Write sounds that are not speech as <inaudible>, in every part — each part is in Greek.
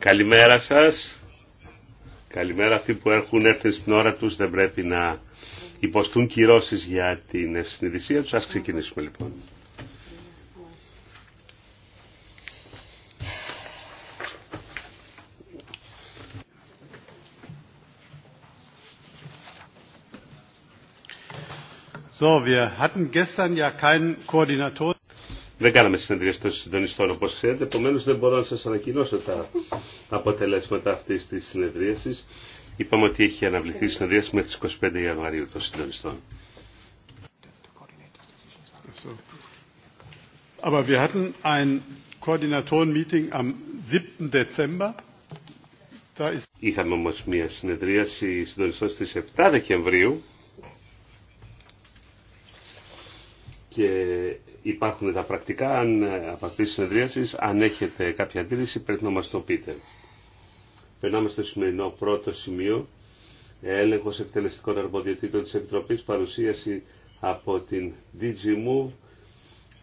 Καλημέρα σας. Καλημέρα αυτοί που έχουν έρθει στην ώρα τους δεν πρέπει να υποστούν κυρώσεις για την ευσυνειδησία τους. Ας ξεκινήσουμε λοιπόν. So, wir hatten gestern ja keinen Koordinator. Δεν κάναμε συνεδρίαση των συντονιστών όπως ξέρετε, επομένω δεν μπορώ να σας ανακοινώσω τα αποτελέσματα αυτής της συνεδρίασης. Είπαμε ότι έχει αναβληθεί η συνεδρίαση μέχρι τις 25 Ιανουαρίου των συντονιστών. Aber am 7. Είχαμε όμως μια συνεδρίαση συντονιστών στις 7 Δεκεμβρίου και υπάρχουν τα πρακτικά αν, ε, από αυτή τη συνεδρίαση. Αν έχετε κάποια αντίληση πρέπει να μα το πείτε. Περνάμε στο σημερινό πρώτο σημείο. Έλεγχος εκτελεστικών αρμοδιοτήτων της Επιτροπής, παρουσίαση από την DigiMove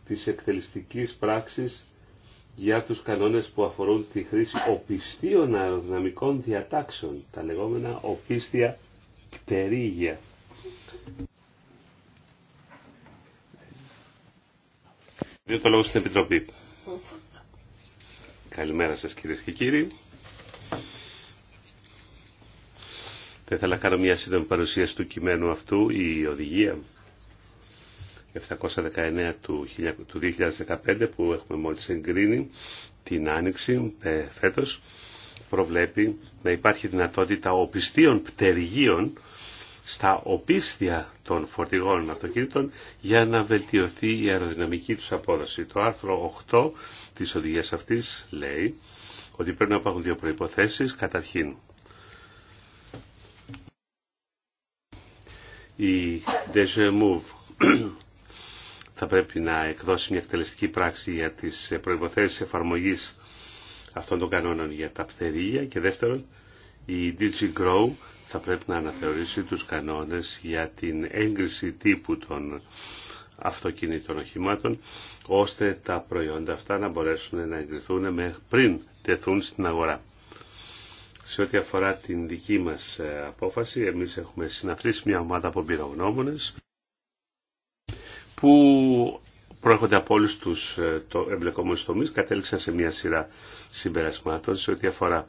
της εκτελεστικής πράξης για τους κανόνες που αφορούν τη χρήση οπισθίων αεροδυναμικών διατάξεων, τα λεγόμενα οπίστια πτερίγια. Δίνω το λόγο στην Επιτροπή. Καλημέρα σας κυρίες και κύριοι. Θα ήθελα να κάνω μια σύντομη παρουσίαση του κειμένου αυτού. Η οδηγία 719 του 2015 που έχουμε μόλις εγκρίνει την Άνοιξη ε, προβλέπει να υπάρχει δυνατότητα οπιστίων πτεργίων στα οπίστια των φορτηγών αυτοκίνητων για να βελτιωθεί η αεροδυναμική τους απόδοση. Το άρθρο 8 της οδηγίας αυτής λέει ότι πρέπει να υπάρχουν δύο προϋποθέσεις. Καταρχήν, η Move θα πρέπει να εκδώσει μια εκτελεστική πράξη για τις προϋποθέσεις εφαρμογής αυτών των κανόνων για τα πτερία και δεύτερον η DG Grow θα πρέπει να αναθεωρήσει τους κανόνες για την έγκριση τύπου των αυτοκινήτων οχημάτων, ώστε τα προϊόντα αυτά να μπορέσουν να εγκριθούν πριν τεθούν στην αγορά. Σε ό,τι αφορά την δική μας ε, απόφαση, εμείς έχουμε συναθρήσει μια ομάδα από πυρογνώμονες που προέρχονται από όλους τους ε, το εμπλεκόμενους τομείς, κατέληξαν σε μια σειρά συμπερασμάτων σε ό,τι αφορά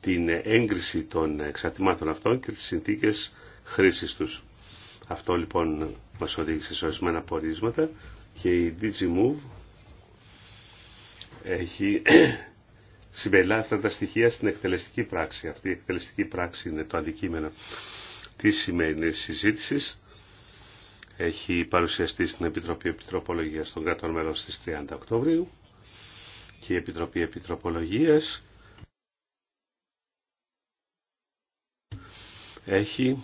την έγκριση των εξαρτημάτων αυτών και τις συνθήκες χρήσης τους. Αυτό λοιπόν μας οδήγησε σε ορισμένα πορίσματα και η DigiMove έχει <clears throat> συμπεριλά αυτά τα στοιχεία στην εκτελεστική πράξη. Αυτή η εκτελεστική πράξη είναι το αντικείμενο της σημαίνει συζήτησης. Έχει παρουσιαστεί στην Επιτροπή Επιτροπολογίας των Κράτων Μέλων στις 30 Οκτωβρίου και η Επιτροπή Επιτροπολογίας έχει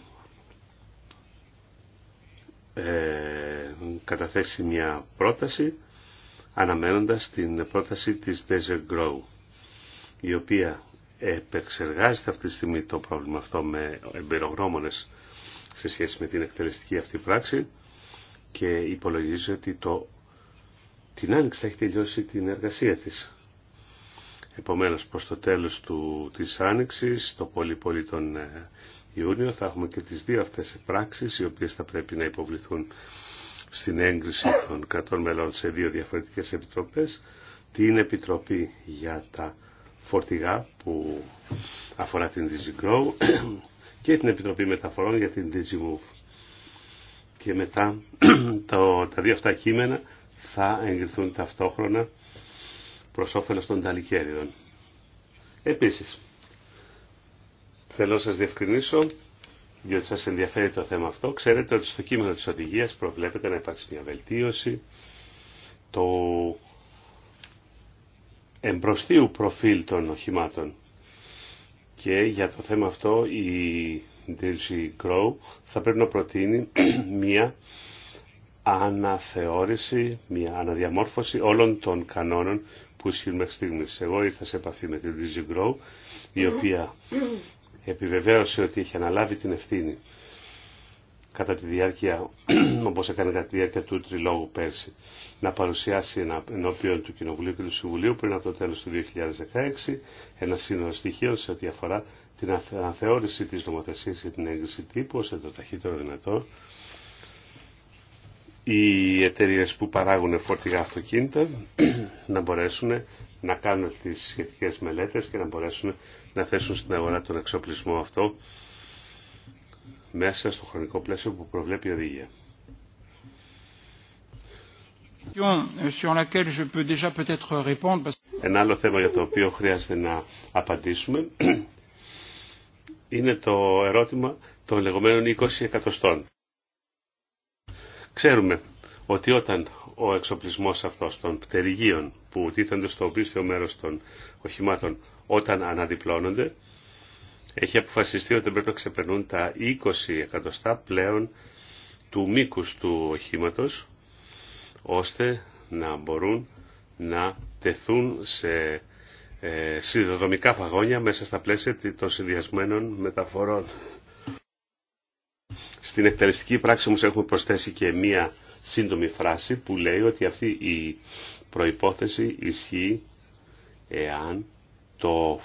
ε, καταθέσει μια πρόταση αναμένοντας την πρόταση της Desert Grow η οποία επεξεργάζεται αυτή τη στιγμή το πρόβλημα αυτό με εμπειρογνώμονες σε σχέση με την εκτελεστική αυτή πράξη και υπολογίζει ότι το, την άνοιξη θα έχει τελειώσει την εργασία της. Επομένως προς το τέλος του, της άνοιξης το πολύ πολύ των ε, Ιούνιο θα έχουμε και τις δύο αυτές πράξεις οι οποίες θα πρέπει να υποβληθούν στην έγκριση των κρατών μελών σε δύο διαφορετικές επιτροπές την Επιτροπή για τα Φορτηγά που αφορά την DigiGrow <coughs> και την Επιτροπή Μεταφορών για την DigiMove. Και μετά <coughs> το, τα δύο αυτά κείμενα θα εγκριθούν ταυτόχρονα προς όφελος των ταλικέριων. Επίσης, Θέλω να σας διευκρινίσω, διότι σας ενδιαφέρει το θέμα αυτό. Ξέρετε ότι στο κείμενο της οδηγίας προβλέπεται να υπάρξει μια βελτίωση το εμπροστίου προφίλ των οχημάτων. Και για το θέμα αυτό η DG Grow θα πρέπει να προτείνει <clears throat> μια αναθεώρηση, μια αναδιαμόρφωση όλων των κανόνων που ισχύουν μέχρι στιγμής. Εγώ ήρθα σε επαφή με την DG Grow, η οποία <clears throat> επιβεβαίωσε ότι είχε αναλάβει την ευθύνη κατά τη διάρκεια, <clears throat> όπως έκανε κατά τη διάρκεια του τριλόγου πέρσι, να παρουσιάσει ενώπιον του Κοινοβουλίου και του Συμβουλίου πριν από το τέλος του 2016 ένα σύνολο στοιχείων σε ό,τι αφορά την αναθεώρηση της νομοθεσίας για την έγκριση τύπου, ώστε το ταχύτερο δυνατό οι εταιρείε που παράγουν φορτηγά αυτοκίνητα να μπορέσουν να κάνουν τις σχετικές μελέτες και να μπορέσουν να θέσουν στην αγορά τον εξοπλισμό αυτό μέσα στο χρονικό πλαίσιο που προβλέπει η οδηγία. Ένα άλλο θέμα για το οποίο χρειάζεται να απαντήσουμε είναι το ερώτημα των λεγόμενων 20 εκατοστών. Ξέρουμε ότι όταν ο εξοπλισμός αυτός των πτερυγίων που τίθενται στο πίσω μέρος των οχημάτων όταν αναδιπλώνονται, έχει αποφασιστεί ότι πρέπει να ξεπερνούν τα 20 εκατοστά πλέον του μήκους του οχήματος, ώστε να μπορούν να τεθούν σε ε, φαγόνια μέσα στα πλαίσια των συνδυασμένων μεταφορών. Στην εκτελεστική πράξη όμως έχουμε προσθέσει και μία σύντομη φράση που λέει ότι αυτή η προϋπόθεση ισχύει εάν το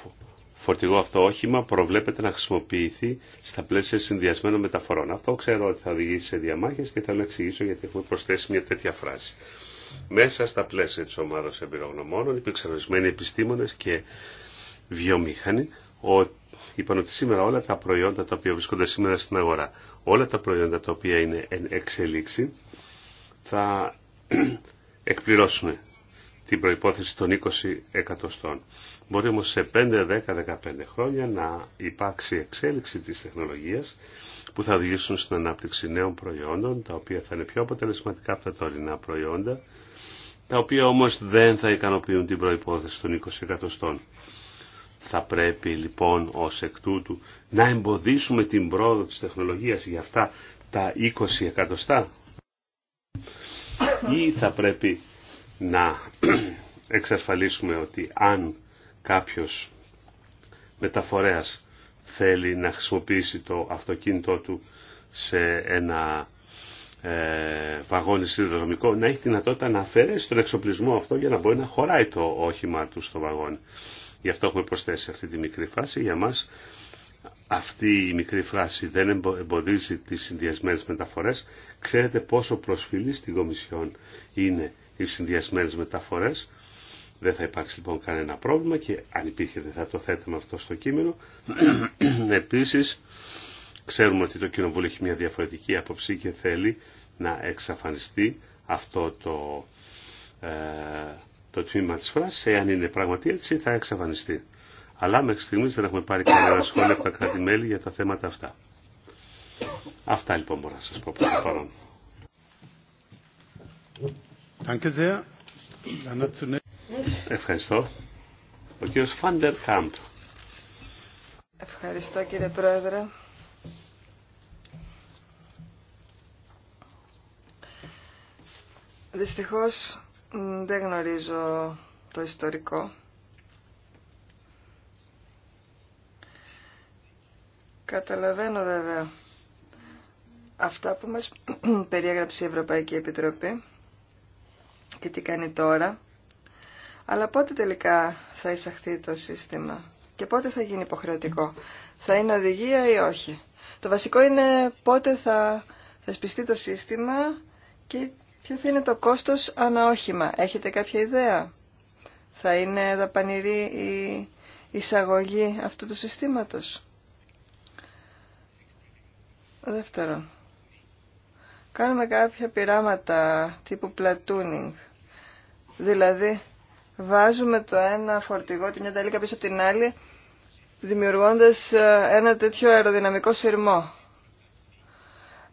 φορτηγό αυτό όχημα προβλέπεται να χρησιμοποιηθεί στα πλαίσια συνδυασμένων μεταφορών. Αυτό ξέρω ότι θα οδηγήσει σε διαμάχες και θέλω να εξηγήσω γιατί έχουμε προσθέσει μια τέτοια φράση. Μέσα στα πλαίσια της ομάδας εμπειρογνωμόνων υπήρξαν ορισμένοι επιστήμονες και βιομήχανοι ότι είπαν ότι σήμερα όλα τα προϊόντα τα οποία βρίσκονται σήμερα στην αγορά όλα τα προϊόντα τα οποία είναι εν εξελίξη θα <clears throat> εκπληρώσουν την προϋπόθεση των 20 εκατοστών. Μπορεί όμως σε 5, 10, 15 χρόνια να υπάρξει εξέλιξη της τεχνολογίας που θα οδηγήσουν στην ανάπτυξη νέων προϊόντων, τα οποία θα είναι πιο αποτελεσματικά από τα τωρινά προϊόντα, τα οποία όμως δεν θα ικανοποιούν την προϋπόθεση των 20 εκατοστών. Θα πρέπει λοιπόν ως εκ τούτου να εμποδίσουμε την πρόοδο της τεχνολογίας για αυτά τα 20 εκατοστά ή θα πρέπει να <clears throat> εξασφαλίσουμε ότι αν κάποιος μεταφορέας θέλει να χρησιμοποιήσει το αυτοκίνητό του σε ένα ε, βαγόνι σιδηροδρομικό να έχει δυνατότητα να αφαιρέσει τον εξοπλισμό αυτό για να μπορεί να χωράει το όχημα του στο βαγόνι. Γι' αυτό έχουμε προσθέσει αυτή τη μικρή φράση. Για μας αυτή η μικρή φράση δεν εμποδίζει τις συνδυασμένε μεταφορές. Ξέρετε πόσο προσφυλή στην Κομισιόν είναι οι συνδυασμένες μεταφορές. Δεν θα υπάρξει λοιπόν κανένα πρόβλημα και αν υπήρχε δεν θα το θέταμε αυτό στο κείμενο. <clears throat> Επίση, ξέρουμε ότι το Κοινοβούλιο έχει μια διαφορετική άποψη και θέλει να εξαφανιστεί αυτό το, ε, το τμήμα της φράση εάν είναι πραγματι έτσι θα εξαφανιστεί. Αλλά μέχρι στιγμής δεν έχουμε πάρει κανένα σχόλιο από τα κράτη-μέλη για τα θέματα αυτά. Αυτά λοιπόν μπορώ να σας πω προ το παρόν. Ευχαριστώ. Ο κύριος Φάντερ Κάμπ. Ευχαριστώ κύριε Πρόεδρε. Δυστυχώς δεν γνωρίζω το ιστορικό. Καταλαβαίνω βέβαια αυτά που μας <clears throat> περιέγραψε η Ευρωπαϊκή Επιτροπή και τι κάνει τώρα. Αλλά πότε τελικά θα εισαχθεί το σύστημα και πότε θα γίνει υποχρεωτικό. Θα είναι οδηγία ή όχι. Το βασικό είναι πότε θα θεσπιστεί το σύστημα και Ποιο θα είναι το κόστος όχημα. Έχετε κάποια ιδέα. Θα είναι δαπανηρή η εισαγωγή αυτού του συστήματος. Δεύτερον, κάνουμε κάποια πειράματα τύπου πλατούνινγκ. Δηλαδή, βάζουμε το ένα φορτηγό, την μια πίσω από την άλλη, δημιουργώντας ε, ένα τέτοιο αεροδυναμικό σειρμό.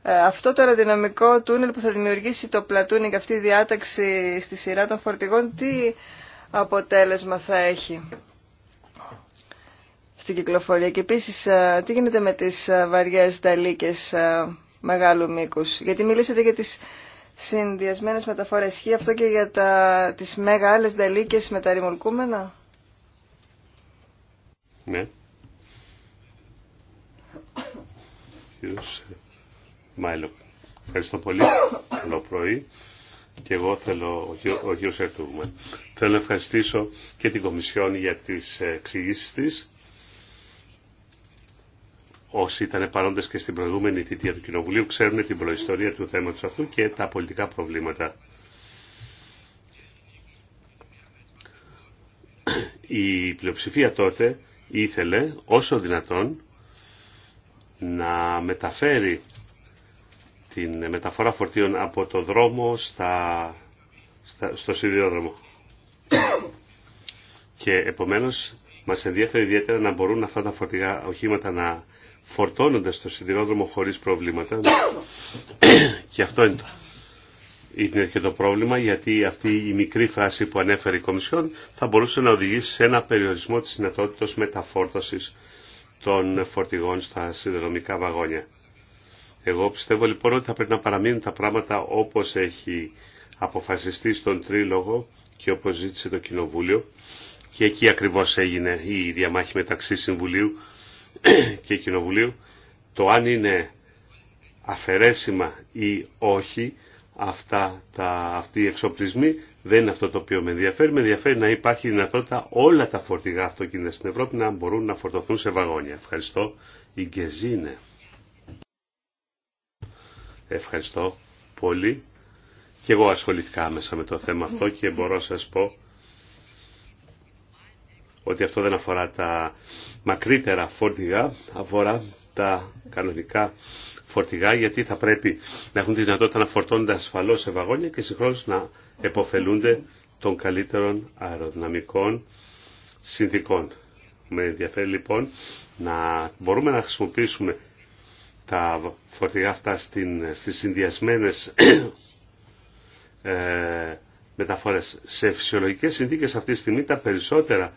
Ε, αυτό το αεροδυναμικό τούνελ που θα δημιουργήσει το πλατούνι και αυτή η διάταξη στη σειρά των φορτηγών, τι αποτέλεσμα θα έχει στην κυκλοφορία. Και επίσης, ε, τι γίνεται με τις ε, βαριές δαλίκες μεγάλου μήκους. Γιατί μιλήσατε για τις συνδυασμένες μεταφορές. Ισχύει αυτό και για τα, τις μεγάλες δαλίκες με τα ρημολκούμενα. Ναι. <coughs> Μάιλο. Ευχαριστώ πολύ. Καλό πρωί. Και εγώ θέλω, ο γιος Ερτούγμα, ε. θέλω να ευχαριστήσω και την Κομισιόν για τις εξηγήσει τη. Όσοι ήταν παρόντε και στην προηγούμενη θητεία του Κοινοβουλίου ξέρουν την προϊστορία του θέματος αυτού και τα πολιτικά προβλήματα. Η πλειοψηφία τότε ήθελε όσο δυνατόν να μεταφέρει την μεταφορά φορτίων από το δρόμο στα, στο σιδηρόδρομο. Και επομένως μας ενδιαφέρει ιδιαίτερα να μπορούν αυτά τα φορτηγά οχήματα να φορτώνονται στο σιδηρόδρομο χωρίς προβλήματα. <coughs> και αυτό είναι το, είναι και το πρόβλημα γιατί αυτή η μικρή φράση που ανέφερε η Κομισιόν θα μπορούσε να οδηγήσει σε ένα περιορισμό της δυνατότητα μεταφόρτωσης των φορτηγών στα σιδηροδρομικά βαγόνια. Εγώ πιστεύω λοιπόν ότι θα πρέπει να παραμείνουν τα πράγματα όπως έχει αποφασιστεί στον Τρίλογο και όπως ζήτησε το Κοινοβούλιο και εκεί ακριβώς έγινε η διαμάχη μεταξύ Συμβουλίου <clears throat> και Κοινοβουλίου. Το αν είναι αφαιρέσιμα ή όχι αυτά τα, αυτοί οι εξοπλισμοί δεν είναι αυτό το οποίο με ενδιαφέρει. Με ενδιαφέρει να υπάρχει δυνατότητα όλα τα φορτηγά αυτοκίνητα στην Ευρώπη να μπορούν να φορτωθούν σε βαγόνια. Ευχαριστώ. Η Γκεζίνε. Ευχαριστώ πολύ. Και εγώ ασχοληθήκα άμεσα με το θέμα αυτό και μπορώ να σας πω ότι αυτό δεν αφορά τα μακρύτερα φορτηγά, αφορά τα κανονικά φορτηγά γιατί θα πρέπει να έχουν τη δυνατότητα να φορτώνονται ασφαλώ σε βαγόνια και συγχρόνως να επωφελούνται των καλύτερων αεροδυναμικών συνθήκων. Με ενδιαφέρει λοιπόν να μπορούμε να χρησιμοποιήσουμε τα φορτηγά αυτά στην, στις συνδυασμένες ε, μεταφορές. Σε φυσιολογικές συνθήκες αυτή τη στιγμή τα περισσότερα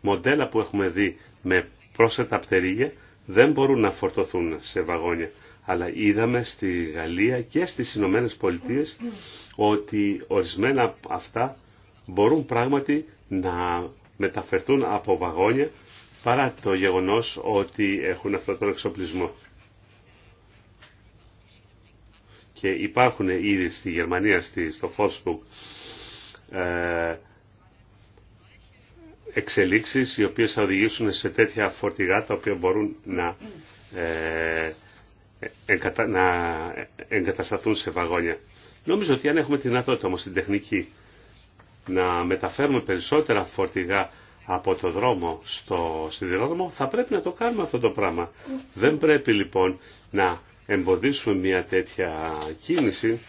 μοντέλα που έχουμε δει με πρόσθετα πτερίγια δεν μπορούν να φορτωθούν σε βαγόνια. Αλλά είδαμε στη Γαλλία και στις Ηνωμένε Πολιτείες ότι ορισμένα αυτά μπορούν πράγματι να μεταφερθούν από βαγόνια παρά το γεγονός ότι έχουν αυτόν τον εξοπλισμό. και υπάρχουν ήδη στη Γερμανία, στη, στο Facebook, ε, εξελίξεις οι οποίες θα οδηγήσουν σε τέτοια φορτηγά τα οποία μπορούν να, ε, να εγκατασταθούν σε βαγόνια. Νομίζω ότι αν έχουμε τη δυνατότητα όμως την τεχνική να μεταφέρουμε περισσότερα φορτηγά από το δρόμο στο σιδηρόδρομο, θα πρέπει να το κάνουμε αυτό το πράγμα. Δεν πρέπει λοιπόν να εμποδίσουμε μια τέτοια κίνηση,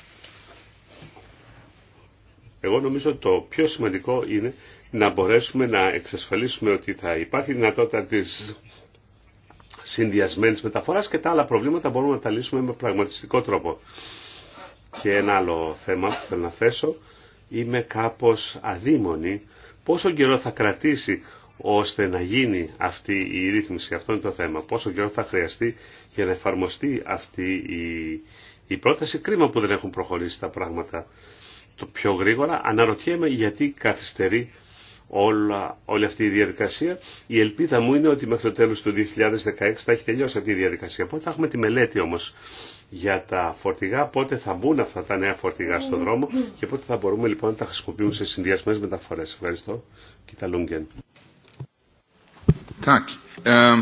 εγώ νομίζω το πιο σημαντικό είναι να μπορέσουμε να εξασφαλίσουμε ότι θα υπάρχει δυνατότητα της συνδυασμένης μεταφοράς και τα άλλα προβλήματα μπορούμε να τα λύσουμε με πραγματιστικό τρόπο. Και ένα άλλο θέμα που θέλω να θέσω, είμαι κάπως αδίμονη πόσο καιρό θα κρατήσει ώστε να γίνει αυτή η ρύθμιση, αυτό είναι το θέμα, πόσο καιρό θα χρειαστεί για να εφαρμοστεί αυτή η, η πρόταση. Κρίμα που δεν έχουν προχωρήσει τα πράγματα το πιο γρήγορα. Αναρωτιέμαι γιατί καθυστερεί όλα, όλη αυτή η διαδικασία. Η ελπίδα μου είναι ότι μέχρι το τέλος του 2016 θα έχει τελειώσει αυτή η διαδικασία. Πότε θα έχουμε τη μελέτη όμως για τα φορτηγά, πότε θα μπουν αυτά τα νέα φορτηγά στον δρόμο και πότε θα μπορούμε λοιπόν να τα χρησιμοποιούμε σε συνδυασμένες μεταφορές. Ευχαριστώ. Κοίτα Λούγκεν. Ε,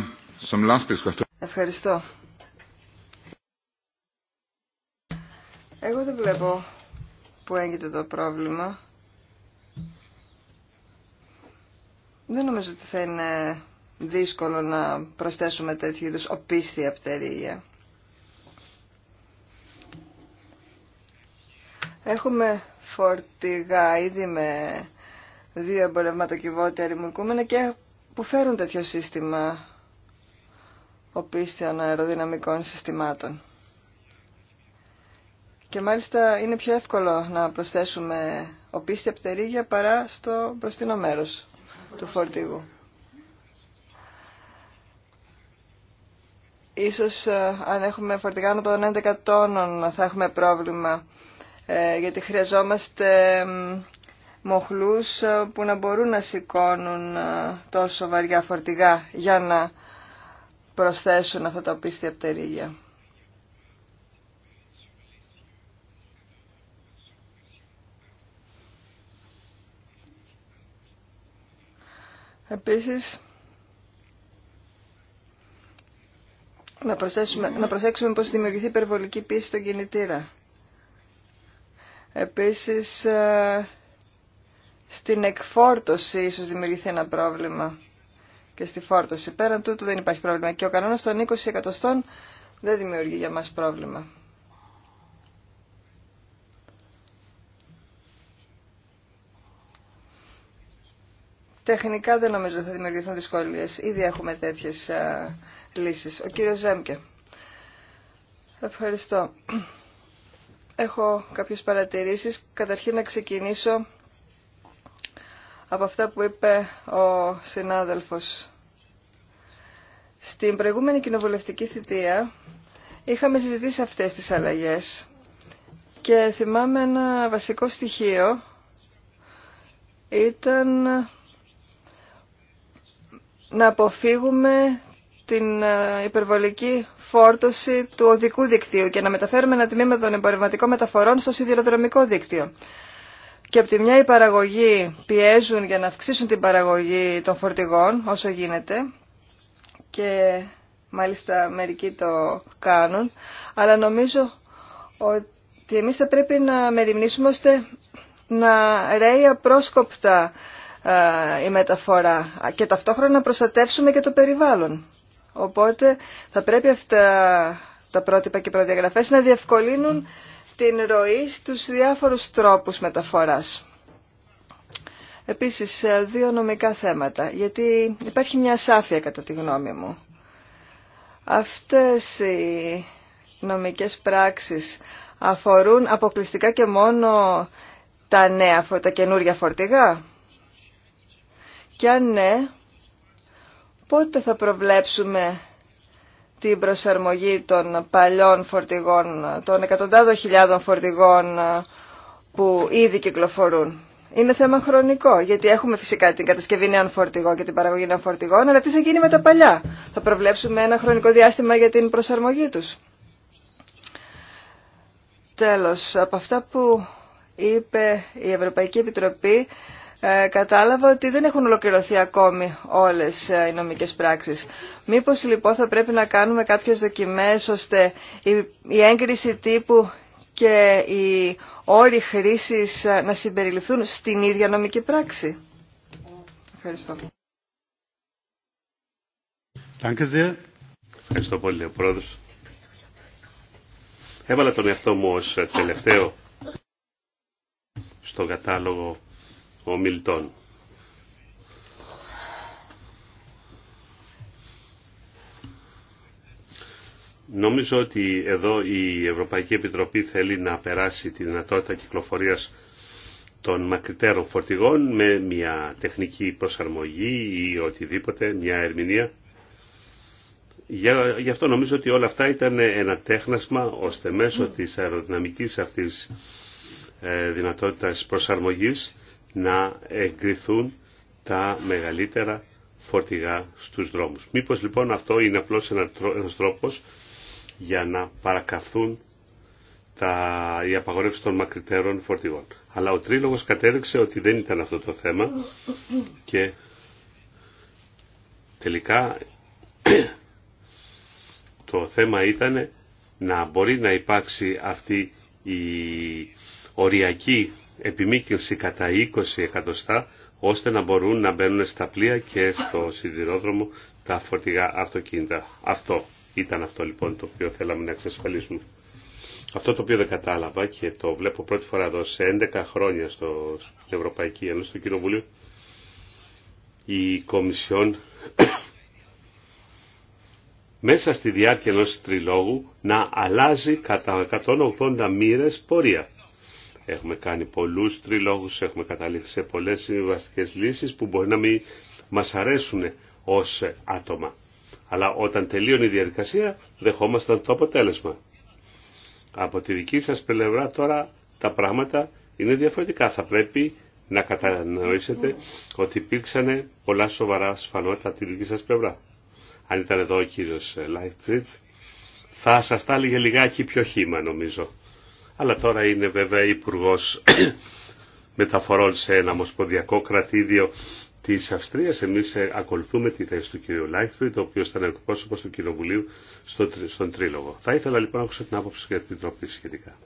Ευχαριστώ. Εγώ δεν βλέπω που έγινε το πρόβλημα. Δεν νομίζω ότι θα είναι δύσκολο να προσθέσουμε τέτοιου είδους οπίσθια πτερίγια. Έχουμε φορτηγά ήδη με δύο εμπορευματοκιβώτια ρημουρκούμενα και που φέρουν τέτοιο σύστημα οπίστιων αεροδυναμικών συστημάτων. Και μάλιστα είναι πιο εύκολο να προσθέσουμε οπίστη πτερίγια παρά στο μπροστινό μέρος του φορτηγού. Ίσως ε, αν έχουμε φορτηγά με των 11 τόνων θα έχουμε πρόβλημα ε, γιατί χρειαζόμαστε μοχλούς ε, που να μπορούν να σηκώνουν τόσο βαριά φορτηγά για να προσθέσουν αυτά τα οπίστια πτερίγια. Επίσης, να, προσέξουμε, να προσέξουμε πως δημιουργηθεί υπερβολική πίεση στον κινητήρα. Επίσης, ε, στην εκφόρτωση ίσως δημιουργηθεί ένα πρόβλημα και στη φόρτωση. Πέραν τούτου δεν υπάρχει πρόβλημα και ο κανόνας των 20 εκατοστών δεν δημιουργεί για μας πρόβλημα. Τεχνικά δεν νομίζω ότι θα δημιουργηθούν δυσκολίες. Ήδη έχουμε τέτοιε λύσει. λύσεις. Ο κύριος Ζέμκε. Ευχαριστώ. Έχω κάποιες παρατηρήσεις. Καταρχήν να ξεκινήσω από αυτά που είπε ο συνάδελφος. Στην προηγούμενη κοινοβουλευτική θητεία είχαμε συζητήσει αυτές τις αλλαγές και θυμάμαι ένα βασικό στοιχείο ήταν να αποφύγουμε την ε, υπερβολική φόρτωση του οδικού δικτύου και να μεταφέρουμε ένα τμήμα των εμπορευματικών μεταφορών στο σιδηροδρομικό δίκτυο. Και από τη μια οι παραγωγοί πιέζουν για να αυξήσουν την παραγωγή των φορτηγών όσο γίνεται και μάλιστα μερικοί το κάνουν, αλλά νομίζω ότι εμείς θα πρέπει να μεριμνήσουμε ώστε να ρέει απρόσκοπτα ε, η μεταφορά και ταυτόχρονα να προστατεύσουμε και το περιβάλλον. Οπότε θα πρέπει αυτά τα πρότυπα και προδιαγραφές να διευκολύνουν την ροή στους διάφορους τρόπους μεταφοράς. Επίσης, ε, δύο νομικά θέματα, γιατί υπάρχει μια σάφια κατά τη γνώμη μου. Αυτές οι νομικές πράξεις αφορούν αποκλειστικά και μόνο τα νέα, τα καινούργια φορτηγά και αν ναι, πότε θα προβλέψουμε την προσαρμογή των παλιών φορτηγών, των εκατοντάδων χιλιάδων φορτηγών που ήδη κυκλοφορούν. Είναι θέμα χρονικό, γιατί έχουμε φυσικά την κατασκευή νέων φορτηγών και την παραγωγή νέων φορτηγών, αλλά τι θα γίνει με τα παλιά. Θα προβλέψουμε ένα χρονικό διάστημα για την προσαρμογή τους. Τέλος, από αυτά που είπε η Ευρωπαϊκή Επιτροπή, ε, κατάλαβα ότι δεν έχουν ολοκληρωθεί ακόμη όλες ε, οι νομικές πράξεις. Μήπως λοιπόν θα πρέπει να κάνουμε κάποιες δοκιμές ώστε η έγκριση τύπου και οι όροι χρήσης ε, να συμπεριληφθούν στην ίδια νομική πράξη. Ευχαριστώ. Ευχαριστώ πολύ, ο πρόεδρος. Έβαλα τον εαυτό μου ως τελευταίο στο κατάλογο Νομίζω ότι εδώ η Ευρωπαϊκή Επιτροπή θέλει να περάσει τη δυνατότητα κυκλοφορίας των μακριτέρων φορτηγών με μια τεχνική προσαρμογή ή οτιδήποτε, μια ερμηνεία. Γι' αυτό νομίζω ότι όλα αυτά ήταν ένα τέχνασμα ώστε μέσω ναι. της αεροδυναμικής αυτής ε, δυνατότητας προσαρμογής να εγκριθούν τα μεγαλύτερα φορτηγά στους δρόμους. Μήπως λοιπόν αυτό είναι απλώς ένας τρόπος για να παρακαθούν τα, η απαγορεύση των μακριτέρων φορτηγών. Αλλά ο Τρίλογος κατέδειξε ότι δεν ήταν αυτό το θέμα και τελικά <clears throat> το θέμα ήταν να μπορεί να υπάρξει αυτή η οριακή επιμήκυνση κατά 20 εκατοστά ώστε να μπορούν να μπαίνουν στα πλοία και στο σιδηρόδρομο τα φορτηγά αυτοκίνητα. Αυτό ήταν αυτό λοιπόν το οποίο θέλαμε να εξασφαλίσουμε. Αυτό το οποίο δεν κατάλαβα και το βλέπω πρώτη φορά εδώ σε 11 χρόνια στο, στην Ευρωπαϊκή Ένωση, στο Κοινοβούλιο, η Κομισιόν <coughs> μέσα στη διάρκεια ενός τριλόγου να αλλάζει κατά 180 μοίρες πορεία. Έχουμε κάνει πολλούς τριλόγους, έχουμε καταλήξει σε πολλές συμβιβαστικές λύσεις που μπορεί να μην μας αρέσουν ως άτομα. Αλλά όταν τελείωνε η διαδικασία δεχόμασταν το αποτέλεσμα. Από τη δική σας πλευρά τώρα τα πράγματα είναι διαφορετικά. Θα πρέπει να κατανοήσετε ότι υπήρξαν πολλά σοβαρά ασφαλότητα από τη δική σας πλευρά. Αν ήταν εδώ ο κύριος Λάιφτριτ, θα σας τα έλεγε λιγάκι πιο χήμα νομίζω αλλά τώρα είναι βέβαια υπουργό <coughs> μεταφορών σε ένα μοσποδιακό κρατήδιο τη Αυστρία. Εμεί ε, ακολουθούμε τη θέση του κ. Λάιχτφριντ, ο οποίο ήταν εκπρόσωπο του Κοινοβουλίου στον Τρίλογο. Θα ήθελα λοιπόν να ακούσω την άποψη για την Επιτροπή σχετικά.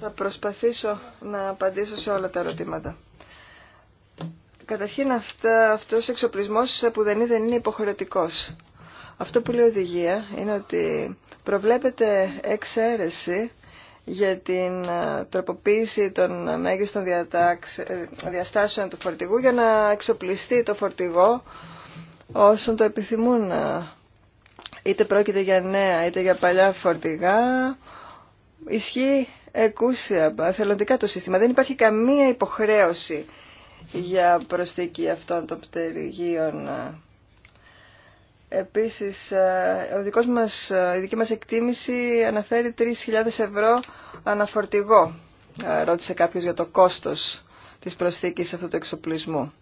Θα προσπαθήσω να απαντήσω σε όλα τα ερωτήματα. Καταρχήν αυτά, αυτός ο εξοπλισμός που δεν είναι, υποχρεωτικός. Αυτό που λέει οδηγία είναι ότι προβλέπεται εξαίρεση για την ε, τροποποίηση των μέγιστων ε, διαστάσεων του φορτηγού για να εξοπλιστεί το φορτηγό όσων το επιθυμούν. Είτε πρόκειται για νέα είτε για παλιά φορτηγά. Ισχύει εκούσια, θελοντικά το σύστημα. Δεν υπάρχει καμία υποχρέωση για προσθήκη αυτών των πτερυγίων. Επίσης, ο δικός μας, η δική μας εκτίμηση αναφέρει 3.000 ευρώ αναφορτηγό. Ε, ρώτησε κάποιος για το κόστος της προσθήκης αυτού του εξοπλισμού.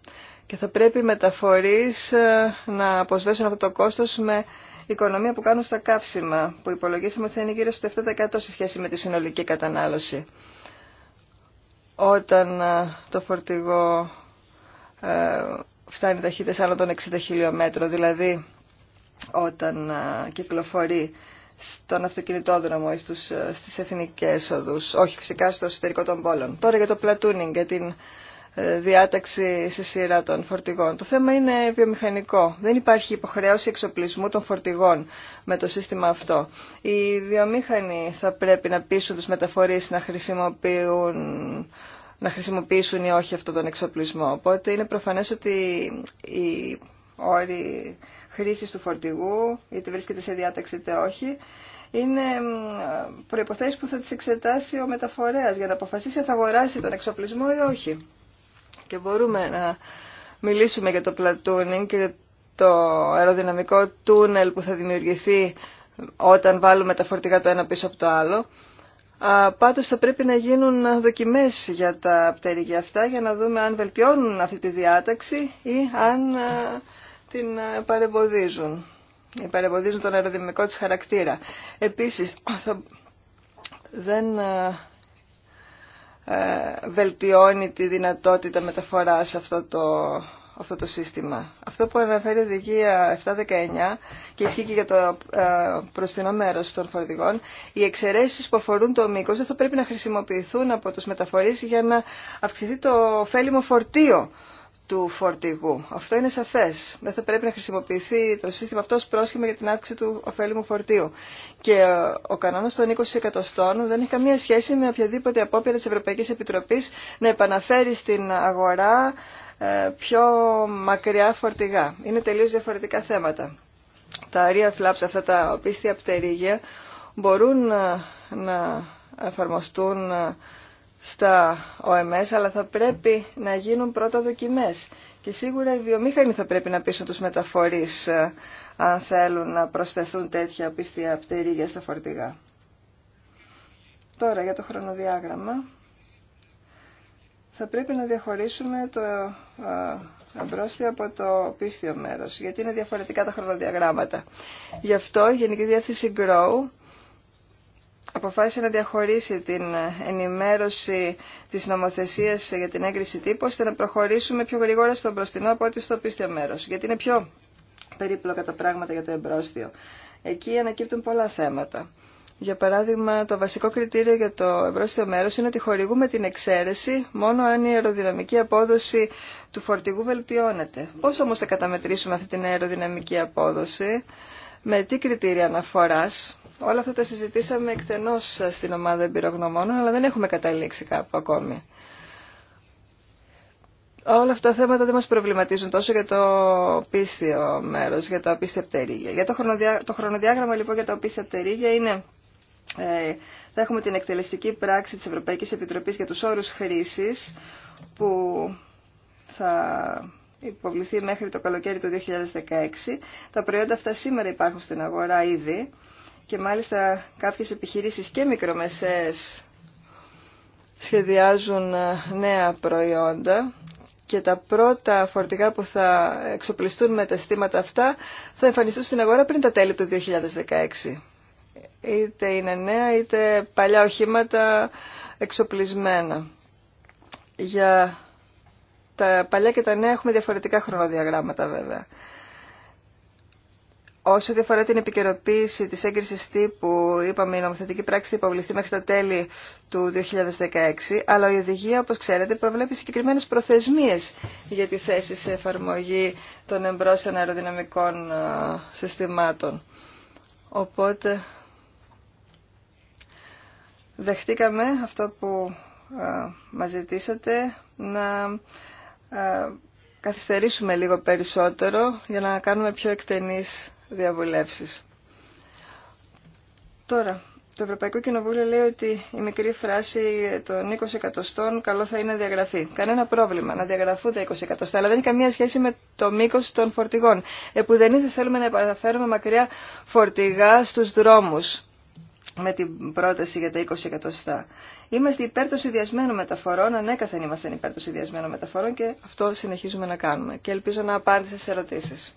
Και θα πρέπει οι μεταφορείς ε, να αποσβέσουν αυτό το κόστος με οικονομία που κάνουν στα καύσιμα, που υπολογίσαμε ότι θα είναι γύρω στο 7% σε σχέση με τη συνολική κατανάλωση όταν ε, το φορτηγό ε, φτάνει ταχύτητες άνω των 60 χιλιόμετρων, δηλαδή όταν ε, κυκλοφορεί στον αυτοκινητόδρομο ή στους, στις εθνικές οδούς, όχι φυσικά στο εσωτερικό των πόλων. Τώρα για το platooning, για την διάταξη σε σειρά των φορτηγών. Το θέμα είναι βιομηχανικό. Δεν υπάρχει υποχρέωση εξοπλισμού των φορτηγών με το σύστημα αυτό. Οι βιομήχανοι θα πρέπει να πείσουν τους μεταφορείς να χρησιμοποιούν να χρησιμοποιήσουν ή όχι αυτόν τον εξοπλισμό. Οπότε είναι προφανές ότι οι όροι χρήσης του φορτηγού, είτε βρίσκεται σε διάταξη είτε όχι, είναι προϋποθέσεις που θα τις εξετάσει ο μεταφορέας για να αποφασίσει αν θα αγοράσει τον εξοπλισμό ή όχι και μπορούμε να μιλήσουμε για το πλατούνινγκ και το αεροδυναμικό τούνελ που θα δημιουργηθεί όταν βάλουμε τα φορτηγά το ένα πίσω από το άλλο. Πάντως θα πρέπει να γίνουν δοκιμές για τα πτέρυγια αυτά για να δούμε αν βελτιώνουν αυτή τη διάταξη ή αν την παρεμποδίζουν. παρεμποδίζουν τον αεροδυναμικό της χαρακτήρα. Επίσης, θα... δεν ε, βελτιώνει τη δυνατότητα μεταφοράς αυτό το, αυτό το σύστημα. Αυτό που αναφέρει η οδηγία 719 και ισχύει και για το ε, προστινό μέρος των φορτηγών, οι εξαιρέσεις που αφορούν το μήκος δεν θα πρέπει να χρησιμοποιηθούν από τους μεταφορείς για να αυξηθεί το ωφέλιμο φορτίο του φορτηγού. Αυτό είναι σαφές. Δεν θα πρέπει να χρησιμοποιηθεί το σύστημα αυτό ως πρόσχημα για την αύξηση του ωφέλιμου φορτίου. Και ε, ο κανόνας των 20 εκατοστών δεν έχει καμία σχέση με οποιαδήποτε απόπειρα της Ευρωπαϊκής Επιτροπής να επαναφέρει στην αγορά ε, πιο μακριά φορτηγά. Είναι τελείως διαφορετικά θέματα. Τα rear flaps, αυτά τα οπίστια πτερίγια, μπορούν ε, να εφαρμοστούν στα ΟΜΕΣ, αλλά θα πρέπει να γίνουν πρώτα δοκιμές. Και σίγουρα οι βιομήχανοι θα πρέπει να πείσουν τους μεταφορείς ε, αν θέλουν να προσθεθούν τέτοια πίστια πτερίγια στα φορτηγά. Τώρα για το χρονοδιάγραμμα. Θα πρέπει να διαχωρίσουμε το αμπρόστιο ε, από το πίστιο μέρος, γιατί είναι διαφορετικά τα χρονοδιαγράμματα. Γι' αυτό η Γενική Διεύθυνση GROW αποφάσισε να διαχωρίσει την ενημέρωση της νομοθεσίας για την έγκριση τύπου, ώστε να προχωρήσουμε πιο γρήγορα στον προστινό από ό,τι στο πίστεο μέρος, γιατί είναι πιο περίπλοκα τα πράγματα για το εμπρόστιο. Εκεί ανακύπτουν πολλά θέματα. Για παράδειγμα, το βασικό κριτήριο για το εμπρόστιο μέρο είναι ότι χορηγούμε την εξαίρεση μόνο αν η αεροδυναμική απόδοση του φορτηγού βελτιώνεται. Πώ όμω θα καταμετρήσουμε αυτή την αεροδυναμική απόδοση, με τι κριτήρια αναφορά, Όλα αυτά τα συζητήσαμε εκτενώς στην ομάδα εμπειρογνωμόνων, αλλά δεν έχουμε καταλήξει κάπου ακόμη. Όλα αυτά τα θέματα δεν μας προβληματίζουν τόσο για το πίστιο μέρος, για τα οπίστια πτερίγια. Για το, χρονοδιάγραμμα λοιπόν για τα οπίστια πτερίγια είναι... Ε, θα έχουμε την εκτελεστική πράξη της Ευρωπαϊκής Επιτροπής για τους όρους χρήσης που θα υποβληθεί μέχρι το καλοκαίρι του 2016. Τα προϊόντα αυτά σήμερα υπάρχουν στην αγορά ήδη και μάλιστα κάποιες επιχειρήσεις και μικρομεσαίες σχεδιάζουν ε, νέα προϊόντα και τα πρώτα φορτηγά που θα εξοπλιστούν με τα συστήματα αυτά θα εμφανιστούν στην αγορά πριν τα τέλη του 2016. Είτε είναι νέα είτε παλιά οχήματα εξοπλισμένα. Για τα παλιά και τα νέα έχουμε διαφορετικά χρονοδιαγράμματα βέβαια. Όσο διαφορά την επικαιροποίηση της έγκρισης τύπου, είπαμε η νομοθετική πράξη θα υποβληθεί μέχρι τα τέλη του 2016, αλλά η οδηγία, όπως ξέρετε, προβλέπει συγκεκριμένες προθεσμίες για τη θέση σε εφαρμογή των εμπρόσεων αεροδυναμικών συστημάτων. Οπότε, δεχτήκαμε αυτό που μας ζητήσατε να καθυστερήσουμε λίγο περισσότερο για να κάνουμε πιο εκτενείς διαβουλεύσεις. Τώρα, το Ευρωπαϊκό Κοινοβούλιο λέει ότι η μικρή φράση των 20 εκατοστών καλό θα είναι να διαγραφεί. Κανένα πρόβλημα να διαγραφούν τα 20 εκατοστά, αλλά δεν έχει καμία σχέση με το μήκο των φορτηγών. Επουδενή δεν θέλουμε να επαναφέρουμε μακριά φορτηγά στου δρόμου με την πρόταση για τα 20 εκατοστά. Είμαστε υπέρ των συνδυασμένων μεταφορών, ανέκαθεν είμαστε υπέρ των συνδυασμένων μεταφορών και αυτό συνεχίζουμε να κάνουμε. Και ελπίζω να απάντησα σε ερωτήσεις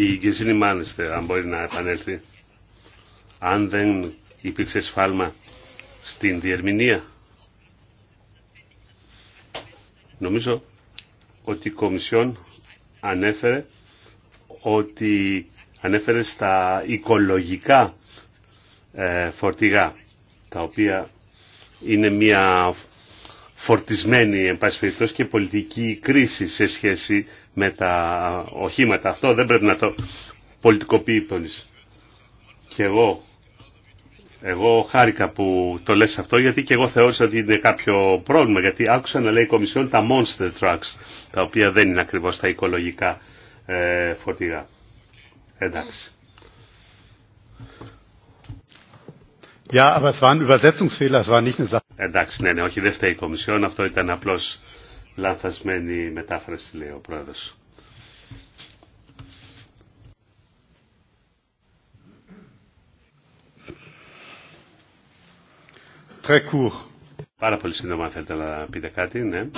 η Γκεζίνη μάλιστα, αν μπορεί να επανέλθει. Αν δεν υπήρξε σφάλμα στην διερμηνία. Νομίζω ότι η Κομισιόν ανέφερε ότι ανέφερε στα οικολογικά ε, φορτηγά, τα οποία είναι μια φορτισμένη εν και πολιτική κρίση σε σχέση με τα οχήματα. Αυτό δεν πρέπει να το πολιτικοποιεί πολύ. Και εγώ, εγώ χάρηκα που το λες αυτό γιατί και εγώ θεώρησα ότι είναι κάποιο πρόβλημα γιατί άκουσα να λέει η Κομισιόν τα monster trucks τα οποία δεν είναι ακριβώς τα οικολογικά ε, φορτηγά. Εντάξει. Εντάξει, ναι, ναι, όχι, δεν φταίει η Κομισιόν, αυτό ήταν απλώς λανθασμένη μετάφραση, λέει ο Πρόεδρος. Πάρα πολύ σύντομα, αν θέλετε να πείτε κάτι, ναι.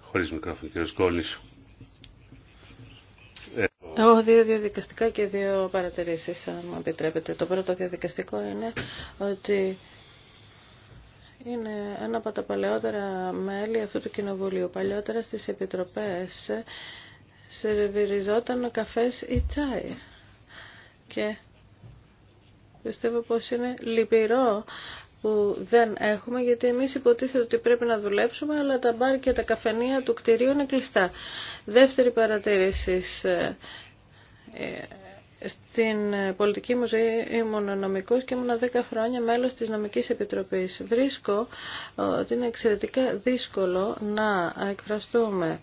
Χωρίς μικρόφωνο, κύριος Γκόλνης. Έχω δύο διαδικαστικά και δύο παρατηρήσεις, αν μου επιτρέπετε. Το πρώτο διαδικαστικό είναι ότι είναι ένα από τα παλαιότερα μέλη αυτού του κοινοβουλίου. Παλαιότερα στις επιτροπές σερβιριζόταν καφές ή τσάι. Και πιστεύω πως είναι λυπηρό που δεν έχουμε, γιατί εμείς υποτίθεται ότι πρέπει να δουλέψουμε, αλλά τα μπαρ και τα καφενεία του κτηρίου είναι κλειστά. Δεύτερη παρατήρηση, ε, στην πολιτική μου ζωή ήμουν νομικός και ήμουν 10 χρόνια μέλος της νομικής επιτροπής. Βρίσκω ε, ότι είναι εξαιρετικά δύσκολο να εκφραστούμε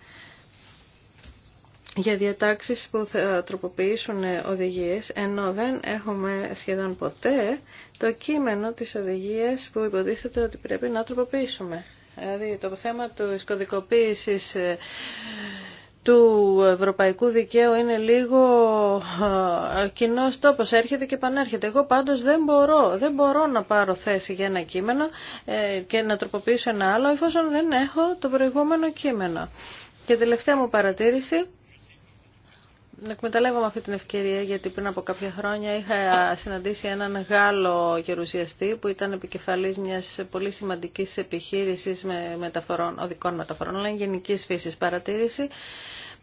για διατάξεις που θα τροποποιήσουν οδηγίες, ενώ δεν έχουμε σχεδόν ποτέ το κείμενο της οδηγίας που υποτίθεται ότι πρέπει να τροποποιήσουμε. Δηλαδή το θέμα της κωδικοποίησης ε, του ευρωπαϊκού δικαίου είναι λίγο κοινό τόπο. Έρχεται και επανέρχεται. Εγώ πάντω δεν μπορώ, δεν μπορώ να πάρω θέση για ένα κείμενο ε, και να τροποποιήσω ένα άλλο εφόσον δεν έχω το προηγούμενο κείμενο. Και τελευταία μου παρατήρηση εκμεταλλεύομαι αυτή την ευκαιρία γιατί πριν από κάποια χρόνια είχα συναντήσει έναν Γάλλο γερουσιαστή που ήταν επικεφαλής μιας πολύ σημαντική επιχείρησης με μεταφορών, οδικών μεταφορών, αλλά γενική φύσης παρατήρηση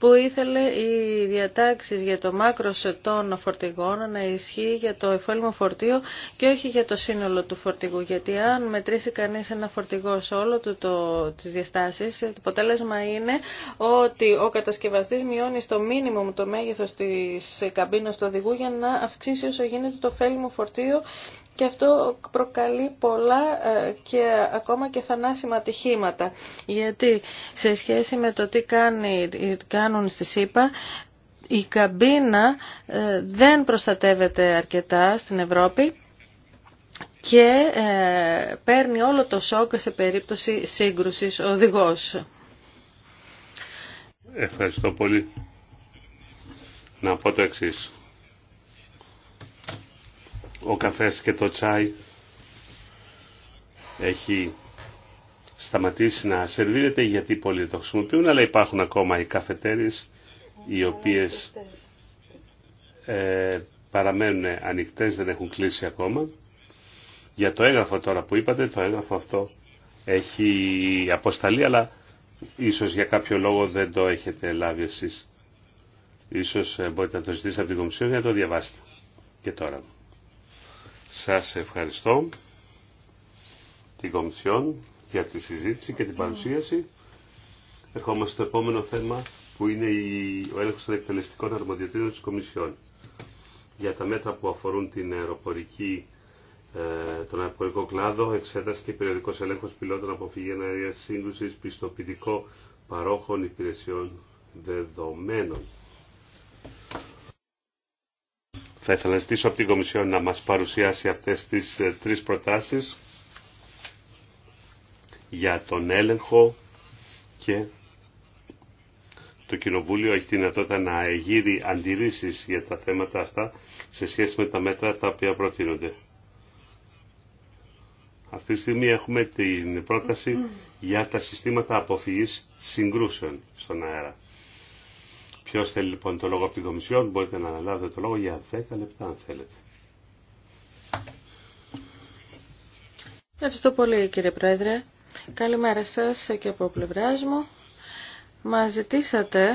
που ήθελε οι διατάξει για το μάκρο των φορτηγών να ισχύει για το εφόλυμο φορτίο και όχι για το σύνολο του φορτηγού. Γιατί αν μετρήσει κανείς ένα φορτηγό σε όλο του το, τις διαστάσεις, το αποτέλεσμα είναι ότι ο κατασκευαστής μειώνει στο μήνυμο το μέγεθο τη καμπίνας του οδηγού για να αυξήσει όσο γίνεται το φέλιμο φορτίο και αυτό προκαλεί πολλά ε, και ακόμα και θανάσιμα ατυχήματα. Γιατί σε σχέση με το τι κάνει, ε, κάνουν στη ΣΥΠΑ, η καμπίνα ε, δεν προστατεύεται αρκετά στην Ευρώπη και παίρνει όλο το σοκ σε περίπτωση σύγκρουσης οδηγός. Ευχαριστώ πολύ. Να πω το εξής ο καφές και το τσάι έχει σταματήσει να σερβίρεται γιατί πολλοί το χρησιμοποιούν, αλλά υπάρχουν ακόμα οι καφετέρες οι οποίες ε, παραμένουν ανοιχτές, δεν έχουν κλείσει ακόμα. Για το έγγραφο τώρα που είπατε, το έγγραφο αυτό έχει αποσταλεί, αλλά ίσως για κάποιο λόγο δεν το έχετε λάβει εσείς. Ίσως ε, μπορείτε να το ζητήσετε από την Κομισιόν για να το διαβάσετε. Και τώρα. Σας ευχαριστώ την Κομισιόν για τη συζήτηση και την παρουσίαση. Ερχόμαστε στο επόμενο θέμα που είναι η, ο έλεγχος των εκτελεστικών αρμοδιοτήτων της Κομισιόν για τα μέτρα που αφορούν την αεροπορική, ε, τον αεροπορικό κλάδο, εξέταση και περιοδικός έλεγχος πιλότων αποφυγή ενέργειας σύγκρουσης πιστοποιητικό παρόχων υπηρεσιών δεδομένων. Θα ήθελα να ζητήσω από την Κομισιόν να μας παρουσιάσει αυτές τις ε, τρεις προτάσεις για τον έλεγχο και το Κοινοβούλιο έχει τη δυνατότητα να εγείρει αντιρρήσεις για τα θέματα αυτά σε σχέση με τα μέτρα τα οποία προτείνονται. Αυτή τη στιγμή έχουμε την πρόταση για τα συστήματα αποφυγής συγκρούσεων στον αέρα. Ποιος θέλει λοιπόν το λόγο από την Κομισιόν, μπορείτε να αναλάβετε το λόγο για 10 λεπτά αν θέλετε. Ευχαριστώ πολύ κύριε Πρόεδρε. Καλημέρα σας και από πλευράς μου. Μας ζητήσατε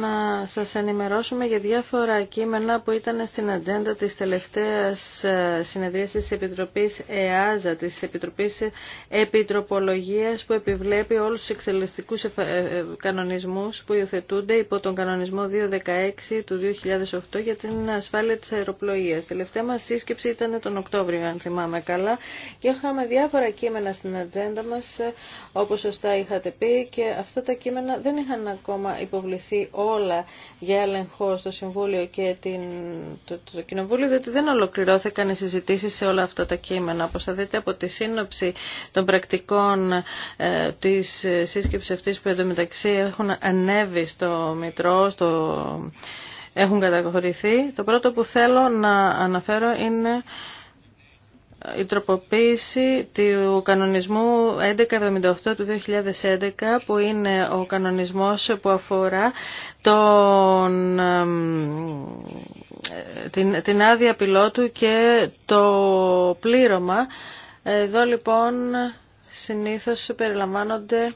να σας ενημερώσουμε για διάφορα κείμενα που ήταν στην ατζέντα της τελευταίας ε, συνεδρίας της Επιτροπής ΕΑΖΑ, της Επιτροπής Επιτροπολογίας που επιβλέπει όλους τους εξελιστικούς ε, ε, κανονισμούς που υιοθετούνται υπό τον κανονισμό 216 του 2008 για την ασφάλεια της αεροπλοείας. Τελευταία μας σύσκεψη ήταν τον Οκτώβριο, αν θυμάμαι καλά, και είχαμε διάφορα κείμενα στην ατζέντα μας, όπως σωστά είχατε πει, και αυτά τα κείμενα δεν είχαν ακόμα υποβληθεί όλα για έλεγχο στο Συμβούλιο και την, το, το Κοινοβούλιο, διότι δεν ολοκληρώθηκαν οι συζητήσει σε όλα αυτά τα κείμενα. Όπω θα δείτε από τη σύνοψη των πρακτικών ε, της ε, σύσκεψης αυτής που εντωμεταξύ έχουν ανέβει στο Μητρό, στο έχουν καταχωρηθεί. Το πρώτο που θέλω να αναφέρω είναι η τροποποίηση του κανονισμού 1178 του 2011 που είναι ο κανονισμός που αφορά τον, την, την άδεια πιλότου και το πλήρωμα. Εδώ λοιπόν συνήθως περιλαμβάνονται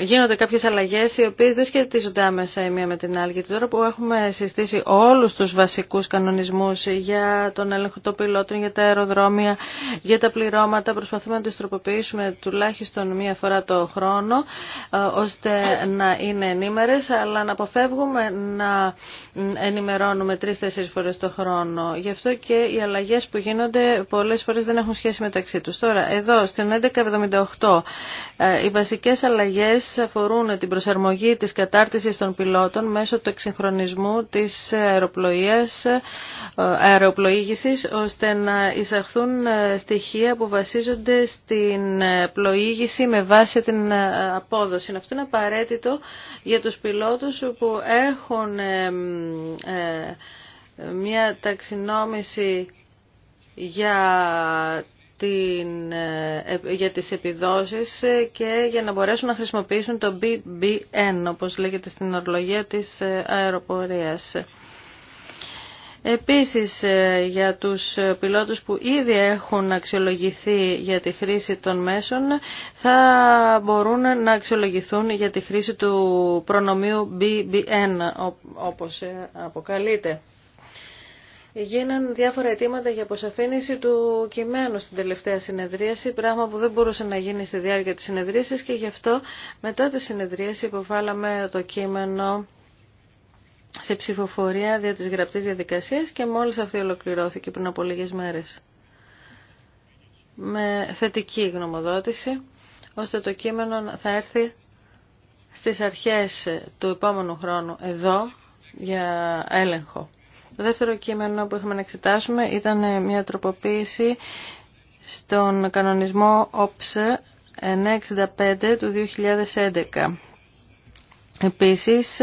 γίνονται κάποιε αλλαγέ οι οποίε δεν σχετίζονται άμεσα η μία με την άλλη. Γιατί τώρα που έχουμε συστήσει όλου του βασικού κανονισμού για τον έλεγχο των πιλότων, για τα αεροδρόμια, για τα πληρώματα, προσπαθούμε να τι τροποποιήσουμε τουλάχιστον μία φορά το χρόνο, ε, ώστε να είναι ενήμερε, αλλά να αποφεύγουμε να ενημερωνουμε τρει τρει-τέσσερι φορέ το χρόνο. Γι' αυτό και οι αλλαγέ που γίνονται πολλέ φορέ δεν έχουν σχέση μεταξύ του. Τώρα, εδώ στην 1178 ε, οι βασικέ αλλαγέ αλλαγές αφορούν την προσαρμογή της κατάρτισης των πιλότων μέσω του εξυγχρονισμού της αεροπλοείας, ε, αεροπλοήγησης, ώστε να εισαχθούν ε, στοιχεία που βασίζονται στην ε, πλοήγηση με βάση την απόδοση. Αυτό είναι απαραίτητο για τους πιλότους που έχουν μια ταξινόμηση για την, ε, για τις επιδόσεις και για να μπορέσουν να χρησιμοποιήσουν το BBN, όπως λέγεται στην ορολογία της ε, αεροπορίας. Επίσης, ε, για τους πιλότους που ήδη έχουν αξιολογηθεί για τη χρήση των μέσων, θα μπορούν να αξιολογηθούν για τη χρήση του προνομίου BBN, όπως αποκαλείται γίναν διάφορα αιτήματα για αποσαφήνιση του κειμένου στην τελευταία συνεδρίαση, πράγμα που δεν μπορούσε να γίνει στη διάρκεια της συνεδρίασης και γι' αυτό μετά τη συνεδρίαση υποβάλαμε το κείμενο σε ψηφοφορία δια της γραπτής διαδικασίας και μόλις αυτή ολοκληρώθηκε πριν από λίγες μέρες. Με θετική γνωμοδότηση, ώστε το κείμενο θα έρθει στις αρχές του επόμενου χρόνου εδώ για έλεγχο. Το δεύτερο κείμενο που είχαμε να εξετάσουμε ήταν ε, μια τροποποίηση στον κανονισμό OPS 965 του 2011. Επίσης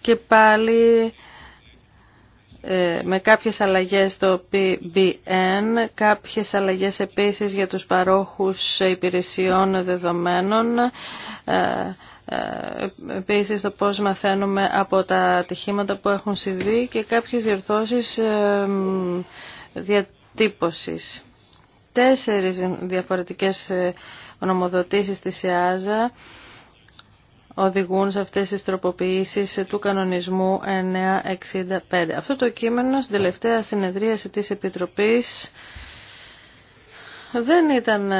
και πάλι ε, με κάποιες αλλαγές στο PBN, κάποιες αλλαγές επίσης για τους παρόχους υπηρεσιών δεδομένων, ε, ε, επίσης το πώς μαθαίνουμε από τα ατυχήματα που έχουν συμβεί και κάποιες διορθώσεις ε, διατύπωσης. Τέσσερις διαφορετικές ονομοδοτήσει ε, της ΕΑΖΑ οδηγούν σε αυτές τις τροποποιήσεις του κανονισμού 965. Αυτό το κείμενο στην τελευταία συνεδρίαση της Επιτροπής δεν ήταν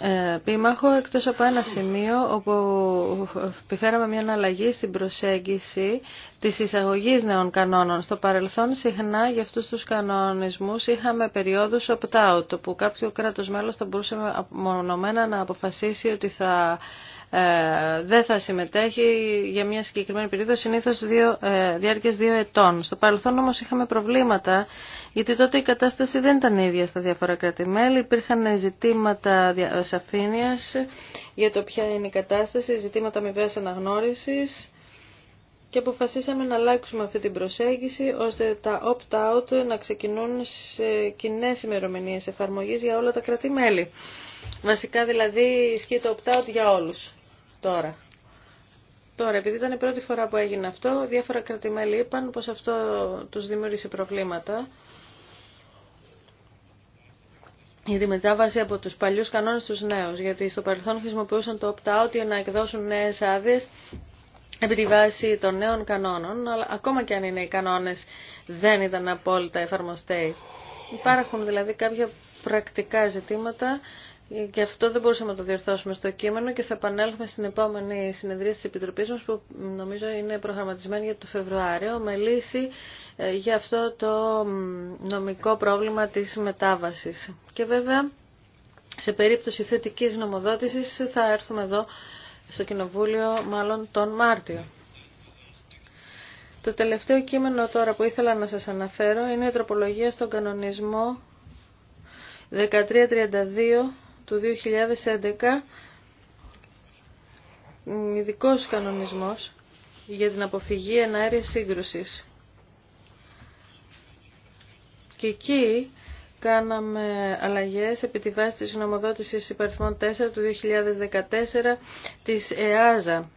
ε, πίμαχο εκτός από ένα σημείο όπου επιφέραμε μια αλλαγή στην προσέγγιση της εισαγωγής νέων κανόνων. Στο παρελθόν συχνά για αυτούς τους κανονισμούς είχαμε περιόδους opt-out όπου κάποιο κράτος μέλος θα μπορούσε μονομένα να αποφασίσει ότι θα ε, δεν θα συμμετέχει για μια συγκεκριμένη περίοδο, συνήθως δύο, ε, διάρκειας δύο ετών. Στο παρελθόν όμως είχαμε προβλήματα, γιατί τότε η κατάσταση δεν ήταν ίδια στα διάφορα κράτη-μέλη. Υπήρχαν ζητήματα σαφήνειας για το ποια είναι η κατάσταση, ζητήματα αμοιβαίας αναγνώριση και αποφασίσαμε να αλλάξουμε αυτή την προσέγγιση ώστε τα opt-out να ξεκινούν σε κοινέ ημερομηνίε εφαρμογή για όλα τα κράτη-μέλη. Βασικά δηλαδή ισχύει το opt-out για όλους τώρα. Τώρα, επειδή ήταν η πρώτη φορά που έγινε αυτό, διάφορα κρατημέλη είπαν πως αυτό τους δημιούργησε προβλήματα. Η μετάβαση από τους παλιούς κανόνες στους νέους, γιατί στο παρελθόν χρησιμοποιούσαν το opt-out για να εκδώσουν νέες άδειες επί τη βάση των νέων κανόνων, αλλά ακόμα και αν είναι οι κανόνες δεν ήταν απόλυτα εφαρμοστέοι. Υπάρχουν δηλαδή κάποια πρακτικά ζητήματα Γι' αυτό δεν μπορούσαμε να το διορθώσουμε στο κείμενο και θα επανέλθουμε στην επόμενη συνεδρία της Επιτροπής μας που νομίζω είναι προγραμματισμένη για το Φεβρουάριο με λύση ε, για αυτό το νομικό πρόβλημα της μετάβασης. Και βέβαια σε περίπτωση θετικής νομοδότησης θα έρθουμε εδώ στο Κοινοβούλιο μάλλον τον Μάρτιο. Το τελευταίο κείμενο τώρα που ήθελα να σας αναφέρω είναι η τροπολογία στον κανονισμό 1332 του 2011 ειδικό κανονισμός για την αποφυγή εναέρειας σύγκρουσης. Και εκεί κάναμε αλλαγές επί τη βάση της νομοδότησης υπαριθμών 4 του 2014 της ΕΑΖΑ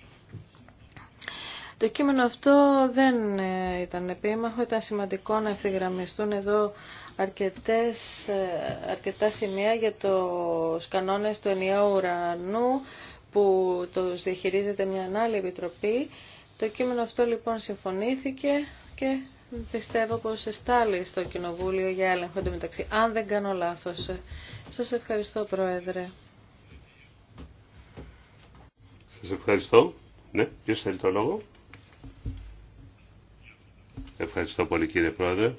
το κείμενο αυτό δεν ε, ήταν επίμαχο, ήταν σημαντικό να ευθυγραμμιστούν εδώ αρκετές, ε, αρκετά σημεία για το κανόνες του ενιαίου ουρανού που το διαχειρίζεται μια άλλη επιτροπή. Το κείμενο αυτό λοιπόν συμφωνήθηκε και πιστεύω πως εστάλει στο Κοινοβούλιο για έλεγχο μεταξύ, αν δεν κάνω λάθος. Σας ευχαριστώ Πρόεδρε. Σας ευχαριστώ. Ναι, ποιος θέλει το λόγο. Ευχαριστώ πολύ κύριε Πρόεδρε.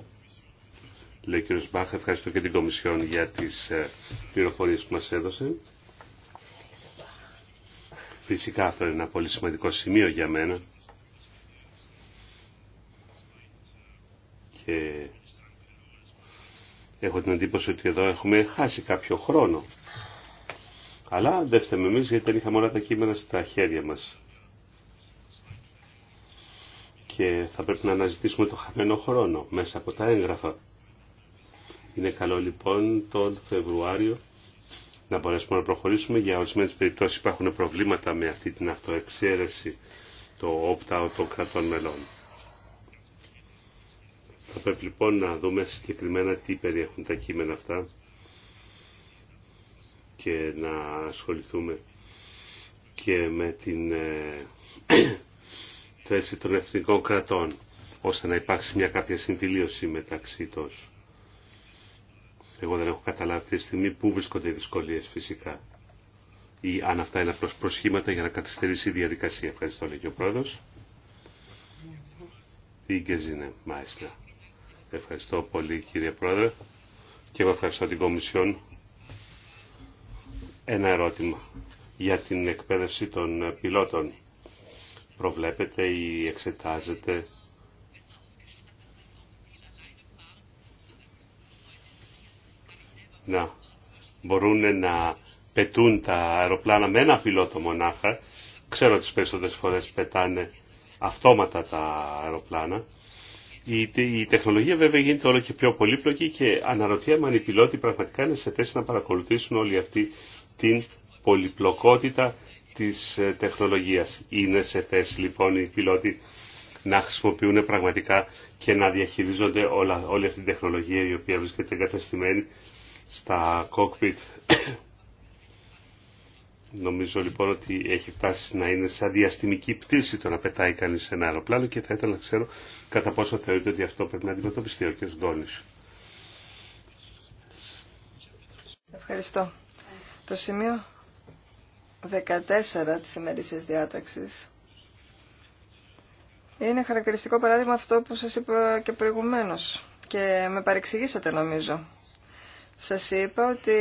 Λέει ο κύριος Μπάχ, ευχαριστώ και την Κομισιόν για τις ε, πληροφορίες που μας έδωσε. Φυσικά αυτό είναι ένα πολύ σημαντικό σημείο για μένα. Και έχω την εντύπωση ότι εδώ έχουμε χάσει κάποιο χρόνο. Αλλά δεν φταίμε εμείς γιατί δεν είχαμε όλα τα κείμενα στα χέρια μας και θα πρέπει να αναζητήσουμε το χαμένο χρόνο μέσα από τα έγγραφα. Είναι καλό λοιπόν τον Φεβρουάριο να μπορέσουμε να προχωρήσουμε. Για ορισμένε περιπτώσει υπάρχουν προβλήματα με αυτή την αυτοεξαίρεση, το opt-out των κρατών μελών. Θα πρέπει λοιπόν να δούμε συγκεκριμένα τι περιέχουν τα κείμενα αυτά και να ασχοληθούμε και με την ε, θέση των εθνικών κρατών, ώστε να υπάρξει μια κάποια συμφιλίωση μεταξύ τους. Εγώ δεν έχω καταλάβει τη στιγμή πού βρίσκονται οι δυσκολίες φυσικά ή αν αυτά είναι απλώς προσχήματα για να καθυστερήσει η διαδικασία. Ευχαριστώ, λέει και ο πρόεδρος. Ευχαριστώ πολύ κύριε πρόεδρε και ευχαριστώ την Κομισιόν. Ένα ερώτημα για την εκπαίδευση των πιλότων προβλέπετε ή εξετάζετε; Να μπορούνε να πετούντα αεροπλάνα μένα φιλότομονάχα. Ξέρω ότι σπεύσονται σε φορές πετάνε αυτόματα τα αεροπλάνα. ή εξεταζετε να μπορούν να πετούν τα αεροπλάνα με ένα πιλότο μονάχα. Ξέρω τις περισσότερες φορές πετάνε αυτόματα τα αεροπλάνα. Η, η τεχνολογία βέβαια γίνεται όλο και πιο πολύπλοκη και αναρωτιέμαι αν οι πιλότοι πραγματικά είναι σε θέση να παρακολουθήσουν όλη αυτή την πολυπλοκότητα της ε, τεχνολογίας. Είναι σε θέση λοιπόν οι πιλότοι να χρησιμοποιούν πραγματικά και να διαχειρίζονται όλα, όλη αυτή την τεχνολογία η οποία βρίσκεται εγκαταστημένη στα cockpit. <coughs> Νομίζω λοιπόν ότι έχει φτάσει να είναι σαν διαστημική πτήση το να πετάει κανείς σε ένα αεροπλάνο και θα ήθελα να ξέρω κατά πόσο θεωρείτε ότι αυτό πρέπει να αντιμετωπιστεί ο κ. Ευχαριστώ. Το σημείο 14 της ημερήσιας διάταξης. Είναι χαρακτηριστικό παράδειγμα αυτό που σας είπα και προηγουμένως και με παρεξηγήσατε νομίζω. Σας είπα ότι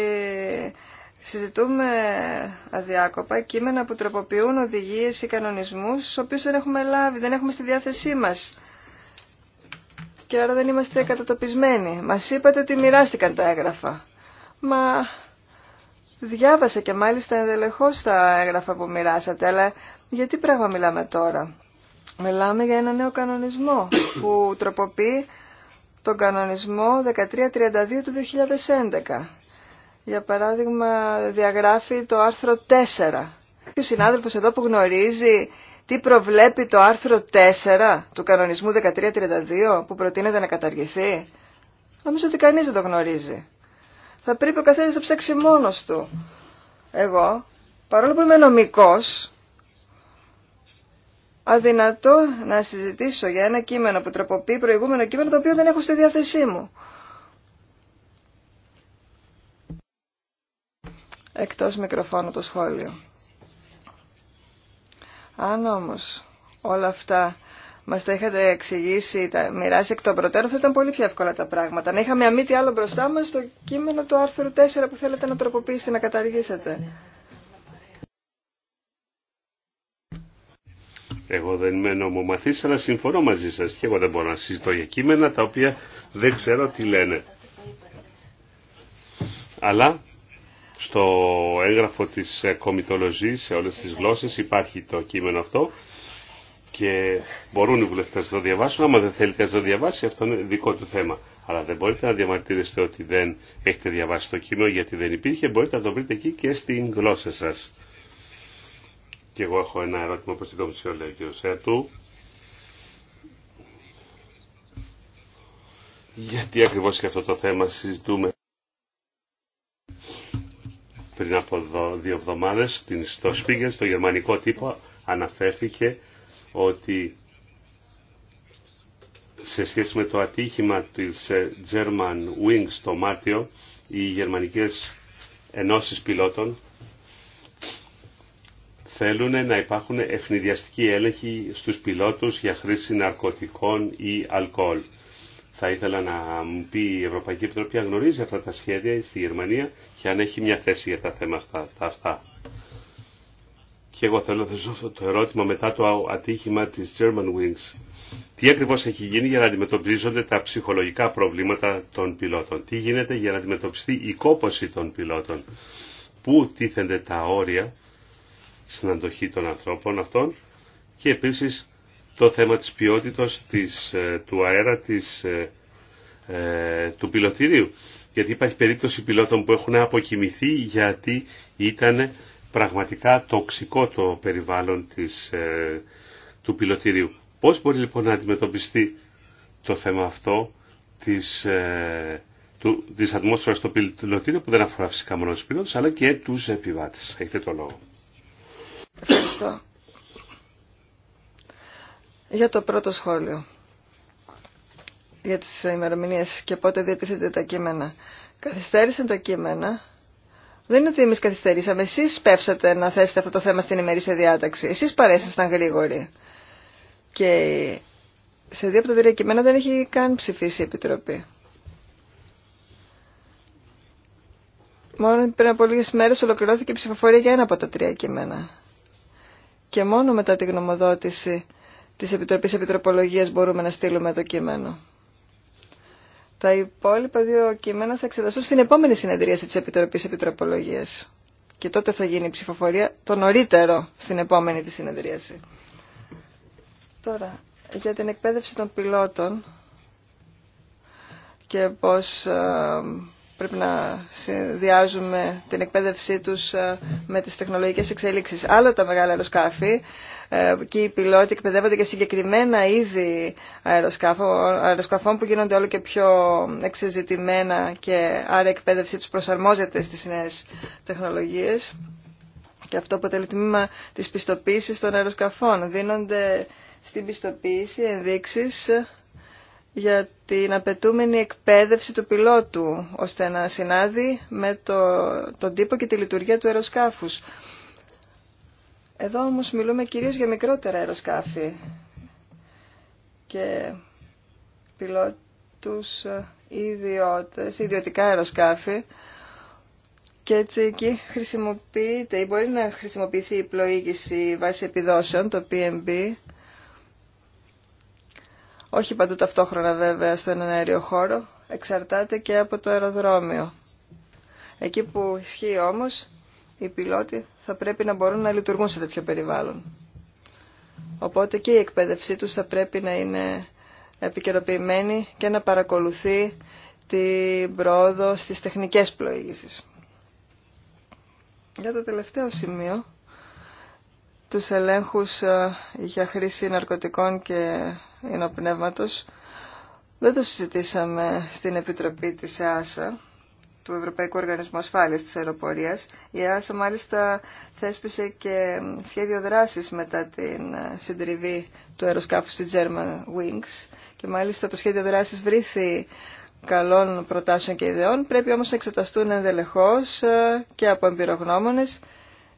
συζητούμε αδιάκοπα κείμενα που τροποποιούν οδηγίες ή κανονισμούς, στους οποίους δεν έχουμε λάβει, δεν έχουμε στη διάθεσή μας. Και άρα δεν είμαστε κατατοπισμένοι. Μας είπατε ότι μοιράστηκαν τα έγγραφα. Μα Διάβασα και μάλιστα ενδελεχώς τα έγγραφα που μοιράσατε, αλλά γιατί πράγμα μιλάμε τώρα. Μιλάμε για ένα νέο κανονισμό που τροποποιεί τον κανονισμό 1332 του 2011. Για παράδειγμα διαγράφει το άρθρο 4. Ο συνάδελφος εδώ που γνωρίζει τι προβλέπει το άρθρο 4 του κανονισμού 1332 που προτείνεται να καταργηθεί. Νομίζω ότι κανείς δεν το γνωρίζει θα πρέπει ο καθένας να ψάξει μόνος του. Εγώ, παρόλο που είμαι νομικός, αδυνατό να συζητήσω για ένα κείμενο που τροποποιεί προηγούμενο κείμενο το οποίο δεν έχω στη διάθεσή μου. Εκτός μικροφώνου το σχόλιο. Αν όμως όλα αυτά μα τα είχατε εξηγήσει, τα μοιράσει εκ των προτέρων, θα ήταν πολύ πιο εύκολα τα πράγματα. Να είχαμε αμύτη άλλο μπροστά μα το κείμενο του άρθρου 4 που θέλετε να τροποποιήσετε, να καταργήσετε. Εγώ δεν είμαι νομομαθής, αλλά συμφωνώ μαζί σας και εγώ δεν μπορώ να συζητώ για κείμενα τα οποία δεν ξέρω τι λένε. Αλλά στο έγγραφο της ε, κομιτολογής σε όλες τις γλώσσες υπάρχει το κείμενο αυτό και μπορούν οι βουλευτέ να το διαβάσουν. Άμα δεν θέλει κανείς να το διαβάσει, αυτό είναι δικό του θέμα. Αλλά δεν μπορείτε να διαμαρτύρεστε ότι δεν έχετε διαβάσει το κείμενο γιατί δεν υπήρχε. Μπορείτε να το βρείτε εκεί και στην γλώσσα σα. Και εγώ έχω ένα ερώτημα προ την Κομισιόν, ο κ. Σέτου. Γιατί ακριβώ και αυτό το θέμα συζητούμε πριν από δύο εβδομάδε στο Σπίγκερ, στο γερμανικό τύπο, αναφέρθηκε ότι σε σχέση με το ατύχημα της ε, German Wings το Μάρτιο, οι γερμανικές ενώσεις πιλότων θέλουν να υπάρχουν ευνηδιαστικοί έλεγχοι στους πιλότους για χρήση ναρκωτικών ή αλκοόλ. Θα ήθελα να μου πει η Ευρωπαϊκή Επιτροπή αν γνωρίζει αυτά τα σχέδια στη Γερμανία και αν έχει μια θέση για τα θέματα αυτά και εγώ θέλω να θέσω αυτό το ερώτημα μετά το ατύχημα της German Wings. Τι ακριβώς έχει γίνει για να αντιμετωπίζονται τα ψυχολογικά προβλήματα των πιλότων. Τι γίνεται για να αντιμετωπιστεί η κόπωση των πιλότων. Πού τίθενται τα όρια στην αντοχή των ανθρώπων αυτών και επίσης το θέμα της ποιότητας της, ε, του αέρα της, ε, ε, του πιλωτήριου. Γιατί υπάρχει περίπτωση πιλότων που έχουν αποκοιμηθεί γιατί ήταν πραγματικά τοξικό το περιβάλλον της, ε, του πιλωτηρίου. Πώς μπορεί λοιπόν να αντιμετωπιστεί το θέμα αυτό της, ε, του, της ατμόσφαιρας στο πιλωτήριο που δεν αφορά φυσικά μόνο τους πιλότους αλλά και τους επιβάτες. Έχετε το λόγο. Ευχαριστώ. Για το πρώτο σχόλιο για τις ημερομηνίες και πότε διατίθεται τα κείμενα. Καθυστέρησαν τα κείμενα δεν είναι ότι εμεί καθυστερήσαμε. Εσεί πέψατε να θέσετε αυτό το θέμα στην ημερήσια διάταξη. Εσεί παρέσασταν ναι. γρήγοροι. Και σε δύο από τα τρία κειμένα δεν έχει καν ψηφίσει η Επιτροπή. Μόνο πριν από λίγε μέρε ολοκληρώθηκε η ψηφοφορία για ένα από τα τρία κείμενα. Και μόνο μετά τη γνωμοδότηση τη Επιτροπή Επιτροπολογία μπορούμε να στείλουμε το κείμενο. Τα υπόλοιπα δύο κείμενα θα εξεταστούν στην επόμενη συνεδρίαση της Επιτροπής Επιτροπολογίας. Και τότε θα γίνει η ψηφοφορία το νωρίτερο στην επόμενη τη συνεδρίαση. Τώρα, για την εκπαίδευση των πιλότων και πώς ε, πρέπει να συνδυάζουμε την εκπαίδευσή τους ε, με τις τεχνολογικές εξελίξεις. Άλλο τα μεγάλα αεροσκάφη, ε, και οι πιλότοι εκπαιδεύονται και συγκεκριμένα είδη αεροσκαφών που γίνονται όλο και πιο εξεζητημένα και άρα η εκπαίδευσή τους προσαρμόζεται στις νέες τεχνολογίες. Και αυτό αποτελεί τμήμα της πιστοποίησης των αεροσκαφών. Δίνονται στην πιστοποίηση ενδείξεις για την απαιτούμενη εκπαίδευση του πιλότου, ώστε να συνάδει με το, τον τύπο και τη λειτουργία του αεροσκάφους. Εδώ όμως μιλούμε κυρίως για μικρότερα αεροσκάφη και πιλότους ε, ιδιώτες, ιδιωτικά αεροσκάφη και έτσι εκεί χρησιμοποιείται ή μπορεί να χρησιμοποιηθεί η πλοήγηση βάσει βαση επιδοσεων το PMB, όχι παντού ταυτόχρονα βέβαια στον αέριο χώρο, εξαρτάται και από το αεροδρόμιο. Εκεί που ισχύει όμως, οι πιλότοι θα πρέπει να μπορούν να λειτουργούν σε τέτοιο περιβάλλον. Οπότε και η εκπαίδευσή τους θα πρέπει να είναι επικαιροποιημένη και να παρακολουθεί την πρόοδο στις τεχνικές πλοήγησης. Για το τελευταίο σημείο, τους ελέγχους ε, για χρήση ναρκωτικών και ενοπνεύματος δεν το συζητήσαμε στην Επιτροπή της ΕΑΣΑ, του Ευρωπαϊκού Οργανισμού Ασφάλειας της Αεροπορίας. Η ΕΑΣΑ μάλιστα θέσπισε και σχέδιο δράσης μετά την ε, συντριβή του αεροσκάφου της German Wings και μάλιστα το σχέδιο δράσης βρήθη καλών προτάσεων και ιδεών, πρέπει όμως να εξεταστούν ενδελεχώς ε, και από εμπειρογνώμονες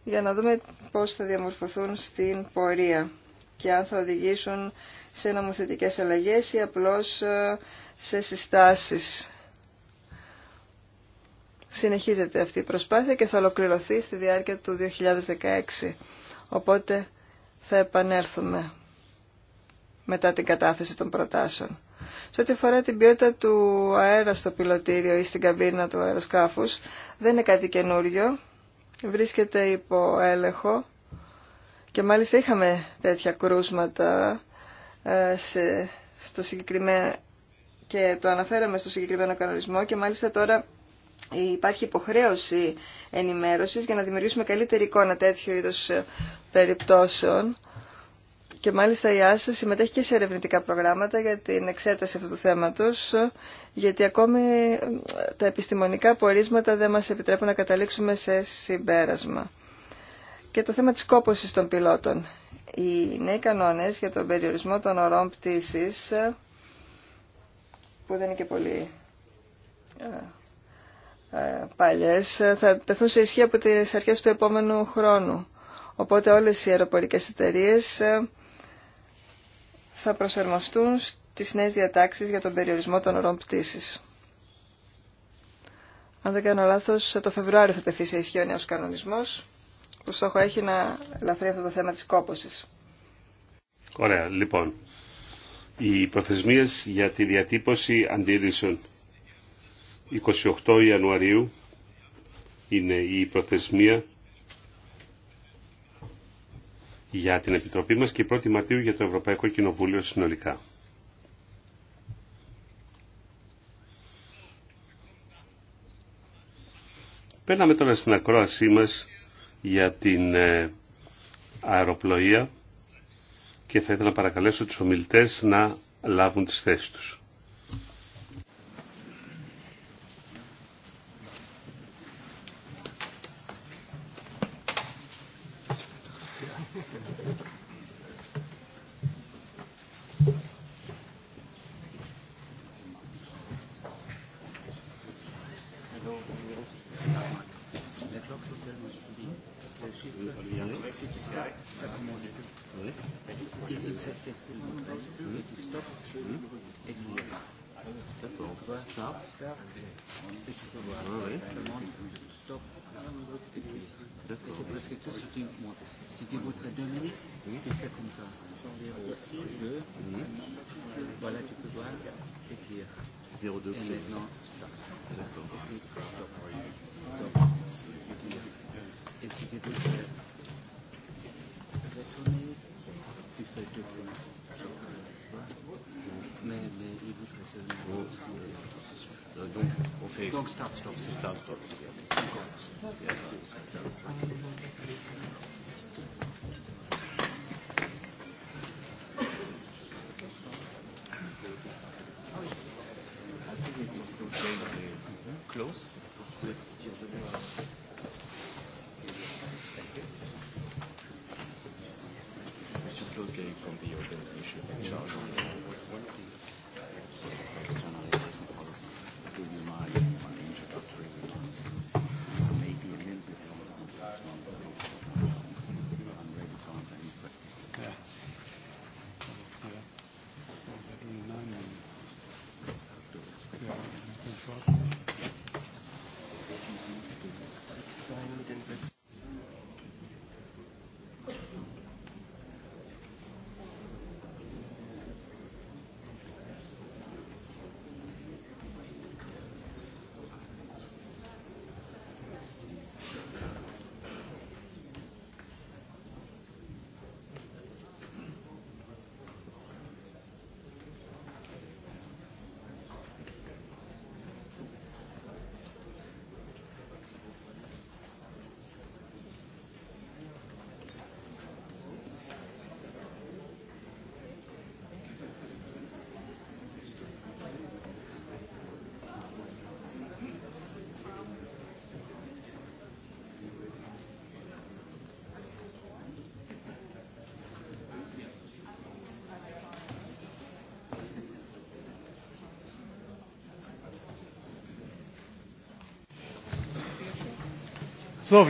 για να δούμε πώς θα διαμορφωθούν στην πορεία και αν θα οδηγήσουν σε νομοθετικές αλλαγές ή απλώς ε, σε συστάσεις. Συνεχίζεται αυτή η προσπάθεια και θα ολοκληρωθεί στη διάρκεια του 2016. Οπότε θα επανέλθουμε μετά την κατάθεση των προτάσεων. Σε ό,τι αφορά την ποιότητα του αέρα στο πιλωτήριο ή στην καμπίνα του αεροσκάφους, δεν είναι κάτι καινούριο βρίσκεται υπό έλεγχο και μάλιστα είχαμε τέτοια κρούσματα ε, σε, στο συγκεκριμένο, και το αναφέραμε στο συγκεκριμένο κανονισμό και μάλιστα τώρα υπάρχει υποχρέωση ενημέρωσης για να δημιουργήσουμε καλύτερη εικόνα τέτοιου είδους ε, περιπτώσεων και μάλιστα η ΆΣΑ συμμετέχει και σε ερευνητικά προγράμματα για την εξέταση αυτού του θέματος, γιατί ακόμη ε, τα επιστημονικά πορίσματα δεν μας επιτρέπουν να καταλήξουμε σε συμπέρασμα. Και το θέμα της κόπωσης των πιλότων. Οι νέοι κανόνες για τον περιορισμό των ορών πτήσης, ε, που δεν είναι και πολύ ε, παλιές, θα τεθούν σε ισχύ από τις αρχές του επόμενου χρόνου. Οπότε όλες οι αεροπορικές εταιρείες θα προσαρμοστούν στις νέες διατάξεις για τον περιορισμό των ορών πτήσης. Αν δεν κάνω λάθος, το Φεβρουάριο θα τεθεί σε ισχύ ο νέος κανονισμός, που στόχο έχει να ελαφρύνει αυτό το θέμα της κόπωσης. Ωραία, λοιπόν. Οι προθεσμίες για τη διατύπωση αντίρρησεων 28 Ιανουαρίου είναι η προθεσμία για την Επιτροπή μας και 1η Μαρτίου για το Ευρωπαϊκό Κοινοβούλιο συνολικά. Παίρναμε τώρα στην ακρόασή μας για την ε, αεροπλοεία και θα ήθελα να παρακαλέσω τους ομιλητές να λάβουν τις θέσεις τους. C'est presque tout ce qui moi. Si tu deux minutes, tu fais comme ça. So,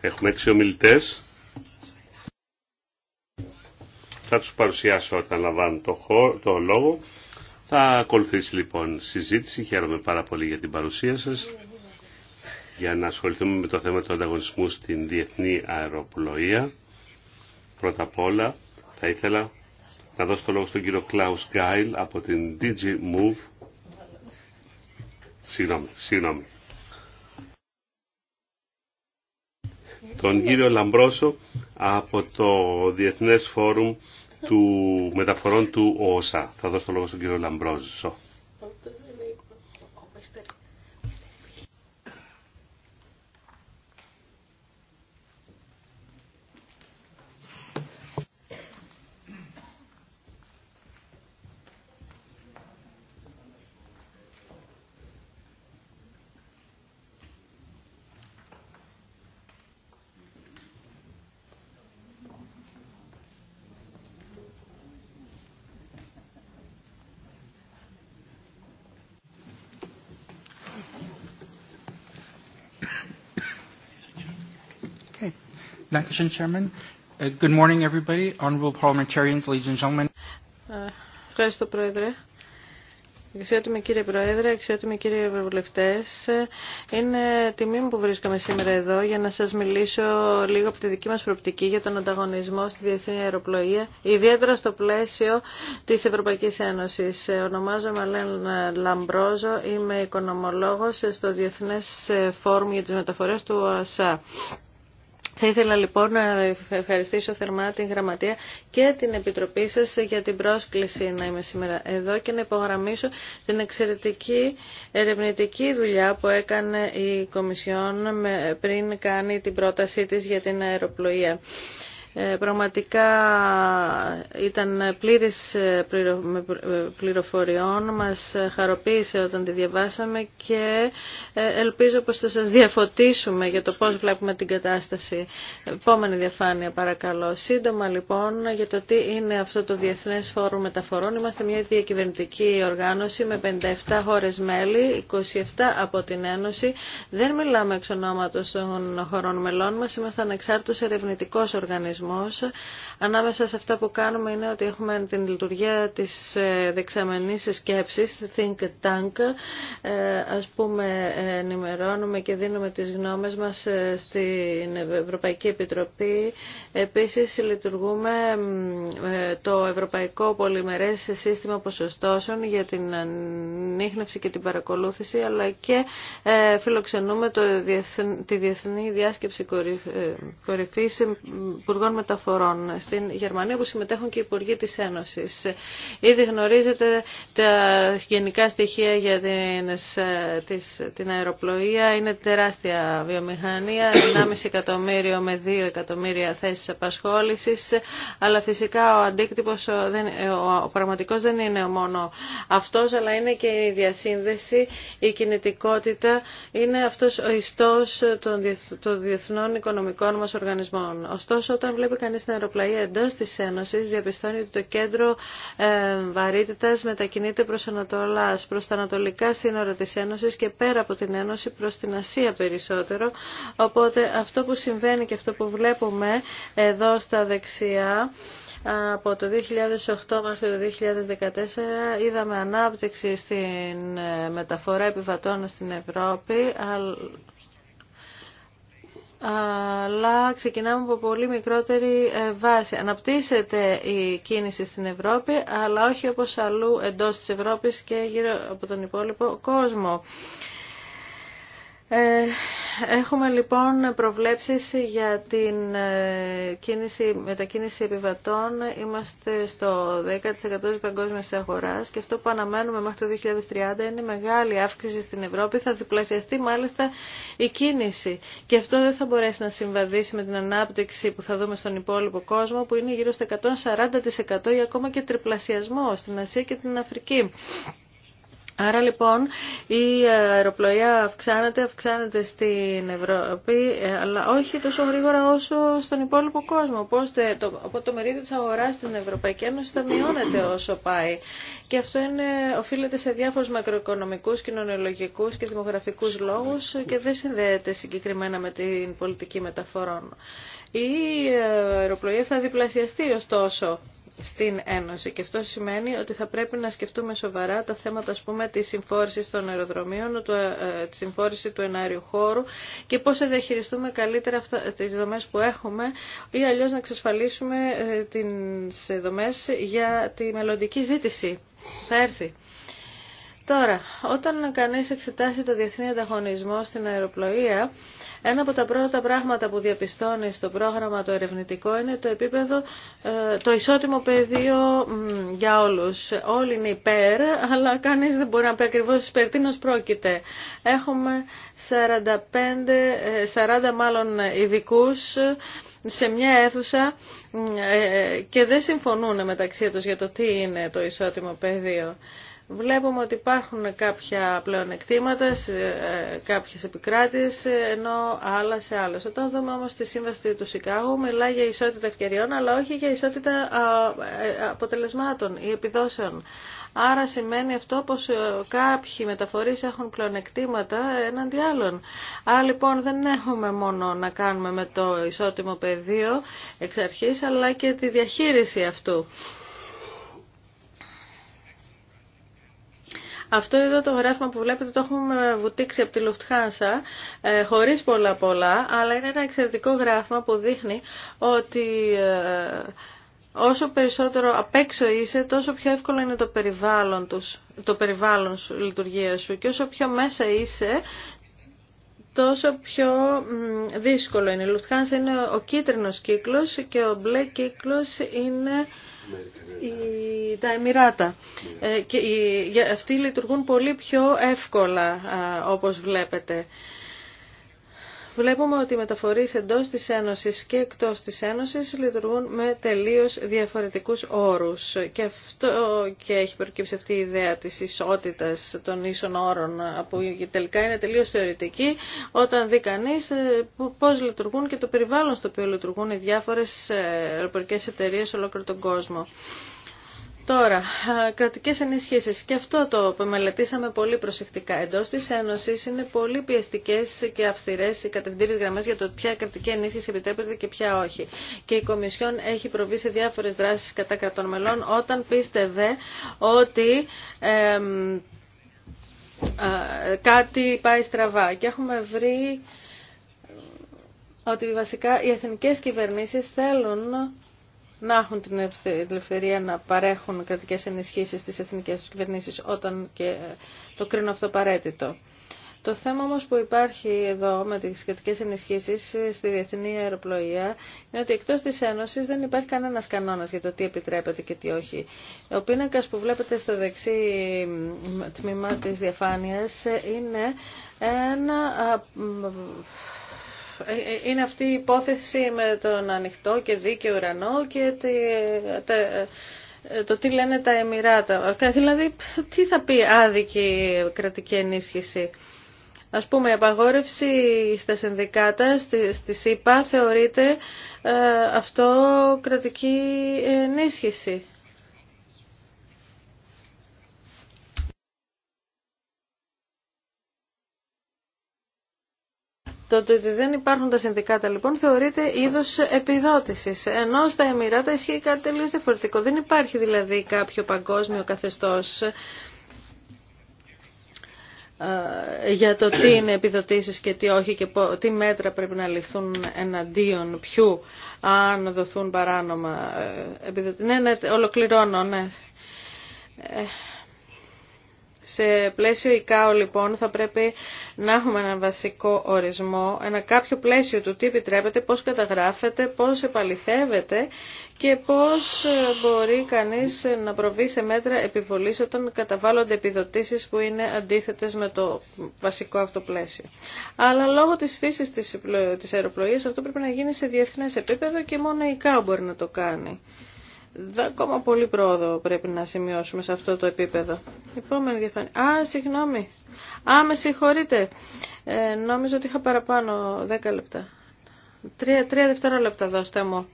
Έχουμε έξι ομιλητέ. Θα του παρουσιάσω όταν λαμβάνουν το, το λόγο. Θα ακολουθήσει λοιπόν συζήτηση. Χαίρομαι πάρα πολύ για την παρουσία σα Για να ασχοληθούμε με το θέμα του ανταγωνισμού στην διεθνή αεροπλοεία. Πρώτα απ' όλα θα ήθελα να δώσω το λόγο στον κύριο Κλάους Γκάιλ από την DG Move. Συγγνώμη, συγγνώμη. τον κύριο Λαμπρόσο από το Διεθνές Φόρουμ του Μεταφορών του ΟΣΑ. Θα δώσω το λόγο στον κύριο Λαμπρόσο. Mr. Chairman. Uh, good morning, everybody. Honorable parliamentarians, ladies and gentlemen. Ε, ευχαριστώ, Πρόεδρε. Αξιότιμοι κύριε Πρόεδρε, αξιότιμοι κύριε Ευρωβουλευτέ, είναι τιμή μου που βρίσκομαι σήμερα εδώ για να σα μιλήσω λίγο από τη δική μα προοπτική για τον ανταγωνισμό στη διεθνή αεροπλοεία, ιδιαίτερα στο πλαίσιο τη Ευρωπαϊκή Ένωση. Ονομάζομαι Αλέν Λαμπρόζο, είμαι οικονομολόγο στο Διεθνέ Φόρουμ για τι Μεταφορέ του ΟΑΣΑ. Θα ήθελα λοιπόν να ευχαριστήσω θερμά την Γραμματεία και την Επιτροπή σας για την πρόσκληση να είμαι σήμερα εδώ και να υπογραμμίσω την εξαιρετική ερευνητική δουλειά που έκανε η Κομισιόν πριν κάνει την πρότασή της για την αεροπλοεία. Ε, πραγματικά ήταν πλήρης ε, ε, πληροφοριών, μας χαροποίησε όταν τη διαβάσαμε και ελπίζω πως θα σας διαφωτίσουμε για το πώς βλέπουμε την κατάσταση. Επόμενη διαφάνεια παρακαλώ. Σύντομα λοιπόν για το τι είναι αυτό το Διεθνές Φόρουμ Μεταφορών. Είμαστε μια διακυβερνητική οργάνωση με 57 χώρες μέλη, 27 από την Ένωση. Δεν μιλάμε εξ ονόματος των χωρών μελών μας, είμαστε ανεξάρτητος ερευνητικός οργανισμός Ανάμεσα σε αυτά που κάνουμε είναι ότι έχουμε την λειτουργία της ε, δεξαμενής σκέψης, think tank, ε, ας πούμε ενημερώνουμε και δίνουμε τις γνώμες μας ε, στην Ευρωπαϊκή Επιτροπή. Επίσης λειτουργούμε το Ευρωπαϊκό Πολυμερές Σύστημα Ποσοστώσεων για την ανείχνευση και την παρακολούθηση, αλλά και φιλοξενούμε το, τη Διεθνή Διάσκεψη Κορυφής Υπουργών μεταφορών στην Γερμανία που συμμετέχουν και οι Υπουργοί της Ένωσης. Ήδη γνωρίζετε τα γενικά στοιχεία για την, ε, την αεροπλοεία. Είναι τεράστια βιομηχανία, 1,5 εκατομμύριο με 2 εκατομμύρια θέσεις απασχόλησης, αλλά φυσικά ο αντίκτυπος, ο πραγματικός δεν είναι μόνο αυτός, αλλά είναι και η διασύνδεση, η κινητικότητα, είναι αυτός ο ιστός των διεθνών οικονομικών μας οργανισμών. Ωστόσο, βλέπει κανεί την αεροπλαία εντό τη Ένωση, διαπιστώνει ότι το κέντρο ε, βαρύτητας μετακινείται προς Ανατολάς, προς τα ανατολικά σύνορα τη Ένωση και πέρα από την Ένωση προς την Ασία περισσότερο. Οπότε αυτό που συμβαίνει και αυτό που βλέπουμε εδώ στα δεξιά, από το 2008 μέχρι το 2014 είδαμε ανάπτυξη στην ε, μεταφορά επιβατών στην Ευρώπη αλλά ξεκινάμε από πολύ μικρότερη ε, βάση. Αναπτύσσεται η κίνηση στην Ευρώπη, αλλά όχι όπως αλλού εντός της Ευρώπης και γύρω από τον υπόλοιπο κόσμο. Ε, έχουμε λοιπόν προβλέψεις για την ε, κίνηση, μετακίνηση επιβατών. Είμαστε στο 10% της παγκόσμιας αγοράς και αυτό που αναμένουμε μέχρι το 2030 είναι μεγάλη αύξηση στην Ευρώπη. Θα διπλασιαστεί μάλιστα η κίνηση και αυτό δεν θα μπορέσει να συμβαδίσει με την ανάπτυξη που θα δούμε στον υπόλοιπο κόσμο που είναι γύρω στο 140% ή ακόμα και τριπλασιασμό στην Ασία και την Αφρική. Άρα λοιπόν η ε, αεροπλοεία αυξάνεται, αυξάνεται στην Ευρώπη, ε, αλλά όχι τόσο γρήγορα όσο στον υπόλοιπο κόσμο. Οπότε το, το μερίδιο της αγοράς στην Ευρωπαϊκή Ένωση θα μειώνεται όσο πάει. Και αυτό είναι, οφείλεται σε διάφορους μακροοικονομικούς, κοινωνιολογικούς και δημογραφικούς λόγους και δεν συνδέεται συγκεκριμένα με την πολιτική μεταφορών. Η ε, αεροπλοεία θα διπλασιαστεί ωστόσο στην Ένωση. Και αυτό σημαίνει ότι θα πρέπει να σκεφτούμε σοβαρά τα θέματα ας πούμε, της συμφόρησης των αεροδρομίων, του, ε, ε, τη συμφόρηση του ενάριου χώρου και πώς θα διαχειριστούμε καλύτερα αυτά, τις δομές που έχουμε ή αλλιώς να εξασφαλίσουμε ε, τις δομές για τη μελλοντική ζήτηση. Θα έρθει. Τώρα, όταν κανείς εξετάσει το διεθνή ανταγωνισμό στην αεροπλοεία, ένα από τα πρώτα πράγματα που διαπιστώνει στο πρόγραμμα το ερευνητικό είναι το επίπεδο, ε, το ισότιμο πεδίο για όλους. Όλοι είναι υπέρ, αλλά κανείς δεν μπορεί να πει ακριβώς υπέρ πρόκειται. Έχουμε 45, 40 ε, μάλλον ειδικού σε μια αίθουσα ε, και δεν συμφωνούν μεταξύ τους για το τι είναι το ισότιμο πεδίο. Βλέπουμε ότι υπάρχουν κάποια πλεονεκτήματα σε ε, κάποιες επικράτειες, ενώ άλλα σε άλλες. Όταν δούμε όμως τη σύμβαση του Σικάγου, μιλάει για ισότητα ευκαιριών, αλλά όχι για ισότητα ε, ε, αποτελεσμάτων ή επιδόσεων. Άρα σημαίνει αυτό πως κάποιοι μεταφορείς έχουν πλεονεκτήματα έναντι άλλων. Άρα λοιπόν δεν έχουμε μόνο να κάνουμε με το ισότιμο πεδίο εξ αρχής, αλλά και τη διαχείριση αυτού. Αυτό εδώ το γράφημα που βλέπετε το έχουμε βουτήξει από τη Λουφτχάνσα ε, χωρίς πολλά πολλά, αλλά είναι ένα εξαιρετικό γράφημα που δείχνει ότι ε, όσο περισσότερο απ' έξω είσαι, τόσο πιο εύκολο είναι το περιβάλλον, τους, το περιβάλλον σου, λειτουργία σου και όσο πιο μέσα είσαι, τόσο πιο δύσκολο είναι. Η Λουφτχάνσα είναι ο κίτρινος κύκλος και ο μπλε κύκλος είναι η, τα Εμμυράτα. Ναι. Ε, και αυτοί λειτουργούν πολύ πιο εύκολα, όπως βλέπετε βλέπουμε ότι οι μεταφορείς εντός της Ένωσης και εκτός της Ένωσης λειτουργούν με τελείως διαφορετικούς όρους. Και αυτό και έχει προκύψει αυτή η ιδέα της ισότητας των ίσων όρων που τελικά είναι τελείως θεωρητική όταν δει κανεί ε, πώς λειτουργούν και το περιβάλλον στο οποίο λειτουργούν οι διάφορες ε, αεροπορικές εταιρείες σε ολόκληρο τον κόσμο. Τώρα, κρατικές ενισχύσει. Και αυτό το μελετήσαμε πολύ προσεκτικά. Εντός της Ένωσης είναι πολύ πιεστικές και αυστηρές οι κατευθυντήριε γραμμές για το ποια κρατική ενίσχυση επιτρέπεται και ποια όχι. Και η Κομισιόν έχει προβεί σε διάφορες δράσεις κατά κρατών μελών όταν πίστευε ότι... κάτι πάει στραβά και έχουμε βρει ότι βασικά οι εθνικές κυβερνήσεις θέλουν να έχουν την ελευθερία να παρέχουν κρατικέ ενισχύσει στις εθνικέ του όταν και ε, το κρίνω αυτό απαραίτητο. Το θέμα όμως που υπάρχει εδώ με τις σχετικές ενισχύσεις ε, στη διεθνή αεροπλοεία είναι ότι εκτός της Ένωσης δεν υπάρχει κανένας κανόνας για το τι επιτρέπεται και τι όχι. Ο πίνακας που βλέπετε στο δεξί τμήμα της διαφάνειας ε, είναι ένα είναι αυτή η υπόθεση με τον ανοιχτό και δίκαιο ουρανό και το τι λένε τα Εμμυράτα. Δηλαδή, τι θα πει άδικη κρατική ενίσχυση. Ας πούμε, η απαγόρευση στα συνδικάτα, στη, στη ΣΥΠΑ, θεωρείται ε, αυτό κρατική ενίσχυση. Το ότι δεν υπάρχουν τα συνδικάτα λοιπόν θεωρείται είδο επιδότηση. Ενώ στα Εμμυράτα ισχύει κάτι τελείω διαφορετικό. Δεν υπάρχει δηλαδή κάποιο παγκόσμιο καθεστώ ε, για το τι είναι επιδοτήσεις και τι όχι και τι μέτρα πρέπει να ληφθούν εναντίον ποιου αν δοθούν παράνομα ε, επιδοτήσεις. Ναι, ναι, ολοκληρώνω, ναι. Ε, σε πλαίσιο ΙΚΑΟ λοιπόν θα πρέπει να έχουμε ένα βασικό ορισμό, ένα κάποιο πλαίσιο του τι επιτρέπεται, πώς καταγράφεται, πώς επαληθεύεται και πώς ε, μπορεί κανείς να προβεί σε μέτρα επιβολής όταν καταβάλλονται επιδοτήσεις που είναι αντίθετες με το βασικό αυτό πλαίσιο. Αλλά λόγω της φύσης της αεροπλοείας αυτό πρέπει να γίνει σε διεθνές επίπεδο και μόνο η ΙΚΑΟ μπορεί να το κάνει. Δεν ακόμα πολύ πρόοδο πρέπει να σημειώσουμε σε αυτό το επίπεδο. Επόμενη διαφάνεια. Α, συγγνώμη. Α, με συγχωρείτε. Ε, νόμιζα ότι είχα παραπάνω 10 λεπτά. Τρία, τρία δευτερόλεπτα δώστε μου.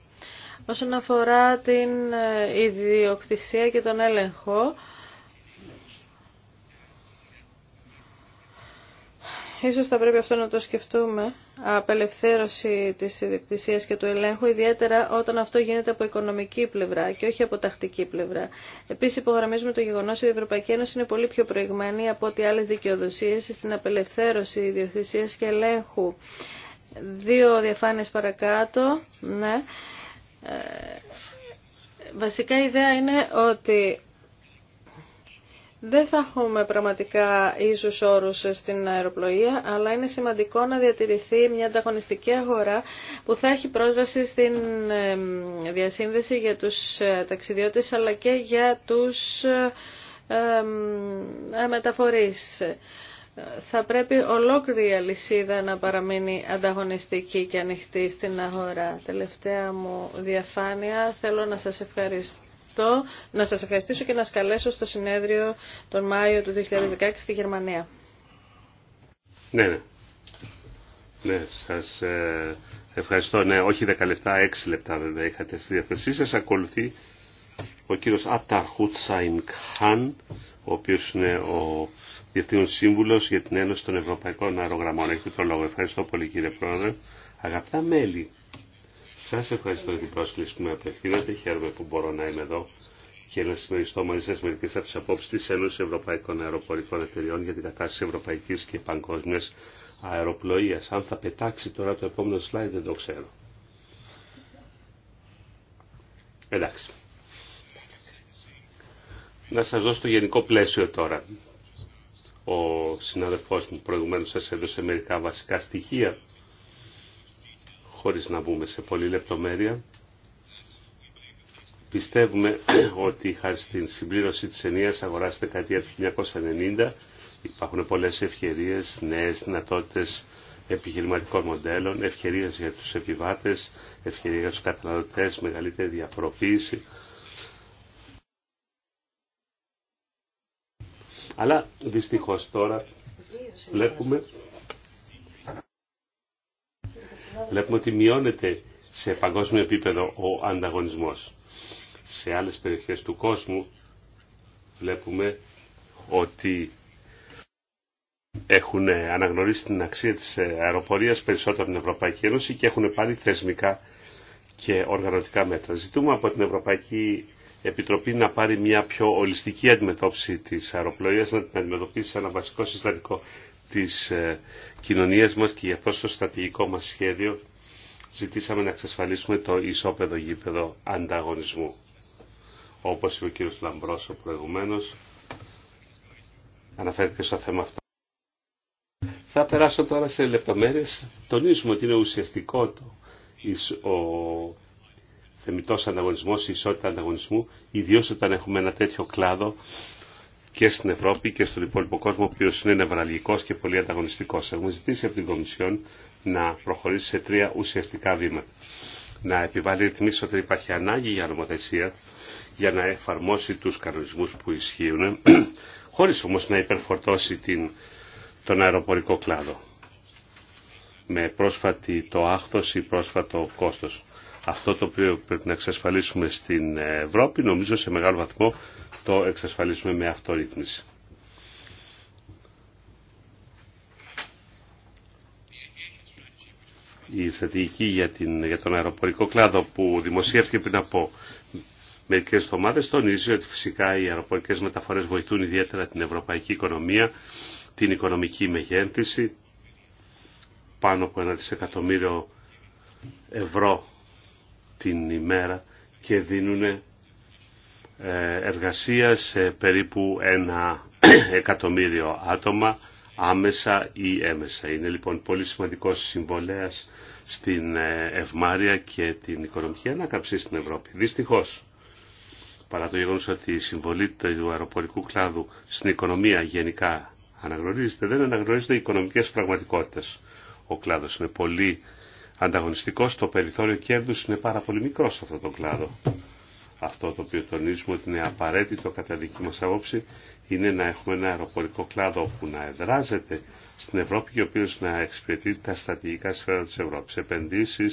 Όσον αφορά την ε, ιδιοκτησία και τον έλεγχο, ίσως θα πρέπει αυτό να το σκεφτούμε, απελευθέρωση της ιδιοκτησίας και του ελέγχου, ιδιαίτερα όταν αυτό γίνεται από οικονομική πλευρά και όχι από τακτική πλευρά. Επίσης υπογραμμίζουμε το γεγονός ότι η Ευρωπαϊκή Ένωση είναι πολύ πιο προηγμένη από ό,τι άλλες δικαιοδοσίες στην απελευθέρωση ιδιοκτησίας και ελέγχου. Δύο διαφάνειες παρακάτω, ναι. Ε, βασικά η ιδέα είναι ότι δεν θα έχουμε πραγματικά ίσους όρους στην αεροπλοεία, αλλά είναι σημαντικό να διατηρηθεί μια ανταγωνιστική αγορά που θα έχει πρόσβαση στην διασύνδεση για τους ε, ταξιδιώτες αλλά και για τους ε, μεταφορείς. Θα πρέπει ολόκληρη η αλυσίδα να παραμείνει ανταγωνιστική και ανοιχτή στην αγορά. Τελευταία μου διαφάνεια. Θέλω να σας ευχαριστώ ευχαριστώ, να σας ευχαριστήσω και να σας καλέσω στο συνέδριο τον Μάιο του 2016 στη Γερμανία. Ναι, ναι. Ναι, σας ε, ευχαριστώ. Ναι, όχι 10 λεπτά, 6 λεπτά βέβαια είχατε στη διαθεσή σας. Ακολουθεί ο κύριος Αταρ Χουτσάιν ο οποίος είναι ο Διευθύνων Σύμβουλος για την Ένωση των Ευρωπαϊκών Αερογραμμών. Έχετε το λόγο. Ευχαριστώ πολύ κύριε Πρόεδρε. Αγαπητά μέλη σας ευχαριστώ για την πρόσκληση που με απευθύνετε, Χαίρομαι που μπορώ να είμαι εδώ και να συμμεριστώ μαζί σας μερικές από τις απόψεις της Ένωσης Ευρωπαϊκών Αεροπορικών Εταιριών για την κατάσταση ευρωπαϊκής και παγκόσμιας αεροπλοείας. Αν θα πετάξει τώρα το επόμενο slide δεν το ξέρω. Εντάξει. Να σας δώσω το γενικό πλαίσιο τώρα. Ο συνάδελφός μου προηγουμένως σας έδωσε μερικά βασικά στοιχεία χωρίς να μπούμε σε πολλή λεπτομέρεια. Πιστεύουμε ότι χάρη στην συμπλήρωση της ενίας αγοράς κάτι δεκαετία του 1990 υπάρχουν πολλές ευκαιρίες, νέες δυνατότητες επιχειρηματικών μοντέλων, ευκαιρίες για τους επιβάτες, ευκαιρίες για τους καταναλωτές, μεγαλύτερη διαφοροποίηση. Αλλά δυστυχώς τώρα βλέπουμε βλέπουμε ότι μειώνεται σε παγκόσμιο επίπεδο ο ανταγωνισμός. Σε άλλες περιοχές του κόσμου βλέπουμε ότι έχουν αναγνωρίσει την αξία της αεροπορίας περισσότερο από την Ευρωπαϊκή Ένωση και έχουν πάρει θεσμικά και οργανωτικά μέτρα. Ζητούμε από την Ευρωπαϊκή Επιτροπή να πάρει μια πιο ολιστική αντιμετώπιση της αεροπλοείας, να την αντιμετωπίσει σαν ένα βασικό συστατικό της ε, κοινωνίας μας και γι' αυτό στο στρατηγικό μας σχέδιο ζητήσαμε να εξασφαλίσουμε το ισόπεδο γήπεδο ανταγωνισμού. Όπως είπε ο κύριος ο προηγούμενος, αναφέρθηκε στο θέμα αυτό. Θα περάσω τώρα σε λεπτομέρειες. Τονίζουμε ότι είναι ουσιαστικό το, ο θεμητός ανταγωνισμός, η ισότητα ανταγωνισμού, ιδίως όταν έχουμε ένα τέτοιο κλάδο και στην Ευρώπη και στον υπόλοιπο κόσμο, ο οποίο είναι νευραλγικό και πολύ ανταγωνιστικό. Έχουμε ζητήσει από την Κομισιόν να προχωρήσει σε τρία ουσιαστικά βήματα. Να επιβάλλει ρυθμίσει ότι υπάρχει ανάγκη για νομοθεσία για να εφαρμόσει του κανονισμού που ισχύουν, <clears throat> χωρί όμω να υπερφορτώσει την, τον αεροπορικό κλάδο. Με πρόσφατη το άχθος ή πρόσφατο κόστος. Αυτό το οποίο πρέπει να εξασφαλίσουμε στην Ευρώπη, νομίζω σε μεγάλο βαθμό το εξασφαλίσουμε με αυτορύθμιση. η στρατηγική για, την, για τον αεροπορικό κλάδο που δημοσιεύτηκε πριν από μερικές εβδομάδες τονίζει ότι φυσικά οι αεροπορικές μεταφορές βοηθούν ιδιαίτερα την ευρωπαϊκή οικονομία, την οικονομική μεγέθυνση, πάνω από ένα δισεκατομμύριο ευρώ την ημέρα και δίνουν ε, εργασία σε περίπου ένα εκατομμύριο άτομα άμεσα ή έμεσα. Είναι λοιπόν πολύ σημαντικός συμβολέας στην ε, ευμάρεια και την οικονομική ανάκαμψη στην Ευρώπη. Δυστυχώς, παρά το γεγονός ότι η συμβολή του αεροπορικού κλάδου στην οικονομία γενικά αναγνωρίζεται, δεν αναγνωρίζονται οι οικονομικές πραγματικότητες. Ο κλάδος είναι πολύ Ανταγωνιστικό το περιθώριο κέρδους είναι πάρα πολύ μικρό σε αυτόν τον κλάδο. Αυτό το οποίο τονίζουμε ότι είναι απαραίτητο κατά δική μα άποψη είναι να έχουμε ένα αεροπορικό κλάδο που να εδράζεται στην Ευρώπη και ο οποίο να εξυπηρετεί τα στατηγικά σφαίρα τη Ευρώπη, επενδύσει,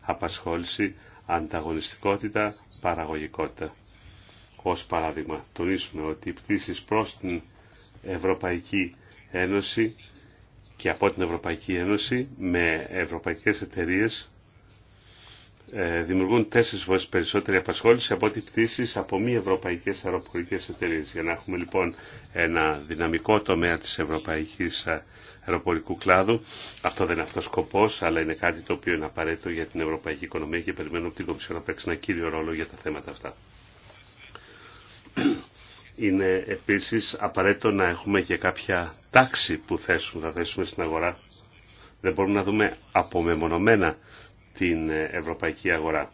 απασχόληση, ανταγωνιστικότητα, παραγωγικότητα. Ω παράδειγμα, τονίσουμε ότι οι πτήσεις προς την Ευρωπαϊκή Ένωση και από την Ευρωπαϊκή Ένωση με ευρωπαϊκές εταιρείες ε, δημιουργούν τέσσερις φορές περισσότερη απασχόληση από ό,τι πτήσεις από μη ευρωπαϊκές αεροπορικές εταιρείες. Για να έχουμε λοιπόν ένα δυναμικό τομέα της ευρωπαϊκής αεροπορικού κλάδου. Αυτό δεν είναι αυτός σκοπός, αλλά είναι κάτι το οποίο είναι απαραίτητο για την ευρωπαϊκή οικονομία και περιμένω από την Κομισιόν να παίξει ένα κύριο ρόλο για τα θέματα αυτά είναι επίσης απαραίτητο να έχουμε και κάποια τάξη που θέσουν, θα θέσουμε στην αγορά. Δεν μπορούμε να δούμε απομεμονωμένα την ευρωπαϊκή αγορά.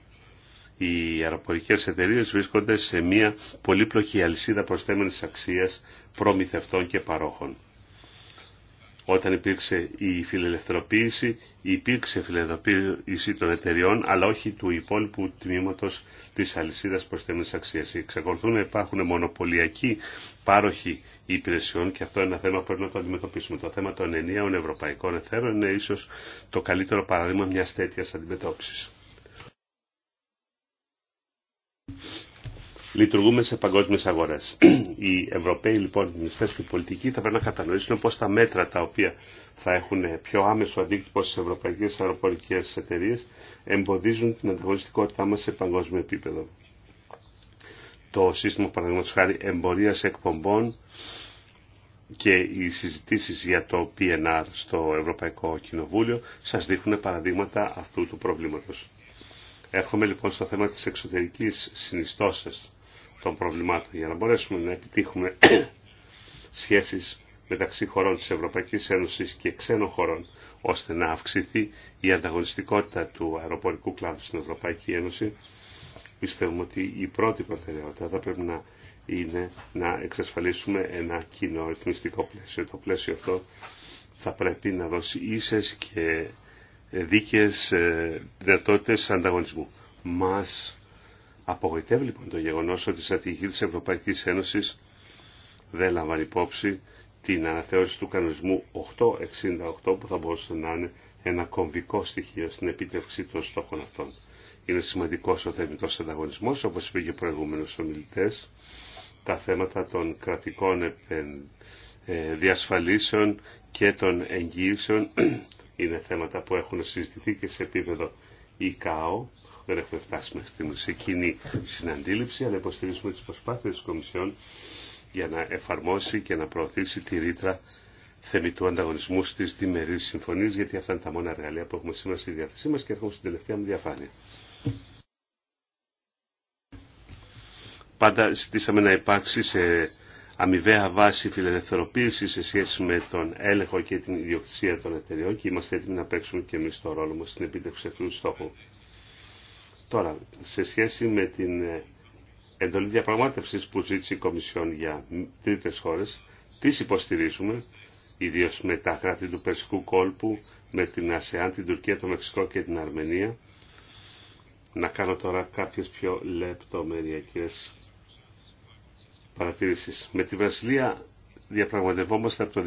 Οι αεροπορικές εταιρείες βρίσκονται σε μια πολύπλοκη αλυσίδα προσθέμενης αξίας προμηθευτών και παρόχων. Όταν υπήρξε η φιλελευθερωποίηση, υπήρξε φιλελευθερωποίηση των εταιριών, αλλά όχι του υπόλοιπου τμήματος της αλυσίδας προσθέμενης αξίες. Ξεκολουθούν να υπάρχουν μονοπωλιακοί πάροχοι υπηρεσιών και αυτό είναι ένα θέμα που πρέπει να το αντιμετωπίσουμε. Το θέμα των ενιαίων ευρωπαϊκών εθέρων είναι ίσως το καλύτερο παράδειγμα μιας τέτοιας αντιμετώπισης λειτουργούμε σε παγκόσμιες αγορές. <clears throat> Οι Ευρωπαίοι λοιπόν οι μισθές και οι πολιτικοί θα πρέπει να κατανοήσουν πως τα μέτρα τα οποία θα έχουν πιο άμεσο αντίκτυπο στις ευρωπαϊκές αεροπορικές εταιρείες εμποδίζουν την ανταγωνιστικότητά μας σε παγκόσμιο επίπεδο. Το σύστημα παραδείγματος χάρη εμπορίας εκπομπών και οι συζητήσεις για το PNR στο Ευρωπαϊκό Κοινοβούλιο σας δείχνουν παραδείγματα αυτού του προβλήματος. Έρχομαι λοιπόν στο θέμα της εξωτερικής συνιστώσεως των προβλημάτων. Για να μπορέσουμε να επιτύχουμε <coughs> σχέσεις μεταξύ χωρών της Ευρωπαϊκής Ένωσης και ξένων χωρών, ώστε να αυξηθεί η ανταγωνιστικότητα του αεροπορικού κλάδου στην Ευρωπαϊκή Ένωση, πιστεύουμε ότι η πρώτη προτεραιότητα θα πρέπει να είναι να εξασφαλίσουμε ένα κοινό ρυθμιστικό πλαίσιο. Το πλαίσιο αυτό θα πρέπει να δώσει ίσες και δίκαιες ε, δυνατότητες ανταγωνισμού. Μας Απογοητεύει λοιπόν το γεγονός ότι η στρατηγική της Ευρωπαϊκής Ένωσης δεν λαμβάνει υπόψη την αναθεώρηση του κανονισμού 868 που θα μπορούσε να είναι ένα κομβικό στοιχείο στην επίτευξη των στόχων αυτών. Είναι σημαντικό ο θεμητό ανταγωνισμό, όπω είπε και προηγούμενο ομιλητέ, τα θέματα των κρατικών ε, διασφαλίσεων και των εγγύησεων <clears throat> είναι θέματα που έχουν συζητηθεί και σε επίπεδο ΙΚΑΟ δεν έχουμε φτάσει μέχρι στιγμή σε κοινή συναντήληψη, αλλά υποστηρίζουμε τις προσπάθειες της Κομισιόν για να εφαρμόσει και να προωθήσει τη ρήτρα θεμητού ανταγωνισμού στις διμερείς συμφωνίες, γιατί αυτά είναι τα μόνα εργαλεία που έχουμε σήμερα στη διάθεσή μας και έρχομαι στην τελευταία μου διαφάνεια. Πάντα ζητήσαμε να υπάρξει σε αμοιβαία βάση φιλελευθεροποίηση σε σχέση με τον έλεγχο και την ιδιοκτησία των εταιριών και είμαστε έτοιμοι να παίξουμε και εμεί το ρόλο μα στην επίτευξη αυτού του στόχου. Τώρα, σε σχέση με την ε, εντολή διαπραγμάτευσης που ζήτησε η Κομισιόν για τρίτες χώρες, τι υποστηρίζουμε, ιδίως με τα κράτη του Περσικού κόλπου, με την ΑΣΕΑΝ, την Τουρκία, το Μεξικό και την Αρμενία. Να κάνω τώρα κάποιες πιο λεπτομεριακές παρατήρησεις. Με τη Βραζιλία διαπραγματευόμαστε από το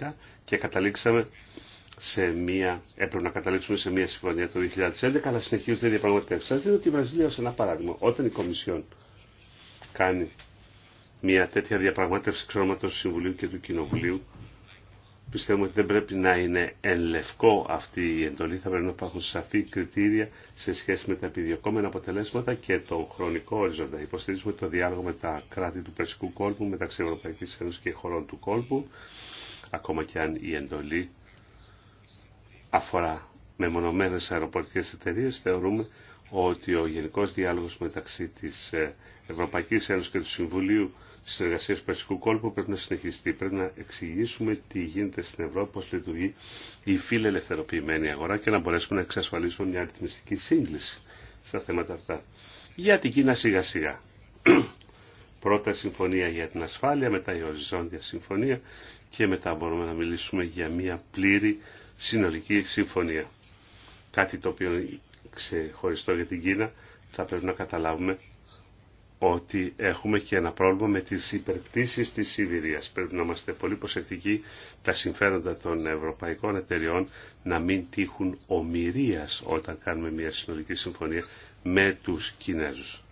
2011 και καταλήξαμε σε μια, έπρεπε να καταλήξουμε σε μια συμφωνία το 2011, αλλά συνεχίζονται οι διαπραγματεύσει. Σα δίνω τη Βραζιλία ω ένα παράδειγμα. Όταν η Κομισιόν κάνει μια τέτοια διαπραγμάτευση εξώματο του Συμβουλίου και του Κοινοβουλίου, πιστεύουμε ότι δεν πρέπει να είναι ελευκό αυτή η εντολή. Θα πρέπει να υπάρχουν σαφή κριτήρια σε σχέση με τα επιδιωκόμενα αποτελέσματα και το χρονικό όριζοντα. Υποστηρίζουμε το διάλογο με τα κράτη του Περσικού κόλπου, μεταξύ Ευρωπαϊκή Ένωση και χωρών του κόλπου, ακόμα και αν η εντολή αφορά μεμονωμένες αεροπορικές εταιρείες, θεωρούμε ότι ο γενικός διάλογος μεταξύ της ε, Ευρωπαϊκής Ένωσης και του Συμβουλίου Συνεργασίας του Περσικού Κόλπου πρέπει να συνεχιστεί. Πρέπει να εξηγήσουμε τι γίνεται στην Ευρώπη, πώς λειτουργεί η φιλελευθερωποιημένη αγορά και να μπορέσουμε να εξασφαλίσουμε μια αριθμιστική σύγκληση στα θέματα αυτά. Για την Κίνα σιγά σιγά. <clears throat> Πρώτα συμφωνία για την ασφάλεια, μετά η οριζόντια συμφωνία και μετά μπορούμε να μιλήσουμε για μια πλήρη συνολική συμφωνία. Κάτι το οποίο ξεχωριστώ για την Κίνα θα πρέπει να καταλάβουμε ότι έχουμε και ένα πρόβλημα με τις υπερπτήσεις της Σιβηρίας. Πρέπει να είμαστε πολύ προσεκτικοί τα συμφέροντα των ευρωπαϊκών εταιριών να μην τύχουν ομοιρίας όταν κάνουμε μια συνολική συμφωνία με τους Κινέζους.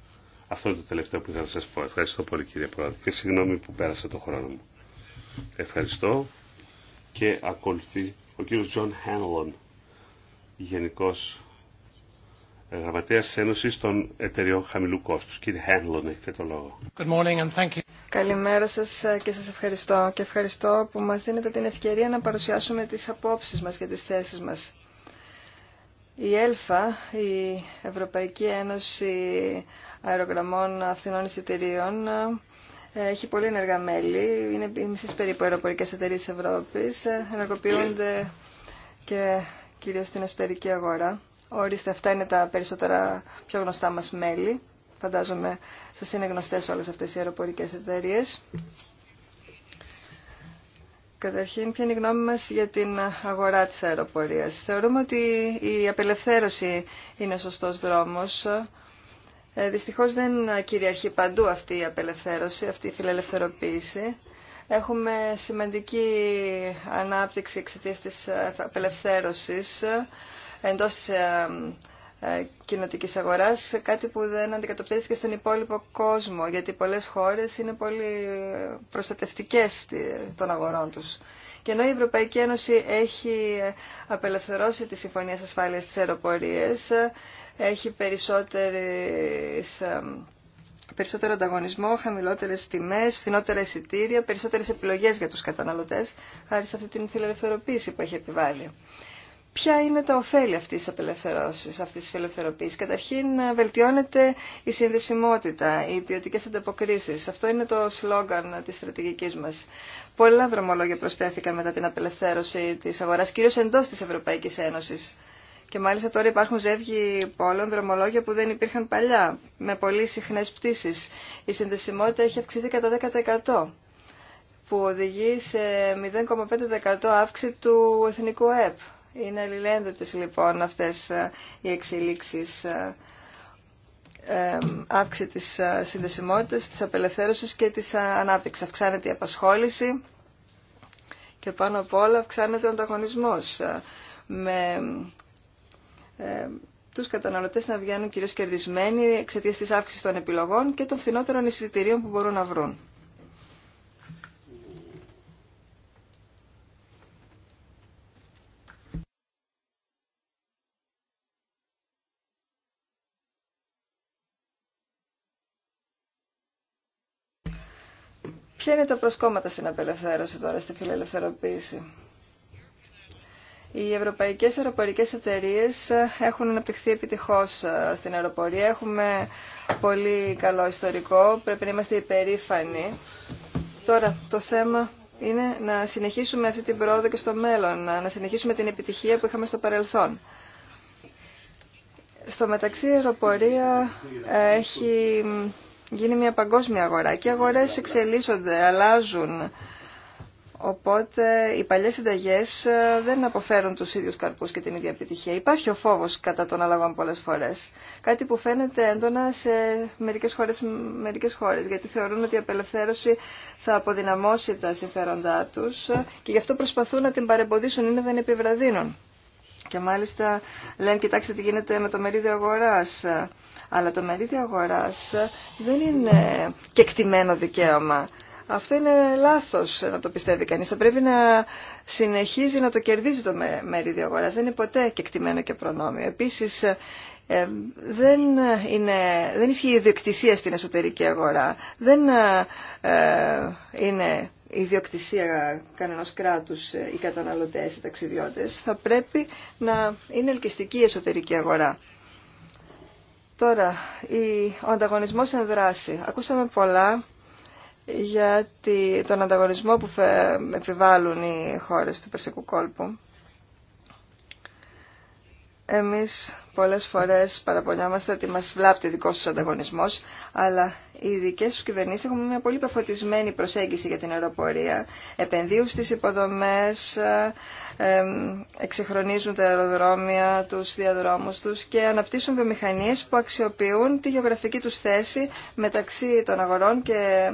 Αυτό είναι το τελευταίο που ήθελα να σας πω. Ευχαριστώ πολύ κύριε Πρόεδρε και συγγνώμη που πέρασε το χρόνο μου. Ευχαριστώ και ακολουθεί ο κύριος Τζον Χένλον, γενικός ε, γραμματέας της Ένωσης των Εταιριών Χαμηλού Κόστους. Κύριε Χένλον, έχετε το λόγο. Καλημέρα σας ε, και σας ευχαριστώ. Και ευχαριστώ που μας δίνετε την ευκαιρία να παρουσιάσουμε τις απόψεις μας και τις θέσεις μας. Η ΕΛΦΑ, η Ευρωπαϊκή Ένωση Αερογραμμών Αυθινών Εισιτηρίων, ε, έχει πολύ ενεργά μέλη, είναι μισή περίπου αεροπορικέ εταιρείε Ευρώπη ε, ενεργοποιούνται και κυρίως στην εσωτερική αγορά. Ορίστε, αυτά είναι τα περισσότερα πιο γνωστά μας μέλη. Φαντάζομαι σας είναι γνωστές όλες αυτές οι αεροπορικέ εταιρείε. Καταρχήν, ποια είναι η γνώμη μας για την αγορά της αεροπορίας. Θεωρούμε ότι η απελευθέρωση είναι σωστός δρόμος ε, δυστυχώς δεν κυριαρχεί παντού αυτή η απελευθέρωση, αυτή η φιλελευθερωποίηση. Έχουμε σημαντική ανάπτυξη εξαιτία της ε, απελευθέρωσης ε, εντός της κοινοτικής αγοράς, κάτι που δεν αντικατοπτρίζεται και στον υπόλοιπο κόσμο, γιατί πολλές χώρες είναι πολύ προστατευτικές των αγορών τους. Και ενώ η Ευρωπαϊκή Ένωση έχει απελευθερώσει τις συμφωνίες ασφάλειας της αεροπορίας, έχει ε, περισσότερο ανταγωνισμό, χαμηλότερες τιμές, φθηνότερα εισιτήρια, περισσότερες επιλογές για τους καταναλωτές, χάρη σε αυτή την φιλελευθερωποίηση που έχει επιβάλει. Ποια είναι τα ωφέλη αυτής της απελευθερώσης, αυτής τη φιλελευθερωπής. Καταρχήν ε, βελτιώνεται η συνδεσιμότητα, οι ποιοτικέ ανταποκρίσεις. Αυτό είναι το σλόγγαν ε, της στρατηγικής μας. Πολλά δρομολόγια προσθέθηκαν μετά την απελευθέρωση της αγοράς, κυρίως εντός της Ευρωπαϊκής Ένωσης. Και μάλιστα τώρα υπάρχουν ζεύγοι πόλων, δρομολόγια που δεν υπήρχαν παλιά, με πολύ συχνές πτήσεις. Η συνδεσιμότητα έχει αυξηθεί κατά 10% που οδηγεί σε 0,5% αύξηση του εθνικού ΕΠ. Είναι αλληλένδετες λοιπόν αυτές ε, οι εξελίξεις ε, ε, αύξηση της συνδεσιμότητας, της απελευθέρωσης και της ανάπτυξης. Αυξάνεται η απασχόληση και πάνω απ' όλα αυξάνεται ο ανταγωνισμός με ε, τους καταναλωτές να βγαίνουν κυρίως κερδισμένοι εξαιτίας της αύξησης των επιλογών και των φθηνότερων εισιτηρίων που μπορούν να βρουν. Ποια είναι τα προσκόμματα στην απελευθέρωση τώρα, στη φιλελευθερωποίηση. Οι ευρωπαϊκές αεροπορικές εταιρείες έχουν αναπτυχθεί επιτυχώς ε, στην αεροπορία. Έχουμε πολύ καλό ιστορικό, πρέπει να είμαστε υπερήφανοι. Τώρα, το θέμα είναι να συνεχίσουμε αυτή την πρόοδο και στο μέλλον, να συνεχίσουμε την επιτυχία που είχαμε στο παρελθόν. Στο μεταξύ, η αεροπορία ε, έχει γίνει μια παγκόσμια αγορά και οι αγορές εξελίσσονται, αλλάζουν. Οπότε οι παλιές συνταγέ ε, δεν αποφέρουν τους ίδιους καρπούς και την ίδια επιτυχία. Υπάρχει ο φόβος κατά τον αλλαγών πολλές φορές. Κάτι που φαίνεται έντονα σε μερικές χώρες, μερικές χώρες γιατί θεωρούν ότι η απελευθέρωση θα αποδυναμώσει τα συμφέροντά τους και γι' αυτό προσπαθούν να την παρεμποδίσουν ή να δεν επιβραδύνουν. Και μάλιστα λένε κοιτάξτε τι γίνεται με το μερίδιο αγοράς. Αλλά το μερίδιο αγοράς δεν είναι κεκτημένο δικαίωμα. Αυτό είναι λάθος να το πιστεύει κανείς. Θα πρέπει να συνεχίζει να το κερδίζει το μερίδιο αγοράς. Δεν είναι ποτέ κεκτημένο και προνόμιο. Επίσης, ε, δεν, είναι, δεν ισχύει η ιδιοκτησία στην εσωτερική αγορά. Δεν ε, είναι ιδιοκτησία κανένα κράτους ε, οι καταναλωτές, οι ταξιδιώτες. Θα πρέπει να είναι ελκυστική η εσωτερική αγορά. Τώρα, ο ανταγωνισμός ενδράσει. δράση. Ακούσαμε πολλά για τον ανταγωνισμό που επιβάλλουν οι χώρες του Περσικού κόλπου. Εμείς Πολλές φορές παραπονιόμαστε ότι μας βλάπτει δικός τους ανταγωνισμός, αλλά οι δικές τους κυβερνήσεις έχουν μια πολύ πεφωτισμένη προσέγγιση για την αεροπορία. Επενδύουν στις υποδομές, ε, ε, εξεχρονίζουν τα αεροδρόμια, τους διαδρόμους τους και αναπτύσσουν βιομηχανίες που αξιοποιούν τη γεωγραφική τους θέση μεταξύ των αγορών και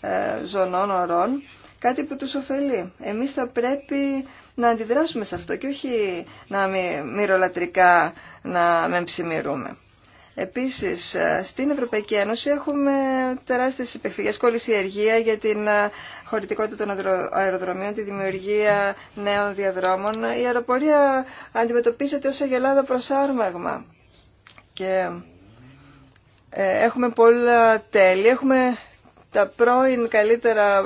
ε, ζωνών ορών, κάτι που τους ωφελεί. Εμείς θα πρέπει να αντιδράσουμε σε αυτό και όχι να μη μυρολατρικά να ψημυρούμε. Επίσης, ε, στην Ευρωπαϊκή Ένωση έχουμε τεράστιες υπεκφυγές, κολλησιεργία για την ε, χωρητικότητα των αεροδρομίων, τη δημιουργία νέων διαδρόμων. Η αεροπορία αντιμετωπίζεται ως αγελάδα προσάρμαγμα. Και ε, έχουμε πολλά τέλη, έχουμε τα πρώην καλύτερα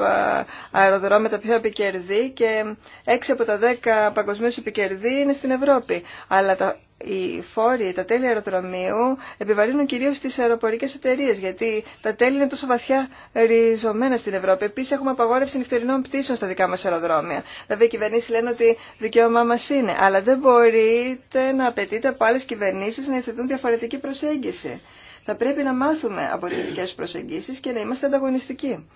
αεροδρόμια, τα πιο επικερδή και έξι από τα δέκα παγκοσμίως επικερδή είναι στην Ευρώπη. Αλλά τα, οι φόροι, τα τέλη αεροδρομίου επιβαρύνουν κυρίως τις αεροπορικές εταιρείες γιατί τα τέλη είναι τόσο βαθιά ριζωμένα στην Ευρώπη. Επίσης έχουμε απαγόρευση νυχτερινών πτήσεων στα δικά μας αεροδρόμια. Δηλαδή οι κυβερνήσεις λένε ότι δικαίωμά μας είναι. Αλλά δεν μπορείτε να απαιτείτε από άλλες κυβερνήσεις να υιοθετούν διαφορετική προσέγγιση. Θα πρέπει να μάθουμε από τις δικές προσεγγίσεις και να είμαστε ανταγωνιστικοί.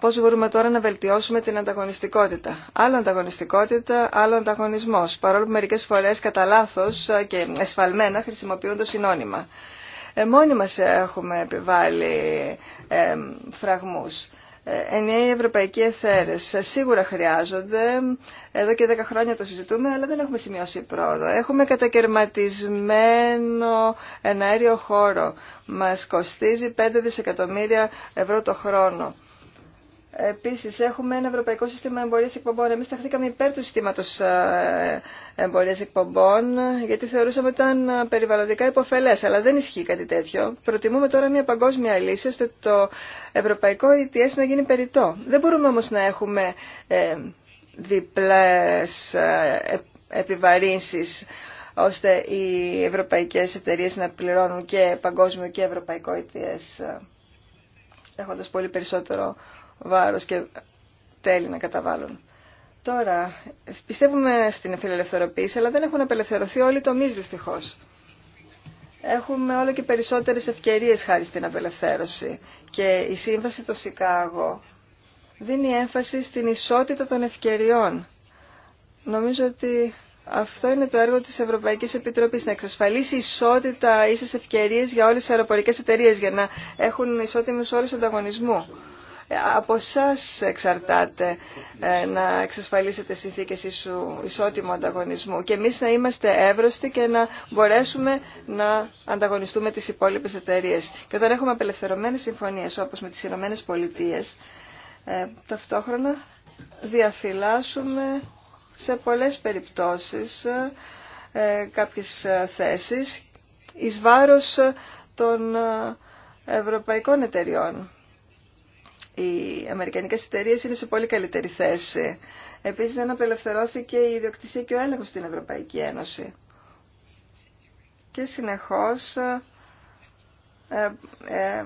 Πώς μπορούμε τώρα να βελτιώσουμε την ανταγωνιστικότητα. Άλλο ανταγωνιστικότητα, άλλο ανταγωνισμός. Παρόλο που μερικές φορές κατά λάθο και εσφαλμένα το συνώνυμα. Ε, μόνοι μας έχουμε επιβάλει ε, φραγμούς ενιαίοι ευρωπαϊκοί εθέρες. Σίγουρα χρειάζονται. Εδώ και 10 χρόνια το συζητούμε, αλλά δεν έχουμε σημειώσει πρόοδο. Έχουμε κατακαιρματισμένο ένα αέριο χώρο. Μας κοστίζει 5 δισεκατομμύρια ευρώ το χρόνο. Επίση, έχουμε ένα ευρωπαϊκό σύστημα εμπορία εκπομπών. Εμεί ταχθήκαμε υπέρ του συστήματο ε, εμπορία εκπομπών, γιατί θεωρούσαμε ότι ήταν ε, περιβαλλοντικά υποφελές, αλλά δεν ισχύει κάτι τέτοιο. Προτιμούμε τώρα μια παγκόσμια λύση, ώστε το ευρωπαϊκό ETS να γίνει περιττό. Δεν μπορούμε όμω να έχουμε ε, διπλές επιβαρύνσει ώστε οι ευρωπαϊκές εταιρείες να πληρώνουν και παγκόσμιο και ευρωπαϊκό ETS, έχοντας πολύ περισσότερο βάρος και τέλη να καταβάλουν. Τώρα, πιστεύουμε στην φιλελευθερωποίηση, αλλά δεν έχουν απελευθερωθεί όλοι οι τομεί δυστυχώ. Έχουμε όλο και περισσότερες ευκαιρίες χάρη στην απελευθέρωση και η σύμβαση του Σικάγο δίνει έμφαση στην ισότητα των ευκαιριών. Νομίζω ότι αυτό είναι το έργο της Ευρωπαϊκής Επιτροπής, να εξασφαλίσει ισότητα, ίσες ευκαιρίες για όλες τις αεροπορικές εταιρείες, για να έχουν ισότιμους όρους ανταγωνισμού. Από εσά εξαρτάται ε, να εξασφαλίσετε συνθήκες ισότιμου ανταγωνισμού και εμεί να είμαστε εύρωστοι και να μπορέσουμε να ανταγωνιστούμε τις υπόλοιπε εταιρείε. Και όταν έχουμε απελευθερωμένε συμφωνίες όπως με τις Ηνωμένε Πολιτείες, ε, ταυτόχρονα διαφυλάσσουμε σε πολλές περιπτώσεις ε, κάποιες θέσεις εις βάρος των ευρωπαϊκών εταιριών οι αμερικανικές εταιρείε είναι σε πολύ καλύτερη θέση. Επίσης δεν απελευθερώθηκε η ιδιοκτησία και ο έλεγχος στην Ευρωπαϊκή Ένωση. Και συνεχώς ε, ε, ε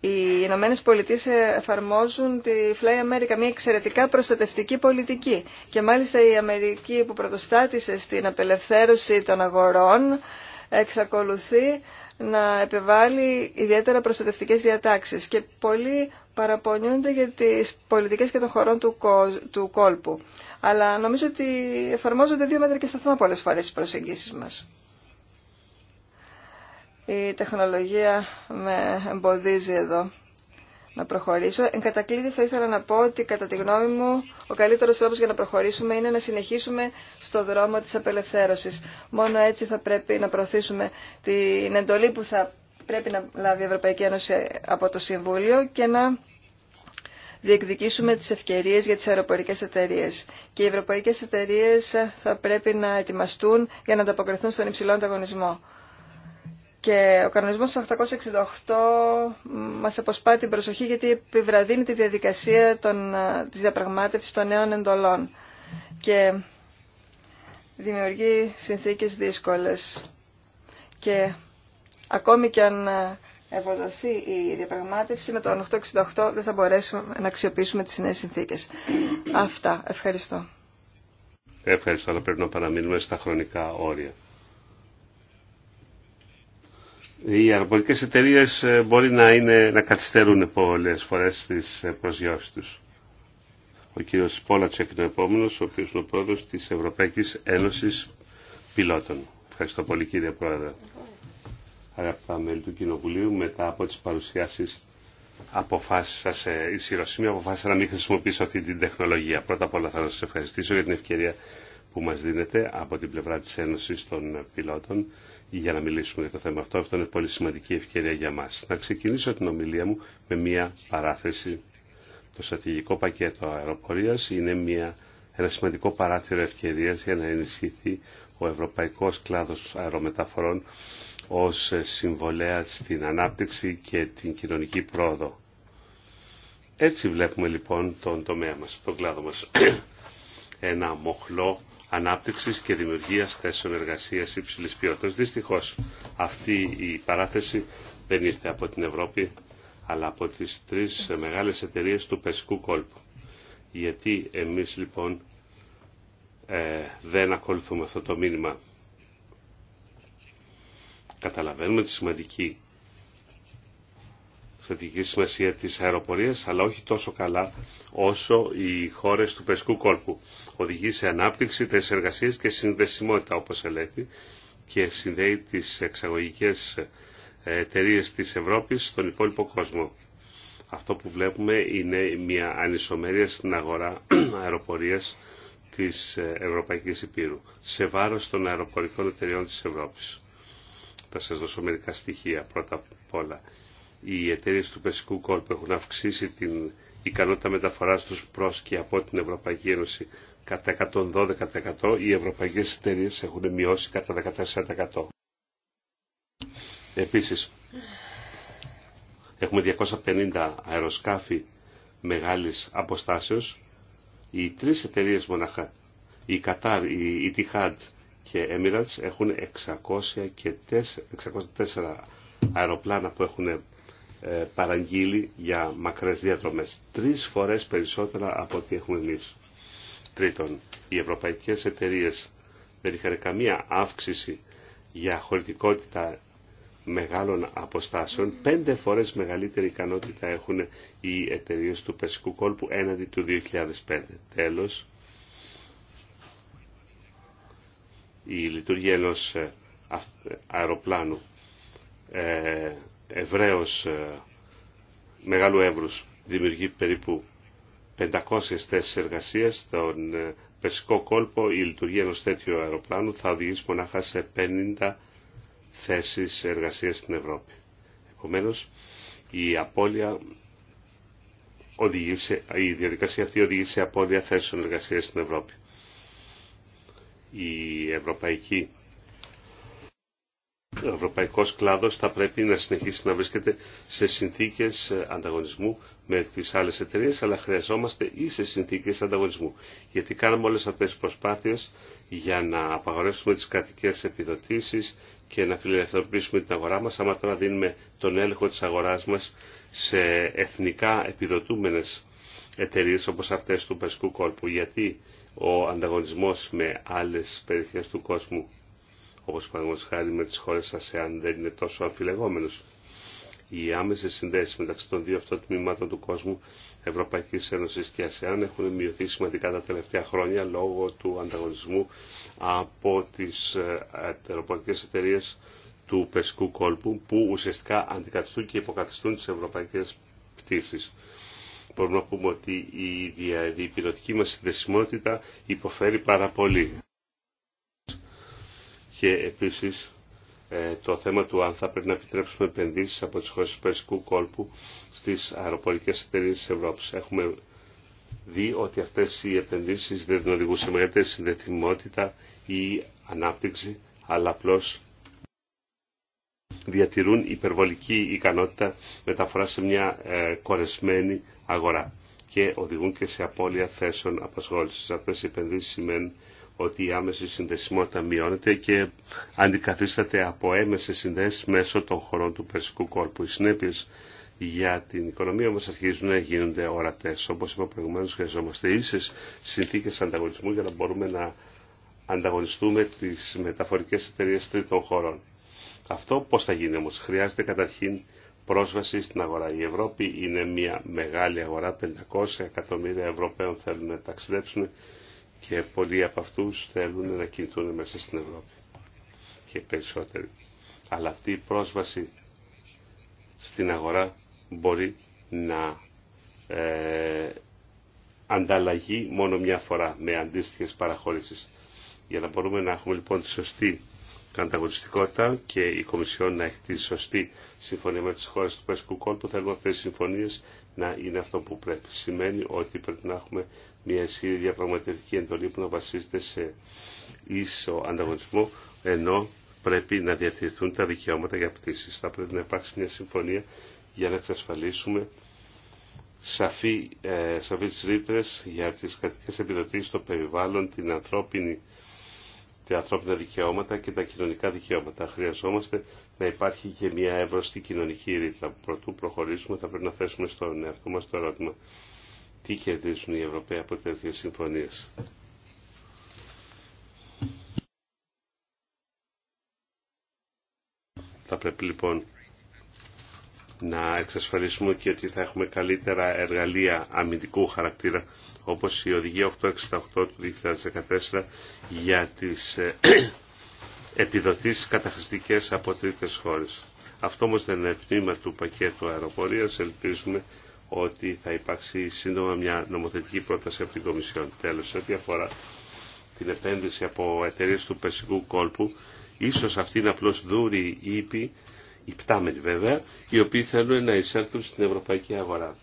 οι Ηνωμένε Πολιτείε εφαρμόζουν τη Fly America, μια εξαιρετικά προστατευτική πολιτική. Και μάλιστα η Αμερική που πρωτοστάτησε στην απελευθέρωση των αγορών εξακολουθεί να επιβάλλει ιδιαίτερα προστατευτικές διατάξεις και πολλοί παραπονιούνται για τις πολιτικές και των χωρών του, του κόλπου. Αλλά νομίζω ότι εφαρμόζονται δύο μέτρα και σταθμά πολλές φορές στις προσεγγίσεις μας. Η τεχνολογία με εμποδίζει εδώ να προχωρήσω. Εν κατακλείδη θα ήθελα να πω ότι κατά τη γνώμη μου ο καλύτερος τρόπος για να προχωρήσουμε είναι να συνεχίσουμε στο δρόμο της απελευθέρωσης. Μόνο έτσι θα πρέπει να προωθήσουμε την εντολή που θα πρέπει να λάβει η Ευρωπαϊκή Ένωση από το Συμβούλιο και να διεκδικήσουμε τις ευκαιρίες για τις αεροπορικές εταιρείες. Και οι ευρωπαϊκές εταιρείες θα πρέπει να ετοιμαστούν για να ανταποκριθούν στον υψηλό ανταγωνισμό. Και ο κανονισμός 868 μας αποσπά την προσοχή γιατί επιβραδύνει τη διαδικασία των, της διαπραγμάτευσης των νέων εντολών και δημιουργεί συνθήκες δύσκολες. Και ακόμη και αν ευοδοθεί η διαπραγμάτευση με τον 868 δεν θα μπορέσουμε να αξιοποιήσουμε τις νέες συνθήκες. Αυτά. Ευχαριστώ. Ευχαριστώ, αλλά πρέπει να παραμείνουμε στα χρονικά όρια. Οι αεροπορικέ εταιρείε ε, μπορεί να, είναι, να καθυστερούν πολλέ φορέ τι ε, προσγειώσει του. Ο κύριος Πόλατσεκ είναι ο επόμενο, ο οποίο είναι ο πρόεδρο τη Ευρωπαϊκή Ένωση Πιλότων. Ευχαριστώ πολύ κύριε Πρόεδρε. Αγαπητά μέλη του Κοινοβουλίου, μετά από τι παρουσιάσει αποφάσισα σε ισχυρό αποφάσισα να μην χρησιμοποιήσω αυτή την τεχνολογία. Πρώτα απ' όλα θα σα ευχαριστήσω για την ευκαιρία που μα δίνετε από την πλευρά τη Ένωση των Πιλότων για να μιλήσουμε για το θέμα αυτό. Αυτό είναι πολύ σημαντική ευκαιρία για μας. Να ξεκινήσω την ομιλία μου με μία παράθεση. Το στρατηγικό πακέτο αεροπορίας είναι μια, ένα σημαντικό παράθυρο ευκαιρίας για να ενισχυθεί ο ευρωπαϊκός κλάδος αερομεταφορών ως συμβολέα στην ανάπτυξη και την κοινωνική πρόοδο. Έτσι βλέπουμε λοιπόν τον τομέα μας, τον κλάδο μας. Ένα μοχλό ανάπτυξης και δημιουργίας θέσεων εργασίας υψηλής ποιότητας. Δυστυχώς αυτή η παράθεση δεν ήρθε από την Ευρώπη αλλά από τις τρεις μεγάλες εταιρείες του Περσικού κόλπου. Γιατί εμείς λοιπόν ε, δεν ακολουθούμε αυτό το μήνυμα. Καταλαβαίνουμε τη σημαντική στρατηγική σημασία της αεροπορίας, αλλά όχι τόσο καλά όσο οι χώρες του Πεσκού κόλπου. Οδηγεί σε ανάπτυξη της εργασίας και συνδεσιμότητα, όπως ελέγχει, και συνδέει τις εξαγωγικές εταιρείε της Ευρώπης στον υπόλοιπο κόσμο. Αυτό που βλέπουμε είναι μια ανισομέρεια στην αγορά <clears throat> αεροπορίας της Ευρωπαϊκής Υπήρου, σε βάρος των αεροπορικών εταιριών της Ευρώπης. Θα σας δώσω μερικά στοιχεία πρώτα απ' όλα οι εταιρείε του Περσικού κόλπου έχουν αυξήσει την ικανότητα μεταφοράς τους προς και από την Ευρωπαϊκή Ένωση κατά 112%, οι ευρωπαϊκές εταιρείε έχουν μειώσει κατά 14%. Επίσης, έχουμε 250 αεροσκάφη μεγάλης αποστάσεως. Οι τρεις εταιρείε μοναχά, η Κατάρ, η Etihad και Emirates έχουν 604 αεροπλάνα που έχουν ε, παραγγείλει για μακρές διαδρομές. Τρεις φορές περισσότερα από ό,τι έχουμε εμείς. Τρίτον, οι ευρωπαϊκές εταιρείες δεν είχαν καμία αύξηση για χωρητικότητα μεγάλων αποστάσεων. Πέντε φορές μεγαλύτερη ικανότητα έχουν οι εταιρείε του Περσικού κόλπου έναντι του 2005. Τέλος, η λειτουργία ενός ε, αεροπλάνου ε, ευρέως ε, μεγάλου εύρους δημιουργεί περίπου 500 θέσει εργασία στον ε, Περσικό κόλπο η λειτουργία ενός τέτοιου αεροπλάνου θα οδηγήσει μονάχα σε 50 θέσεις εργασίας στην Ευρώπη. Επομένως, η απώλεια οδηγήσε, η διαδικασία αυτή οδηγεί σε απώλεια θέσεων εργασίας στην Ευρώπη. Η Ευρωπαϊκή ο ευρωπαϊκός κλάδος θα πρέπει να συνεχίσει να βρίσκεται σε συνθήκες ανταγωνισμού με τις άλλες εταιρείε, αλλά χρειαζόμαστε ή σε συνθήκες ανταγωνισμού. Γιατί κάναμε όλες αυτές τις προσπάθειες για να απαγορεύσουμε τις κρατικές επιδοτήσεις και να φιλελευθερωποιήσουμε την αγορά μας, άμα τώρα δίνουμε τον έλεγχο της αγοράς μας σε εθνικά επιδοτούμενες εταιρείε όπως αυτές του Περσικού Κόλπου. Γιατί ο ανταγωνισμός με άλλες περιοχές του κόσμου όπως παραδείγματος χάρη με τις χώρες ΑΣΕΑΝ δεν είναι τόσο αμφιλεγόμενος. Οι άμεσες συνδέσεις μεταξύ των δύο αυτών τμήματων του κόσμου Ευρωπαϊκής Ένωσης και ΑΣΕΑΝ έχουν μειωθεί σημαντικά τα τελευταία χρόνια λόγω του ανταγωνισμού από τις ε, αεροπορικές εταιρείε του Πεσκού κόλπου που ουσιαστικά αντικαθιστούν και υποκαθιστούν τις ευρωπαϊκές πτήσεις. Μπορούμε να πούμε ότι η διπυρωτική μας συνδεσιμότητα υποφέρει πάρα πολύ και επίσης ε, το θέμα του αν θα πρέπει να επιτρέψουμε επενδύσεις από τις χώρες του Περσικού κόλπου στις αεροπορικές εταιρείες της Ευρώπης. Έχουμε δει ότι αυτές οι επενδύσεις δεν οδηγούν σε μεγαλύτερη συνδετιμότητα ή ανάπτυξη, αλλά απλώς διατηρούν υπερβολική ικανότητα μεταφορά σε μια ε, κορεσμένη αγορά και οδηγούν και σε απώλεια θέσεων απασχόλησης. Αυτές οι επενδύσεις σημαίνουν ότι η άμεση συνδεσιμότητα μειώνεται και αντικαθίσταται από έμεσε συνδέσει μέσω των χωρών του Περσικού κόλπου. Οι συνέπειε για την οικονομία μα αρχίζουν να γίνονται ορατέ όπω είπα προηγουμένω, χρειαζόμαστε ίσε συνθήκε ανταγωνισμού για να μπορούμε να ανταγωνιστούμε τι μεταφορικέ εταιρείε τρίτων χωρών. Αυτό πώ θα γίνει όμω, Χρειάζεται καταρχήν πρόσβαση στην αγορά. Η Ευρώπη είναι μια μεγάλη αγορά, 500 εκατομμύρια Ευρωπαίων θέλουν να ταξιδέψουν και πολλοί από αυτούς θέλουν να κινηθούν μέσα στην Ευρώπη και περισσότεροι. Αλλά αυτή η πρόσβαση στην αγορά μπορεί να ε, ανταλλαγεί μόνο μια φορά με αντίστοιχες παραχώρησεις. Για να μπορούμε να έχουμε λοιπόν τη σωστή ανταγωνιστικότητα και η Κομισιόν να έχει τη σωστή συμφωνία με τις χώρες του Πεσκού Κόλπου θέλουμε αυτές τις συμφωνίες να είναι αυτό που πρέπει. Σημαίνει ότι πρέπει να έχουμε μια ισχυρή διαπραγματευτική εντολή που να βασίζεται σε ίσο ανταγωνισμό, ενώ πρέπει να διατηρηθούν τα δικαιώματα για πτήσεις. Θα πρέπει να υπάρξει μια συμφωνία για να εξασφαλίσουμε σαφή, ε, σαφείς ρήτρες για τις κρατικές επιδοτήσεις των περιβάλλον, την ανθρώπινη τα ανθρώπινα δικαιώματα και τα κοινωνικά δικαιώματα. Χρειαζόμαστε να υπάρχει και μια εύρωστη κοινωνική ρήτρα. Πρωτού προχωρήσουμε θα πρέπει να θέσουμε στον εαυτό μας το ερώτημα τι κερδίζουν οι Ευρωπαίοι από τέτοιες συμφωνίες. Θα πρέπει λοιπόν να εξασφαλίσουμε και ότι θα έχουμε καλύτερα εργαλεία αμυντικού χαρακτήρα όπως η Οδηγία 868 του 2014 για τις ε, <clears throat> επιδοτήσεις καταχρηστικές από τρίτες χώρες. Αυτό όμως δεν είναι τμήμα του πακέτου αεροπορίας. Ελπίζουμε ότι θα υπάρξει σύντομα μια νομοθετική πρόταση από την Κομισιόν. Τέλος, ό,τι αφορά την επένδυση από εταιρείε του Περσικού κόλπου, ίσως αυτή είναι απλώς δούρη ήπη οι πτάμενοι βέβαια, οι οποίοι θέλουν να εισέλθουν στην ευρωπαϊκή αγορά.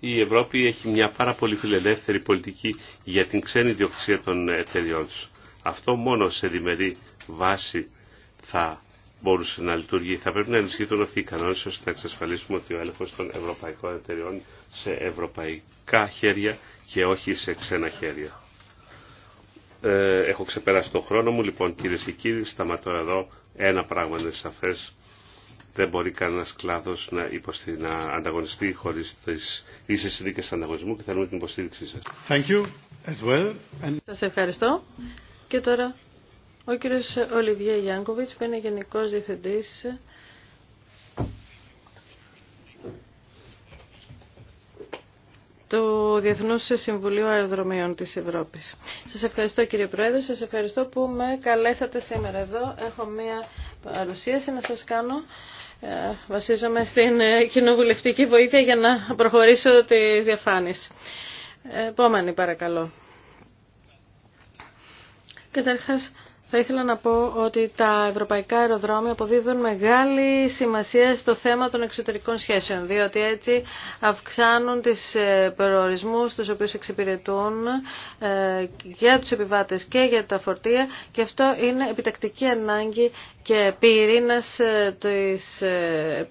Η Ευρώπη έχει μια πάρα πολύ φιλελεύθερη πολιτική για την ξένη διοξία των εταιριών τους. Αυτό μόνο σε διμερή βάση θα μπορούσε να λειτουργεί. Θα πρέπει να ενισχύουν αυτοί οι κανόνε ώστε να εξασφαλίσουμε ότι ο έλεγχο των ευρωπαϊκών εταιριών σε ευρωπαϊκά χέρια και όχι σε ξένα χέρια. Ε, έχω ξεπεράσει τον χρόνο μου, λοιπόν κυρίε και κύριοι, σταματώ εδώ. Ένα πράγμα είναι σαφέ δεν μπορεί κανένα κλάδο να, υποστη... να ανταγωνιστεί χωρί τι ίσε συνθήκε ανταγωνισμού και θέλουμε την υποστήριξή σα. Well. And... Σα ευχαριστώ. Και τώρα ο κύριο Ολιβιέ Γιάνκοβιτ, που είναι Γενικό Διευθυντή του Διεθνούς Συμβουλίου Αεροδρομίων της Ευρώπης. Σας ευχαριστώ κύριε Πρόεδρε, σας ευχαριστώ που με καλέσατε σήμερα εδώ. Έχω μία παρουσίαση να σας κάνω ε, βασίζομαι στην ε, κοινοβουλευτική βοήθεια για να προχωρήσω τις διαφάνειες. Ε, επόμενη παρακαλώ. Καταρχάς, θα ήθελα να πω ότι τα ευρωπαϊκά αεροδρόμια αποδίδουν μεγάλη σημασία στο θέμα των εξωτερικών σχέσεων, διότι έτσι αυξάνουν τις προορισμούς τους οποίους εξυπηρετούν για τους επιβάτες και για τα φορτία και αυτό είναι επιτακτική ανάγκη και πυρήνα ε, ε,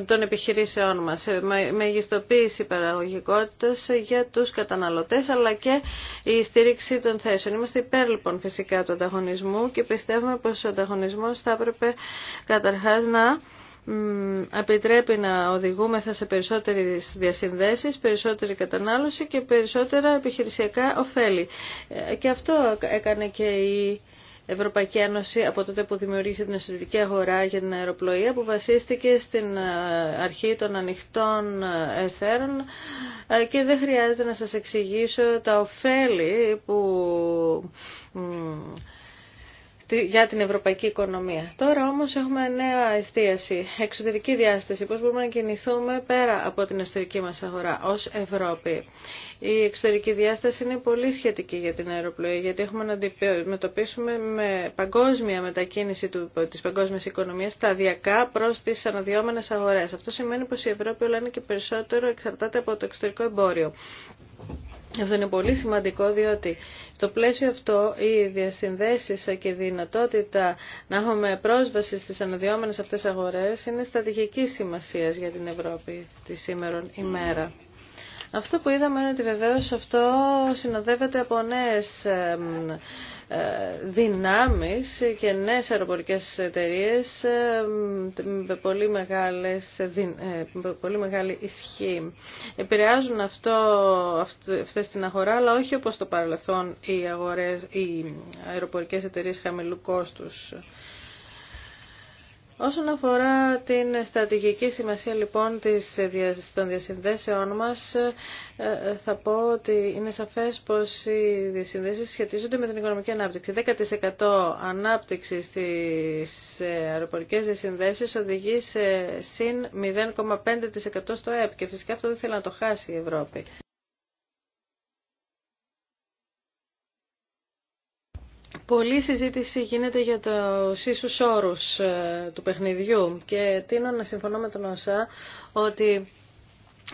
των επιχειρήσεών μα, ε, Μεγιστοποίηση παραγωγικότητα για τους καταναλωτές αλλά και η στήριξη των θέσεων. Είμαστε υπέρ λοιπόν φυσικά του ανταγωνισμού και πιστεύουμε πως ο ανταγωνισμός θα έπρεπε καταρχάς να επιτρέπει να οδηγούμεθα σε περισσότερες διασυνδέσεις, περισσότερη κατανάλωση και περισσότερα επιχειρησιακά ωφέλη. Και αυτό έκανε και η Ευρωπαϊκή Ένωση από τότε που δημιουργήσε την εσωτερική αγορά για την αεροπλοεία που βασίστηκε στην ε, αρχή των ανοιχτών ε, εθέρων ε, και δεν χρειάζεται να σας εξηγήσω τα ωφέλη που για την ευρωπαϊκή οικονομία. Τώρα όμως έχουμε νέα εστίαση, εξωτερική διάσταση, πώς μπορούμε να κινηθούμε πέρα από την εσωτερική μας αγορά ως Ευρώπη. Η εξωτερική διάσταση είναι πολύ σχετική για την αεροπλοή, γιατί έχουμε να αντιμετωπίσουμε με παγκόσμια μετακίνηση του, της παγκόσμιας οικονομίας σταδιακά προς τις αναδυόμενες αγορές. Αυτό σημαίνει πως η Ευρώπη όλα είναι και περισσότερο εξαρτάται από το εξωτερικό εμπόριο. Αυτό είναι πολύ σημαντικό διότι στο πλαίσιο αυτό οι διασυνδέσεις και η δυνατότητα να έχουμε πρόσβαση στις αναδυόμενες αυτές αγορές είναι στρατηγική σημασίας για την Ευρώπη τη σήμερα ημέρα. Αυτό που είδαμε είναι ότι βεβαίως αυτό συνοδεύεται από νέες ε, δυνάμεις και νέες αεροπορικές εταιρείε με πολύ, μεγάλες, ε, ε, πολύ μεγάλη ισχύ. Επηρεάζουν αυτό, αυτές την αγορά, αλλά όχι όπως το παρελθόν οι, αγορές, οι αεροπορικές εταιρείε χαμηλού κόστους. Όσον αφορά την στρατηγική σημασία λοιπόν της, των διασυνδέσεών μας, ε, ε, θα πω ότι είναι σαφές πως οι διασυνδέσεις σχετίζονται με την οικονομική ανάπτυξη. 10% ανάπτυξη στις ε, αεροπορικές διασυνδέσεις οδηγεί σε συν 0,5% στο ΕΠ και φυσικά αυτό δεν θέλει να το χάσει η Ευρώπη. Πολλή συζήτηση γίνεται για το ίσους όρους ε, του παιχνιδιού και τίνω να συμφωνώ με τον ΩΣΑ ότι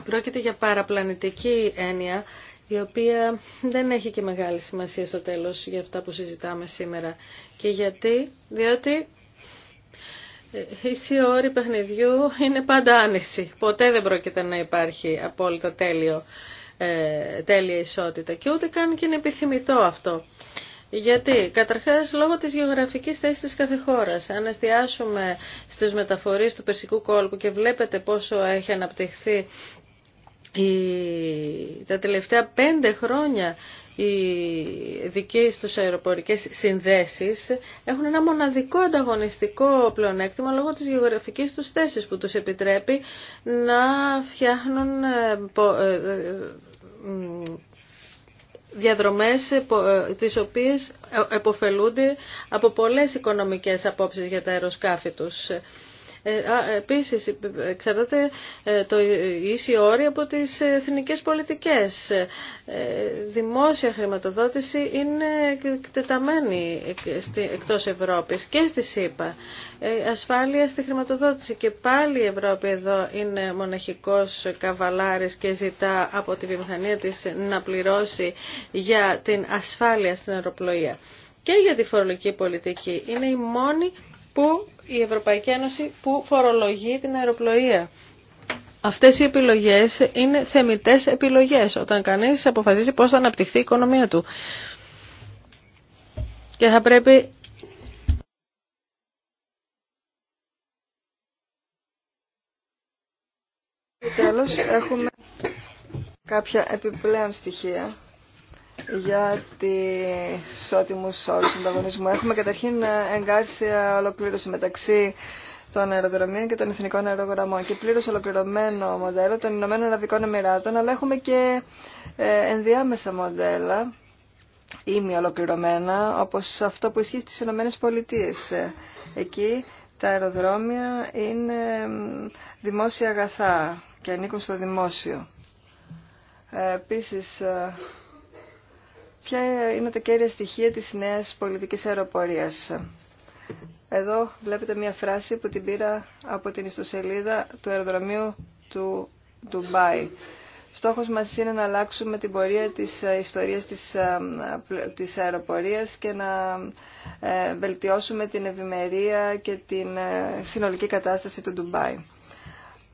πρόκειται για παραπλανητική έννοια η οποία δεν έχει και μεγάλη σημασία στο τέλος για αυτά που συζητάμε σήμερα. Και γιατί, διότι ε, ίσοι όροι παιχνιδιού είναι πάντα άνηση. Ποτέ δεν πρόκειται να υπάρχει απόλυτα τέλειο, ε, τέλεια ισότητα και ούτε καν και είναι επιθυμητό αυτό. Γιατί, καταρχάς, λόγω της γεωγραφικής θέσης της κάθε χώρας, αν εστιάσουμε στις μεταφορείς του Περσικού κόλπου και βλέπετε πόσο έχει αναπτυχθεί τα τελευταία πέντε χρόνια οι δικέ του αεροπορικές συνδέσεις έχουν ένα μοναδικό ανταγωνιστικό πλεονέκτημα λόγω της γεωγραφικής τους θέσης που τους επιτρέπει να φτιάχνουν ε, ε, ε, διαδρομές ε, τις οποίες ε, εποφελούνται από πολλές οικονομικές απόψεις για τα αεροσκάφη τους. Ε, επίσης, ε, εξαρτάται ε, το ίση όρια από τις εθνικές πολιτικές. Δημόσια χρηματοδότηση είναι εκτεταμένη εκτός Ευρώπης και στη ΣΥΠΑ. Ασφάλεια στη χρηματοδότηση και πάλι η Ευρώπη εδώ είναι μοναχικός καβαλάρης και ζητά από τη βιομηχανία της να πληρώσει για την ασφάλεια στην αεροπλοεία. Και για τη φορολογική πολιτική είναι η μόνη που η Ευρωπαϊκή Ένωση που φορολογεί την αεροπλοεία. Αυτές οι επιλογές είναι θεμητές επιλογές όταν κανείς αποφασίζει πώς θα αναπτυχθεί η οικονομία του. Και θα πρέπει τέλος έχουμε κάποια επιπλέον στοιχεία για τις σώτιμου όρου ανταγωνισμού. Έχουμε καταρχήν εγκάρσια ολοκλήρωση μεταξύ των αεροδρομίων και των εθνικών αερογραμμών και πλήρω ολοκληρωμένο μοντέλο των Ηνωμένων Αραβικών Εμμυράτων, αλλά έχουμε και ε, ενδιάμεσα μοντέλα μη ολοκληρωμένα, όπως αυτό που ισχύει στι Ηνωμένε Πολιτείε. Εκεί τα αεροδρόμια είναι δημόσια αγαθά και ανήκουν στο δημόσιο. Ε, επίσης, ε, Ποια είναι τα κέρια στοιχεία της νέας πολιτικής αεροπορίας. Εδώ βλέπετε μια φράση που την πήρα από την ιστοσελίδα του αεροδρομίου του Ντουμπάι. Στόχος μας είναι να αλλάξουμε την πορεία της ε, ιστορίας της, ε, της αεροπορίας και να ε, βελτιώσουμε την ευημερία και την συνολική κατάσταση του Ντουμπάι.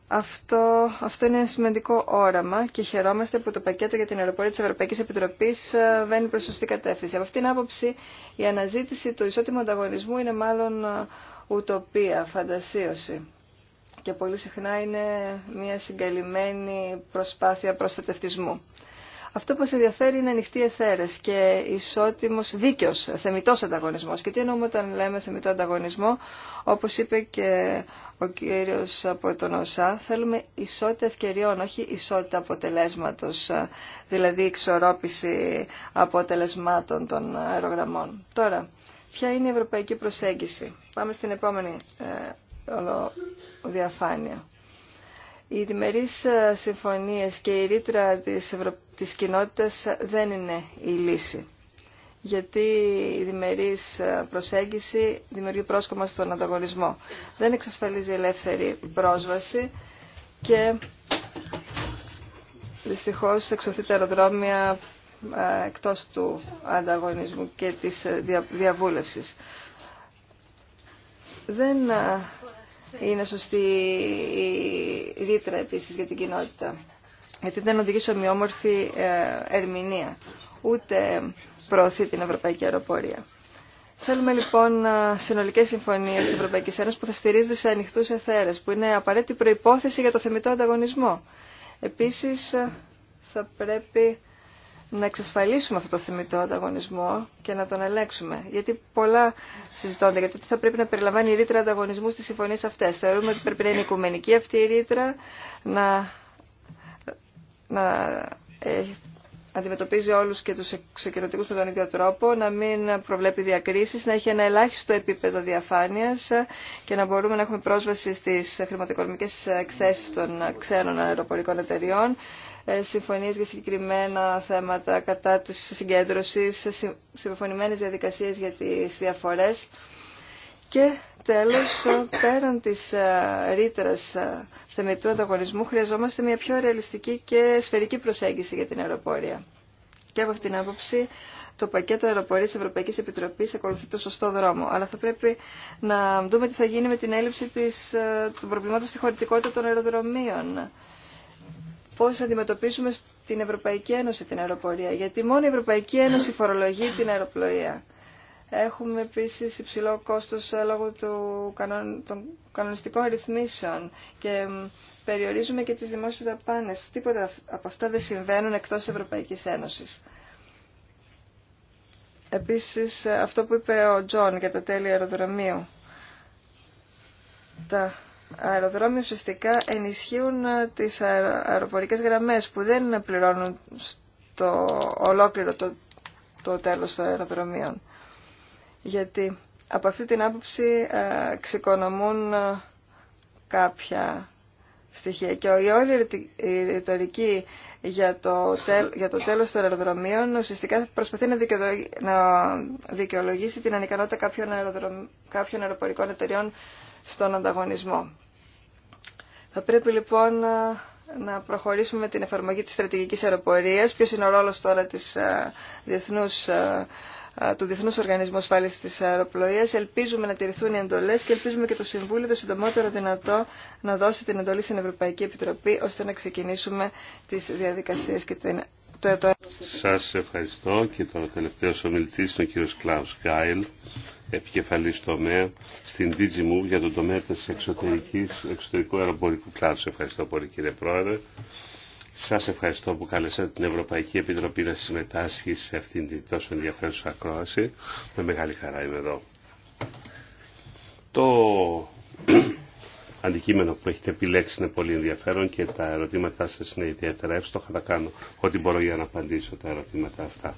Αυτό, αυτό είναι ένα σημαντικό όραμα και χαιρόμαστε που το πακέτο για την αεροπορία της Ευρωπαϊκής Επιτροπής ε, βαίνει προς σωστή κατεύθυνση. Από αυτήν την άποψη η αναζήτηση του ισότιμου ανταγωνισμού είναι μάλλον ε, ουτοπία, φαντασίωση. Και πολύ συχνά είναι μια συγκαλυμμένη προσπάθεια προστατευτισμού. Αυτό που μας ενδιαφέρει είναι ανοιχτή εθέρε και ισότιμος δίκαιος, θεμητός ανταγωνισμός. Και τι εννοούμε όταν λέμε θεμητό ανταγωνισμό, όπως είπε και ο κύριος από τον ΩΣΑ, θέλουμε ισότητα ευκαιριών, όχι ισότητα αποτελέσματος, ε, δηλαδή εξορρόπηση αποτελεσμάτων των αερογραμμών. Τώρα, ποια είναι η ευρωπαϊκή προσέγγιση. Πάμε στην επόμενη ε, διαφάνεια. Οι διμερείς ε, συμφωνίες και η ρήτρα της, της κοινότητας δεν είναι η λύση γιατί η διμερής ε, προσέγγιση δημιουργεί πρόσκομα στον ανταγωνισμό. Δεν εξασφαλίζει ελεύθερη πρόσβαση και δυστυχώς εξωθεί τα αεροδρόμια ε, εκτός του ανταγωνισμού και της ε, διαβούλευσης. Δεν είναι σωστή η ρήτρα επίσης για την κοινότητα, γιατί δεν οδηγεί σε ομοιόμορφη ερμηνεία. Ούτε προωθεί την ευρωπαϊκή αεροπορία. Θέλουμε λοιπόν συνολικέ συμφωνίε τη Ευρωπαϊκή Ένωση που θα στηρίζονται σε ανοιχτού εθέρε, που είναι απαραίτητη προπόθεση για το θεμητό ανταγωνισμό. Επίση, θα πρέπει να εξασφαλίσουμε αυτό το θεμητό ανταγωνισμό και να τον ελέγξουμε. Γιατί πολλά συζητώνται για το τι θα πρέπει να περιλαμβάνει η ρήτρα ανταγωνισμού στι συμφωνίε αυτέ. Θεωρούμε ότι πρέπει να είναι οικουμενική αυτή η ρήτρα, να, να ε, αντιμετωπίζει όλους και τους εξωκοινωτικούς με τον ίδιο τρόπο, να μην προβλέπει διακρίσεις, να έχει ένα ελάχιστο επίπεδο διαφάνειας και να μπορούμε να έχουμε πρόσβαση στις χρηματοοικονομικές εκθέσεις των ξένων αεροπορικών εταιριών, ε, συμφωνίες για συγκεκριμένα θέματα κατά της συγκέντρωσης, συμφωνημένες διαδικασίες για τις διαφορές και Τέλος, πέραν της ε, ρήτρα ε, θεμετού ανταγωνισμού, χρειαζόμαστε μια πιο ρεαλιστική και σφαιρική προσέγγιση για την αεροπορία. Και από αυτήν την άποψη, το πακέτο αεροπορίας Ευρωπαϊκής Επιτροπής ακολουθεί το σωστό δρόμο. Αλλά θα πρέπει να δούμε τι θα γίνει με την έλλειψη της, ε, του προβλήματος στη χωρητικότητα των αεροδρομίων. Πώς αντιμετωπίσουμε την Ευρωπαϊκή Ένωση την αεροπορία. Γιατί μόνο η Ευρωπαϊκή Ένωση φορολογεί την αεροπλοεία. Έχουμε επίσης υψηλό κόστος ε, λόγω του των κανονιστικών ρυθμίσεων και περιορίζουμε και τις δημόσιες δαπάνες. Τίποτα από αυτά δεν συμβαίνουν εκτός Ευρωπαϊκής Ένωσης. Επίσης ε, αυτό που είπε ο Τζον για τα τέλη αεροδρομίου. Τα αεροδρόμια ουσιαστικά ενισχύουν ε, τις αεροπορικές γραμμές που δεν πληρώνουν στο ολόκληρο το, το τέλος των αεροδρομίων γιατί από αυτή την άποψη ε, ξεκονομούν ε, κάποια στοιχεία. Και η όλη η ρητορική για το, τέλ, για το τέλος των αεροδρομίων ουσιαστικά προσπαθεί να, δικαιολογήσει την ανικανότητα κάποιων, αεροπορικών εταιριών στον ανταγωνισμό. Θα πρέπει λοιπόν ε, να προχωρήσουμε με την εφαρμογή της στρατηγικής αεροπορίας. Ποιος είναι ο ρόλος τώρα της διεθνούς του Διεθνού Οργανισμού Ασφάλεια τη Αεροπλοεία. Ελπίζουμε να τηρηθούν οι εντολέ και ελπίζουμε και το Συμβούλιο το συντομότερο δυνατό να δώσει την εντολή στην Ευρωπαϊκή Επιτροπή ώστε να ξεκινήσουμε τι διαδικασίε και την... το έτο. Σα ευχαριστώ και τον τελευταίο ομιλητή τον κύριο Κλάου Γκάιλ, επικεφαλή τομέα στην DigiMove για τον τομέα τη εξωτερικού αεροπορικού κλάδου. Ευχαριστώ πολύ κύριε Πρόεδρε. Σας ευχαριστώ που καλέσατε την Ευρωπαϊκή Επιτροπή να συμμετάσχει σε αυτήν την τόσο ενδιαφέρουσα ακρόαση. Με μεγάλη χαρά είμαι εδώ. Το <clears throat> αντικείμενο που έχετε επιλέξει είναι πολύ ενδιαφέρον και τα ερωτήματά σας είναι ιδιαίτερα εύστοχα. Θα κάνω ό,τι μπορώ για να απαντήσω τα ερωτήματα αυτά.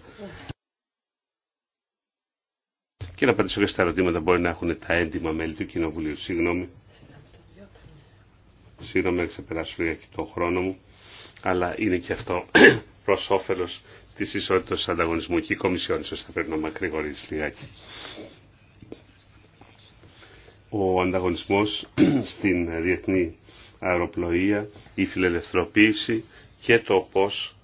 Και να απαντήσω και στα ερωτήματα μπορεί να έχουν τα έντιμα μέλη του Κοινοβουλίου. Συγγνώμη. Συγγνώμη, ξεπεράσω και το χρόνο μου αλλά είναι και αυτό <clears throat> προ όφελο τη ισότητα ανταγωνισμού και η Κομισιόν. θα πρέπει να λιγάκι. Ο ανταγωνισμός <clears throat> στην διεθνή αεροπλοεία, η φιλελευθερωποίηση και το πώς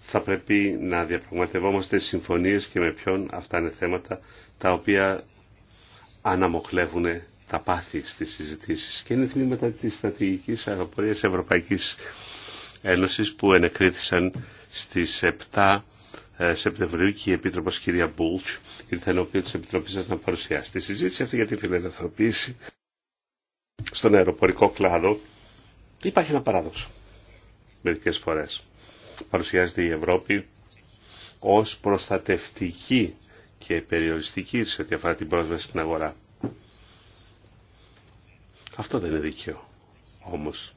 θα πρέπει να διαπραγματευόμαστε συμφωνίες και με ποιον αυτά είναι θέματα τα οποία αναμοχλεύουν τα πάθη στις συζητήσεις και είναι θυμήματα της στρατηγικής αεροπορίας Ευρωπαϊκής Ένωσης που ενεκρίθησαν στις 7 ε, Σεπτεμβρίου και η Επίτροπος κυρία Μπούλτς ήρθε ενώπιον της Επιτροπής σας να παρουσιάσει τη συζήτηση αυτή για τη φιλελευθερωποίηση στον αεροπορικό κλάδο. Υπάρχει ένα παράδοξο μερικές φορές. Παρουσιάζεται η Ευρώπη ως προστατευτική και περιοριστική σε ό,τι αφορά την πρόσβαση στην αγορά. Αυτό δεν είναι δίκαιο όμως.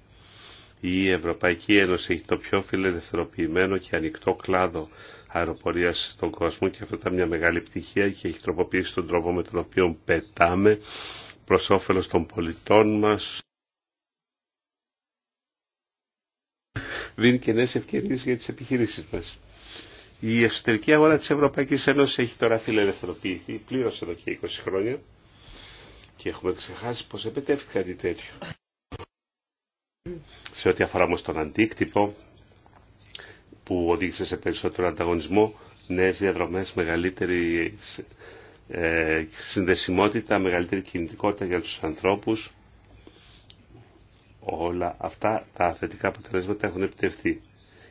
Η Ευρωπαϊκή Ένωση έχει το πιο φιλελευθερωποιημένο και ανοιχτό κλάδο αεροπορία στον κόσμο και αυτό ήταν μια μεγάλη πτυχία και έχει τροποποιήσει τον τρόπο με τον οποίο πετάμε προ όφελο των πολιτών μα. Δίνει και νέε ευκαιρίε για τι επιχειρήσει μα. Η εσωτερική αγορά τη Ευρωπαϊκή Ένωση έχει τώρα φιλελευθερωποιηθεί πλήρω εδώ και 20 χρόνια και έχουμε ξεχάσει πω επετέφθη κάτι τέτοιο. Σε ό,τι αφορά όμως τον αντίκτυπο που οδήγησε σε περισσότερο ανταγωνισμό, νέες διαδρομές, μεγαλύτερη ε, συνδεσιμότητα, μεγαλύτερη κινητικότητα για τους ανθρώπους, όλα αυτά τα θετικά αποτελέσματα έχουν επιτευχθεί.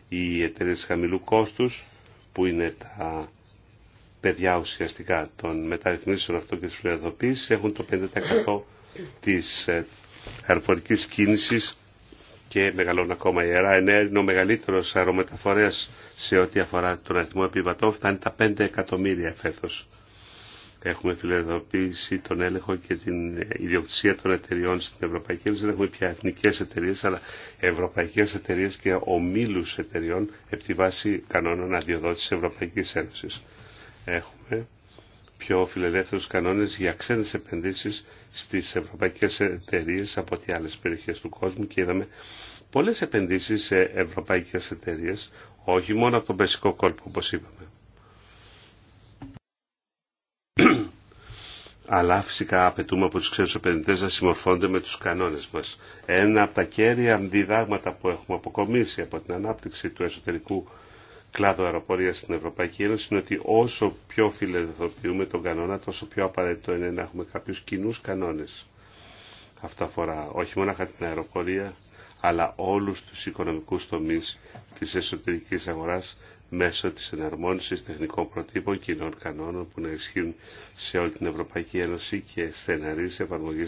Οι εταιρείε χαμηλού κόστους, που είναι τα παιδιά ουσιαστικά των μεταρρυθμίσεων αυτών και της έχουν το 50% της ε, αεροπορικής κίνησης και μεγαλώνουν ακόμα. Η Ενέ είναι ο μεγαλύτερο αερομεταφορέα σε ό,τι αφορά τον αριθμό επιβατών, φτάνει τα 5 εκατομμύρια φέτο. Έχουμε φιλεδοποίηση τον έλεγχο και την ιδιοκτησία των εταιριών στην Ευρωπαϊκή Ένωση. Δεν έχουμε πια εθνικέ εταιρείε, αλλά ευρωπαϊκέ εταιρείε και ομίλου εταιριών επί τη βάση κανόνων αδειοδότηση Ευρωπαϊκή Ένωση. Έχουμε πιο φιλελεύθερους κανόνες για ξένες επενδύσεις στις ευρωπαϊκές εταιρείε από τι άλλες περιοχές του κόσμου και είδαμε πολλές επενδύσεις σε ευρωπαϊκές εταιρείε, όχι μόνο από τον Περσικό κόλπο όπως είπαμε. <clears throat> Αλλά φυσικά απαιτούμε από τους ξένους επενδυτές να συμμορφώνονται με τους κανόνες μας. Ένα από τα κέρια διδάγματα που έχουμε αποκομίσει από την ανάπτυξη του εσωτερικού κλάδο αεροπορία στην Ευρωπαϊκή Ένωση είναι ότι όσο πιο φιλελευθερωποιούμε τον κανόνα, τόσο πιο απαραίτητο είναι να έχουμε κάποιου κοινού κανόνε Αυτό αφορά όχι μόνο την αεροπορία, αλλά όλους τους οικονομικούς τομείς της εσωτερικής αγοράς μέσω της εναρμόνισης τεχνικών προτύπων κοινών κανόνων που να ισχύουν σε όλη την Ευρωπαϊκή Ένωση και στεναρής εφαρμογή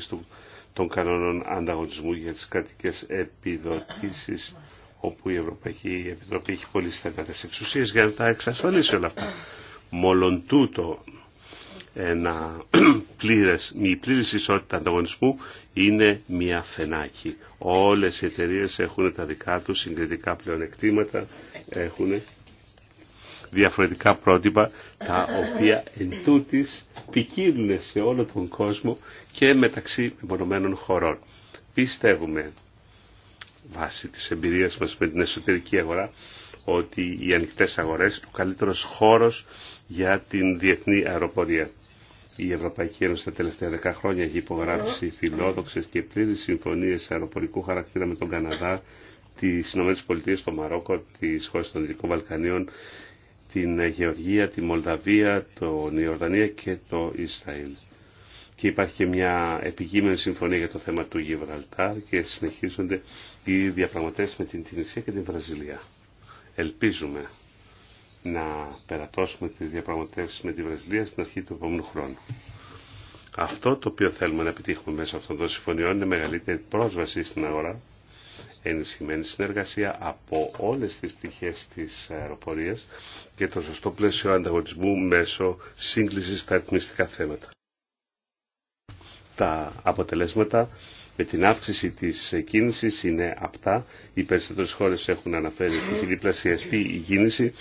των κανόνων ανταγωνισμού για τις κρατικέ επιδοτήσεις όπου η Ευρωπαϊκή Επιτροπή έχει πολύ στεγατές εξουσίες για να τα εξασφαλίσει όλα αυτά. Μόλον τούτο, ένα <clears throat> πλήρες, η πλήρης ισότητα ανταγωνισμού είναι μια φενάκι. Όλες οι εταιρείε έχουν τα δικά τους συγκριτικά πλεονεκτήματα, έχουν διαφορετικά πρότυπα, τα οποία εν τούτης ποικίλουν σε όλο τον κόσμο και μεταξύ εμπονωμένων χωρών. Πιστεύουμε βάσει της εμπειρίας μας με την εσωτερική αγορά ότι οι ανοιχτές αγορές είναι ο καλύτερος χώρος για την διεθνή αεροπορία. Η Ευρωπαϊκή Ένωση τα τελευταία 10 χρόνια έχει υπογράψει φιλόδοξε και πλήρε συμφωνίε αεροπορικού χαρακτήρα με τον Καναδά, τι ΗΠΑ, το Μαρόκο, τι χώρε των Δυτικών Βαλκανίων, την Γεωργία, τη Μολδαβία, την Ιορδανία και το Ισραήλ και υπάρχει και μια επικείμενη συμφωνία για το θέμα του Γιβραλτάρ και συνεχίζονται οι διαπραγματεύσεις με την Τινησία και την Βραζιλία. Ελπίζουμε να περατώσουμε τις διαπραγματεύσεις με τη Βραζιλία στην αρχή του επόμενου χρόνου. Αυτό το οποίο θέλουμε να επιτύχουμε μέσω αυτών των συμφωνιών είναι μεγαλύτερη πρόσβαση στην αγορά, ενισχυμένη συνεργασία από όλες τις πτυχές της αεροπορίας και το σωστό πλαίσιο ανταγωνισμού μέσω σύγκλησης στα αριθμιστικά θέματα τα αποτελέσματα με την αύξηση της κίνησης είναι απτά. Οι περισσότερες χώρες έχουν αναφέρει ότι έχει διπλασιαστεί η κίνηση.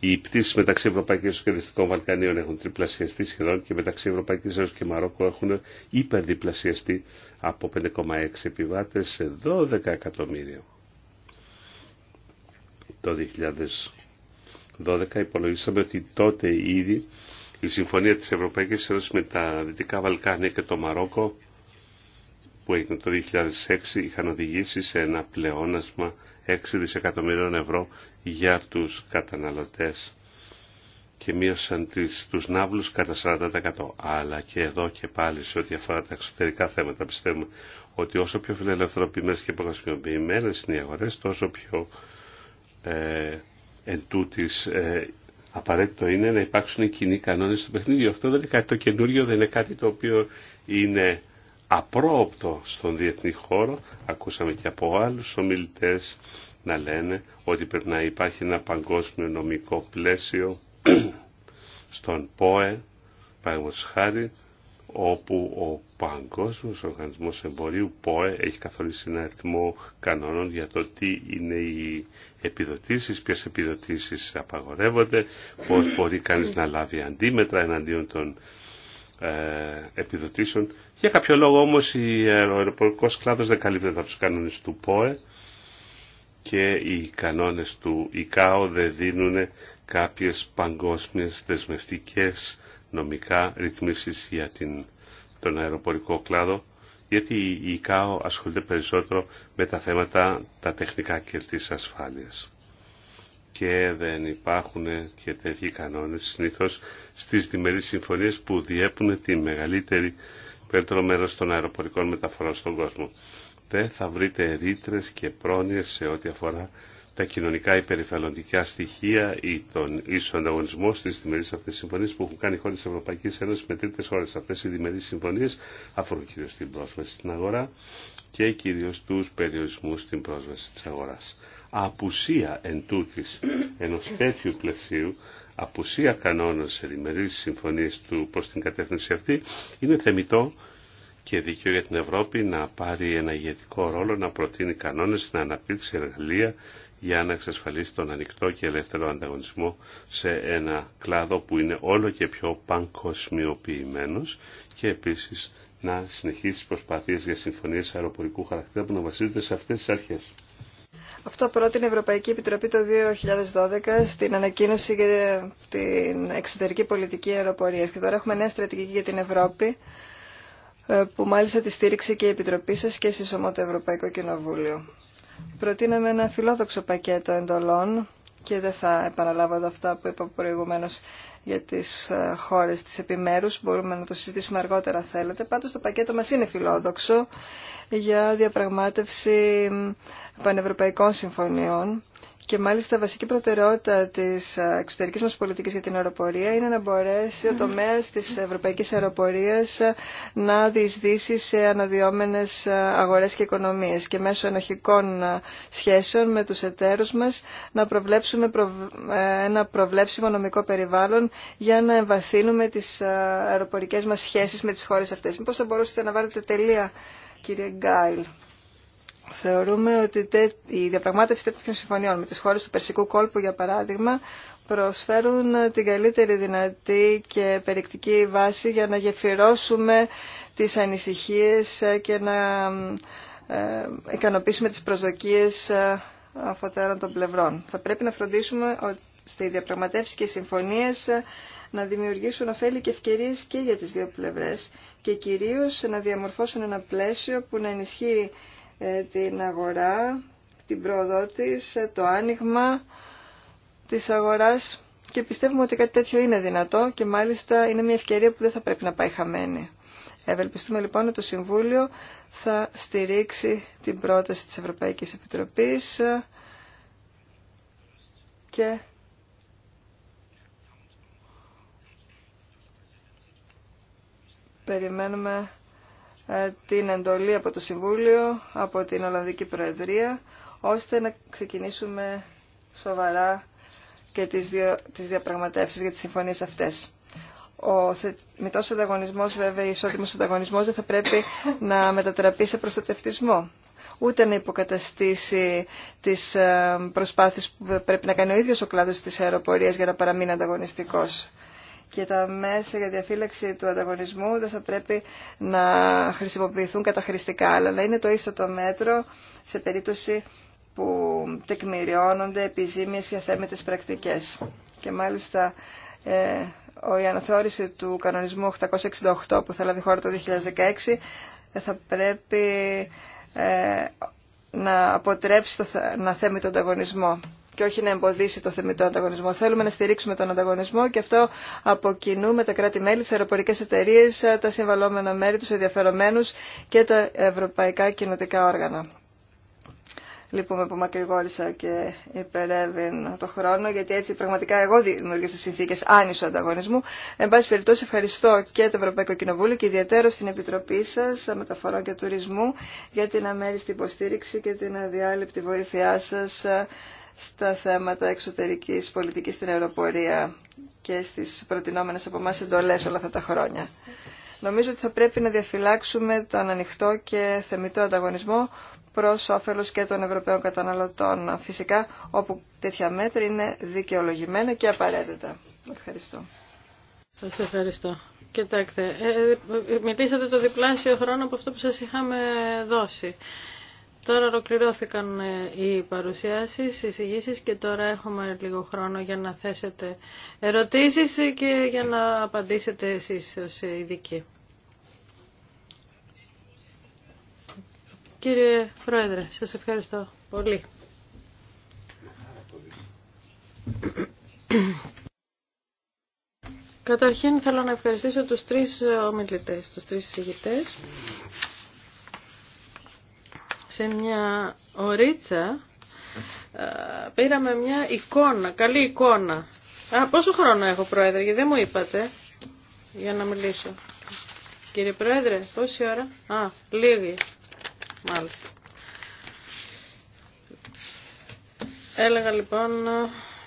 Οι πτήσεις μεταξύ Ευρωπαϊκής και Δυτικών Βαλκανίων έχουν τριπλασιαστεί σχεδόν και μεταξύ Ευρωπαϊκής Ένωσης και Μαρόκου έχουν υπερδιπλασιαστεί από 5,6 επιβάτες σε 12 εκατομμύρια. Το 2012 υπολογίσαμε ότι τότε ήδη η συμφωνία της Ευρωπαϊκής Ένωσης με τα Δυτικά Βαλκάνια και το Μαρόκο που έγινε το 2006 είχαν οδηγήσει σε ένα πλεόνασμα 6 δισεκατομμυρίων ευρώ για τους καταναλωτές και μείωσαν τις, τους ναύλους κατά 40%. Αλλά και εδώ και πάλι σε ό,τι αφορά τα εξωτερικά θέματα πιστεύουμε ότι όσο πιο φιλελευθερωποιημένες και παγκοσμιοποιημένες είναι οι αγορές τόσο πιο ε, εν τούτης, ε, απαραίτητο είναι να υπάρξουν κοινοί κανόνε στο παιχνίδι. Αυτό δεν είναι κάτι το καινούριο, δεν είναι κάτι το οποίο είναι απρόοπτο στον διεθνή χώρο. Ακούσαμε και από άλλου ομιλητέ να λένε ότι πρέπει να υπάρχει ένα παγκόσμιο νομικό πλαίσιο στον ΠΟΕ, παραδείγματο χάρη, όπου ο Παγκόσμιος Οργανισμός Εμπορίου ΠΟΕ έχει καθορίσει ένα αριθμό κανόνων για το τι είναι οι επιδοτήσεις, ποιες επιδοτήσεις απαγορεύονται, πώς μπορεί κανείς να λάβει αντίμετρα εναντίον των ε, επιδοτήσεων. Για κάποιο λόγο όμως ο αεροπορικός κλάδος δεν καλύπτεται από τους κανόνες του ΠΟΕ και οι κανόνες του ΙΚΑΟ δεν δίνουν κάποιες παγκόσμιες δεσμευτικές νομικά ρυθμίσεις για την, τον αεροπορικό κλάδο, γιατί η ΚΑΟ ασχολείται περισσότερο με τα θέματα τα τεχνικά και της ασφάλειας. Και δεν υπάρχουν και τέτοιοι κανόνες συνήθως στις διμερείς συμφωνίες που διέπουν τη μεγαλύτερη περίπτωση μέρο των αεροπορικών μεταφορών στον κόσμο. Δεν θα βρείτε ρήτρε και πρόνοιες σε ό,τι αφορά τα κοινωνικά υπεριφαλλοντικά στοιχεία ή τον ίσο ανταγωνισμό στι διμερεί αυτέ συμφωνίε που έχουν κάνει οι χώρε τη Ευρωπαϊκή Ένωση με τρίτε χώρε. Αυτέ οι διμερεί συμφωνίε αφορούν κυρίω την πρόσβαση στην αγορά και κυρίω του περιορισμού στην πρόσβαση τη αγορά. Απουσία εν τούτη ενό τέτοιου πλαισίου, απουσία κανόνων σε διμερεί συμφωνίε του προ την κατεύθυνση αυτή, είναι θεμητό και δίκαιο για την Ευρώπη να πάρει ένα ηγετικό ρόλο, να προτείνει κανόνες, να αναπτύξει εργαλεία για να εξασφαλίσει τον ανοιχτό και ελεύθερο ανταγωνισμό σε ένα κλάδο που είναι όλο και πιο παγκοσμιοποιημένος και επίσης να συνεχίσει τις προσπάθειες για συμφωνίες αεροπορικού χαρακτήρα που να βασίζονται σε αυτές τις αρχές. Αυτό πρότεινε η Ευρωπαϊκή Επιτροπή το 2012 στην ανακοίνωση για την εξωτερική πολιτική αεροπορία. Και τώρα έχουμε νέα στρατηγική για την Ευρώπη ε, που μάλιστα τη στήριξε και η Επιτροπή σας και συσσωμό το Ευρωπαϊκό Κοινοβούλιο προτείναμε ένα φιλόδοξο πακέτο εντολών και δεν θα επαναλάβω εδώ αυτά που είπα προηγουμένως για τις ε, χώρες της επιμέρους. Μπορούμε να το συζητήσουμε αργότερα θέλετε. Πάντως το πακέτο μας είναι φιλόδοξο για διαπραγμάτευση πανευρωπαϊκών συμφωνιών και μάλιστα βασική προτεραιότητα της ε, εξωτερικής μας πολιτικής για την αεροπορία είναι να μπορέσει ο τομέας της ευρωπαϊκής αεροπορίας ε, να διεισδύσει σε αναδυόμενες ε, αγορές και οικονομίες και μέσω ενοχικών σχέσεων με τους εταίρους μας να προβλέψουμε ένα προβλέψιμο νομικό περιβάλλον για να εμβαθύνουμε τις αεροπορικές μας σχέσεις με τις χώρες αυτές. Μήπως θα μπορούσατε να βάλετε τελεία κύριε Γκάιλ. Θεωρούμε ότι η διαπραγμάτευση τέτοιων συμφωνιών με τις χώρες του Περσικού κόλπου, για παράδειγμα, προσφέρουν την καλύτερη δυνατή και περιεκτική βάση για να γεφυρώσουμε τις ανησυχίες και να ε, ικανοποιήσουμε τις προσδοκίες ε, αφωτέρων των πλευρών. Θα πρέπει να φροντίσουμε ότι στη διαπραγματεύση και συμφωνίες ε, να δημιουργήσουν ωφέλη και ευκαιρίες και για τις δύο πλευρές και κυρίως να διαμορφώσουν ένα πλαίσιο που να ενισχύει ε, την αγορά, την πρόοδό της, ε, το άνοιγμα της αγοράς και πιστεύουμε ότι κάτι τέτοιο είναι δυνατό και μάλιστα είναι μια ευκαιρία που δεν θα πρέπει να πάει χαμένη. Ευελπιστούμε λοιπόν ότι το Συμβούλιο θα στηρίξει την πρόταση της Ευρωπαϊκής Επιτροπής ε, και περιμένουμε ε, την εντολή από το Συμβούλιο, από την Ολλανδική Προεδρία, ώστε να ξεκινήσουμε σοβαρά και τις, δύο τις διαπραγματεύσεις για τις συμφωνίες αυτές. Ο θε... βέβαια, η ισότιμος ανταγωνισμός δεν θα πρέπει να μετατραπεί σε προστατευτισμό ούτε να υποκαταστήσει τις ε, προσπάθειες που πρέπει να κάνει ο ίδιος ο κλάδος της αεροπορίας για να παραμείνει ανταγωνιστικός και τα μέσα για διαφύλαξη του ανταγωνισμού δεν θα πρέπει να χρησιμοποιηθούν καταχρηστικά, αλλά είναι το ίστατο μέτρο σε περίπτωση που τεκμηριώνονται επιζήμιες ή αθέμετες πρακτικές. Και μάλιστα ε, η αναθεώρηση του κανονισμού 868 που θα λάβει χώρα το 2016 ε, θα πρέπει ε, να αποτρέψει να θέμει τον ανταγωνισμό και όχι να εμποδίσει το θεμητό ανταγωνισμό. Θέλουμε να στηρίξουμε τον ανταγωνισμό και αυτό από τα κράτη-μέλη, τι αεροπορικέ εταιρείε, τα συμβαλόμενα μέρη, του ενδιαφερομένου και τα ευρωπαϊκά κοινοτικά όργανα. Λυπούμε που μακρηγόρησα και υπερεύει το χρόνο, γιατί έτσι πραγματικά εγώ δημιούργησα συνθήκε άνισου ανταγωνισμού. Εν πάση περιπτώσει, ευχαριστώ και το Ευρωπαϊκό Κοινοβούλιο και ιδιαίτερα στην Επιτροπή σα Μεταφορών και Τουρισμού για την αμέριστη υποστήριξη και την αδιάλειπτη βοήθειά σα στα θέματα εξωτερικής πολιτικής στην αεροπορία και στις προτινόμενες από εμάς εντολές όλα αυτά τα χρόνια. Νομίζω ότι θα πρέπει να διαφυλάξουμε τον ανοιχτό και θεμητό ανταγωνισμό προς όφελος και των Ευρωπαίων καταναλωτών. Φυσικά, όπου τέτοια μέτρα είναι δικαιολογημένα και απαραίτητα. Ευχαριστώ. Σας ευχαριστώ. Κοιτάξτε, ε, ε, μιλήσατε το διπλάσιο χρόνο από αυτό που σας είχαμε δώσει. Τώρα ολοκληρώθηκαν ε, οι παρουσιάσεις, οι εισηγήσει και τώρα έχουμε λίγο χρόνο για να θέσετε ερωτήσεις και για να απαντήσετε εσείς ως ειδικοί. Κύριε Πρόεδρε, σας ευχαριστώ πολύ. Καταρχήν θέλω να ευχαριστήσω τους τρεις ομιλητές, τους τρεις εισηγητές σε μια ωρίτσα πήραμε μια εικόνα, καλή εικόνα. Α, πόσο χρόνο έχω πρόεδρε, γιατί δεν μου είπατε για να μιλήσω. Κύριε Πρόεδρε, πόση ώρα. Α, λίγη. Μάλιστα. Έλεγα λοιπόν,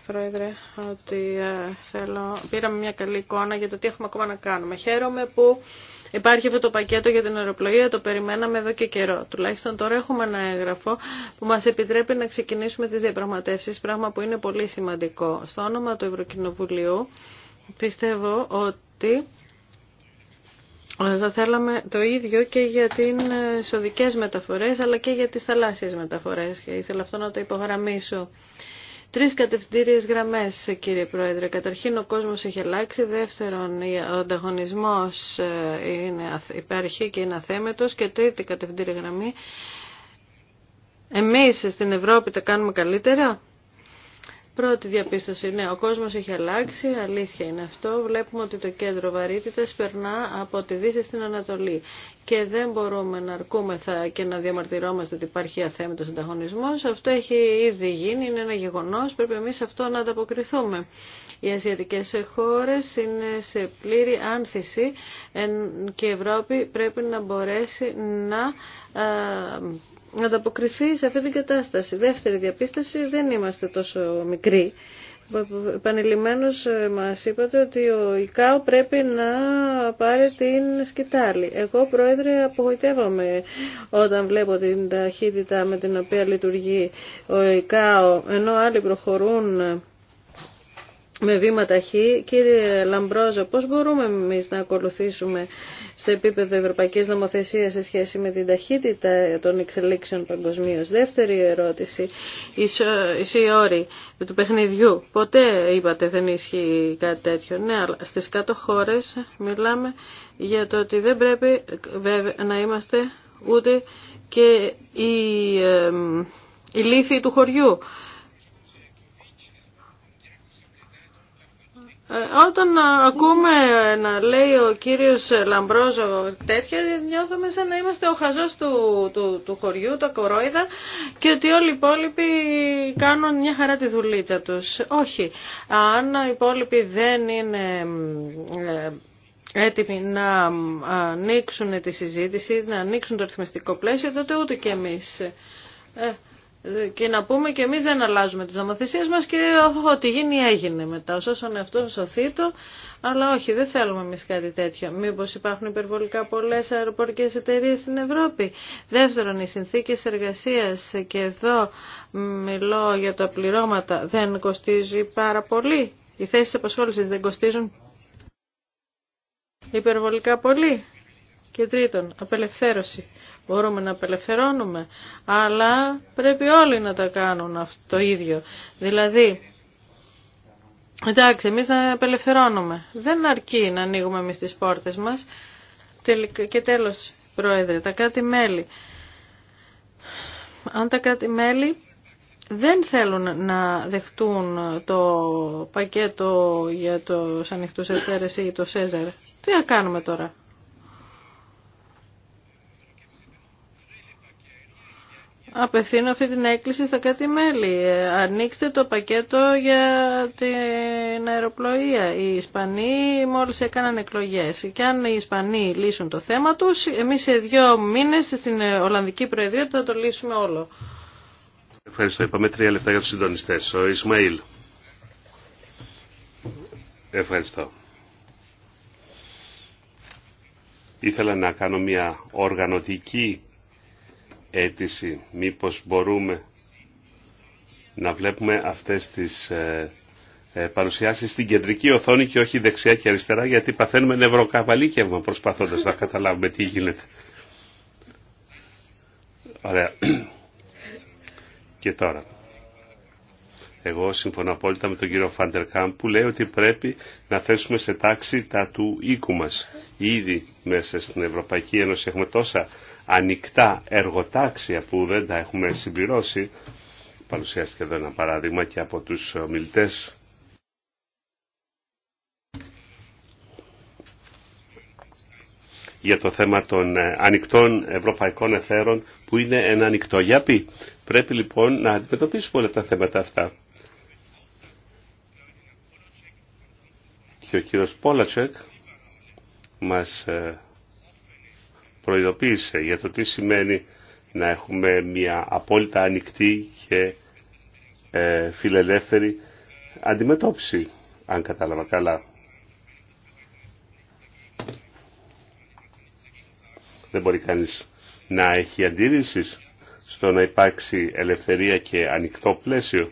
Πρόεδρε, ότι ε, θέλω... πήραμε μια καλή εικόνα για το τι έχουμε ακόμα να κάνουμε. Χαίρομαι που Υπάρχει αυτό το πακέτο για την αεροπλοεία, το περιμέναμε εδώ και καιρό. Τουλάχιστον τώρα έχουμε ένα έγγραφο που μας επιτρέπει να ξεκινήσουμε τι διαπραγματεύσεις, πράγμα που είναι πολύ σημαντικό. Στο όνομα του Ευρωκοινοβουλίου πιστεύω ότι ε, θα θέλαμε το ίδιο και για τι ε, οδικές μεταφορές αλλά και για τις θαλάσσιες μεταφορές και ήθελα αυτό να το υπογραμμίσω. Τρει κατευθυντήριες γραμμές, κύριε Πρόεδρε. Καταρχήν ο κόσμος έχει αλλάξει. Δεύτερον, ο ανταγωνισμό ε, υπάρχει και είναι αθέμετος. Και τρίτη κατευθυντήρια γραμμή. Εμείς στην Ευρώπη τα κάνουμε καλύτερα. Πρώτη διαπίστωση, ναι, ο κόσμος έχει αλλάξει, αλήθεια είναι αυτό. Βλέπουμε ότι το κέντρο βαρύτητας περνά από τη Δύση στην Ανατολή και δεν μπορούμε να αρκούμεθα και να διαμαρτυρόμαστε ότι υπάρχει αθέμητος ανταγωνισμό. Αυτό έχει ήδη γίνει, είναι ένα γεγονός, πρέπει εμείς αυτό να ανταποκριθούμε. Οι ασιατικές χώρε είναι σε πλήρη άνθηση και η Ευρώπη πρέπει να μπορέσει να να ανταποκριθεί σε αυτή την κατάσταση. Δεύτερη διαπίστωση, δεν είμαστε τόσο μικροί. Επανειλημμένως ε, μας είπατε ότι ο ΙΚΑΟ πρέπει να πάρει την σκητάλη. Εγώ, Πρόεδρε, απογοητεύομαι όταν βλέπω την ταχύτητα με την οποία λειτουργεί ο ΙΚΑΟ, ενώ άλλοι προχωρούν με βήματα ταχύ. Κύριε Λαμπρόζο, πώς μπορούμε εμείς να ακολουθήσουμε σε επίπεδο ευρωπαϊκής νομοθεσίας σε σχέση με την ταχύτητα των εξελίξεων παγκοσμίω. Δεύτερη ερώτηση, η όροι του παιχνιδιού. Ποτέ είπατε δεν ίσχυει κάτι τέτοιο. Ναι, αλλά στις κάτω χώρες μιλάμε για το ότι δεν πρέπει να είμαστε ούτε και η, η του χωριού. Ε, όταν ε, ακούμε να λέει ο κύριος Λαμπρόζο τέτοια, νιώθουμε σαν να είμαστε ο χαζός του, του, του χωριού, τα κορόιδα και ότι όλοι οι υπόλοιποι κάνουν μια χαρά τη δουλίτσα τους. Όχι. Αν οι υπόλοιποι δεν είναι ε, έτοιμοι να ανοίξουν τη συζήτηση, να ανοίξουν το ρυθμιστικό πλαίσιο, τότε ούτε και εμείς και να πούμε και εμείς δεν αλλάζουμε τις νομοθεσίες μας και ό,τι γίνει έγινε μετά. Σώσανε αυτό σωθεί το, αλλά όχι, δεν θέλουμε εμεί κάτι τέτοιο. Μήπως υπάρχουν υπερβολικά πολλές αεροπορικές εταιρείες στην Ευρώπη. Δεύτερον, οι συνθήκες εργασίας και εδώ μιλώ για τα πληρώματα δεν κοστίζει πάρα πολύ. Οι θέσεις απασχόλησης δεν κοστίζουν υπερβολικά πολύ. Και τρίτον, απελευθέρωση μπορούμε να απελευθερώνουμε, αλλά πρέπει όλοι να τα κάνουν αυτό το ίδιο. Δηλαδή, εντάξει, εμείς να απελευθερώνουμε. Δεν αρκεί να ανοίγουμε εμείς τις πόρτες μας. Και τέλος, Πρόεδρε, τα κάτι μελη Αν τα κράτη-μέλη δεν θέλουν να δεχτούν το πακέτο για τους ανοιχτούς ευθέρες ή το ΣΕΖΑΡ. Τι να κάνουμε τώρα. Απευθύνω αυτή την έκκληση στα κάτι μέλη. Ε, ανοίξτε το πακέτο για την αεροπλοεία. Οι Ισπανοί μόλις έκαναν εκλογές. Και αν οι Ισπανοί λύσουν το θέμα τους, εμείς σε δύο μήνες στην Ολλανδική Προεδρία θα το λύσουμε όλο. Ευχαριστώ. Είπαμε τρία λεπτά για τους συντονιστές. Ο Ισμαήλ. Ευχαριστώ. Ήθελα να κάνω μια οργανωτική αίτηση. Μήπως μπορούμε να βλέπουμε αυτές τις ε, ε, παρουσιάσεις στην κεντρική οθόνη και όχι δεξιά και αριστερά γιατί παθαίνουμε νευροκαβαλίκευμα προσπαθώντας να καταλάβουμε τι γίνεται. Ωραία. Και τώρα. Εγώ συμφωνώ απόλυτα με τον κύριο Φάντερ που λέει ότι πρέπει να θέσουμε σε τάξη τα του οίκου μας. Ήδη μέσα στην Ευρωπαϊκή Ένωση έχουμε τόσα ανοιχτά εργοτάξια που δεν τα έχουμε συμπληρώσει. Παρουσιάστηκε εδώ ένα παράδειγμα και από τους ομιλητές. για το θέμα των ε, ανοιχτών ευρωπαϊκών εθέρων που είναι ένα ανοιχτό γιαπί. Πρέπει λοιπόν να αντιμετωπίσουμε όλα τα θέματα αυτά. Και ο κύριος Πόλατσεκ μας ε, προειδοποίησε για το τι σημαίνει να έχουμε μια απόλυτα ανοιχτή και ε, φιλελεύθερη αντιμετώπιση, αν κατάλαβα καλά. Δεν μπορεί κανείς να έχει αντίρρηση στο να υπάρξει ελευθερία και ανοιχτό πλαίσιο.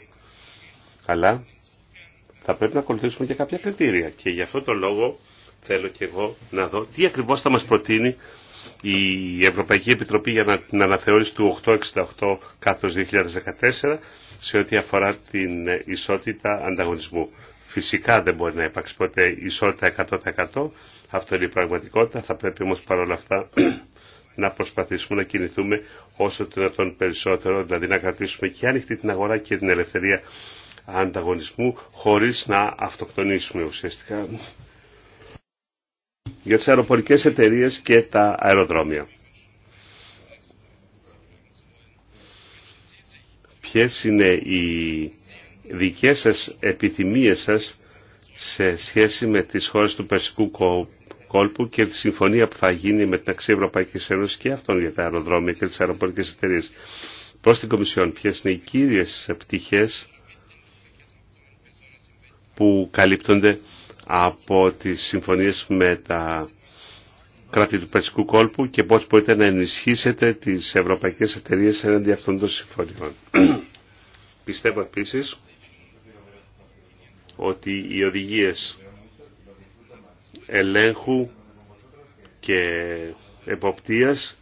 Αλλά θα πρέπει να ακολουθήσουμε και κάποια κριτήρια. Και γι' αυτό το λόγο θέλω και εγώ να δω τι ακριβώς θα μας προτείνει η Ευρωπαϊκή Επιτροπή για την αναθεώρηση του 868 κάθος 2014 σε ό,τι αφορά την ισότητα ανταγωνισμού. Φυσικά δεν μπορεί να υπάρξει ποτέ ισότητα 100%. Αυτό είναι η πραγματικότητα. Θα πρέπει όμως παρόλα αυτά <clears throat> να προσπαθήσουμε να κινηθούμε όσο το δυνατόν περισσότερο, δηλαδή να κρατήσουμε και ανοιχτή την αγορά και την ελευθερία ανταγωνισμού χωρίς να αυτοκτονήσουμε ουσιαστικά για τις αεροπορικές εταιρείες και τα αεροδρόμια. Ποιες είναι οι δικές σας επιθυμίες σας σε σχέση με τις χώρες του Περσικού κόλπου και τη συμφωνία που θα γίνει μεταξύ Ευρωπαϊκής Ένωσης και αυτών για τα αεροδρόμια και τις αεροπορικές εταιρείες. Προς την Κομισιόν, ποιες είναι οι κύριες επιτυχίες που καλύπτονται από τις συμφωνίες με τα κράτη του Περσικού κόλπου και πώς μπορείτε να ενισχύσετε τις ευρωπαϊκές εταιρείες έναντι αυτών των συμφωνιών. <clears throat> Πιστεύω επίσης ότι οι οδηγίες ελέγχου και εποπτείας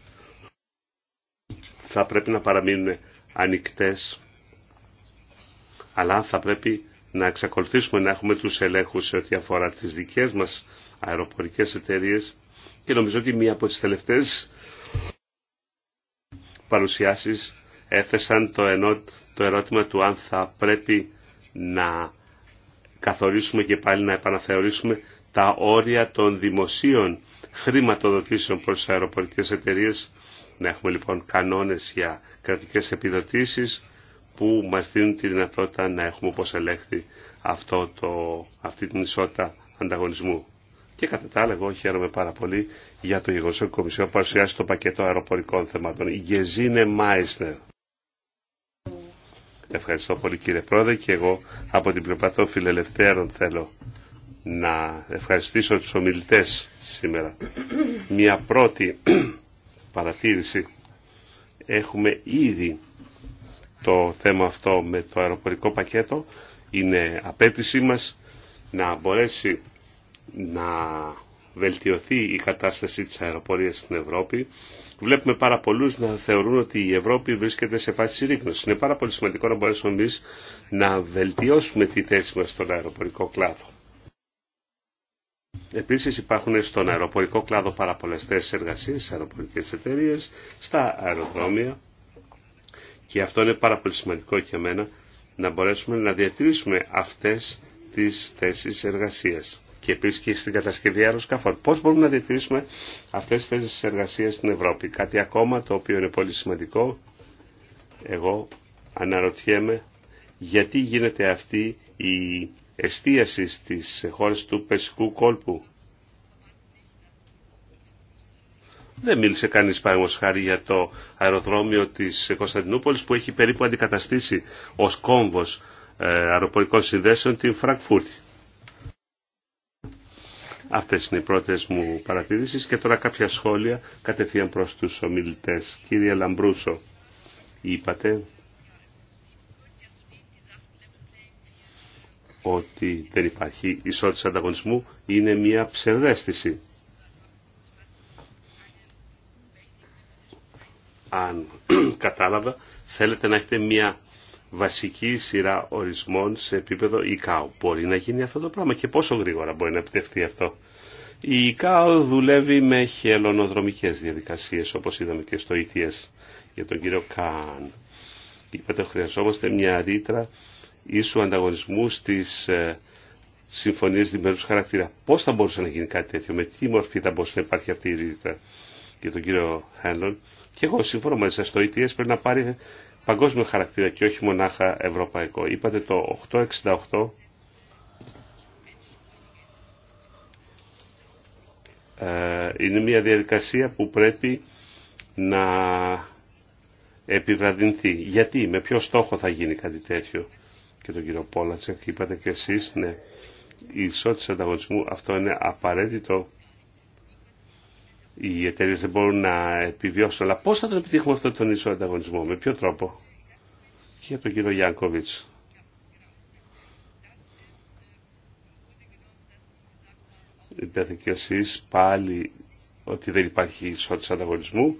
θα πρέπει να παραμείνουν ανοιχτές αλλά θα πρέπει να εξακολουθήσουμε να έχουμε τους ελέγχους σε ό,τι αφορά τις δικές μας αεροπορικές εταιρείες και νομίζω ότι μία από τις τελευταίες παρουσιάσεις έθεσαν το, ενώ, το ερώτημα του αν θα πρέπει να καθορίσουμε και πάλι να επαναθεωρήσουμε τα όρια των δημοσίων χρηματοδοτήσεων προς τις αεροπορικές εταιρείες. Να έχουμε λοιπόν κανόνες για κρατικές επιδοτήσεις, που μας δίνουν τη δυνατότητα να έχουμε όπως ελέγχθη αυτό το, αυτή την ισότητα ανταγωνισμού. Και κατά τα άλλα, εγώ χαίρομαι πάρα πολύ για το γεγονό ότι η Κομισιό παρουσιάσει το πακέτο αεροπορικών θεμάτων. Η Γεζίνε Μάισνερ. Ευχαριστώ πολύ κύριε Πρόεδρε και εγώ από την πλευρά των φιλελευθέρων θέλω να ευχαριστήσω τους ομιλητές σήμερα. Μια πρώτη παρατήρηση. Έχουμε ήδη το θέμα αυτό με το αεροπορικό πακέτο. Είναι απέτησή μας να μπορέσει να βελτιωθεί η κατάσταση της αεροπορίας στην Ευρώπη. Βλέπουμε πάρα πολλούς να θεωρούν ότι η Ευρώπη βρίσκεται σε φάση συρρήκνωσης. Είναι πάρα πολύ σημαντικό να μπορέσουμε εμείς να βελτιώσουμε τη θέση μας στον αεροπορικό κλάδο. Επίσης υπάρχουν στον αεροπορικό κλάδο πάρα πολλές θέσεις εργασίας, αεροπορικές εταιρείες, στα αεροδρόμια και αυτό είναι πάρα πολύ σημαντικό για μένα να μπορέσουμε να διατηρήσουμε αυτές τις θέσεις εργασίας. Και επίσης και στην κατασκευή αεροσκαφών. Πώς μπορούμε να διατηρήσουμε αυτές τις θέσεις εργασίας στην Ευρώπη. Κάτι ακόμα το οποίο είναι πολύ σημαντικό. Εγώ αναρωτιέμαι γιατί γίνεται αυτή η εστίαση στις χώρες του Περσικού κόλπου Δεν μίλησε κανεί παραδείγματο χάρη για το αεροδρόμιο τη Κωνσταντινούπολη που έχει περίπου αντικαταστήσει ω κόμβο ε, αεροπορικών συνδέσεων την Φραγκφούρτη. Αυτές είναι οι πρώτες μου παρατηρήσεις και τώρα κάποια σχόλια κατευθείαν προς τους ομιλητές. Κύριε Λαμπρούσο, είπατε ότι δεν υπάρχει ισότητα ανταγωνισμού, είναι μια ψευδέστηση. αν <clears throat> κατάλαβα, θέλετε να έχετε μια βασική σειρά ορισμών σε επίπεδο ΙΚΑΟ. Μπορεί να γίνει αυτό το πράγμα και πόσο γρήγορα μπορεί να επιτευχθεί αυτό. Η ΙΚΑΟ δουλεύει με χελωνοδρομικές διαδικασίες όπως είδαμε και στο ETS για τον κύριο Καν. Είπατε χρειαζόμαστε μια ρήτρα ίσου ανταγωνισμού στις ε, συμφωνίες διμερούς χαρακτήρα. Πώς θα μπορούσε να γίνει κάτι τέτοιο, με τι μορφή θα μπορούσε να υπάρχει αυτή η ρήτρα και τον κύριο Χένλον Και εγώ συμφωνώ μαζί σα. το ETS πρέπει να πάρει παγκόσμιο χαρακτήρα και όχι μονάχα ευρωπαϊκό. Είπατε το 868 ε, είναι μια διαδικασία που πρέπει να επιβραδυνθεί. Γιατί, με ποιο στόχο θα γίνει κάτι τέτοιο. Και τον κύριο Πόλατσεκ είπατε και εσείς, ναι, η ισότητα ανταγωνισμού αυτό είναι απαραίτητο οι εταιρείε δεν μπορούν να επιβιώσουν. Αλλά πώ θα τον επιτύχουμε αυτόν τον ίσο ανταγωνισμό, με ποιο τρόπο. Και από τον κύριο Γιάνκοβιτ. Είπατε και εσεί πάλι ότι δεν υπάρχει ισότητα ανταγωνισμού.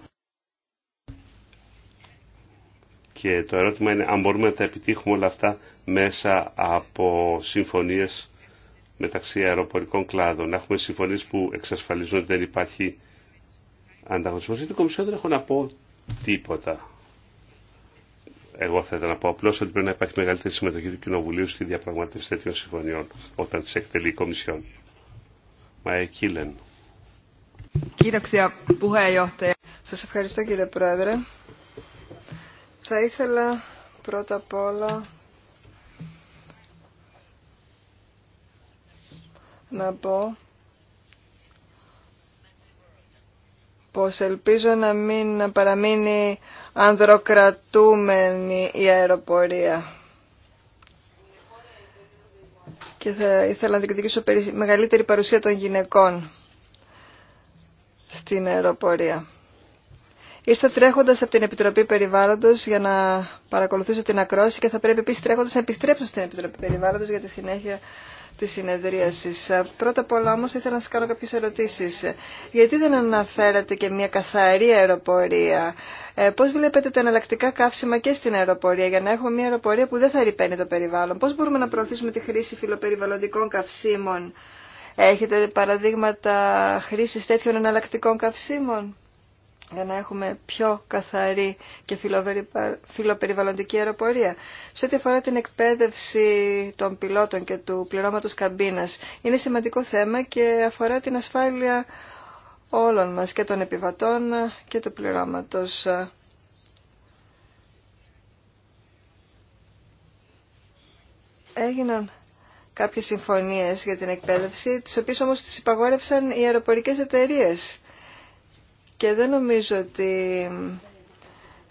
Και το ερώτημα είναι αν μπορούμε να τα επιτύχουμε όλα αυτά μέσα από συμφωνίες μεταξύ αεροπορικών κλάδων. Να έχουμε συμφωνίες που εξασφαλίζουν ότι δεν υπάρχει ανταγωνισμός για την Κομισιόν δεν έχω να πω τίποτα. Εγώ θα ήθελα να πω απλώ ότι πρέπει να υπάρχει μεγαλύτερη συμμετοχή του Κοινοβουλίου στη διαπραγμάτευση τέτοιων συμφωνιών όταν τι εκτελεί η Κομισιόν. Μα εκεί λένε. Σας ευχαριστώ κύριε Πρόεδρε. Θα ήθελα πρώτα απ' όλα να πω πως ελπίζω να μην παραμείνει ανδροκρατούμενη η αεροπορία. Και θα ήθελα να διεκδικήσω μεγαλύτερη παρουσία των γυναικών στην αεροπορία. Ήρθα τρέχοντα από την Επιτροπή Περιβάλλοντο για να παρακολουθήσω την ακρόαση και θα πρέπει επίση τρέχοντα να επιστρέψω στην Επιτροπή Περιβάλλοντο για τη συνέχεια της συνεδρίασης. Πρώτα απ' όλα όμως ήθελα να σας κάνω κάποιες ερωτήσεις. Γιατί δεν αναφέρατε και μια καθαρή αεροπορία. Ε, πώς βλέπετε τα εναλλακτικά καύσιμα και στην αεροπορία για να έχουμε μια αεροπορία που δεν θα ρηπαίνει το περιβάλλον. Πώς μπορούμε να προωθήσουμε τη χρήση φιλοπεριβαλλοντικών καυσίμων. Έχετε παραδείγματα χρήσης τέτοιων εναλλακτικών καυσίμων για να έχουμε πιο καθαρή και φιλοπεριβαλλοντική αεροπορία. Σε ό,τι αφορά την εκπαίδευση των πιλότων και του πληρώματος καμπίνας, είναι σημαντικό θέμα και αφορά την ασφάλεια όλων μας και των επιβατών και του πληρώματος. Έγιναν κάποιες συμφωνίες για την εκπαίδευση, τις οποίες όμως τις υπαγόρευσαν οι αεροπορικές εταιρείες και δεν νομίζω ότι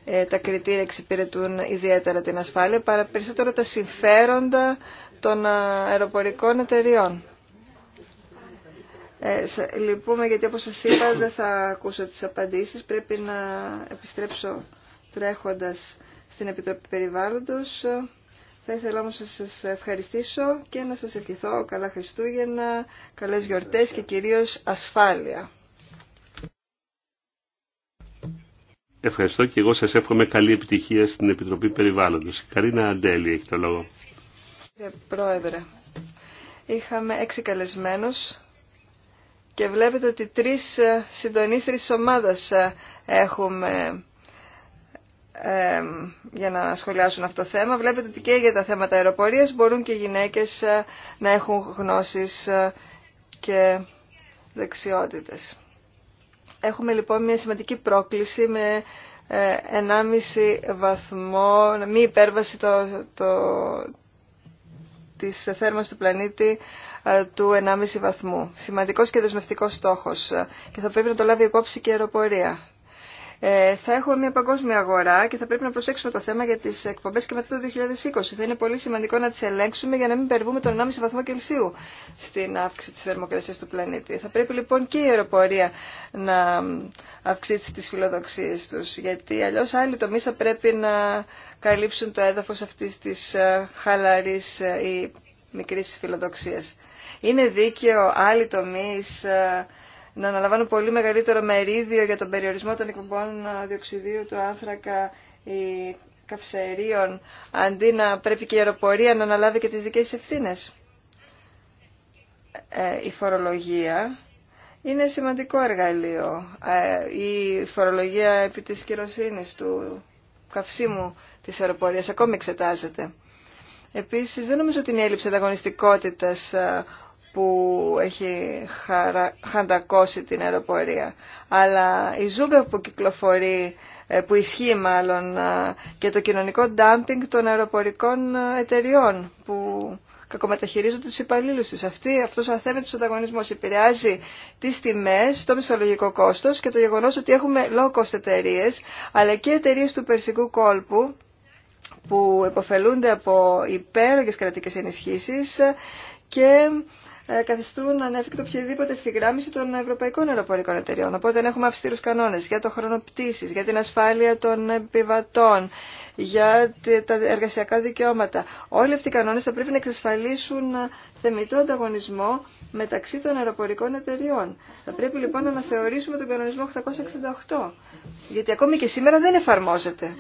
ε, τα κριτήρια εξυπηρετούν ιδιαίτερα την ασφάλεια, παρά περισσότερο τα συμφέροντα των ε, αεροπορικών εταιριών. Ε, λυπούμε γιατί όπως σας είπα δεν θα ακούσω τις απαντήσεις. Πρέπει να επιστρέψω τρέχοντας στην Επιτροπή Περιβάλλοντος. Θα ήθελα όμως να σας ευχαριστήσω και να σας ευχηθώ καλά Χριστούγεννα, καλές γιορτές και κυρίως ασφάλεια. Ευχαριστώ και εγώ σας εύχομαι καλή επιτυχία στην Επιτροπή Περιβάλλοντος. Καρίνα Αντέλη έχει το λόγο. Κύριε Πρόεδρε, είχαμε έξι καλεσμένους και βλέπετε ότι τρεις ε, συντονίστρες της ομάδας ε, έχουμε ε, για να σχολιάσουν αυτό το θέμα. Βλέπετε ότι και για τα θέματα αεροπορίας μπορούν και οι γυναίκες να έχουν γνώσεις και δεξιότητες. Έχουμε λοιπόν μια σημαντική πρόκληση με 1,5 ε, βαθμό, μη υπέρβαση το, το, της του πλανήτη ε, του 1,5 βαθμού. Σημαντικός και δεσμευτικός στόχος και θα πρέπει να το λάβει υπόψη και η αεροπορία. Ε, θα έχουμε μια παγκόσμια αγορά και θα πρέπει να προσέξουμε το θέμα για τι εκπομπέ και μετά το 2020. Θα είναι πολύ σημαντικό να τι ελέγξουμε για να μην περβούμε τον 1,5 βαθμό Κελσίου στην αύξηση τη θερμοκρασία του πλανήτη. Θα πρέπει λοιπόν και η αεροπορία να αυξήσει τι φιλοδοξίε του. γιατί αλλιώ άλλοι τομεί θα πρέπει να καλύψουν το έδαφο αυτή τη ε, χαλαρής ε, ή μικρή φιλοδοξία. Είναι δίκαιο άλλοι τομεί να αναλαμβάνουν πολύ μεγαλύτερο μερίδιο για τον περιορισμό των εκπομπών διοξιδίου του άνθρακα ή καυσερίων, αντί να πρέπει και η αεροπορία να αναλάβει και τις δικές ευθύνες. Ε, η φορολογία είναι σημαντικό εργαλείο. Ε, η φορολογία επί της κυροσύνης του καυσίμου της αεροπορίας ακόμη εξετάζεται. Επίσης, δεν νομίζω ότι είναι η έλλειψη ανταγωνιστικότητας που έχει χαρα... χαντακώσει την αεροπορία. Αλλά η ζούγκα που κυκλοφορεί, ε, που ισχύει μάλλον, ε, και το κοινωνικό ντάμπινγκ των αεροπορικών ε, εταιριών που κακομεταχειρίζονται τους υπαλλήλους τους. Αυτή, αυτός ο αθέμετος ανταγωνισμός επηρεάζει τις τιμές, το μισθολογικό κόστος και το γεγονός ότι έχουμε low cost εταιρείε, αλλά και εταιρείε του περσικού κόλπου που υποφελούνται από υπέρογες κρατικές ενισχύσεις και ε, καθιστούν ανέφικτο οποιαδήποτε ευθυγράμμιση των ευρωπαϊκών αεροπορικών εταιριών. Οπότε δεν έχουμε αυστηρούς κανόνε για το χρόνο για την ασφάλεια των επιβατών, για τα εργασιακά δικαιώματα. Όλοι αυτοί οι κανόνε θα πρέπει να εξασφαλίσουν θεμητό ανταγωνισμό μεταξύ των αεροπορικών εταιριών. Θα πρέπει λοιπόν να αναθεωρήσουμε τον κανονισμό 868, γιατί ακόμη και σήμερα δεν εφαρμόζεται.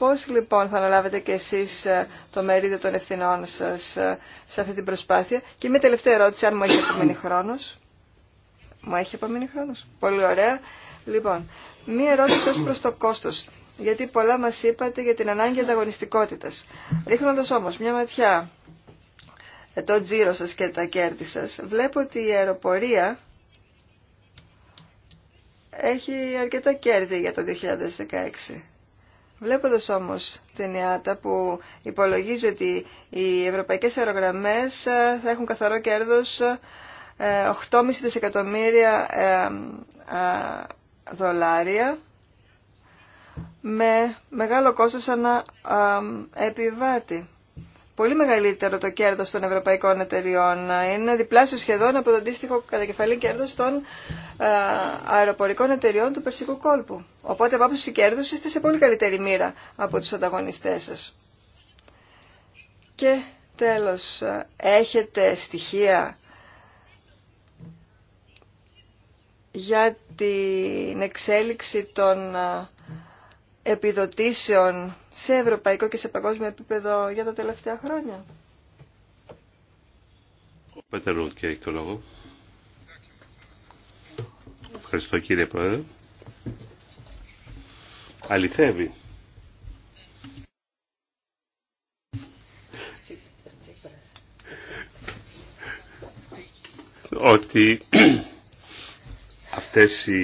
Πώς λοιπόν θα αναλάβετε και εσείς ε, το μερίδιο των ευθυνών σας ε, σε αυτή την προσπάθεια. Και μια τελευταία ερώτηση, αν μου έχει απομείνει χρόνος. Μου έχει απομείνει χρόνος. Πολύ ωραία. Λοιπόν, μια ερώτηση ως προς το κόστος. Γιατί πολλά μας είπατε για την ανάγκη ανταγωνιστικότητας. Ρίχνοντας όμως μια ματιά ε, το τζίρο σας και τα κέρδη σας, βλέπω ότι η αεροπορία έχει αρκετά κέρδη για το 2016. Βλέποντας όμως την ΙΑΤΑ που υπολογίζει ότι οι ευρωπαϊκές αερογραμμές ε, θα έχουν καθαρό κέρδος 8,5 ε, δισεκατομμύρια ε, δολάρια με μεγάλο κόστος ανά επιβάτη πολύ μεγαλύτερο το κέρδος των ευρωπαϊκών εταιριών. Είναι διπλάσιο σχεδόν από το αντίστοιχο κατακεφαλή κέρδος των ε, αεροπορικών εταιριών του Περσικού κόλπου. Οπότε από άποψη κέρδους είστε σε πολύ καλύτερη μοίρα από τους ανταγωνιστές σας. Και τέλος, έχετε στοιχεία για την εξέλιξη των ε, επιδοτήσεων σε ευρωπαϊκό και σε παγκόσμιο επίπεδο για τα τελευταία χρόνια. Ο Πέτερ και έχει το λόγο. Ευχαριστώ κύριε Πρόεδρε. Αληθεύει. ότι Αυτές οι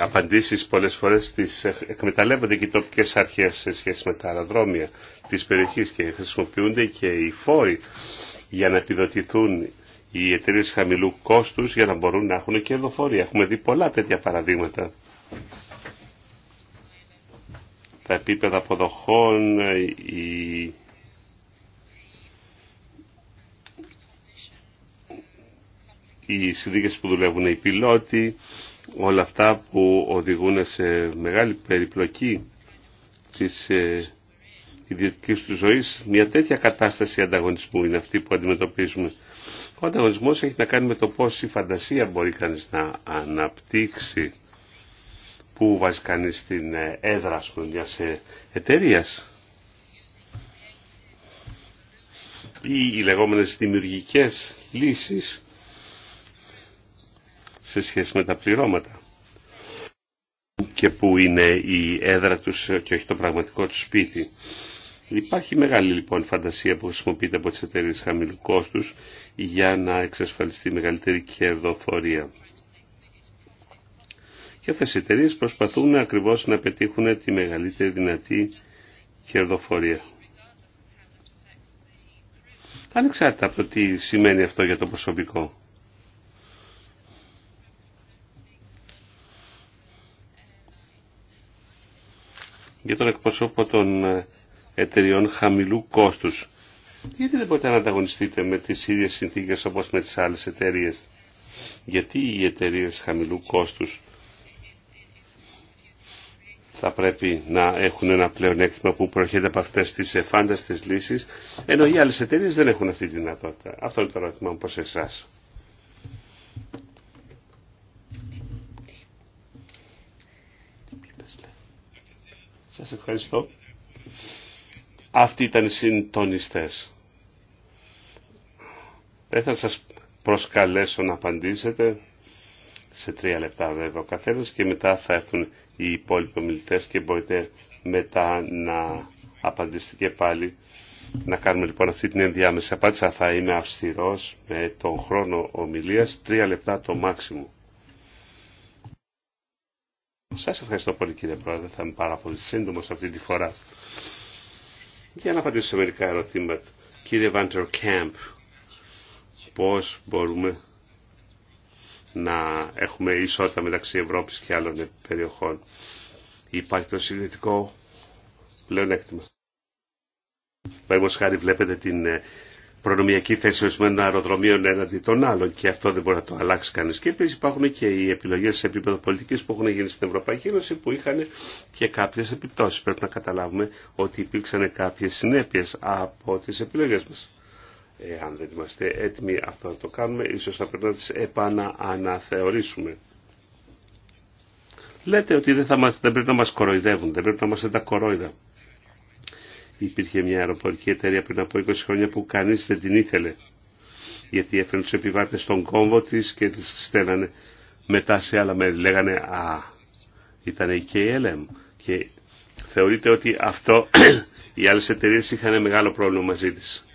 απαντήσεις πολλές φορές τις ε, εκμεταλλεύονται και οι τοπικές αρχές σε σχέση με τα αεροδρόμια της περιοχής και χρησιμοποιούνται και οι φόροι για να επιδοτηθούν οι εταιρείε χαμηλού κόστους για να μπορούν να έχουν κερδοφορία. Έχουμε δει πολλά τέτοια παραδείγματα. Τα επίπεδα αποδοχών, ε, οι οι συνθήκε που δουλεύουν οι πιλότοι, όλα αυτά που οδηγούν σε μεγάλη περιπλοκή της ε, ιδιωτικής του ζωής. Μια τέτοια κατάσταση ανταγωνισμού είναι αυτή που αντιμετωπίζουμε. Ο ανταγωνισμός έχει να κάνει με το πώς η φαντασία μπορεί κανείς να αναπτύξει που βάζει κανείς την ε, έδρα μια ε, εταιρείας. Ή οι λεγόμενες δημιουργικές λύσεις σε σχέση με τα πληρώματα και που είναι η έδρα τους και όχι το πραγματικό τους σπίτι. Υπάρχει μεγάλη λοιπόν φαντασία που χρησιμοποιείται από τις εταιρείες χαμηλού κόστους για να εξασφαλιστεί μεγαλύτερη κερδοφορία. Και αυτές οι εταιρείε προσπαθούν ακριβώς να πετύχουν τη μεγαλύτερη δυνατή κερδοφορία. Ανεξάρτητα από το τι σημαίνει αυτό για το προσωπικό. για τον εκπροσώπο των ε, εταιριών χαμηλού κόστους. Γιατί δεν μπορείτε να ανταγωνιστείτε με τις ίδιες συνθήκες όπως με τις άλλες εταιρείε. Γιατί οι εταιρείε χαμηλού κόστους θα πρέπει να έχουν ένα πλεονέκτημα που προέρχεται από αυτές τις εφάνταστες λύσεις, ενώ οι άλλες εταιρείε δεν έχουν αυτή τη δυνατότητα. Αυτό είναι το ερώτημα μου εσάς. Σας ευχαριστώ. Αυτοί ήταν οι συντονιστές. Δεν θα σας προσκαλέσω να απαντήσετε σε τρία λεπτά βέβαια ο καθένας και μετά θα έρθουν οι υπόλοιποι ομιλητές και μπορείτε μετά να απαντήσετε και πάλι. Να κάνουμε λοιπόν αυτή την ενδιάμεση απάντηση. Θα είμαι αυστηρός με τον χρόνο ομιλίας, τρία λεπτά το μάξιμο. Σας ευχαριστώ πολύ κύριε Πρόεδρε, θα είμαι πάρα πολύ σύντομος αυτή τη φορά. Για να απαντήσω σε μερικά ερωτήματα. Κύριε Βάντερ Κέμπ, πώς μπορούμε να έχουμε ισότητα μεταξύ Ευρώπης και άλλων περιοχών. Υπάρχει το συγκριτικό πλεονέκτημα. Παραδείγματος χάρη βλέπετε την ε, προνομιακή θέση ορισμένων αεροδρομίων έναντι των άλλων και αυτό δεν μπορεί να το αλλάξει κανεί. Και επίση υπάρχουν και οι επιλογέ σε επίπεδο πολιτική που έχουν γίνει στην Ευρωπαϊκή Ένωση που είχαν και κάποιε επιπτώσει. Πρέπει να καταλάβουμε ότι υπήρξαν κάποιε συνέπειε από τι επιλογέ μα. Ε, αν δεν είμαστε έτοιμοι αυτό να το κάνουμε, ίσως θα πρέπει να τις επανααναθεωρήσουμε. Λέτε ότι δεν, θα μας, δεν πρέπει να μας κοροϊδεύουν, δεν πρέπει να μας τα κορόιδα. Υπήρχε μια αεροπορική εταιρεία πριν από 20 χρόνια που κανείς δεν την ήθελε. Γιατί έφερε τους επιβάτες στον κόμβο της και τις στέλνανε μετά σε άλλα μέρη. Λέγανε «Α, ήταν η KLM». Και θεωρείται ότι αυτό <clears throat> οι άλλες εταιρείες είχαν μεγάλο πρόβλημα μαζί της.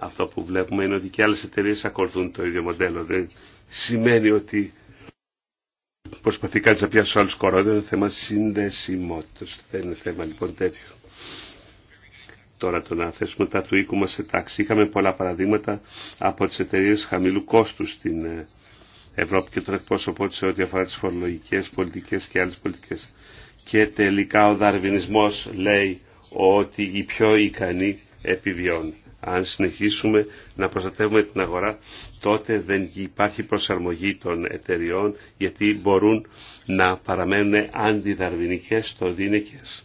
Αυτό που βλέπουμε είναι ότι και άλλες εταιρείες ακολουθούν το ίδιο μοντέλο. Δεν σημαίνει ότι Προσπαθεί κάτι να πιάσει άλλους κορώνε, είναι θέμα συνδεσιμότητα. Δεν είναι θέμα λοιπόν τέτοιο. Τώρα το να θέσουμε τα του οίκου μα σε τάξη. Είχαμε πολλά παραδείγματα από τι εταιρείε χαμηλού κόστου στην ε, Ευρώπη και τον εκπρόσωπό τη σε ό,τι αφορά τι φορολογικέ, πολιτικέ και άλλε πολιτικέ. Και τελικά ο δαρβινισμός λέει ότι οι πιο ικανοί επιβιώνουν. Αν συνεχίσουμε να προστατεύουμε την αγορά, τότε δεν υπάρχει προσαρμογή των εταιριών, γιατί μπορούν να παραμένουν αντιδαρβηνικές στο δίνεκες.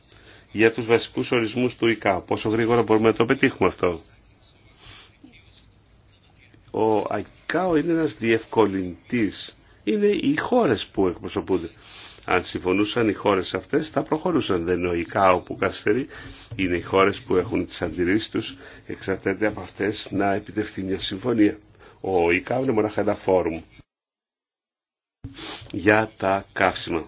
Για τους βασικούς ορισμούς του ΙΚΑ, πόσο γρήγορα μπορούμε να το πετύχουμε αυτό. Ο ΙΚΑΟ είναι ένας διευκολυντής. Είναι οι χώρες που εκπροσωπούνται. Αν συμφωνούσαν οι χώρες αυτές θα προχωρούσαν. Δεν νοικά όπου καθυστερεί είναι οι χώρες που έχουν τις αντιρρήσεις τους εξαρτάται από αυτές να επιτευχθεί μια συμφωνία. Ο ΙΚΑΟ είναι μονάχα ένα φόρουμ για τα καύσιμα.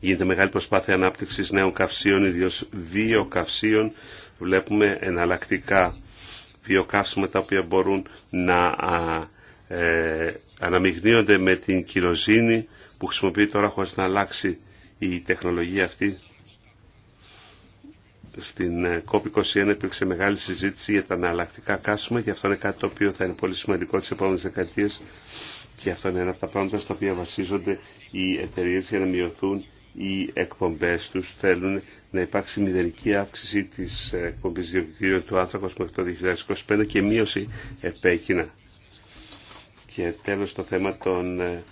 Γίνεται μεγάλη προσπάθεια ανάπτυξης νέων καυσίων, ιδίως βιοκαυσίων. Βλέπουμε εναλλακτικά βιοκαύσιμα τα οποία μπορούν να ε, αναμειγνύονται με την κυροζήνη που χρησιμοποιεί τώρα χωρίς να αλλάξει η τεχνολογία αυτή. Στην COP21 ε, υπήρξε μεγάλη συζήτηση για τα αναλλακτικά κάψιμα και αυτό είναι κάτι το οποίο θα είναι πολύ σημαντικό τις επόμενες δεκαετίες και αυτό είναι ένα από τα πράγματα στα οποία βασίζονται οι εταιρείε για να μειωθούν οι εκπομπές τους. Θέλουν να υπάρξει μηδενική αύξηση της ε, εκπομπής διοικητήριου του άνθρακος μέχρι το 2025 και μείωση επέκεινα. Και τέλος το θέμα των ε,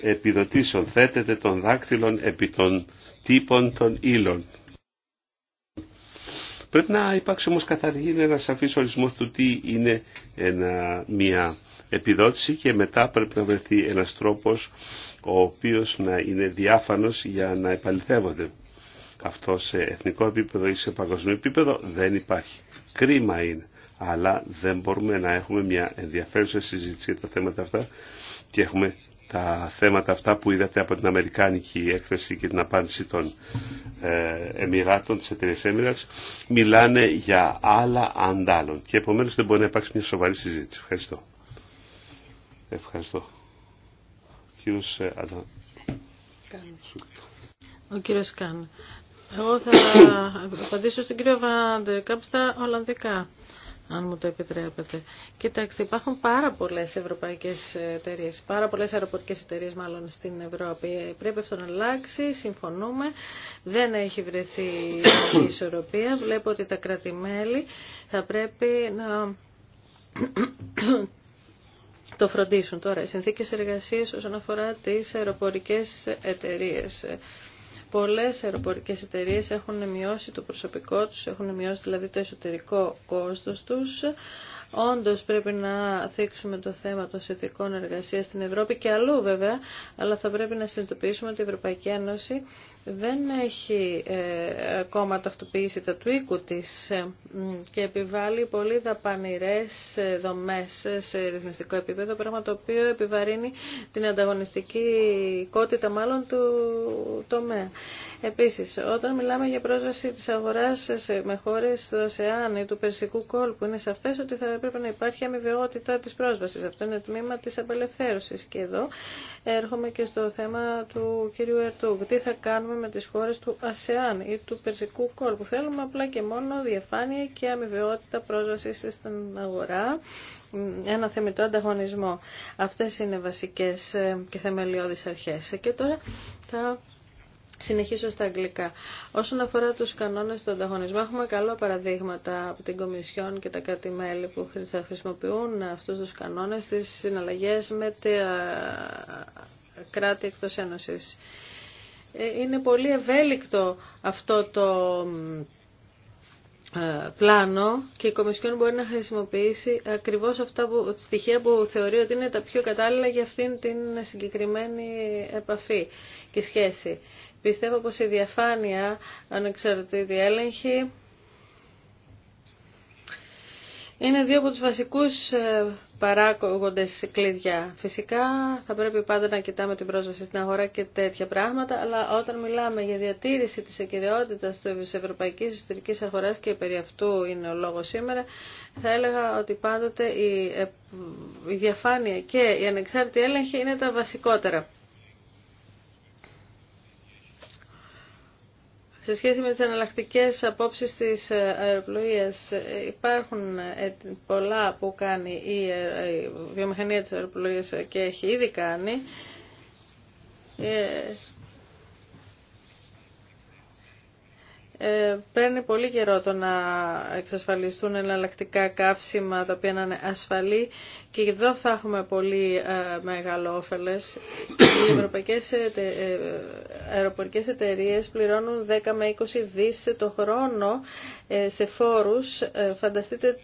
επιδοτήσεων θέτεται των δάκτυλων επί των τύπων των ύλων. Πρέπει να υπάρξει όμως καθαρή ένα σαφής ορισμός του τι είναι μια επιδότηση και μετά πρέπει να βρεθεί ένας τρόπος ο οποίος να είναι διάφανος για να επαληθεύονται. Αυτό σε εθνικό επίπεδο ή σε παγκοσμίο επίπεδο δεν υπάρχει. Κρίμα είναι. Αλλά δεν μπορούμε να έχουμε μια ενδιαφέρουσα συζήτηση για τα θέματα αυτά και έχουμε τα θέματα αυτά που είδατε από την Αμερικάνικη έκθεση και την απάντηση των ε, Εμμυράτων, της εταιρείας Emirates, μιλάνε για άλλα αντάλλων και επομένως δεν μπορεί να υπάρξει μια σοβαρή συζήτηση. Ευχαριστώ. Ευχαριστώ. Ο κύριος ε, Ο κύριος Καν. Εγώ θα <coughs> απαντήσω στην κύριο Βάντερ, στα Ολλανδικά αν μου το επιτρέπετε. Κοιτάξτε, υπάρχουν πάρα πολλές ευρωπαϊκές εταιρείε, πάρα πολλές αεροπορικές εταιρείε μάλλον στην Ευρώπη. Πρέπει αυτό να αλλάξει, συμφωνούμε. Δεν έχει βρεθεί η ισορροπία. Βλέπω ότι τα κράτη-μέλη θα πρέπει να το φροντίσουν τώρα. Οι συνθήκες εργασίας όσον αφορά τι αεροπορικές εταιρείε. Πολλές αεροπορικές εταιρείες έχουν μειώσει το προσωπικό τους, έχουν μειώσει δηλαδή το εσωτερικό κόστος τους. Όντως πρέπει να θίξουμε το θέμα των συνθηκών εργασίας στην Ευρώπη και αλλού βέβαια, αλλά θα πρέπει να συνειδητοποιήσουμε ότι η Ευρωπαϊκή Ένωση δεν έχει ε, ακόμα ταυτοποιήσει τα του της ε, και επιβάλλει πολύ δαπανηρές ε, δομές σε ρυθμιστικό επίπεδο, πράγμα το οποίο επιβαρύνει την ανταγωνιστική κότητα μάλλον του τομέα. Επίσης, όταν μιλάμε για πρόσβαση της αγοράς σε, με χώρες Ασεάν ή του περσικού κόλπου, είναι σαφές ότι θα έπρεπε να υπάρχει αμοιβαιότητα της πρόσβασης. Αυτό είναι τμήμα της απελευθέρωσης. Και εδώ έρχομαι και στο θέμα του κ. Ερτούγκ. Τι θα κάνουμε με τις χώρες του ΑΣΕΑΝ ή του Περσικού κόλπου. Θέλουμε απλά και μόνο διαφάνεια και αμοιβαιότητα πρόσβαση στην αγορά, ένα θεμητό ανταγωνισμό. Αυτές είναι βασικές ε, και θεμελιώδεις αρχές. Και τώρα θα συνεχίσω στα αγγλικά. Όσον αφορά τους κανόνες του ανταγωνισμού, έχουμε καλό παραδείγματα από την Κομισιόν και τα κάτι μέλη που χρησιμοποιούν αυτούς τους κανόνες στις συναλλαγές με τα κράτη εκτός Ένωσης. Ε, είναι πολύ ευέλικτο αυτό το ε, πλάνο και η Κομισιόν μπορεί να χρησιμοποιήσει ακριβώς αυτά που, στοιχεία που θεωρεί ότι είναι τα πιο κατάλληλα για αυτήν την συγκεκριμένη επαφή και σχέση. Πιστεύω πως η διαφάνεια, ανεξαρτητή έλεγχη, είναι δύο από τους βασικούς ε, παράγοντες κλειδιά. Φυσικά θα πρέπει πάντα να κοιτάμε την πρόσβαση στην αγορά και τέτοια πράγματα, αλλά όταν μιλάμε για διατήρηση της ακυριότητας της ευρωπαϊκής ιστορικής αγοράς και περί αυτού είναι ο λόγος σήμερα, θα έλεγα ότι πάντοτε η, ε, η διαφάνεια και η ανεξάρτητη έλεγχη είναι τα βασικότερα. Σε σχέση με τις εναλλακτικέ απόψεις της αεροπλοείας, υπάρχουν πολλά που κάνει η βιομηχανία της αεροπλοείας και έχει ήδη κάνει. Ε, Ε, παίρνει πολύ καιρό το να εξασφαλιστούν εναλλακτικά καύσιμα τα οποία να είναι ασφαλή και εδώ θα έχουμε πολύ ε, μεγάλο όφελες. Οι ευρωπαϊκές ε, αεροπορικές εταιρείες πληρώνουν 10 με 20 δις το χρόνο σε φόρους. Φανταστείτε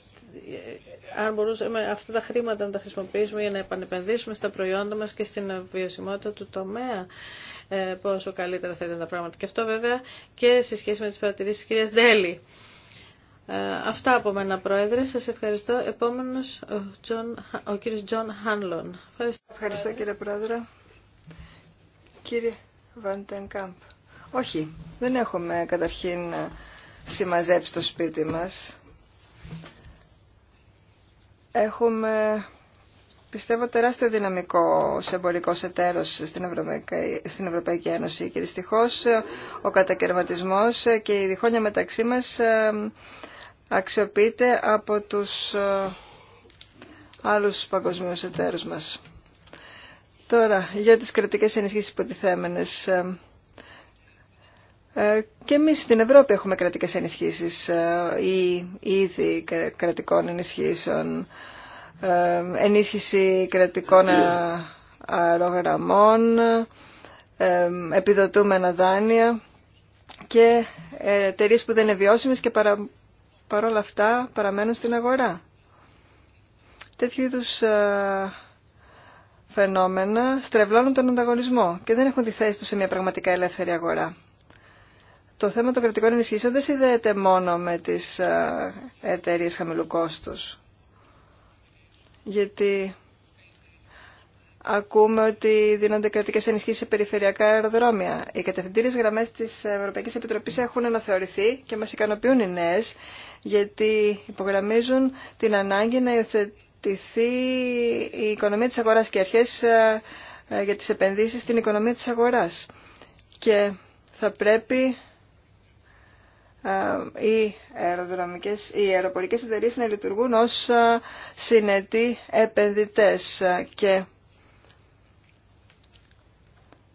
αν μπορούσαμε αυτά τα χρήματα να τα χρησιμοποιήσουμε για να επανεπενδύσουμε στα προϊόντα μας και στην βιωσιμότητα του τομέα. Ε, πόσο καλύτερα θα ήταν τα πράγματα. Και αυτό βέβαια και σε σχέση με τις παρατηρήσεις της κυρίας Ντέλη. Ε, αυτά από μένα, Πρόεδρε. Σας ευχαριστώ. Επόμενος ο, ο κύριος Τζον Χάνλον. Ευχαριστώ, κύριε Πρόεδρε. Κύριε Βαντενκάμπ. Όχι, δεν έχουμε καταρχήν ε, συμμαζέψει το σπίτι μας. Έχουμε πιστεύω τεράστιο δυναμικό σε εμπορικό εταίρο στην, Ευρωπαϊκή, στην Ευρωπαϊκή Ένωση και δυστυχώς ε, ο κατακαιρματισμός ε, και η διχόνια μεταξύ μας ε, αξιοποιείται από τους άλλους παγκοσμίους εταίρους μας. Τώρα, για τις κρατικές ενισχύσεις υποτιθέμενες. Και εμείς στην Ευρώπη έχουμε κρατικές ενισχύσεις ή ήδη κρατικών ενισχύσεων ε, ενίσχυση κρατικών ε. αερογραμμών, ε, επιδοτούμενα δάνεια και εταιρείε που δεν είναι βιώσιμες και παρα, παρόλα αυτά παραμένουν στην αγορά. Τέτοιου είδους φαινόμενα στρεβλώνουν τον ανταγωνισμό και δεν έχουν τη θέση τους σε μια πραγματικά ελεύθερη αγορά. Το θέμα των κρατικών ενισχύσεων δεν συνδέεται μόνο με τις εταιρείε χαμηλού κόστους γιατί ακούμε ότι δίνονται κρατικέ ενισχύσει σε περιφερειακά αεροδρόμια. Οι κατευθυντήριε γραμμέ τη Ευρωπαϊκή Επιτροπή έχουν αναθεωρηθεί και μα ικανοποιούν οι νέε, γιατί υπογραμμίζουν την ανάγκη να υιοθετηθεί η οικονομία τη αγορά και αρχέ ε, για τι επενδύσει στην οικονομία τη αγορά. Και θα πρέπει ε, οι αεροδρομικές, οι αεροπορικές εταιρείες να λειτουργούν ως ε, συνετοί επενδυτές και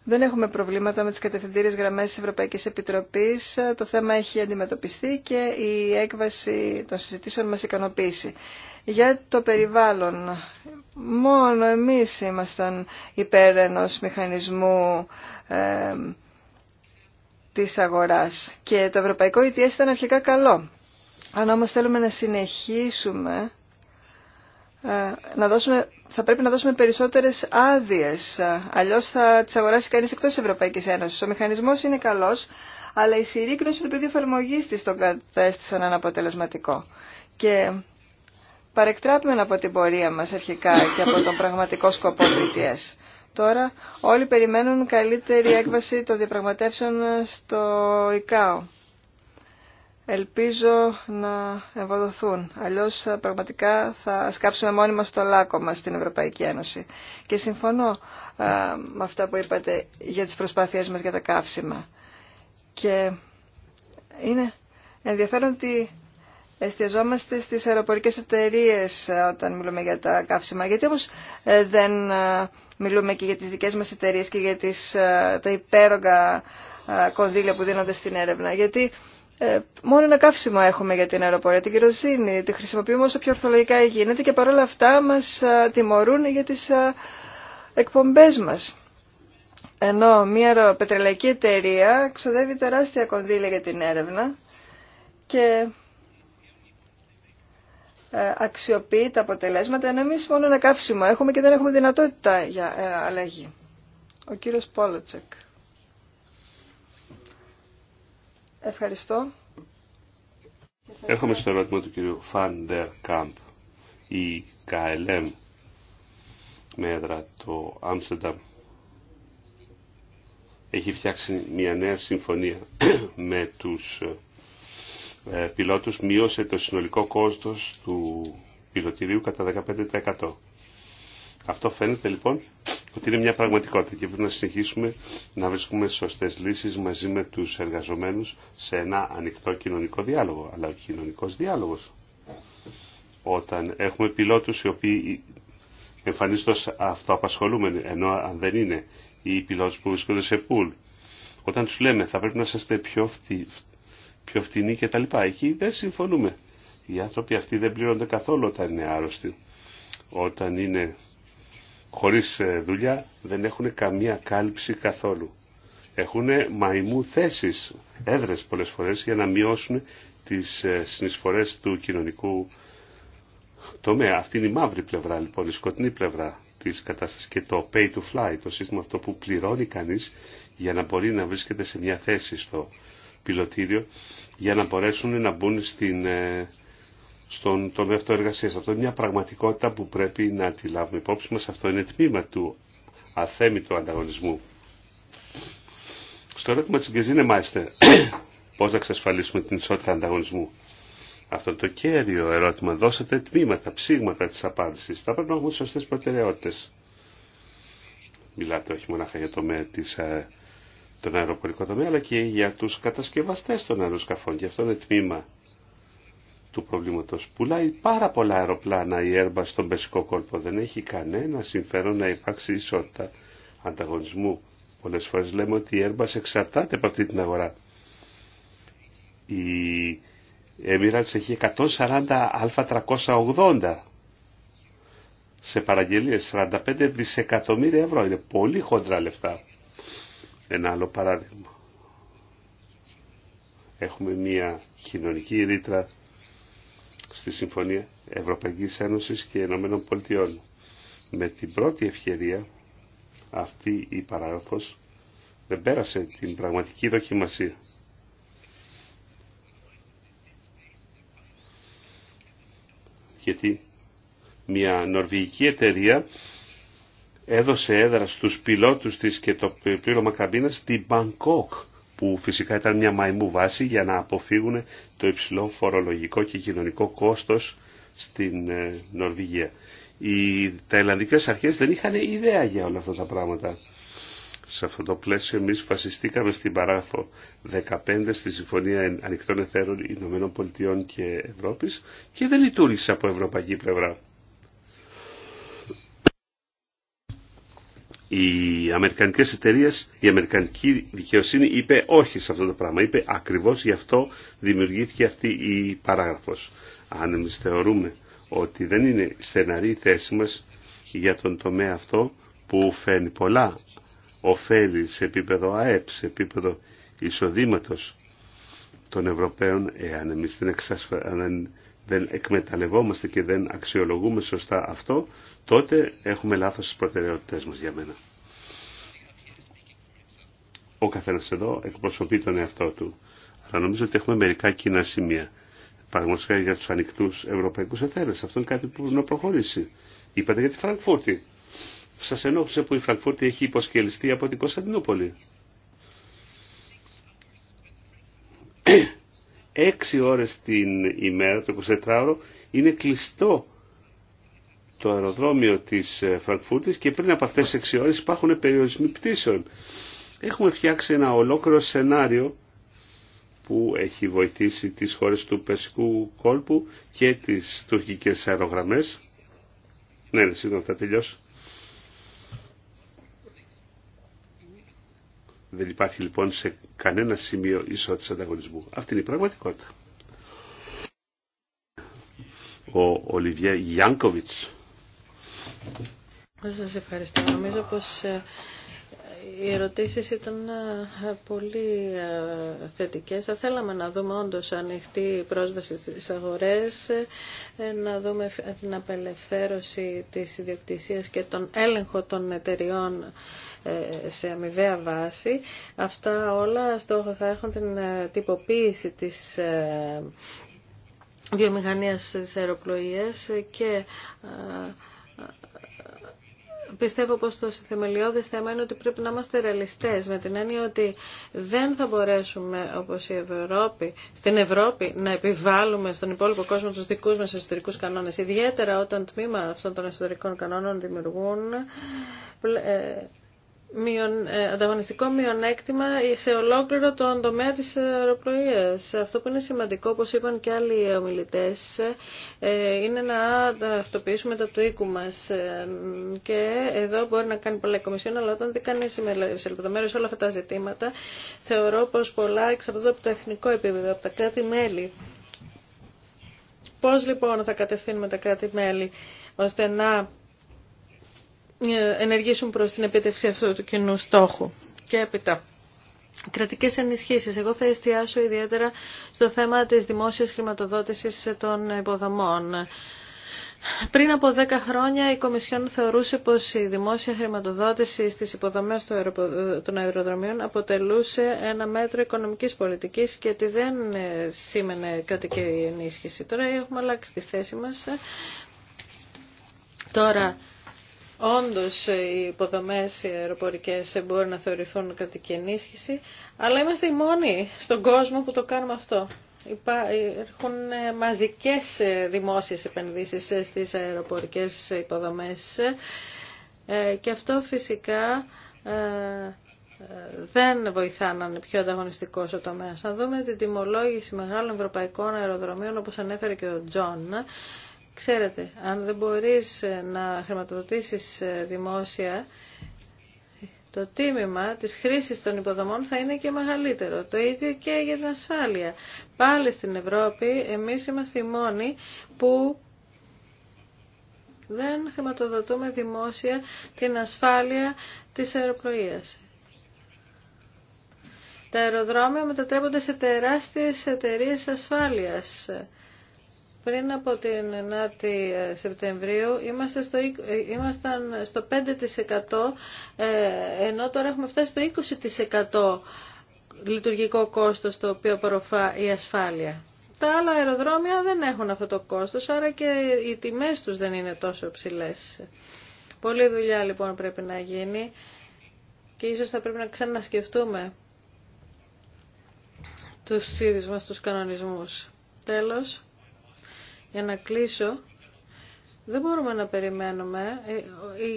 δεν έχουμε προβλήματα με τις κατευθυντήριες γραμμές της Ευρωπαϊκής Επιτροπής. Ε, το θέμα έχει αντιμετωπιστεί και η έκβαση των συζητήσεων μας ικανοποίησε. Για το περιβάλλον, μόνο εμείς ήμασταν υπέρ ενός μηχανισμού της αγοράς και το ευρωπαϊκό ETS ήταν αρχικά καλό. Αν όμως θέλουμε να συνεχίσουμε, ε, να δώσουμε, θα πρέπει να δώσουμε περισσότερες άδειες, αλλιώς θα τις αγοράσει κανείς εκτός της Ευρωπαϊκής Ένωσης. Ο μηχανισμός είναι καλός, αλλά η συρρήκνωση του πεδίου εφαρμογή τη τον κατέστησαν αναποτελεσματικό. Και παρεκτράπημεν από την πορεία μας αρχικά και από τον πραγματικό σκοπό του ETS. Τώρα όλοι περιμένουν καλύτερη έκβαση των διαπραγματεύσεων στο ΙΚΑΟ. Ελπίζω να ευοδοθούν. Αλλιώς πραγματικά θα σκάψουμε μόνοι μας το λάκκο μας στην Ευρωπαϊκή Ένωση. Και συμφωνώ με αυτά που είπατε για τις προσπάθειές μας για τα καύσιμα. Και είναι ενδιαφέρον ότι εστιαζόμαστε στις αεροπορικές εταιρείε όταν μιλούμε για τα καύσιμα. Γιατί όμως ε, δεν ε, μιλούμε και για τις δικές μας εταιρείε και για τις, ε, τα υπέρογκα κονδύλια που δίνονται στην έρευνα. Γιατί μόνο ένα καύσιμο έχουμε για την αεροπορία, την κυροζίνη. τη χρησιμοποιούμε όσο πιο ορθολογικά γίνεται και παρόλα αυτά μας τιμωρούν για τις εκπομπές μας. Ενώ μια πετρελαϊκή εταιρεία ξοδεύει τεράστια κονδύλια για την έρευνα και ε, αξιοποιεί τα αποτελέσματα, ενώ εμείς μόνο ένα καύσιμο έχουμε και δεν έχουμε δυνατότητα για ε, αλλαγή. Ο κύριος Πόλοτσεκ. Ευχαριστώ. Έρχομαι στο ερώτημα του κύριου Φάντερ Κάμπ. Η KLM με έδρα το Άμστερνταμ έχει φτιάξει μια νέα συμφωνία <clears throat> με τους ε, ε, πιλότους μείωσε το συνολικό κόστος του πιλωτηρίου κατά 15%. Αυτό φαίνεται λοιπόν ότι είναι μια πραγματικότητα και πρέπει να συνεχίσουμε να βρίσκουμε σωστές λύσεις μαζί με τους εργαζομένους σε ένα ανοιχτό κοινωνικό διάλογο. Αλλά ο κοινωνικός διάλογος όταν έχουμε πιλότους οι οποίοι εμφανίζονται ως αυτοαπασχολούμενοι ενώ αν δεν είναι οι πιλότους που βρίσκονται σε πουλ όταν τους λέμε θα πρέπει να είστε πιο πιο φτηνή κτλ. Εκεί δεν συμφωνούμε. Οι άνθρωποι αυτοί δεν πληρώνονται καθόλου όταν είναι άρρωστοι. Όταν είναι χωρίς ε, δουλειά δεν έχουν καμία κάλυψη καθόλου. Έχουν μαϊμού θέσεις, έδρες πολλές φορές για να μειώσουν τις ε, συνεισφορές του κοινωνικού τομέα. Αυτή είναι η μαύρη πλευρά λοιπόν, η σκοτεινή πλευρά της κατάστασης και το pay to fly, το σύστημα αυτό που πληρώνει κανείς για να μπορεί να βρίσκεται σε μια θέση στο πιλωτήριο για να μπορέσουν να μπουν στην, ε, στον τομέα αυτό Αυτό είναι μια πραγματικότητα που πρέπει να τη λάβουμε υπόψη μας. Αυτό είναι τμήμα του αθέμητου ανταγωνισμού. Στο ερώτημα της Γκεζίνε Μάιστερ, <coughs> πώς να εξασφαλίσουμε την ισότητα ανταγωνισμού. Αυτό το κέριο ερώτημα, δώσατε τμήματα, ψήγματα της απάντησης. Θα πρέπει να έχουμε σωστές Μιλάτε όχι μόνο για το με τον αεροπορικό τομέα, αλλά και για τους κατασκευαστές των αεροσκαφών. Και αυτό είναι τμήμα του προβλήματος. Πουλάει πάρα πολλά αεροπλάνα η έρμπα στον πεσικό κόλπο. Δεν έχει κανένα συμφέρον να υπάρξει ισότητα ανταγωνισμού. Πολλές φορές λέμε ότι η έρμπα εξαρτάται από αυτή την αγορά. Η Emirates έχει 140 α380 σε παραγγελίες, 45 δισεκατομμύρια ευρώ. Είναι πολύ χοντρά λεφτά. Ένα άλλο παράδειγμα. Έχουμε μια κοινωνική ρήτρα στη Συμφωνία Ευρωπαϊκής Ένωσης και Ενωμένων Πολιτειών. Με την πρώτη ευκαιρία αυτή η παράγραφος δεν πέρασε την πραγματική δοκιμασία. Γιατί μια νορβηγική εταιρεία έδωσε έδρα στους πιλότους της και το πλήρωμα καμπίνας στην Μπανκόκ που φυσικά ήταν μια μαϊμού βάση για να αποφύγουν το υψηλό φορολογικό και κοινωνικό κόστος στην ε, Νορβηγία. Οι ταϊλανδικές αρχές δεν είχαν ιδέα για όλα αυτά τα πράγματα. Σε αυτό το πλαίσιο εμεί βασιστήκαμε στην παράφο 15 στη Συμφωνία Ανοιχτών Εθέρων Ηνωμένων Πολιτειών και Ευρώπης και δεν λειτουργήσε από ευρωπαϊκή πλευρά. οι αμερικανικέ εταιρείε, η αμερικανική δικαιοσύνη είπε όχι σε αυτό το πράγμα. Είπε ακριβώς γι' αυτό δημιουργήθηκε αυτή η παράγραφος. Αν εμεί θεωρούμε ότι δεν είναι στεναρή η θέση μα για τον τομέα αυτό που φέρνει πολλά ωφέλη σε επίπεδο ΑΕΠ, σε επίπεδο εισοδήματο των Ευρωπαίων, εάν εμεί. δεν, δεν εκμεταλλευόμαστε και δεν αξιολογούμε σωστά αυτό, τότε έχουμε λάθος στις προτεραιότητες μας για μένα. Ο καθένας εδώ εκπροσωπεί τον εαυτό του. Αλλά νομίζω ότι έχουμε μερικά κοινά σημεία. Παραγματικά για τους ανοιχτούς ευρωπαϊκούς εθέρες. Αυτό είναι κάτι που να προχωρήσει. Είπατε για τη Φραγκφούρτη. Σας ενόχλησε που η Φραγκφούρτη έχει υποσκελιστεί από την Κωνσταντινούπολη. Έξι ώρες την ημέρα, το 24ωρο, είναι κλειστό το αεροδρόμιο της ε, Φραγκφούρτης και πριν από αυτές τις 6 ώρες υπάρχουν περιορισμοί πτήσεων. Έχουμε φτιάξει ένα ολόκληρο σενάριο που έχει βοηθήσει τις χώρες του Περσικού κόλπου και τις τουρκικές αερογραμμές. Ναι, ναι, σύντομα θα τελειώσω. Δεν υπάρχει λοιπόν σε κανένα σημείο ισότητα ανταγωνισμού. Αυτή είναι η πραγματικότητα. Ο Ολιβιέ Γιάνκοβιτς σας ευχαριστώ. Νομίζω πως ε, οι ερωτήσεις ήταν ε, πολύ ε, θετικές. Θα θέλαμε να δούμε όντως ανοιχτή πρόσβαση στις αγορές, να δούμε την απελευθέρωση της ιδιοκτησίας και τον έλεγχο των εταιριών σε αμοιβαία βάση. Αυτά όλα θα έχουν την τυποποίηση της βιομηχανίας της και πιστεύω πως το θεμελιώδες θέμα είναι ότι πρέπει να είμαστε ρεαλιστές με την έννοια ότι δεν θα μπορέσουμε όπως η Ευρώπη, στην Ευρώπη να επιβάλλουμε στον υπόλοιπο κόσμο τους δικούς μας εσωτερικούς κανόνες ιδιαίτερα όταν τμήμα αυτών των εσωτερικών κανόνων δημιουργούν ε, μειον, ε, ανταγωνιστικό μειονέκτημα σε ολόκληρο τον τομέα της αεροπλοείας. Αυτό που είναι σημαντικό, όπως είπαν και άλλοι ομιλητές, ε, είναι να ταυτοποιήσουμε τα του οίκου μας. Ε, και εδώ μπορεί να κάνει πολλά κομισιόν, αλλά όταν δεν κάνει σε λεπτομέρειες όλα αυτά τα ζητήματα, θεωρώ πως πολλά εξαρτώνται από το εθνικό επίπεδο, από τα κράτη-μέλη. Πώς λοιπόν θα κατευθύνουμε τα κράτη-μέλη ώστε να ε, ενεργήσουν προς την επίτευξη αυτού του κοινού στόχου. Και έπειτα, κρατικές ενισχύσεις. Εγώ θα εστιάσω ιδιαίτερα στο θέμα της δημόσιας χρηματοδότησης των υποδομών. Πριν από 10 χρόνια η Κομισιόν θεωρούσε πως η δημόσια χρηματοδότηση στις υποδομές των αεροδρομίων αποτελούσε ένα μέτρο οικονομικής πολιτικής και ότι δεν ε, σήμαινε κρατική ενίσχυση. Τώρα έχουμε αλλάξει τη θέση μας. Τώρα Όντως οι υποδομές οι αεροπορικές μπορούν να θεωρηθούν κρατική ενίσχυση, αλλά είμαστε οι μόνοι στον κόσμο που το κάνουμε αυτό. Υπάρχουν μαζικές δημόσιες επενδύσεις στις αεροπορικές υποδομές ε, και αυτό φυσικά ε, δεν βοηθά να είναι πιο ανταγωνιστικό ο τομέα. Να δούμε την τιμολόγηση μεγάλων ευρωπαϊκών αεροδρομίων, όπω ανέφερε και ο Τζον. Ξέρετε, αν δεν μπορείς ε, να χρηματοδοτήσεις ε, δημόσια, το τίμημα της χρήσης των υποδομών θα είναι και μεγαλύτερο. Το ίδιο και για την ασφάλεια. Πάλι στην Ευρώπη εμείς είμαστε οι μόνοι που δεν χρηματοδοτούμε δημόσια την ασφάλεια της αεροπορίας. Τα αεροδρόμια μετατρέπονται σε τεράστιες εταιρείες ασφάλειας. Πριν από την 9η ε, Σεπτεμβρίου στο, ε, ήμασταν στο 5% ε, ενώ τώρα έχουμε φτάσει στο 20% λειτουργικό κόστος το οποίο παροφά η ασφάλεια. Τα άλλα αεροδρόμια δεν έχουν αυτό το κόστος, άρα και οι τιμές τους δεν είναι τόσο ψηλές. Πολλή δουλειά λοιπόν πρέπει να γίνει και ίσως θα πρέπει να ξανασκεφτούμε τους ίδιους μας τους κανονισμούς. Τέλος για να κλείσω, δεν μπορούμε να περιμένουμε.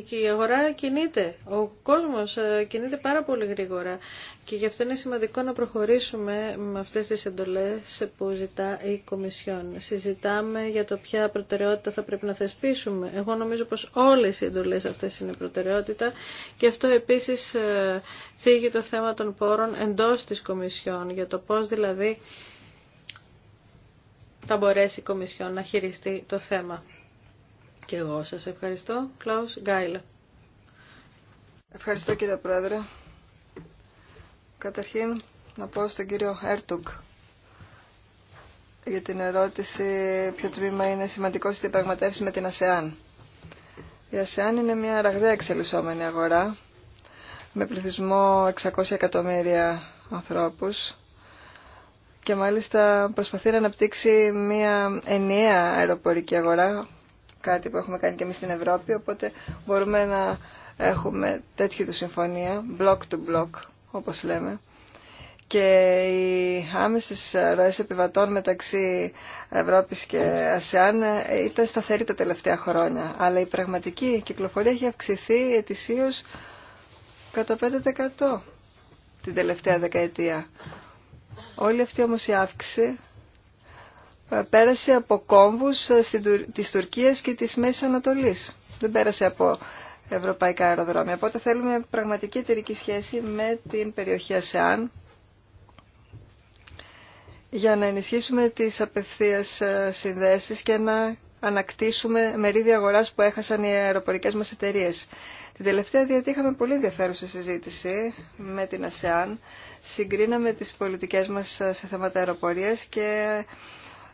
Ε, η αγορά κινείται. Ο κόσμος ε, κινείται πάρα πολύ γρήγορα. Και γι' αυτό είναι σημαντικό να προχωρήσουμε με αυτές τις εντολές που ζητά η Κομισιόν. Συζητάμε για το ποια προτεραιότητα θα πρέπει να θεσπίσουμε. Εγώ νομίζω πως όλες οι εντολές αυτές είναι προτεραιότητα και αυτό επίσης ε, θίγει το θέμα των πόρων εντός της Κομισιόν για το πώς δηλαδή θα μπορέσει η Κομισιόν να χειριστεί το θέμα. Και εγώ σας ευχαριστώ. Κλάους Γκάιλ. Ευχαριστώ κύριε Πρόεδρε. Καταρχήν να πω στον κύριο Έρτουγκ για την ερώτηση ποιο τμήμα είναι σημαντικό στην πραγματεύση με την ΑΣΕΑΝ. Η ΑΣΕΑΝ είναι μια ραγδαία εξελισσόμενη αγορά με πληθυσμό 600 εκατομμύρια ανθρώπους και μάλιστα προσπαθεί να αναπτύξει μια ενιαία αεροπορική αγορά, κάτι που έχουμε κάνει και εμείς στην Ευρώπη, οπότε μπορούμε να έχουμε τέτοιου του συμφωνία, block to block όπως λέμε. Και οι άμεσες ροές επιβατών μεταξύ Ευρώπης και Ασεάν ήταν σταθερή τα τελευταία χρόνια, αλλά η πραγματική κυκλοφορία έχει αυξηθεί ετησίως κατά 5% την τελευταία δεκαετία. Όλη αυτή όμως η αύξηση ε, πέρασε από κόμβους ε, της Τουρκίας και της Μέσης Ανατολής. Δεν πέρασε από ευρωπαϊκά αεροδρόμια. Οπότε θέλουμε πραγματική εταιρική σχέση με την περιοχή ΑΣΕΑΝ για να ενισχύσουμε τις απευθείας ε, συνδέσεις και να ανακτήσουμε μερίδια αγορά που έχασαν οι αεροπορικέ μα εταιρείε. Την τελευταία διετία είχαμε πολύ ενδιαφέρουσα συζήτηση με την ΑΣΕΑΝ. Συγκρίναμε τι πολιτικές μας σε θέματα αεροπορία και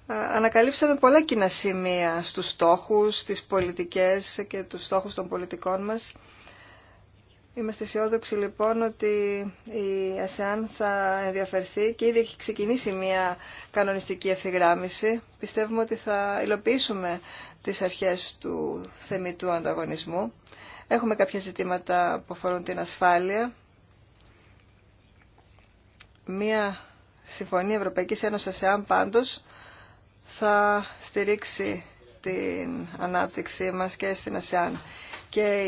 ε, ανακαλύψαμε πολλά κοινά σημεία στου στόχους, στι πολιτικές και του στόχους των πολιτικών μα. Είμαστε αισιόδοξοι λοιπόν ότι η ΑΣΕΑΝ θα ενδιαφερθεί και ήδη έχει ξεκινήσει μια κανονιστική ευθυγράμμιση. Πιστεύουμε ότι θα υλοποιήσουμε τις αρχές του θεμητού ανταγωνισμού. Έχουμε κάποια ζητήματα που αφορούν την ασφάλεια. Μια συμφωνία Ευρωπαϊκής Ένωσης ΑΣΕΑΝ πάντως θα στηρίξει την ανάπτυξή μας και στην ΑΣΕΑΝ. Και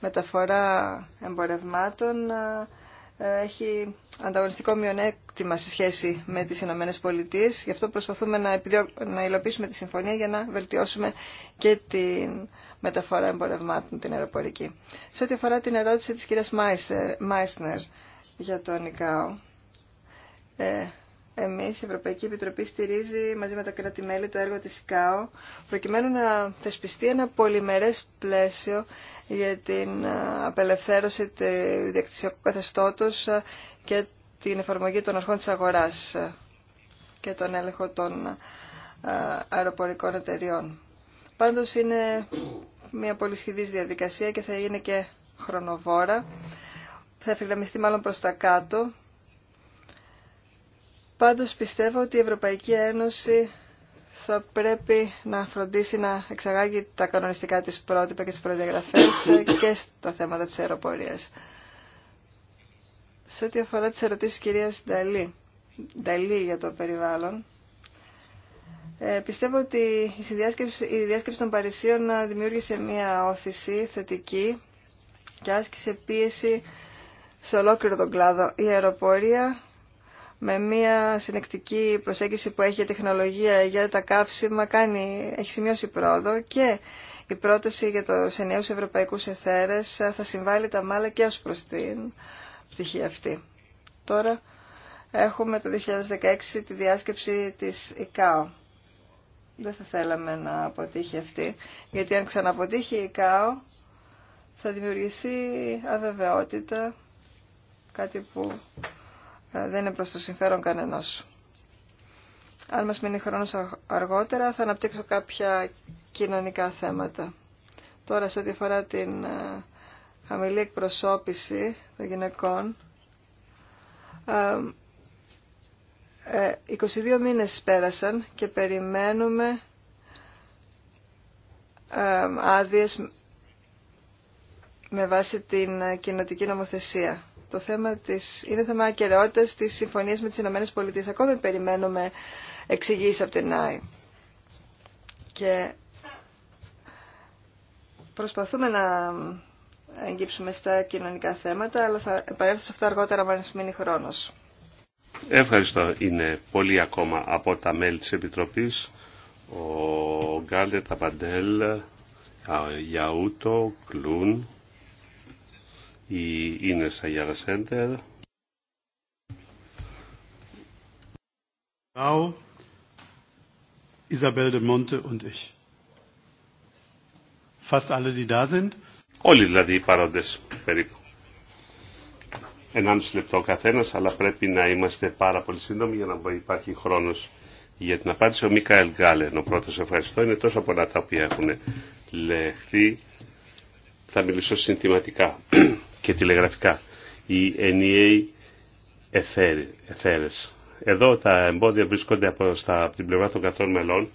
μεταφορά εμπορευμάτων ε, έχει ανταγωνιστικό μειονέκτημα σε σχέση με τις Ηνωμένες Πολιτείες. Γι' αυτό προσπαθούμε να, επιδιω... υλοποιήσουμε τη συμφωνία για να βελτιώσουμε και τη μεταφορά εμπορευμάτων, την αεροπορική. Σε ό,τι αφορά την ερώτηση της κυρίας Μάισνερ για τον ΙΚΑΟ, ε, εμείς η Ευρωπαϊκή Επιτροπή στηρίζει μαζί με τα κράτη-μέλη το έργο της ΚΑΟ προκειμένου να θεσπιστεί ένα πολυμερές πλαίσιο για την ε, απελευθέρωση του διακτησιακού καθεστώτος ε, και την εφαρμογή των αρχών της αγοράς ε, και τον έλεγχο των αεροπορικών εταιριών. Πάντως είναι μια πολυσχηδής διαδικασία και θα είναι και χρονοβόρα. Θα εφηγραμμιστεί μάλλον προς τα κάτω Πάντως πιστεύω ότι η Ευρωπαϊκή Ένωση θα πρέπει να φροντίσει να εξαγάγει τα κανονιστικά της πρότυπα και τις προδιαγραφές και στα θέματα της αεροπορίας. Σε ό,τι αφορά τις ερωτήσεις της κυρίας Νταλή, για το περιβάλλον, ε, πιστεύω ότι η, διάσκεψη, η διάσκεψη των Παρισίων δημιούργησε μία όθηση θετική και άσκησε πίεση σε ολόκληρο τον κλάδο. Η αεροπορία με μια συνεκτική προσέγγιση που έχει η τεχνολογία για τα καύσιμα κάνει, έχει σημειώσει πρόοδο και η πρόταση για τους νέους ευρωπαϊκούς εθέρες θα συμβάλλει τα μάλα και ως προς την πτυχή αυτή. Τώρα έχουμε το 2016 τη διάσκεψη της ΙΚΑΟ. Δεν θα θέλαμε να αποτύχει αυτή, γιατί αν ξαναποτύχει η ΙΚΑΟ θα δημιουργηθεί αβεβαιότητα, κάτι που ε, δεν είναι προς το συμφέρον κανενός. Αν μας μείνει χρόνος αργότερα θα αναπτύξω κάποια κοινωνικά θέματα. Τώρα σε ό,τι αφορά την ε, χαμηλή εκπροσώπηση των γυναικών, 22 ε, μήνες πέρασαν και περιμένουμε άδειε με βάση την κοινοτική νομοθεσία το θέμα της, είναι θέμα ακαιρεότητας της συμφωνίας με τις Ηνωμένες Πολιτείες. Ακόμη περιμένουμε εξηγήσει από την ΆΗ. Και προσπαθούμε να εγγύψουμε στα κοινωνικά θέματα, αλλά θα επανέλθω σε αυτά αργότερα, αν μείνει χρόνος. Ευχαριστώ. Είναι πολύ ακόμα από τα μέλη της Επιτροπής. Ο Γκάλε ο Γιαούτο, Κλούν, η Ίνες Αγιάρα Σέντερ. Now, Isabel de Monte und ich. Fast alle, Όλοι δηλαδή οι παρόντε περίπου. Ενάμιση λεπτό ο καθένας, αλλά πρέπει να είμαστε πάρα πολύ σύντομοι για να υπάρχει χρόνος για την απάντηση. Ο Μικαέλ Γκάλεν, ο πρώτος ευχαριστώ, είναι τόσο πολλά τα οποία έχουν λεχθεί. Θα μιλήσω συνθηματικά και τηλεγραφικά. Η NEA εθέρες. Εδώ τα εμπόδια βρίσκονται από, στα, από την πλευρά των κρατών μελών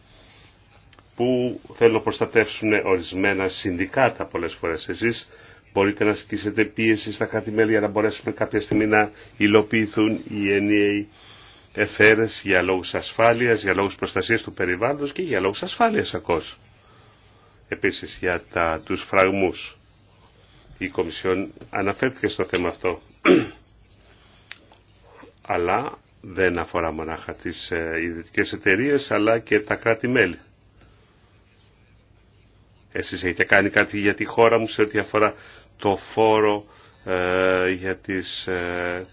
που θέλουν να προστατεύσουν ορισμένα συνδικάτα πολλές φορές. Εσείς μπορείτε να ασκήσετε πίεση στα κράτη-μέλη για να μπορέσουμε κάποια στιγμή να υλοποιηθούν οι NEA εθέρες για λόγους ασφάλειας, για λόγους προστασίας του περιβάλλοντος και για λόγους ασφάλειας ακόμα. Επίσης για τα, τους φραγμούς η Κομισιόν αναφέρθηκε στο θέμα αυτό. αλλά δεν αφορά μονάχα τις ε, ιδιωτικές εταιρείε, αλλά και τα κράτη-μέλη. Εσείς έχετε κάνει κάτι για τη χώρα μου σε ό,τι αφορά το φόρο ε, για τις ε,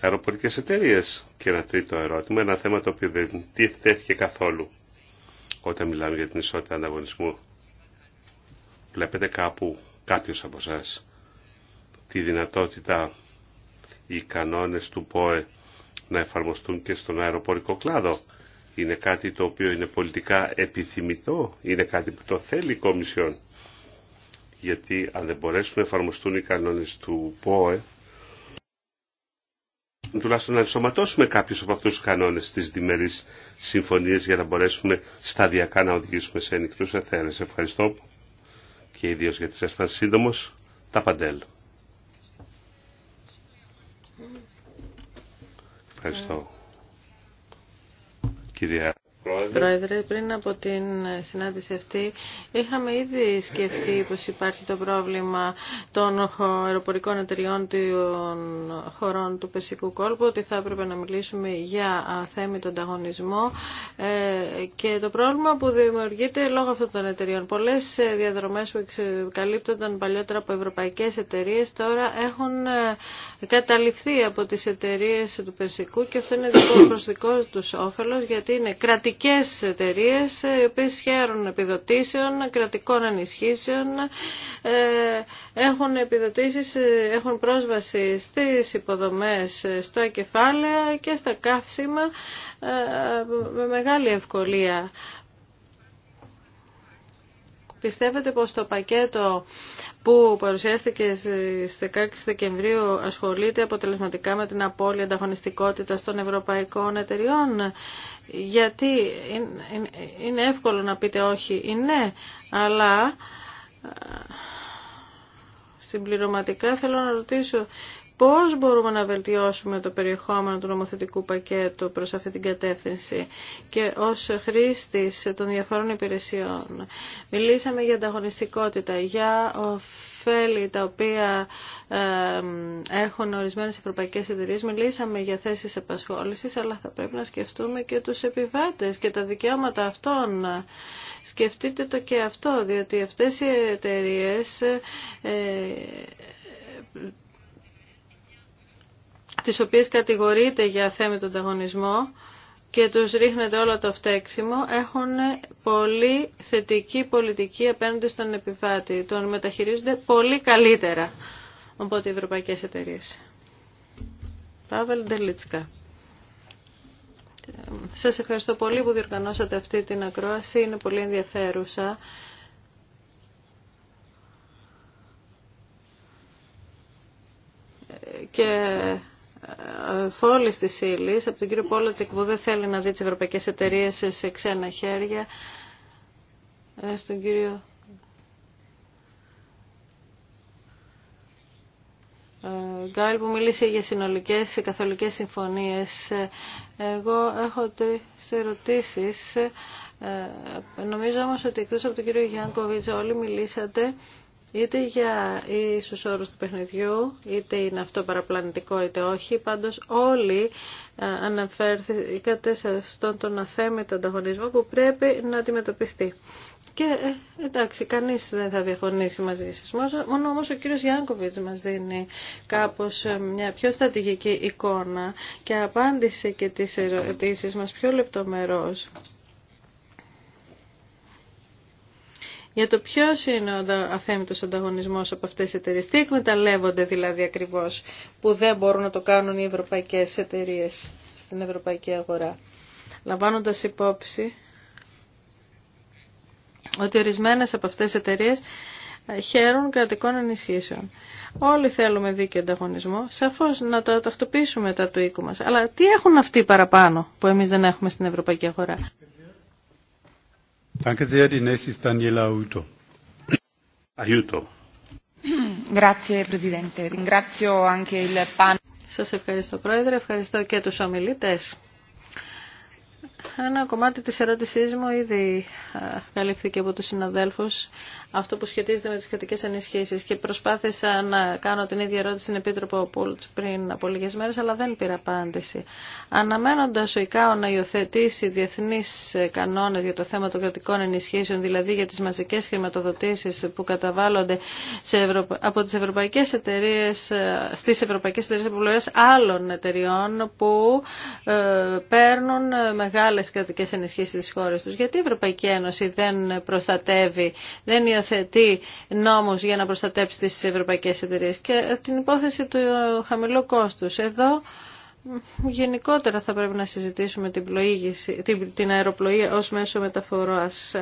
αεροπορικές εταιρείε. Και ένα τρίτο ερώτημα, ένα θέμα το οποίο δεν τίθεται καθόλου όταν μιλάμε για την ισότητα ανταγωνισμού. Βλέπετε κάπου κάποιος από εσάς τη δυνατότητα οι κανόνες του ΠΟΕ να εφαρμοστούν και στον αεροπορικό κλάδο. Είναι κάτι το οποίο είναι πολιτικά επιθυμητό, είναι κάτι που το θέλει η Κομισιόν. Γιατί αν δεν μπορέσουν να εφαρμοστούν οι κανόνες του ΠΟΕ, τουλάχιστον να ενσωματώσουμε κάποιους από αυτούς τους κανόνες στις διμερείς συμφωνίες για να μπορέσουμε σταδιακά να οδηγήσουμε σε ανοιχτούς εθέρες. Ευχαριστώ και ιδίως γιατί ήταν σύντομος. Τα παντέλου. Ευχαριστώ. Κυρία Πρόεδρε. πριν από την συνάντηση αυτή είχαμε ήδη σκεφτεί πως υπάρχει το πρόβλημα των αεροπορικών εταιριών των χωρών του Περσικού Κόλπου, ότι θα έπρεπε να μιλήσουμε για θέμη τον ανταγωνισμό ε, και το πρόβλημα που δημιουργείται λόγω αυτών των εταιριών. Πολλές ε, διαδρομές που καλύπτονταν παλιότερα από ευρωπαϊκές εταιρείε τώρα έχουν ε, καταληφθεί από τις εταιρείε του Περσικού και αυτό είναι δικό προς δικό τους όφελος γιατί είναι ελληνικές εταιρείε ε, οι οποίες χαίρουν επιδοτήσεων, κρατικών ενισχύσεων, ε, έχουν επιδοτήσεις, ε, έχουν πρόσβαση στις υποδομές, στο κεφάλαιο και στα καύσιμα με μεγάλη ευκολία. Πιστεύετε πως το πακέτο που παρουσιάστηκε στις 16 Δεκεμβρίου ασχολείται αποτελεσματικά με την απώλεια ανταγωνιστικότητα των ευρωπαϊκών εταιριών γιατί είναι εύκολο να πείτε όχι ή ναι, αλλά ε, συμπληρωματικά θέλω να ρωτήσω πώς μπορούμε να βελτιώσουμε το περιεχόμενο του νομοθετικού πακέτου προς αυτή την κατεύθυνση και ως χρήστης των διαφόρων υπηρεσιών. Μιλήσαμε για ανταγωνιστικότητα, για ωφέλη τα οποία έχουν ορισμένες ευρωπαϊκές εταιρείες. Μιλήσαμε για θέσεις απασχόλησης, αλλά θα πρέπει να σκεφτούμε και τους επιβάτες και τα δικαιώματα αυτών. Σκεφτείτε το και αυτό, διότι αυτές οι εταιρείες ε, τις οποίες κατηγορείται για θέμα τον ανταγωνισμό και τους ρίχνεται όλο το φταίξιμο, έχουν πολύ θετική πολιτική απέναντι στον επιβάτη. Τον μεταχειρίζονται πολύ καλύτερα από οι ευρωπαϊκές εταιρείες. Πάβελ Ντελίτσκα. Σας ευχαριστώ πολύ που διοργανώσατε αυτή την ακρόαση. Είναι πολύ ενδιαφέρουσα. Και θόλης της ύλη, από τον κύριο Πόλατσεκ που δεν θέλει να δει τις ευρωπαϊκές εταιρείες σε ξένα χέρια, ε, στον κύριο ε, Γκάιλ, που μίλησε για συνολικές καθολικές συμφωνίες. Ε, εγώ έχω τρεις ερωτήσεις. Νομίζω όμως ότι εκτός από τον κύριο Γιάνκοβιτς όλοι μιλήσατε είτε για ίσους όρους του παιχνιδιού, είτε είναι αυτό παραπλανητικό είτε όχι, πάντως όλοι ε, αναφέρθηκατε σε αυτόν τον αθέμητο ανταγωνισμό που πρέπει να αντιμετωπιστεί. Και ε, εντάξει, κανείς δεν θα διαφωνήσει μαζί σας. Μόνο όμως ο κύριος Γιάνκοβιτς μας δίνει κάπως ε, μια πιο στρατηγική εικόνα και απάντησε και τις ερωτήσεις μας πιο λεπτομερώς. για το ποιο είναι ο αθέμητο ανταγωνισμό από αυτέ τι εταιρείε, Τι εκμεταλλεύονται δηλαδή ακριβώ που δεν μπορούν να το κάνουν οι ευρωπαϊκέ εταιρείε στην ευρωπαϊκή αγορά. λαμβάνοντα υπόψη ότι ορισμένε από αυτέ τι εταιρείε ε, χαίρουν κρατικών ενισχύσεων. Όλοι θέλουμε δίκαιο ανταγωνισμό, σαφώ να το ταυτοποιήσουμε τα του οίκου μα. Αλλά τι έχουν αυτοί παραπάνω που εμεί δεν έχουμε στην ευρωπαϊκή αγορά. Danke Σας ευχαριστώ Πρόεδρε, ευχαριστώ και τους ομιλητές. Ένα κομμάτι της ερώτησής μου ήδη καλύφθηκε από τους συναδέλφους, αυτό που σχετίζεται με τις κρατικές ενισχύσει και προσπάθησα να κάνω την ίδια ερώτηση στην Επίτροπο Πούλτς πριν από λίγες μέρες αλλά δεν πήρα απάντηση. Αναμένοντας ο ΙΚΑΟ να υιοθετήσει διεθνείς κανόνες για το θέμα των κρατικών ενισχύσεων, δηλαδή για τις μαζικές χρηματοδοτήσεις που καταβάλλονται σε Ευρω... από τις ευρωπαϊκές εταιρείες, ε, στις ευρωπαϊκές εταιρείες άλλων εταιριών που ε, παίρνουν μεγάλες κρατικέ ενισχύσει στις χώρες τους. Γιατί η Ευρωπαϊκή Ένωση δεν προστατεύει, δεν υιοθετεί νόμους για να προστατέψει τις ευρωπαϊκές εταιρείες και την υπόθεση του χαμηλού κόστους. Εδώ γενικότερα θα πρέπει να συζητήσουμε την, πλοήγηση, την, την αεροπλοεία ως μέσο μεταφοράς.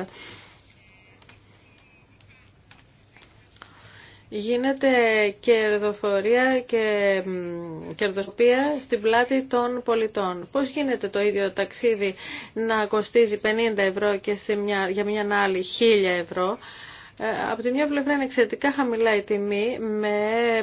Γίνεται κερδοφορία και κερδοσκοπία στην πλάτη των πολιτών. Πώς γίνεται το ίδιο ταξίδι να κοστίζει 50 ευρώ και σε μια, για μια άλλη 1000 ευρώ. Ε, από τη μια πλευρά είναι εξαιρετικά χαμηλά η τιμή με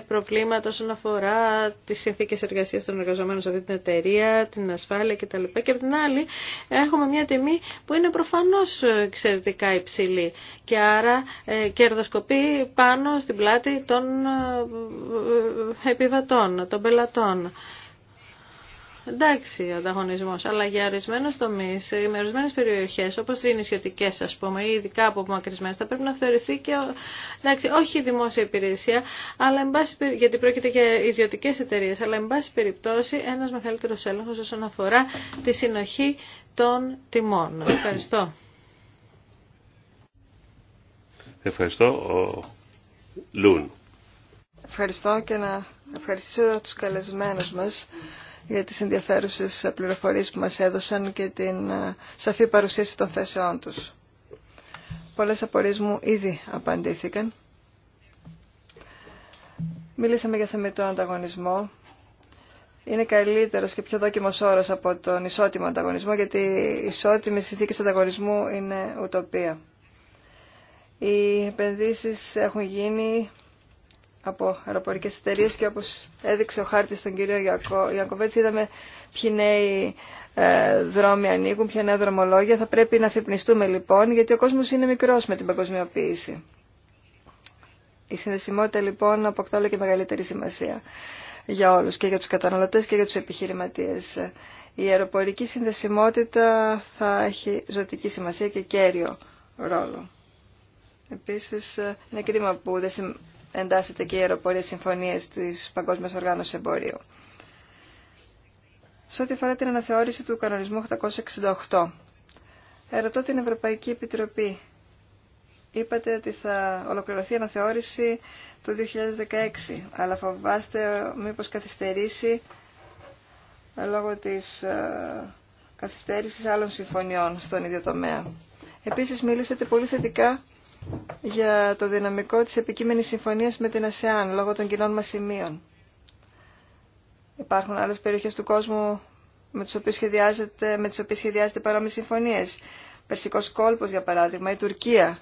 προβλήματα όσον αφορά τις συνθήκες εργασίας των εργαζομένων σε αυτή την εταιρεία, την ασφάλεια κτλ. Και από την άλλη έχουμε μια τιμή που είναι προφανώς εξαιρετικά υψηλή και άρα ε, κερδοσκοπεί πάνω στην πλάτη των ε, επιβατών, των πελατών εντάξει ανταγωνισμός, αλλά για ορισμένου τομεί, με ορισμένε περιοχές, όπως οι νησιωτικές ας πούμε, ή ειδικά από απομακρυσμένες, θα πρέπει να θεωρηθεί και, εντάξει, όχι η δημόσια υπηρεσία, αλλά εν γιατί πρόκειται για ιδιωτικές εταιρείες, αλλά εν πάση περιπτώσει ένας μεγαλύτερος έλεγχος όσον αφορά τη συνοχή των τιμών. Ευχαριστώ. Ευχαριστώ, ο Λούν. Ευχαριστώ και να ευχαριστήσω τους καλεσμένους μας για τις ενδιαφέρουσες πληροφορίες που μας έδωσαν και την ε, σαφή παρουσίαση των θέσεών τους. Πολλές απορίες μου ήδη απαντήθηκαν. Μίλησαμε για θεμετό ανταγωνισμό. Είναι καλύτερος και πιο δόκιμος όρος από τον ισότιμο ανταγωνισμό, γιατί η ισότιμη ανταγωνισμού είναι ουτοπία. Οι επενδύσεις έχουν γίνει από αεροπορικέ εταιρείε και όπω έδειξε ο χάρτη τον κύριο Ιακωβέτση είδαμε ποιοι νέοι ε, δρόμοι ανοίγουν, ποια νέα δρομολόγια. Θα πρέπει να αφυπνιστούμε λοιπόν γιατί ο κόσμο είναι μικρό με την παγκοσμιοποίηση. Η συνδεσιμότητα λοιπόν αποκτά όλο και μεγαλύτερη σημασία για όλους και για τους καταναλωτές και για τους επιχειρηματίες. Η αεροπορική συνδεσιμότητα θα έχει ζωτική σημασία και κέριο ρόλο. Επίσης, ε, είναι κρίμα που δεν εντάσσεται και οι αεροπορία συμφωνίες της Παγκόσμιας Οργάνωσης Εμπορίου. Σε ό,τι αφορά την αναθεώρηση του κανονισμού 868, ερωτώ την Ευρωπαϊκή Επιτροπή. Είπατε ότι θα ολοκληρωθεί η αναθεώρηση το 2016, αλλά φοβάστε μήπως καθυστερήσει λόγω της ε, καθυστέρησης άλλων συμφωνιών στον ίδιο τομέα. Επίσης μίλησατε πολύ θετικά για το δυναμικό της επικείμενης συμφωνίας με την ΑΣΕΑΝ λόγω των κοινών μας σημείων. Υπάρχουν άλλες περιοχές του κόσμου με τις οποίες σχεδιάζεται, με τις οποίες σχεδιάζεται παρόμοιες συμφωνίες. Περσικός κόλπος για παράδειγμα, η Τουρκία.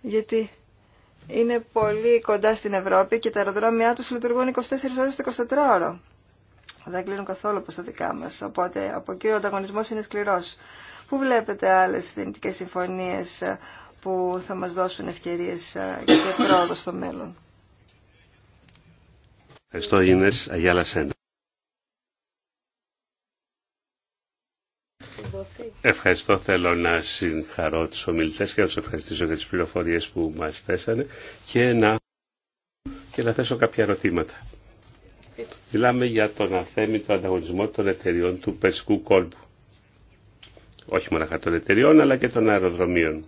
Γιατί είναι πολύ κοντά στην Ευρώπη και τα αεροδρόμια τους λειτουργούν 24 ώρες το 24ωρο. Δεν κλείνουν καθόλου όπως τα δικά μας, οπότε από εκεί ο ανταγωνισμός είναι σκληρός. Πού βλέπετε άλλες δυνητικές συμφωνίες που θα μας δώσουν ευκαιρίες και πρόοδο στο μέλλον. Ευχαριστώ, Ινές Αγιάλα Σέντα. Ευχαριστώ. Θέλω να συγχαρώ τους ομιλητές και να τους ευχαριστήσω για τις πληροφορίες που μας θέσανε και να, και να θέσω κάποια ερωτήματα. Μιλάμε για τον αθέμητο ανταγωνισμό των εταιριών του Περσικού Κόλπου. Όχι μόνο των εταιριών αλλά και των αεροδρομίων.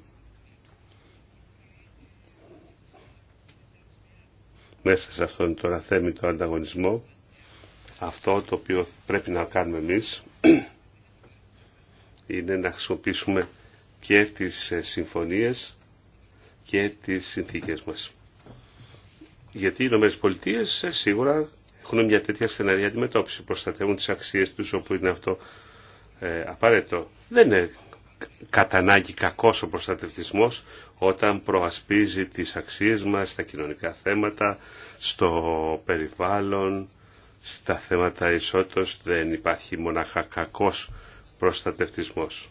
μέσα σε αυτόν τον αθέμητο ανταγωνισμό. Αυτό το οποίο πρέπει να κάνουμε εμείς <clears throat> είναι να χρησιμοποιήσουμε και τις ε, συμφωνίες και τις συνθήκες μας. Γιατί οι Ηνωμένες Πολιτείες ε, σίγουρα έχουν μια τέτοια στεναρή αντιμετώπιση, προστατεύουν τις αξίες τους όπου είναι αυτό ε, απαραίτητο. Δεν είναι κατά ανάγκη κακός ο προστατευτισμός όταν προασπίζει τις αξίες μας στα κοινωνικά θέματα, στο περιβάλλον, στα θέματα ισότητας δεν υπάρχει μονάχα κακός προστατευτισμός.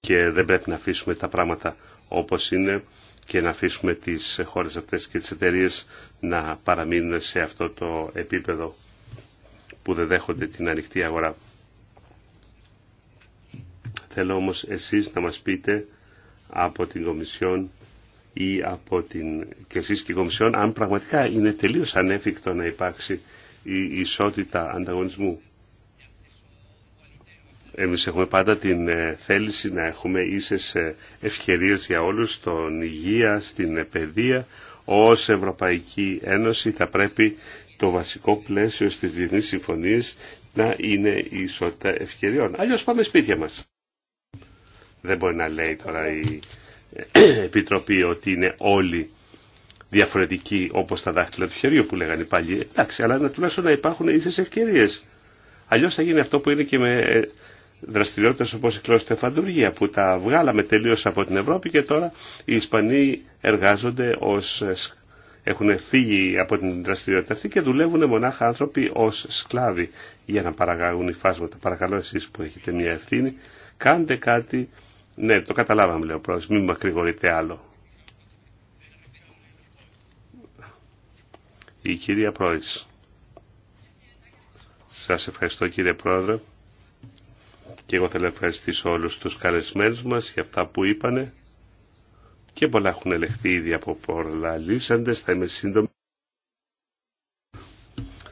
Και δεν πρέπει να αφήσουμε τα πράγματα όπως είναι και να αφήσουμε τις χώρες αυτές και τις εταιρείε να παραμείνουν σε αυτό το επίπεδο που δεν δέχονται την ανοιχτή αγορά. Θέλω όμως εσείς να μας πείτε από την Κομισιόν ή από την και εσείς και η Κομισιόν αν πραγματικά είναι τελείως ανέφικτο να υπάρξει η ισότητα ανταγωνισμού. Εμείς έχουμε πάντα την ε, θέληση να έχουμε ίσες ε, ευκαιρίες για όλους στον υγεία, στην παιδεία. Ως Ευρωπαϊκή Ένωση θα πρέπει το βασικό πλαίσιο στις διεθνείς συμφωνίες να είναι η ισότητα ευκαιριών. Αλλιώς πάμε σπίτια μας. Δεν μπορεί να λέει τώρα η ε, <clears throat> Επιτροπή ότι είναι όλοι διαφορετικοί όπως τα δάχτυλα του χεριού που λέγανε πάλι. Εντάξει, αλλά να, τουλάχιστον να υπάρχουν ίσες ευκαιρίες. Αλλιώς θα γίνει αυτό που είναι και με ε, δραστηριότητες όπως η Φαντουργία που τα βγάλαμε τελείως από την Ευρώπη και τώρα οι Ισπανοί εργάζονται ως ε, έχουν φύγει από την δραστηριότητα αυτή και δουλεύουν μονάχα άνθρωποι ως σκλάβοι για να παραγάγουν υφάσματα. Παρακαλώ εσείς που έχετε μια ευθύνη, κάντε κάτι ναι, το καταλάβαμε, λέει ο πρόεδρος. Μην μακρηγορείτε άλλο. Η κυρία Πρόεδρος. Σας ευχαριστώ κύριε Πρόεδρε. Και εγώ θέλω να ευχαριστήσω όλους τους καλεσμένους μας για αυτά που είπανε. Και πολλά έχουν ελεχθεί ήδη από πολλά λύσαντες. Θα είμαι σύντομη.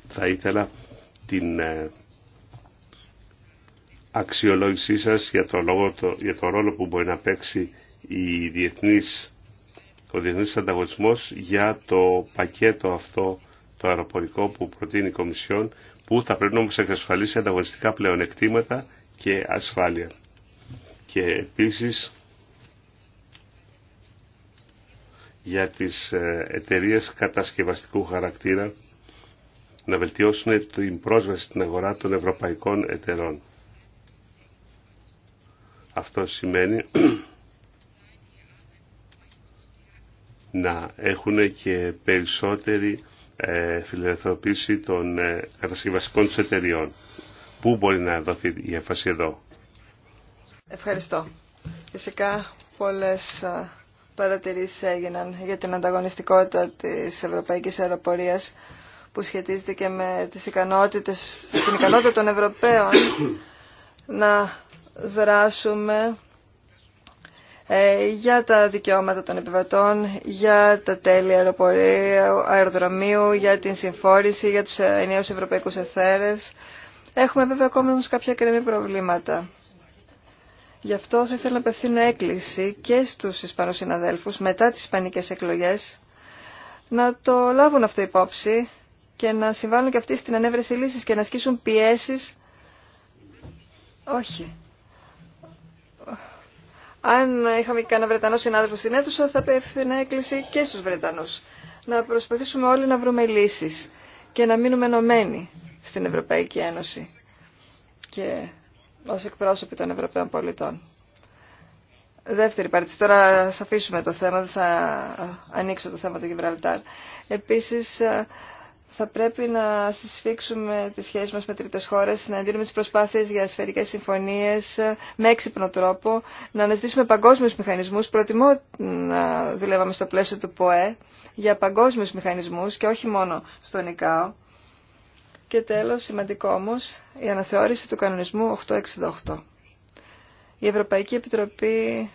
Θα ήθελα την ε, αξιολόγησή σας για το, λόγο, το, ρόλο που μπορεί να παίξει η διεθνής, ο διεθνής ανταγωνισμός για το πακέτο αυτό το αεροπορικό που προτείνει η Κομισιόν που θα πρέπει να μας εξασφαλίσει ανταγωνιστικά πλεονεκτήματα και ασφάλεια. Και επίσης για τις ε, εταιρείε κατασκευαστικού χαρακτήρα να βελτιώσουν την πρόσβαση στην αγορά των ευρωπαϊκών εταιρών. Αυτό σημαίνει <clears throat> να έχουν και περισσότερη ε, φιλελευθερωποίηση των ε, κατασκευαστικών του εταιριών. Πού μπορεί να δοθεί η έμφαση εδώ. Ευχαριστώ. Φυσικά πολλές ε, παρατηρήσεις έγιναν για την ανταγωνιστικότητα της ευρωπαϊκής αεροπορίας που σχετίζεται και με τις ικανότητες, την ικανότητα των Ευρωπαίων να δράσουμε ε, για τα δικαιώματα των επιβατών, για τα τέλη αεροπορίου, αεροδρομίου, για την συμφόρηση, για τους ενιαίους ευρωπαϊκούς εθέρες. Έχουμε βέβαια ακόμη όμως κάποια κρεμή προβλήματα. Γι' αυτό θα ήθελα να απευθύνω έκκληση και στους Ισπανούς συναδέλφους μετά τις Ισπανικές εκλογές να το λάβουν αυτό υπόψη και να συμβάλλουν και αυτοί στην ανέβρεση λύσης και να ασκήσουν πιέσεις. Όχι αν είχαμε και κανένα Βρετανό συνάδελφο στην αίθουσα, θα πέφτει έκκληση και στους Βρετανούς. Να προσπαθήσουμε όλοι να βρούμε λύσεις και να μείνουμε ενωμένοι στην Ευρωπαϊκή Ένωση και ως εκπρόσωποι των Ευρωπαίων πολιτών. Δεύτερη παρέτηση. Τώρα θα αφήσουμε το θέμα, δεν θα ανοίξω το θέμα του Γιβραλτάρ. Επίσης, θα πρέπει να συσφίξουμε τις σχέσεις μας με τρίτες χώρες, να εντείνουμε τις προσπάθειες για σφαιρικές συμφωνίες με έξυπνο τρόπο, να αναζητήσουμε παγκόσμιου μηχανισμούς. Προτιμώ να δουλεύαμε στο πλαίσιο του ΠΟΕ για παγκόσμιου μηχανισμούς και όχι μόνο στον ΙΚΑΟ. Και τέλος, σημαντικό όμω, η αναθεώρηση του κανονισμού 868. Η Ευρωπαϊκή Επιτροπή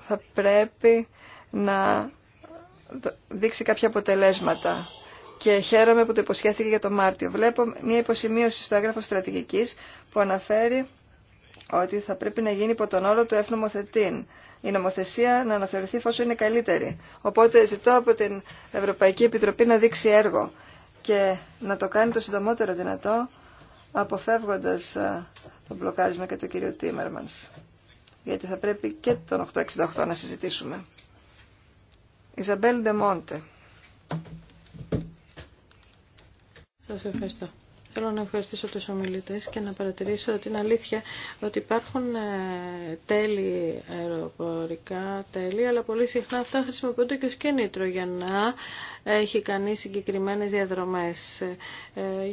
θα πρέπει να δείξει κάποια αποτελέσματα και χαίρομαι που το υποσχέθηκε για το Μάρτιο. Βλέπω μια υποσημείωση στο έγγραφο Στρατηγική που αναφέρει ότι θα πρέπει να γίνει υπό τον όρο του ευνομοθετήν. Η νομοθεσία να αναθεωρηθεί εφόσον είναι καλύτερη. Οπότε ζητώ από την Ευρωπαϊκή Επιτροπή να δείξει έργο και να το κάνει το συντομότερο δυνατό αποφεύγοντας ε, τον μπλοκάρισμα και τον κύριο Τίμερμαν. Γιατί θα πρέπει και τον 868 να συζητήσουμε. Ιζαμπέλ Ντεμόντε ευχαριστώ. Θέλω να ευχαριστήσω τους ομιλητές και να παρατηρήσω την αλήθεια ότι υπάρχουν ε, τέλη αεροπορικά τέλη, αλλά πολύ συχνά αυτά χρησιμοποιούνται και ως κίνητρο για να έχει κανεί συγκεκριμένες διαδρομές. Ε,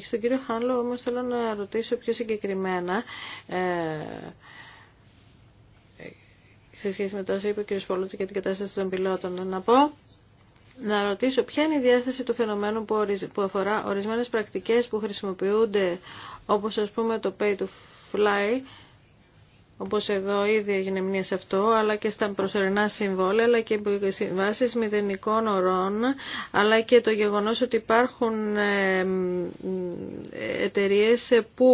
στον κύριο Χάνλο όμως θέλω να ρωτήσω πιο συγκεκριμένα ε, σε σχέση με το όσο είπε ο κ. Πολούτσι για την κατάσταση των πιλότων. Να πω να ρωτήσω ποια είναι η διάσταση του φαινομένου που αφορά ορισμένες πρακτικές που χρησιμοποιούνται όπως ας πούμε το pay to fly όπως εδώ ήδη έγινε μνήμα σε αυτό, αλλά και στα προσωρινά συμβόλαια, αλλά και συμβάσεις μηδενικών ορών, αλλά και το γεγονός ότι υπάρχουν ε, εταιρείε που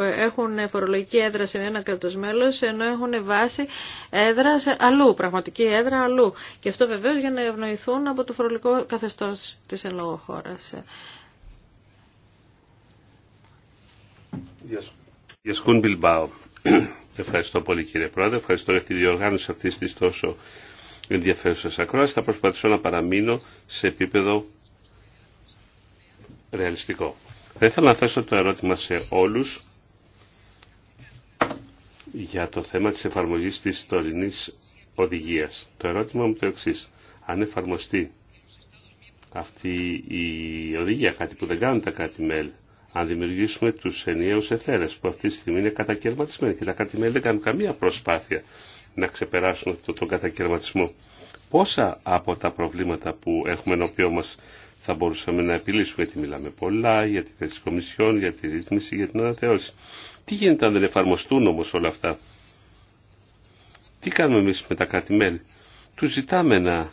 ε, έχουν φορολογική έδρα σε ένα κράτος μέλος, ενώ έχουν βάση έδρα αλλού, πραγματική έδρα αλλού. Και αυτό βεβαίως για να ευνοηθούν από το φορολογικό καθεστώς της εν λόγω χώρας. Ευχαριστώ πολύ κύριε Πρόεδρε, ευχαριστώ για τη διοργάνωση αυτή τη τόσο ενδιαφέρουσας ακρόαση. Θα προσπαθήσω να παραμείνω σε επίπεδο ρεαλιστικό. Θα ήθελα να θέσω το ερώτημα σε όλους για το θέμα της εφαρμογής της τωρινή οδηγίας. Το ερώτημα μου το εξή: Αν εφαρμοστεί αυτή η οδηγία, κάτι που δεν κάνουν τα κράτη-μέλη, αν δημιουργήσουμε του ενιαίου εθέρε που αυτή τη στιγμή είναι κατακαιρματισμένοι και τα κράτη-μέλη δεν κάνουν καμία προσπάθεια να ξεπεράσουν αυτόν τον κατακαιρματισμό. Πόσα από τα προβλήματα που έχουμε ενώπιό μα θα μπορούσαμε να επιλύσουμε, γιατί μιλάμε πολλά για τη θέση κομισιών, για τη ρύθμιση, για την αναθεώρηση. Τι γίνεται αν δεν εφαρμοστούν όμω όλα αυτά. Τι κάνουμε εμεί με τα κράτη-μέλη. Του ζητάμε να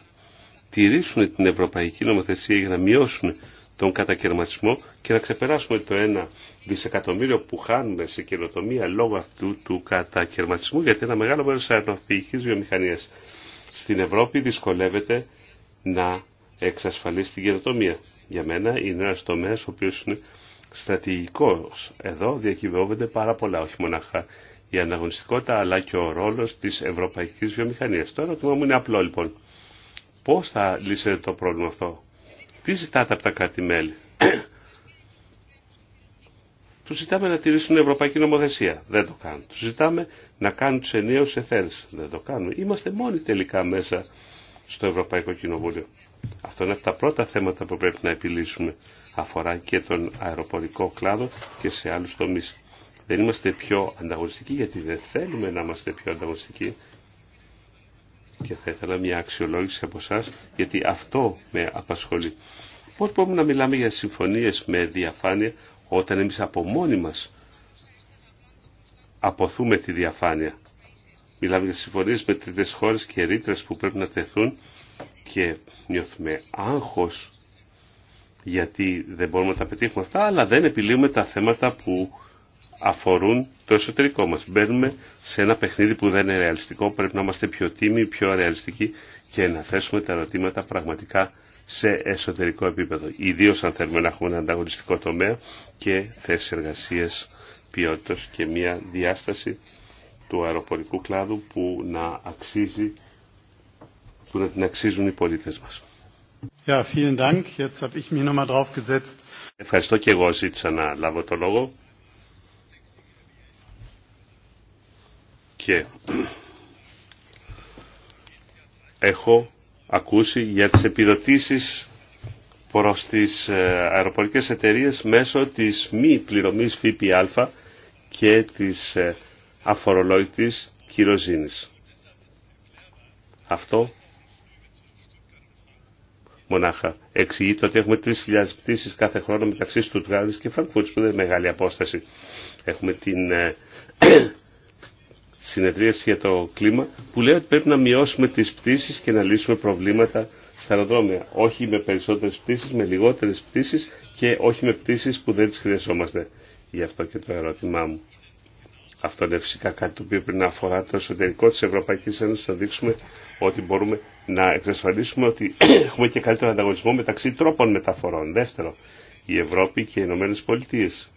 τηρήσουν την ευρωπαϊκή νομοθεσία για να μειώσουν τον κατακαιρματισμό και να ξεπεράσουμε το ένα δισεκατομμύριο που χάνουμε σε καινοτομία λόγω αυτού του κατακαιρματισμού γιατί ένα μεγάλο μέρος της αεροφυγικής βιομηχανίας στην Ευρώπη δυσκολεύεται να εξασφαλίσει την καινοτομία. Για μένα είναι ένας τομέας ο οποίος είναι στρατηγικός. Εδώ διακυβεύονται πάρα πολλά, όχι μονάχα η αναγωνιστικότητα αλλά και ο ρόλος της ευρωπαϊκής βιομηχανίας. Το ερώτημα μου είναι απλό λοιπόν. Πώς θα λύσετε το πρόβλημα αυτό τι ζητάτε από τα κράτη-μέλη. <clears throat> Του ζητάμε να τηρήσουν ευρωπαϊκή νομοθεσία. Δεν το κάνουν. Του ζητάμε να κάνουν του ενιαίου εθέρε. Δεν το κάνουν. Είμαστε μόνοι τελικά μέσα στο Ευρωπαϊκό Κοινοβούλιο. Αυτό είναι από τα πρώτα θέματα που πρέπει να επιλύσουμε. Αφορά και τον αεροπορικό κλάδο και σε άλλου τομεί. Δεν είμαστε πιο ανταγωνιστικοί γιατί δεν θέλουμε να είμαστε πιο ανταγωνιστικοί και θα ήθελα μια αξιολόγηση από εσά γιατί αυτό με απασχολεί. Πώς μπορούμε να μιλάμε για συμφωνίες με διαφάνεια όταν εμείς από μόνοι μας αποθούμε τη διαφάνεια. Μιλάμε για συμφωνίες με τρίτες χώρες και ρήτρες που πρέπει να τεθούν και νιώθουμε άγχος γιατί δεν μπορούμε να τα πετύχουμε αυτά αλλά δεν επιλύουμε τα θέματα που αφορούν το εσωτερικό μας. Μπαίνουμε σε ένα παιχνίδι που δεν είναι ρεαλιστικό, πρέπει να είμαστε πιο τίμοι, πιο ρεαλιστικοί και να θέσουμε τα ερωτήματα πραγματικά σε εσωτερικό επίπεδο. Ιδίως αν θέλουμε να έχουμε ένα ανταγωνιστικό τομέα και θέσεις εργασίας ποιότητας και μια διάσταση του αεροπορικού κλάδου που να αξίζει να την αξίζουν οι πολίτες μας. Ευχαριστώ και εγώ ζήτησα να λάβω το λόγο. και έχω ακούσει για τις επιδοτήσεις προς τις ε, αεροπορικές εταιρείες μέσω της μη πληρωμής ΦΠΑ και της ε, αφορολόγητης κυροζήνης. Αυτό μονάχα εξηγείται ότι έχουμε 3.000 πτήσεις κάθε χρόνο μεταξύ Στουτγάρδης και Φραγκφούρτης που δεν είναι μεγάλη απόσταση. Έχουμε την ε, συνεδρίαση για το κλίμα που λέει ότι πρέπει να μειώσουμε τις πτήσεις και να λύσουμε προβλήματα στα αεροδρόμια. Όχι με περισσότερες πτήσεις, με λιγότερες πτήσεις και όχι με πτήσεις που δεν τις χρειαζόμαστε. Γι' αυτό και το ερώτημά μου. Αυτό είναι φυσικά κάτι το οποίο πρέπει να αφορά το εσωτερικό της Ευρωπαϊκής Ένωσης να δείξουμε ότι μπορούμε να εξασφαλίσουμε ότι <clears throat> έχουμε και καλύτερο ανταγωνισμό μεταξύ τρόπων μεταφορών. Δεύτερο, η Ευρώπη και οι Ηνωμένε Πολιτείες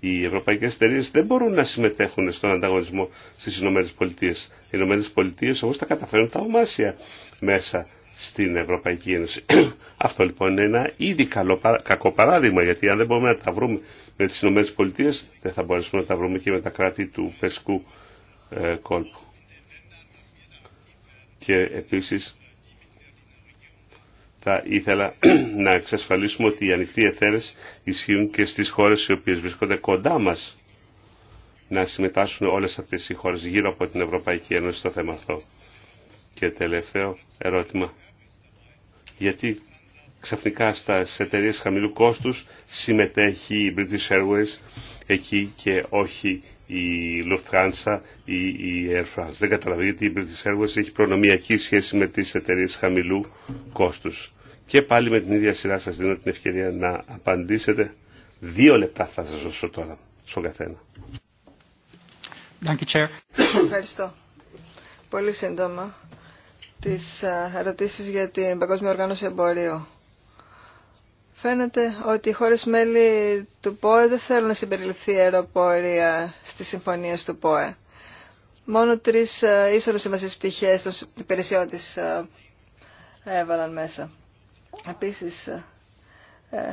οι ευρωπαϊκές εταιρείε δεν μπορούν να συμμετέχουν στον ανταγωνισμό στις Ηνωμένες Πολιτείες. Οι Ηνωμένες Πολιτείες όμως τα καταφέρουν τα μέσα στην Ευρωπαϊκή Ένωση. <clears throat> Αυτό λοιπόν είναι ένα ήδη καλό, κακό παράδειγμα γιατί αν δεν μπορούμε να τα βρούμε με τις Ηνωμένες Πολιτείες δεν θα μπορέσουμε να τα βρούμε και με τα κράτη του πεσκού ε, κόλπου. Και επίσης θα ήθελα <clears throat> να εξασφαλίσουμε ότι οι ανοιχτοί εθέρες ισχύουν και στις χώρες οι οποίες βρίσκονται κοντά μας να συμμετάσχουν όλες αυτές οι χώρες γύρω από την Ευρωπαϊκή Ένωση στο θέμα αυτό. Και τελευταίο ερώτημα. Γιατί ξαφνικά στα εταιρείε χαμηλού κόστους συμμετέχει η British Airways εκεί και όχι η Lufthansa ή η Air France. Δεν καταλαβαίνω γιατί η British Airways έχει προνομιακή σχέση με τις εταιρείε χαμηλού κόστους. Και πάλι με την ίδια σειρά σας δίνω την ευκαιρία να απαντήσετε. Δύο λεπτά θα σας δώσω τώρα στον καθένα. Ευχαριστώ. Πολύ σύντομα τις ερωτήσεις για την Παγκόσμια Οργάνωση Εμπορίου. Φαίνεται ότι οι χώρες μέλη του ΠΟΕ δεν θέλουν να συμπεριληφθεί η αεροπορία στις συμφωνίες του ΠΟΕ. Μόνο τρεις ίσορες σημασίες πτυχές των υπηρεσιών έβαλαν μέσα. Επίσης, ε, ε,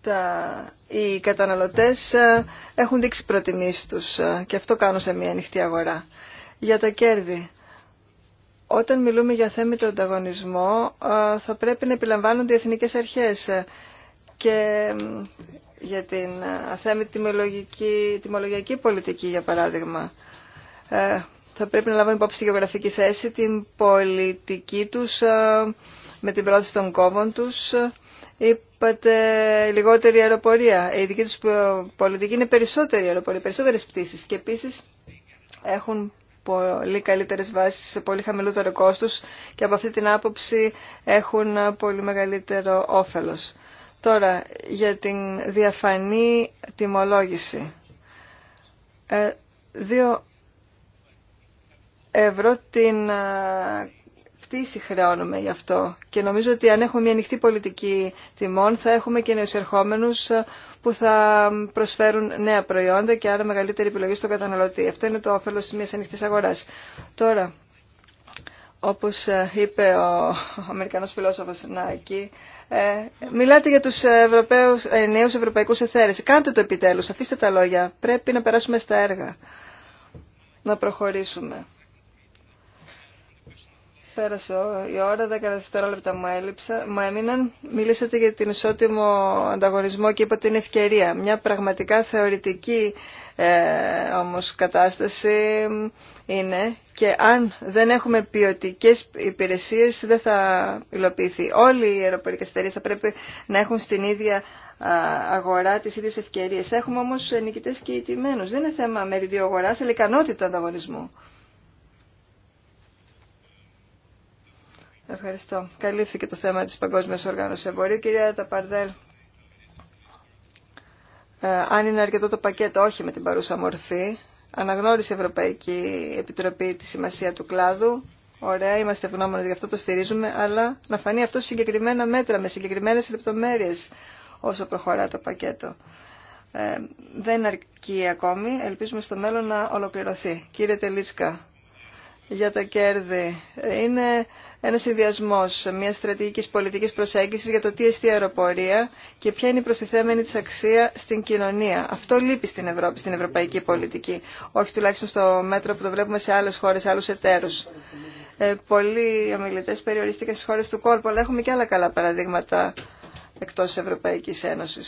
τα, οι καταναλωτές ε, έχουν δείξει προτιμήσεις τους και αυτό κάνουν σε μια ανοιχτή αγορά. Για τα κέρδη. Όταν μιλούμε για θέμητο ανταγωνισμού θα πρέπει να επιλαμβάνονται οι εθνικές αρχές και για την αθέμητη τιμολογιακή πολιτική για παράδειγμα θα πρέπει να λάβουμε υπόψη τη γεωγραφική θέση, την πολιτική τους, ε, με την πρόθεση των κόμμων τους. Είπατε λιγότερη αεροπορία. Η δική τους πολιτική είναι περισσότερη αεροπορία, περισσότερες πτήσεις. Και επίσης έχουν πολύ καλύτερες βάσεις, σε πολύ χαμηλότερο κόστος και από αυτή την άποψη έχουν πολύ μεγαλύτερο όφελος. Τώρα, για την διαφανή τιμολόγηση. Ε, δύο ευρώ την πτήση χρεώνουμε γι' αυτό. Και νομίζω ότι αν έχουμε μια ανοιχτή πολιτική τιμών θα έχουμε και νέους ερχόμενους που θα προσφέρουν νέα προϊόντα και άρα μεγαλύτερη επιλογή στον καταναλωτή. Αυτό είναι το όφελος μιας ανοιχτής αγοράς. Τώρα, όπως είπε ο Αμερικανός φιλόσοφος Νάκη, ε, μιλάτε για τους Ευρωπαίους, ε, νέους ευρωπαϊκούς εθέρες. Κάντε το επιτέλους, αφήστε τα λόγια. Πρέπει να περάσουμε στα έργα, να προχωρήσουμε πέρασε η ώρα, 10 δευτερόλεπτα μου, έλειψα, μου έμειναν. Μιλήσατε για την ισότιμο ανταγωνισμό και είπατε είναι ευκαιρία. Μια πραγματικά θεωρητική ε, όμως κατάσταση είναι και αν δεν έχουμε ποιοτικέ υπηρεσίες δεν θα υλοποιηθεί. Όλοι οι αεροπορικές εταιρείε θα πρέπει να έχουν στην ίδια αγορά τις ίδιες ευκαιρίες. Έχουμε όμως νικητές και ιτημένους. Δεν είναι θέμα μεριδιού αγορά, αλλά ικανότητα ανταγωνισμού. Ευχαριστώ. Καλύφθηκε το θέμα της Παγκόσμιας Οργάνωσης Εμπορίου. Κυρία Ταπαρδέλ, ε, αν είναι αρκετό το πακέτο, όχι με την παρούσα μορφή. Αναγνώρισε η Ευρωπαϊκή Επιτροπή τη σημασία του κλάδου. Ωραία, είμαστε ευγνώμονες γι' αυτό, το στηρίζουμε, αλλά να φανεί αυτό συγκεκριμένα μέτρα, με συγκεκριμένες λεπτομέρειες όσο προχωρά το πακέτο. Ε, δεν αρκεί ακόμη, ελπίζουμε στο μέλλον να ολοκληρωθεί. Κύριε Τελίτσκα, για τα κέρδη. Είναι ένα συνδυασμό μια στρατηγική πολιτική προσέγγιση για το τι εστί αεροπορία και ποια είναι η προστιθέμενη τη αξία στην κοινωνία. Αυτό λείπει στην Ευρώπη, στην ευρωπαϊκή πολιτική. Όχι τουλάχιστον στο μέτρο που το βλέπουμε σε άλλε χώρε, σε άλλου εταίρου. Ε, πολλοί ομιλητέ περιορίστηκαν στι χώρε του κόλπου, αλλά έχουμε και άλλα καλά παραδείγματα εκτό Ευρωπαϊκή Ένωση.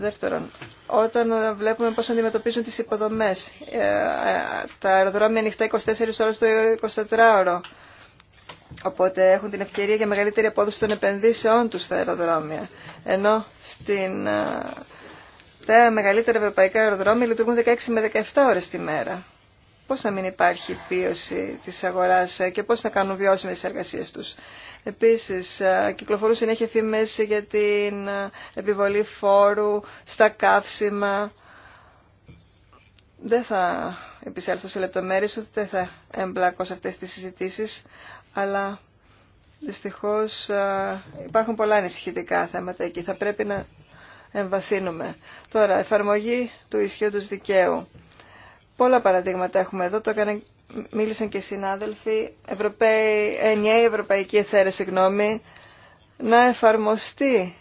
Δεύτερον, όταν βλέπουμε πώς αντιμετωπίζουν τις υποδομές, ε, ε, τα αεροδρόμια ανοιχτά 24 ώρες το 24ωρο, οπότε έχουν την ευκαιρία για μεγαλύτερη απόδοση των επενδύσεών τους στα αεροδρόμια. Ενώ στην, ε, τα μεγαλύτερα ευρωπαϊκά αεροδρόμια λειτουργούν 16 με 17 ώρες τη μέρα πώς να μην υπάρχει πίωση της αγοράς ε, και πώς θα κάνουν βιώσιμες τις εργασίες τους. Επίσης, ε, κυκλοφορούν συνέχεια φήμες για την ε, επιβολή φόρου στα καύσιμα. Δεν θα επισέλθω σε λεπτομέρειες, ούτε θα εμπλακώ σε αυτές τις συζητήσεις, αλλά δυστυχώς υπάρχουν πολλά ανησυχητικά θέματα εκεί. Θα πρέπει να εμβαθύνουμε. Τώρα, εφαρμογή του ισχύοντος δικαίου. Πολλά παραδείγματα έχουμε εδώ, το μίλησαν και οι συνάδελφοι, Ευρωπαίοι, ενιαίοι ευρωπαϊκοί εθέρες, συγγνώμη, να εφαρμοστεί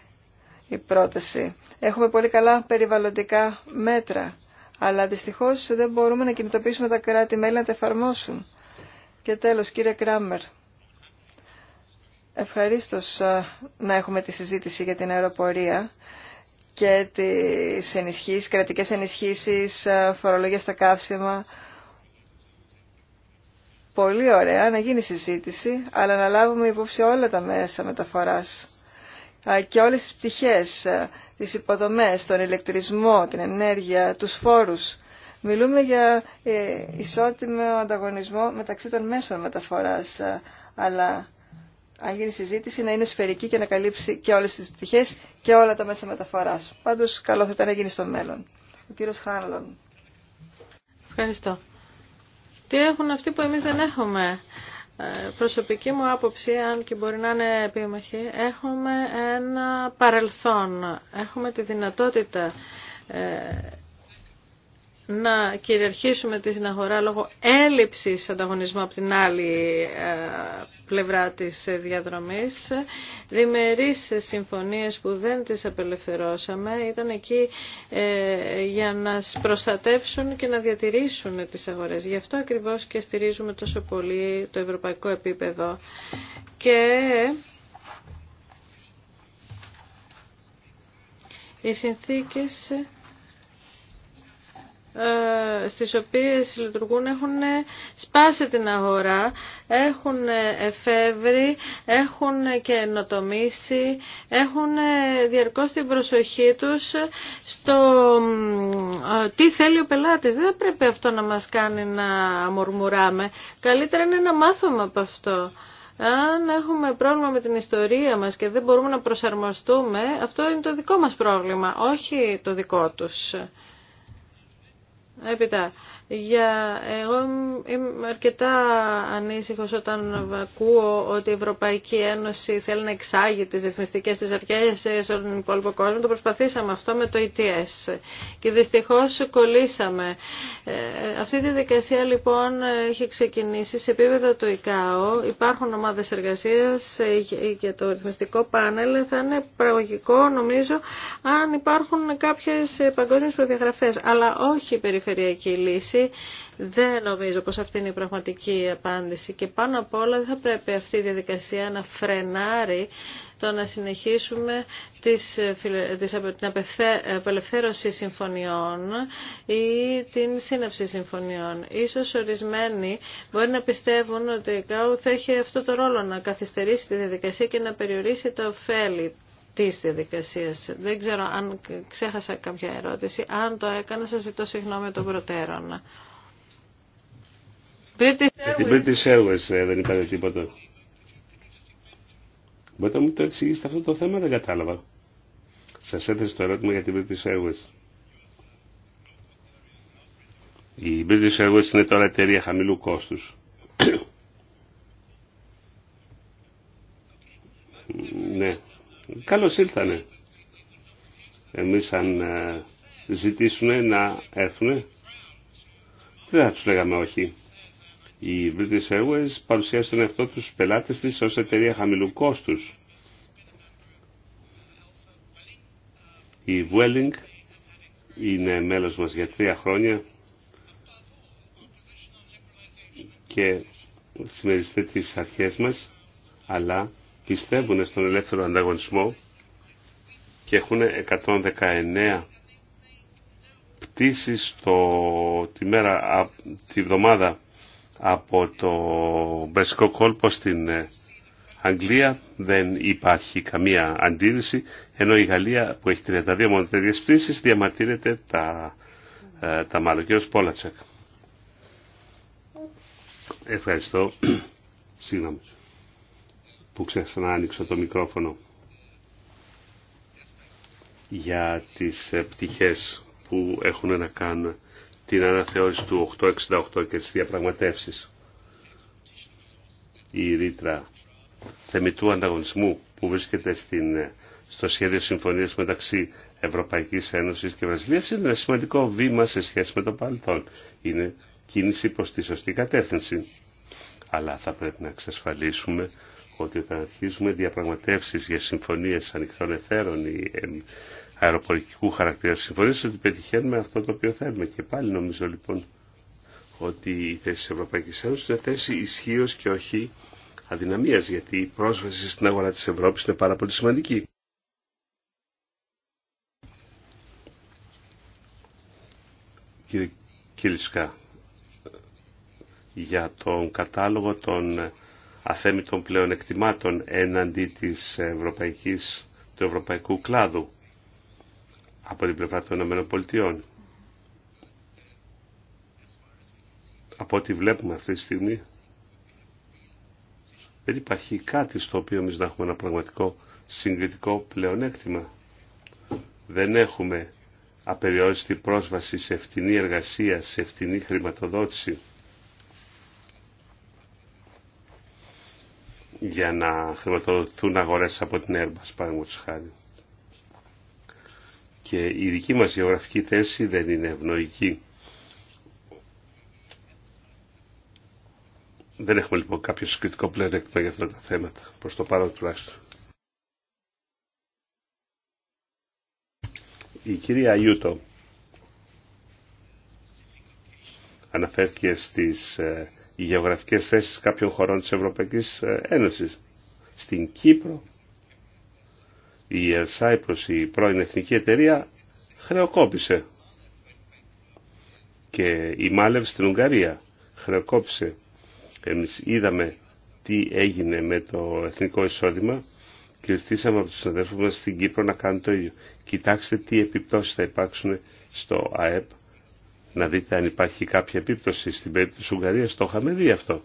η πρόταση. Έχουμε πολύ καλά περιβαλλοντικά μέτρα, αλλά δυστυχώς δεν μπορούμε να κινητοποιήσουμε τα κράτη-μέλη να τα εφαρμόσουν. Και τέλος, κύριε Κράμερ, ευχαρίστως να έχουμε τη συζήτηση για την αεροπορία και τις ενισχύσεις, κρατικές ενισχύσεις, ε, φορολογία στα καύσιμα. Πολύ ωραία να γίνει συζήτηση, αλλά να λάβουμε υπόψη όλα τα μέσα μεταφοράς και όλες τις πτυχές, ε, τις υποδομές, τον ηλεκτρισμό, την ενέργεια, τους φόρους. Μιλούμε για ε, ισότιμο ανταγωνισμό μεταξύ των μέσων μεταφοράς, αλλά αν γίνει συζήτηση, να είναι σφαιρική και να καλύψει και όλες τις πτυχέ και όλα τα μέσα μεταφοράς. Πάντως, καλό θα ήταν να γίνει στο μέλλον. Ο κύριο Χάνλον. Ευχαριστώ. Τι έχουν αυτοί που εμείς δεν έχουμε. Ε, προσωπική μου άποψη, αν και μπορεί να είναι επίμαχη, έχουμε ένα παρελθόν. Έχουμε τη δυνατότητα ε, να κυριαρχήσουμε την αγορά λόγω έλλειψης ανταγωνισμού από την άλλη ε, πλευρά της διαδρομής. Διμερείς συμφωνίες που δεν τις απελευθερώσαμε ήταν εκεί ε, για να προστατεύσουν και να διατηρήσουν τις αγορές. Γι' αυτό ακριβώς και στηρίζουμε τόσο πολύ το ευρωπαϊκό επίπεδο. Και οι συνθήκες ε, στις οποίες λειτουργούν έχουν σπάσει την αγορά, έχουν εφεύρει, έχουν και ενοτομήσει, έχουν διαρκώς την προσοχή τους στο ε, τι θέλει ο πελάτης. Δεν πρέπει αυτό να μας κάνει να μορμουράμε. Καλύτερα είναι να μάθουμε από αυτό. Αν έχουμε πρόβλημα με την ιστορία μας και δεν μπορούμε να προσαρμοστούμε, αυτό είναι το δικό μας πρόβλημα, όχι το δικό τους. Έπειτα, για... Εγώ είμαι αρκετά ανήσυχο όταν ακούω ότι η Ευρωπαϊκή Ένωση θέλει να εξάγει τις ρυθμιστικές της αρχές σε όλο τον υπόλοιπο κόσμο. Το προσπαθήσαμε αυτό με το ETS και δυστυχώς κολλήσαμε. Ε, αυτή τη δικασία λοιπόν έχει ξεκινήσει σε επίπεδο του ΙΚΑΟ. Υπάρχουν ομάδες εργασίας για ε, το ρυθμιστικό πάνελ. Θα είναι πραγωγικό νομίζω αν υπάρχουν κάποιες παγκόσμιες προδιαγραφές, αλλά όχι περιφερειακή λύση δεν νομίζω πως αυτή είναι η πραγματική απάντηση και πάνω απ' όλα δεν θα πρέπει αυτή η διαδικασία να φρενάρει το να συνεχίσουμε τις, τις, την απελευθέρωση συμφωνιών ή την σύναψη συμφωνιών. Ίσως ορισμένοι μπορεί να πιστεύουν ότι η ΚΑΟ θα έχει αυτό το ρόλο να καθυστερήσει τη διαδικασία και να περιορίσει τα ωφέλη αυτής της διαδικασίας. Δεν ξέρω αν ξέχασα κάποια ερώτηση. Αν το έκανα, σας ζητώ συγγνώμη των προτέρων. Για την British Airways ε, δεν είπατε τίποτα. Μπορείτε να μου το εξηγήσετε αυτό το θέμα, δεν κατάλαβα. Σας έθεσε το ερώτημα για την British Airways. Η British Airways είναι τώρα εταιρεία χαμηλού κόστους. <coughs> ναι. Καλώς ήλθανε. Εμείς αν ε, ζητήσουν να έρθουν, δεν θα τους λέγαμε όχι. Η British Airways παρουσιάζει τον εαυτό τους πελάτες της ως εταιρεία χαμηλού κόστους. Η Vueling είναι μέλος μας για τρία χρόνια και συμμεριστεί τις αρχές μας, αλλά πιστεύουν στον ελεύθερο ανταγωνισμό και έχουν 119 πτήσεις το, τη, μέρα, τη βδομάδα από το Μπρεσικό κόλπο στην ε, Αγγλία δεν υπάρχει καμία αντίρρηση, ενώ η Γαλλία που έχει 32 μόνο τέτοιες πτήσεις διαμαρτύρεται τα, ε, τα μάλλον. Κύριος Πόλατσακ. Ευχαριστώ. Συγγνώμη που ξέχασα άνοιξω το μικρόφωνο για τις ε, πτυχές που έχουν να κάνουν την αναθεώρηση του 868 και τις διαπραγματεύσεις. Η ρήτρα θεμητού ανταγωνισμού που βρίσκεται στην, ε, στο σχέδιο συμφωνίας μεταξύ Ευρωπαϊκής Ένωσης και Βραζιλίας είναι ένα σημαντικό βήμα σε σχέση με το παρελθόν. Είναι κίνηση προς τη σωστή κατεύθυνση. Αλλά θα πρέπει να εξασφαλίσουμε ότι θα αρχίσουμε διαπραγματεύσεις για συμφωνίες ανοιχτών εθέρων ή αεροπορικού χαρακτήρα συμφωνίες, ότι πετυχαίνουμε αυτό το οποίο θέλουμε. Και πάλι νομίζω λοιπόν ότι η θέση της Ευρωπαϊκής Ένωσης είναι θέση ισχύω και όχι αδυναμίας, γιατί η πρόσβαση στην αγορά της Ευρώπης είναι πάρα πολύ σημαντική. Κύριε σημαντικη κυριε για τον κατάλογο των αθέμητων πλέον εκτιμάτων έναντι της ευρωπαϊκής, του ευρωπαϊκού κλάδου από την πλευρά των ΗΠΑ. Από ό,τι βλέπουμε αυτή τη στιγμή δεν υπάρχει κάτι στο οποίο εμείς να έχουμε ένα πραγματικό συγκριτικό πλεονέκτημα. Δεν έχουμε απεριόριστη πρόσβαση σε φτηνή εργασία, σε φτηνή χρηματοδότηση. για να χρηματοδοτηθούν αγορές από την Airbus, της χάρη. Και η δική μας γεωγραφική θέση δεν είναι ευνοϊκή. Δεν έχουμε λοιπόν κάποιο συγκριτικό πλεονέκτημα για αυτά τα θέματα, προς το παρόν τουλάχιστον. Η κυρία Ιούτο αναφέρθηκε στις ε, οι γεωγραφικές θέσεις κάποιων χωρών της Ευρωπαϊκής ε, Ένωσης. Στην Κύπρο η Ερσάιπρος, η πρώην εθνική εταιρεία, χρεοκόπησε. Και η Μάλευ στην Ουγγαρία χρεοκόπησε. Εμείς είδαμε τι έγινε με το εθνικό εισόδημα και ζητήσαμε από τους αδέρφους μας στην Κύπρο να κάνουν το ίδιο. Κοιτάξτε τι επιπτώσεις θα υπάρξουν στο ΑΕΠ να δείτε αν υπάρχει κάποια επίπτωση. Στην περίπτωση της Ουγγαρίας το είχαμε δει αυτό.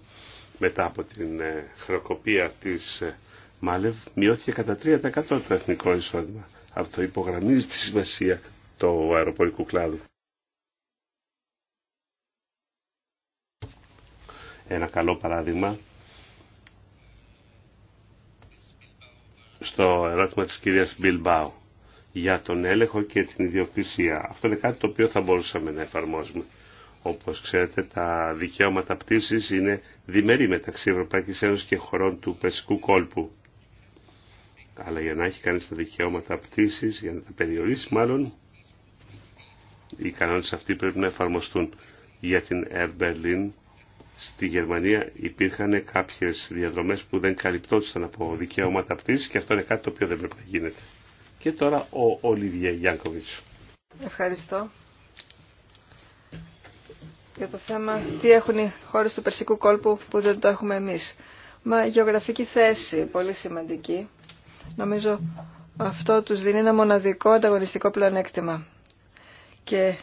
Μετά από την ε, χρεοκοπία της ε, Μάλευ μειώθηκε κατά 3% το εθνικό εισόδημα. Αυτό υπογραμμίζει τη σημασία του αεροπορικού κλάδου. Ένα καλό παράδειγμα στο ερώτημα της κυρίας Μπιλμπάου για τον έλεγχο και την ιδιοκτησία. Αυτό είναι κάτι το οποίο θα μπορούσαμε να εφαρμόσουμε. Όπως ξέρετε, τα δικαιώματα πτήσης είναι διμερεί μεταξύ Ευρωπαϊκής Ένωσης και χωρών του Περσικού κόλπου. Αλλά για να έχει κάνει τα δικαιώματα πτήσης, για να τα περιορίσει μάλλον, οι κανόνες αυτοί πρέπει να εφαρμοστούν. Για την Air Berlin στη Γερμανία υπήρχαν κάποιες διαδρομές που δεν καλυπτόντουσαν από δικαιώματα πτήσης και αυτό είναι κάτι το οποίο δεν πρέπει να γίνεται. Και τώρα ο Ολιβιέ Γιάνκοβιτς. Ευχαριστώ. Για το θέμα τι έχουν οι χώρες του Περσικού κόλπου που δεν το έχουμε εμείς. Μα γεωγραφική θέση, πολύ σημαντική. Νομίζω αυτό τους δίνει ένα μοναδικό ανταγωνιστικό πλεονέκτημα. Και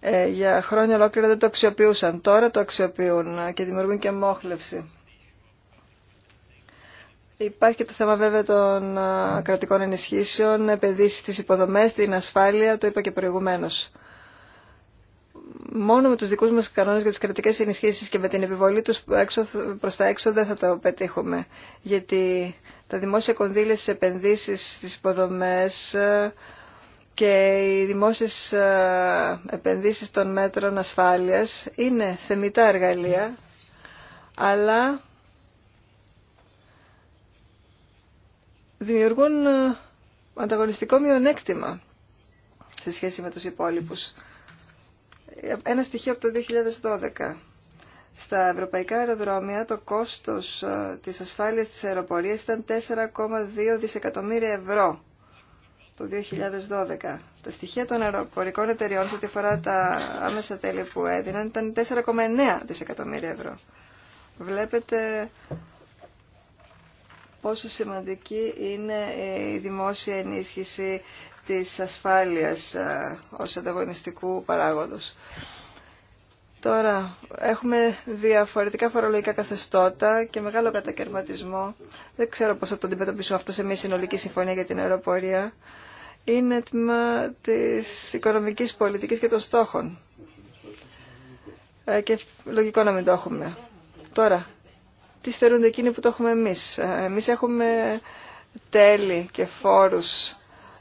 ε, για χρόνια ολόκληρα δεν το αξιοποιούσαν. Τώρα το αξιοποιούν και δημιουργούν και μόχλευση. Υπάρχει και το θέμα βέβαια των κρατικών ενισχύσεων, επενδύσει στις υποδομές, την ασφάλεια, το είπα και προηγουμένως. Μόνο με τους δικούς μας κανόνες για τις κρατικές ενισχύσεις και με την επιβολή τους προς τα έξω δεν θα το πετύχουμε. Γιατί τα δημόσια κονδύλια στις επενδύσεις στις υποδομές και οι δημόσιες επενδύσεις των μέτρων ασφάλειας είναι θεμητά εργαλεία, αλλά δημιουργούν ε, ανταγωνιστικό μειονέκτημα σε σχέση με τους υπόλοιπους. Ένα στοιχείο από το 2012. Στα ευρωπαϊκά αεροδρόμια το κόστος ε, της ασφάλειας της αεροπορίας ήταν 4,2 δισεκατομμύρια ευρώ το 2012. Τα στοιχεία των αεροπορικών εταιριών σε ό,τι αφορά τα άμεσα τέλη που έδιναν ήταν 4,9 δισεκατομμύρια ευρώ. Βλέπετε πόσο σημαντική είναι η δημόσια ενίσχυση της ασφάλειας ε, ως ανταγωνιστικού παράγοντος. Τώρα, έχουμε διαφορετικά φορολογικά καθεστώτα και μεγάλο κατακαιρματισμό. Δεν ξέρω πώς θα το αντιμετωπίσουμε αυτό σε μια συνολική συμφωνία για την αεροπορία. Είναι τμήμα της οικονομικής πολιτικής και των στόχων. Ε, και λογικό να μην το έχουμε. Τώρα, τι στερούνται εκείνοι που το έχουμε εμείς. Ε, εμείς έχουμε τέλη και φόρους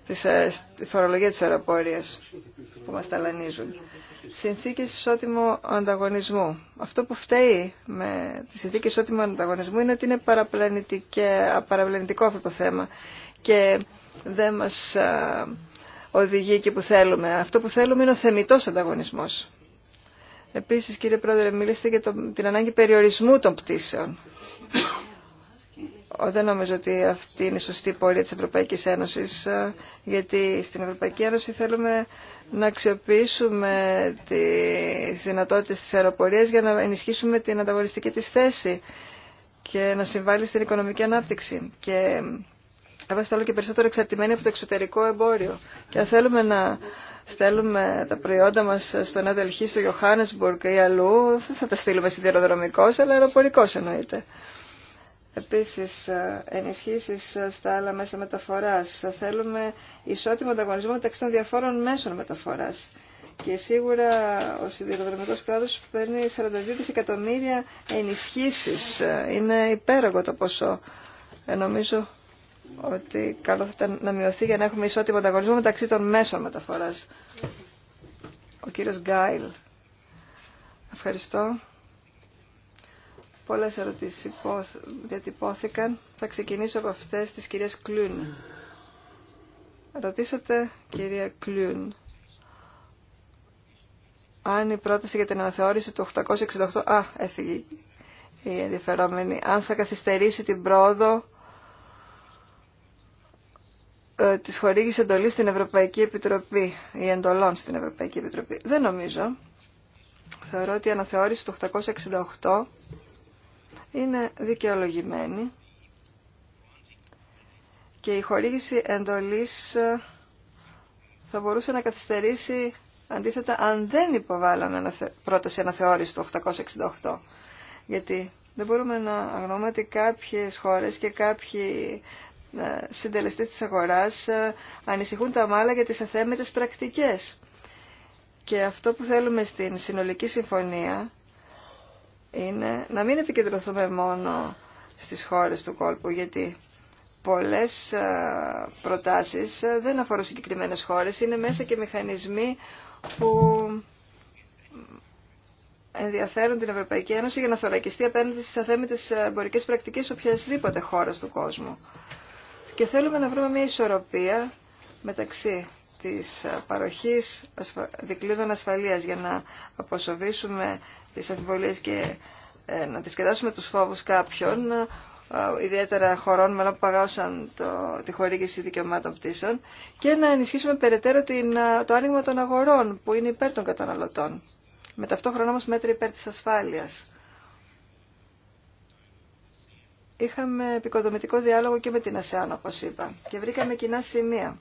της, ε, τη φορολογία της αεροπορίας που μας ταλανίζουν. Συνθήκες ισότιμου ανταγωνισμού. Αυτό που φταίει με τις συνθήκες ισότιμου ανταγωνισμού είναι ότι είναι παραπλανητικό αυτό το θέμα και δεν μας ε, οδηγεί εκεί που θέλουμε. Αυτό που θέλουμε είναι ο θεμητός ανταγωνισμός. Επίσης, κύριε Πρόεδρε, μιλήστε για την ανάγκη περιορισμού των πτήσεων δεν νομίζω ότι αυτή είναι η σωστή πορεία της Ευρωπαϊκής Ένωσης, ε, γιατί στην Ευρωπαϊκή Ένωση θέλουμε να αξιοποιήσουμε τις δυνατότητες της αεροπορίας για να ενισχύσουμε την ανταγωνιστική της θέση και να συμβάλλει στην οικονομική ανάπτυξη. Και είμαστε όλο και περισσότερο εξαρτημένοι από το εξωτερικό εμπόριο. Και αν θέλουμε να στέλνουμε τα προϊόντα μας στον Νέα στο Johannesburg ή αλλού, δεν θα τα στείλουμε σιδηροδρομικός, αλλά αεροπορικός εννοείται. Επίσης, ε, ενισχύσεις ε, στα άλλα μέσα μεταφοράς. Θέλουμε ισότιμο ανταγωνισμό μεταξύ των διαφόρων μέσων μεταφοράς. Και σίγουρα ο σιδηροδρομικός κράτος παίρνει 42 δισεκατομμύρια ενισχύσεις. Ε, είναι υπέρογο το ποσό. Νομίζω ότι καλό θα ήταν να μειωθεί για να έχουμε ισότιμο ανταγωνισμό μεταξύ των μέσων μεταφοράς. Ο κύριος Γκάιλ. Ευχαριστώ. Πολλές ερωτήσεις διατυπώθηκαν. Θα ξεκινήσω από αυτές της κυρίας Κλούν. Ρωτήσατε, κυρία Κλούν, αν η πρόταση για την αναθεώρηση του 868... Α, έφυγε η ενδιαφερόμενη. Αν θα καθυστερήσει την πρόοδο ε, της χορήγησης εντολής στην Ευρωπαϊκή Επιτροπή ή εντολών στην Ευρωπαϊκή Επιτροπή. Δεν νομίζω. Θεωρώ ότι η αναθεώρηση του 868 είναι δικαιολογημένη και η χορήγηση εντολής ε, θα μπορούσε να καθυστερήσει αντίθετα αν δεν υποβάλαμε πρόταση αναθεώρηση το 868. Γιατί δεν μπορούμε να αγνοούμε ότι κάποιες χώρες και κάποιοι ε, συντελεστές της αγοράς ε, ανησυχούν τα μάλα για τις αθέμετες πρακτικές. Και αυτό που θέλουμε στην συνολική συμφωνία είναι να μην επικεντρωθούμε μόνο στις χώρες του κόλπου, γιατί πολλές ε, προτάσεις ε, δεν αφορούν συγκεκριμένες χώρες, είναι μέσα και μηχανισμοί που ενδιαφέρουν την Ευρωπαϊκή Ένωση για να θωρακιστεί απέναντι στις αθέμητες εμπορικέ πρακτικές οποιασδήποτε χώρας του κόσμου. Και θέλουμε να βρούμε μια ισορροπία μεταξύ της παροχής δικλείδων ασφαλείας για να αποσοβήσουμε τις αμφιβολίες και ε, να αντισκεδάσουμε τους φόβους κάποιων, ε, ιδιαίτερα χωρών μελών που παγάωσαν το, τη χορήγηση δικαιωμάτων πτήσεων και να ενισχύσουμε περαιτέρω την, ε, το άνοιγμα των αγορών που είναι υπέρ των καταναλωτών. Με ταυτόχρονα όμως μέτρα υπέρ της ασφάλειας. Είχαμε επικοδομητικό διάλογο και με την ΑΣΕΑΝ, όπως είπα, και βρήκαμε κοινά σημεία.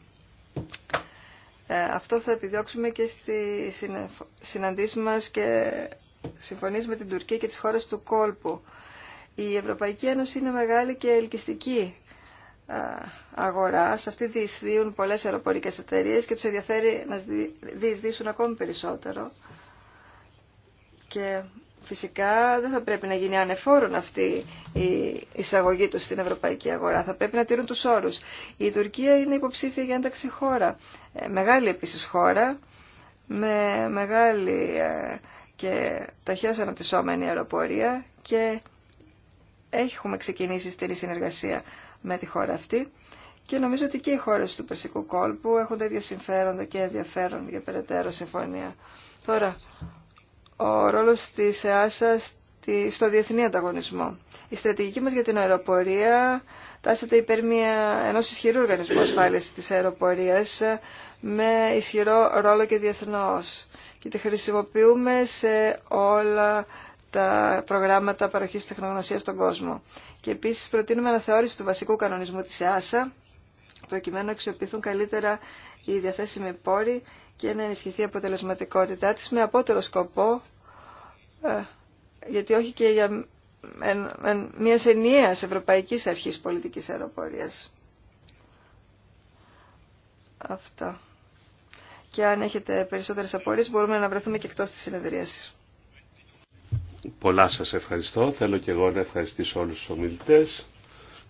αυτό θα επιδιώξουμε και στη συναντήσεις μας και συμφωνίες με την Τουρκία και τις χώρες του κόλπου. Η Ευρωπαϊκή Ένωση είναι μεγάλη και ελκυστική ε, αγορά. Σε αυτή διεισδύουν πολλές αεροπορικές εταιρείες και τους ενδιαφέρει να διεισδύσουν ακόμη περισσότερο. Και φυσικά δεν θα πρέπει να γίνει ανεφόρον αυτή η εισαγωγή τους στην ευρωπαϊκή αγορά. Θα πρέπει να τηρούν τους όρους. Η Τουρκία είναι υποψήφια για ένταξη χώρα. Ε, μεγάλη επίσης χώρα με μεγάλη ε, και ταχαίως αναπτυσσόμενη αεροπορία και έχουμε ξεκινήσει στήρη συνεργασία με τη χώρα αυτή και νομίζω ότι και οι χώρες του Περσικού κόλπου έχουν τέτοια συμφέροντα και ενδιαφέρον για περαιτέρω συμφωνία. Τώρα, ο ρόλος της ΕΑΣΑ στο διεθνή ανταγωνισμό. Η στρατηγική μας για την αεροπορία τάσεται υπέρ μια, ενός ισχυρού οργανισμού ασφάλειας της αεροπορίας με ισχυρό ρόλο και διεθνώς και τη χρησιμοποιούμε σε όλα τα προγράμματα παροχής τεχνογνωσία στον κόσμο. Και επίσης προτείνουμε αναθεώρηση του βασικού κανονισμού της ΕΑΣΑ, προκειμένου να αξιοποιηθούν καλύτερα οι διαθέσιμοι πόροι και να ενισχυθεί η αποτελεσματικότητά της με απότερο σκοπό, ε, γιατί όχι και για μια ενιαία ευρωπαϊκής αρχής πολιτικής αεροπορίας. Αυτά και αν έχετε περισσότερες απορίες μπορούμε να βρεθούμε και εκτός της συνεδρίασης. Πολλά σας ευχαριστώ. Θέλω και εγώ να ευχαριστήσω όλους τους ομιλητές.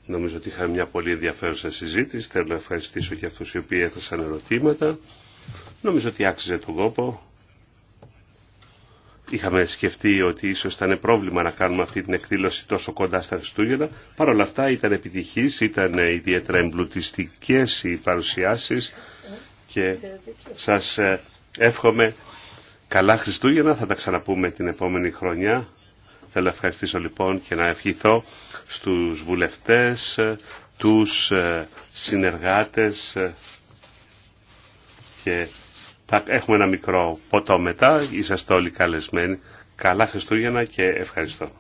Νομίζω ότι είχαμε μια πολύ ενδιαφέρουσα συζήτηση. Θέλω να ευχαριστήσω και αυτούς οι οποίοι έθεσαν ερωτήματα. Νομίζω ότι άξιζε τον κόπο. Είχαμε σκεφτεί ότι ίσως ήταν πρόβλημα να κάνουμε αυτή την εκδήλωση τόσο κοντά στα Χριστούγεννα. Παρ' όλα αυτά ήταν επιτυχής, ήταν ιδιαίτερα εμπλουτιστικέ οι παρουσιάσεις και σας ε, εύχομαι καλά Χριστούγεννα. Θα τα ξαναπούμε την επόμενη χρονιά. Θέλω να ευχαριστήσω λοιπόν και να ευχηθώ στους βουλευτές, ε, τους ε, συνεργάτες και θα έχουμε ένα μικρό ποτό μετά. Είσαστε όλοι καλεσμένοι. Καλά Χριστούγεννα και ευχαριστώ.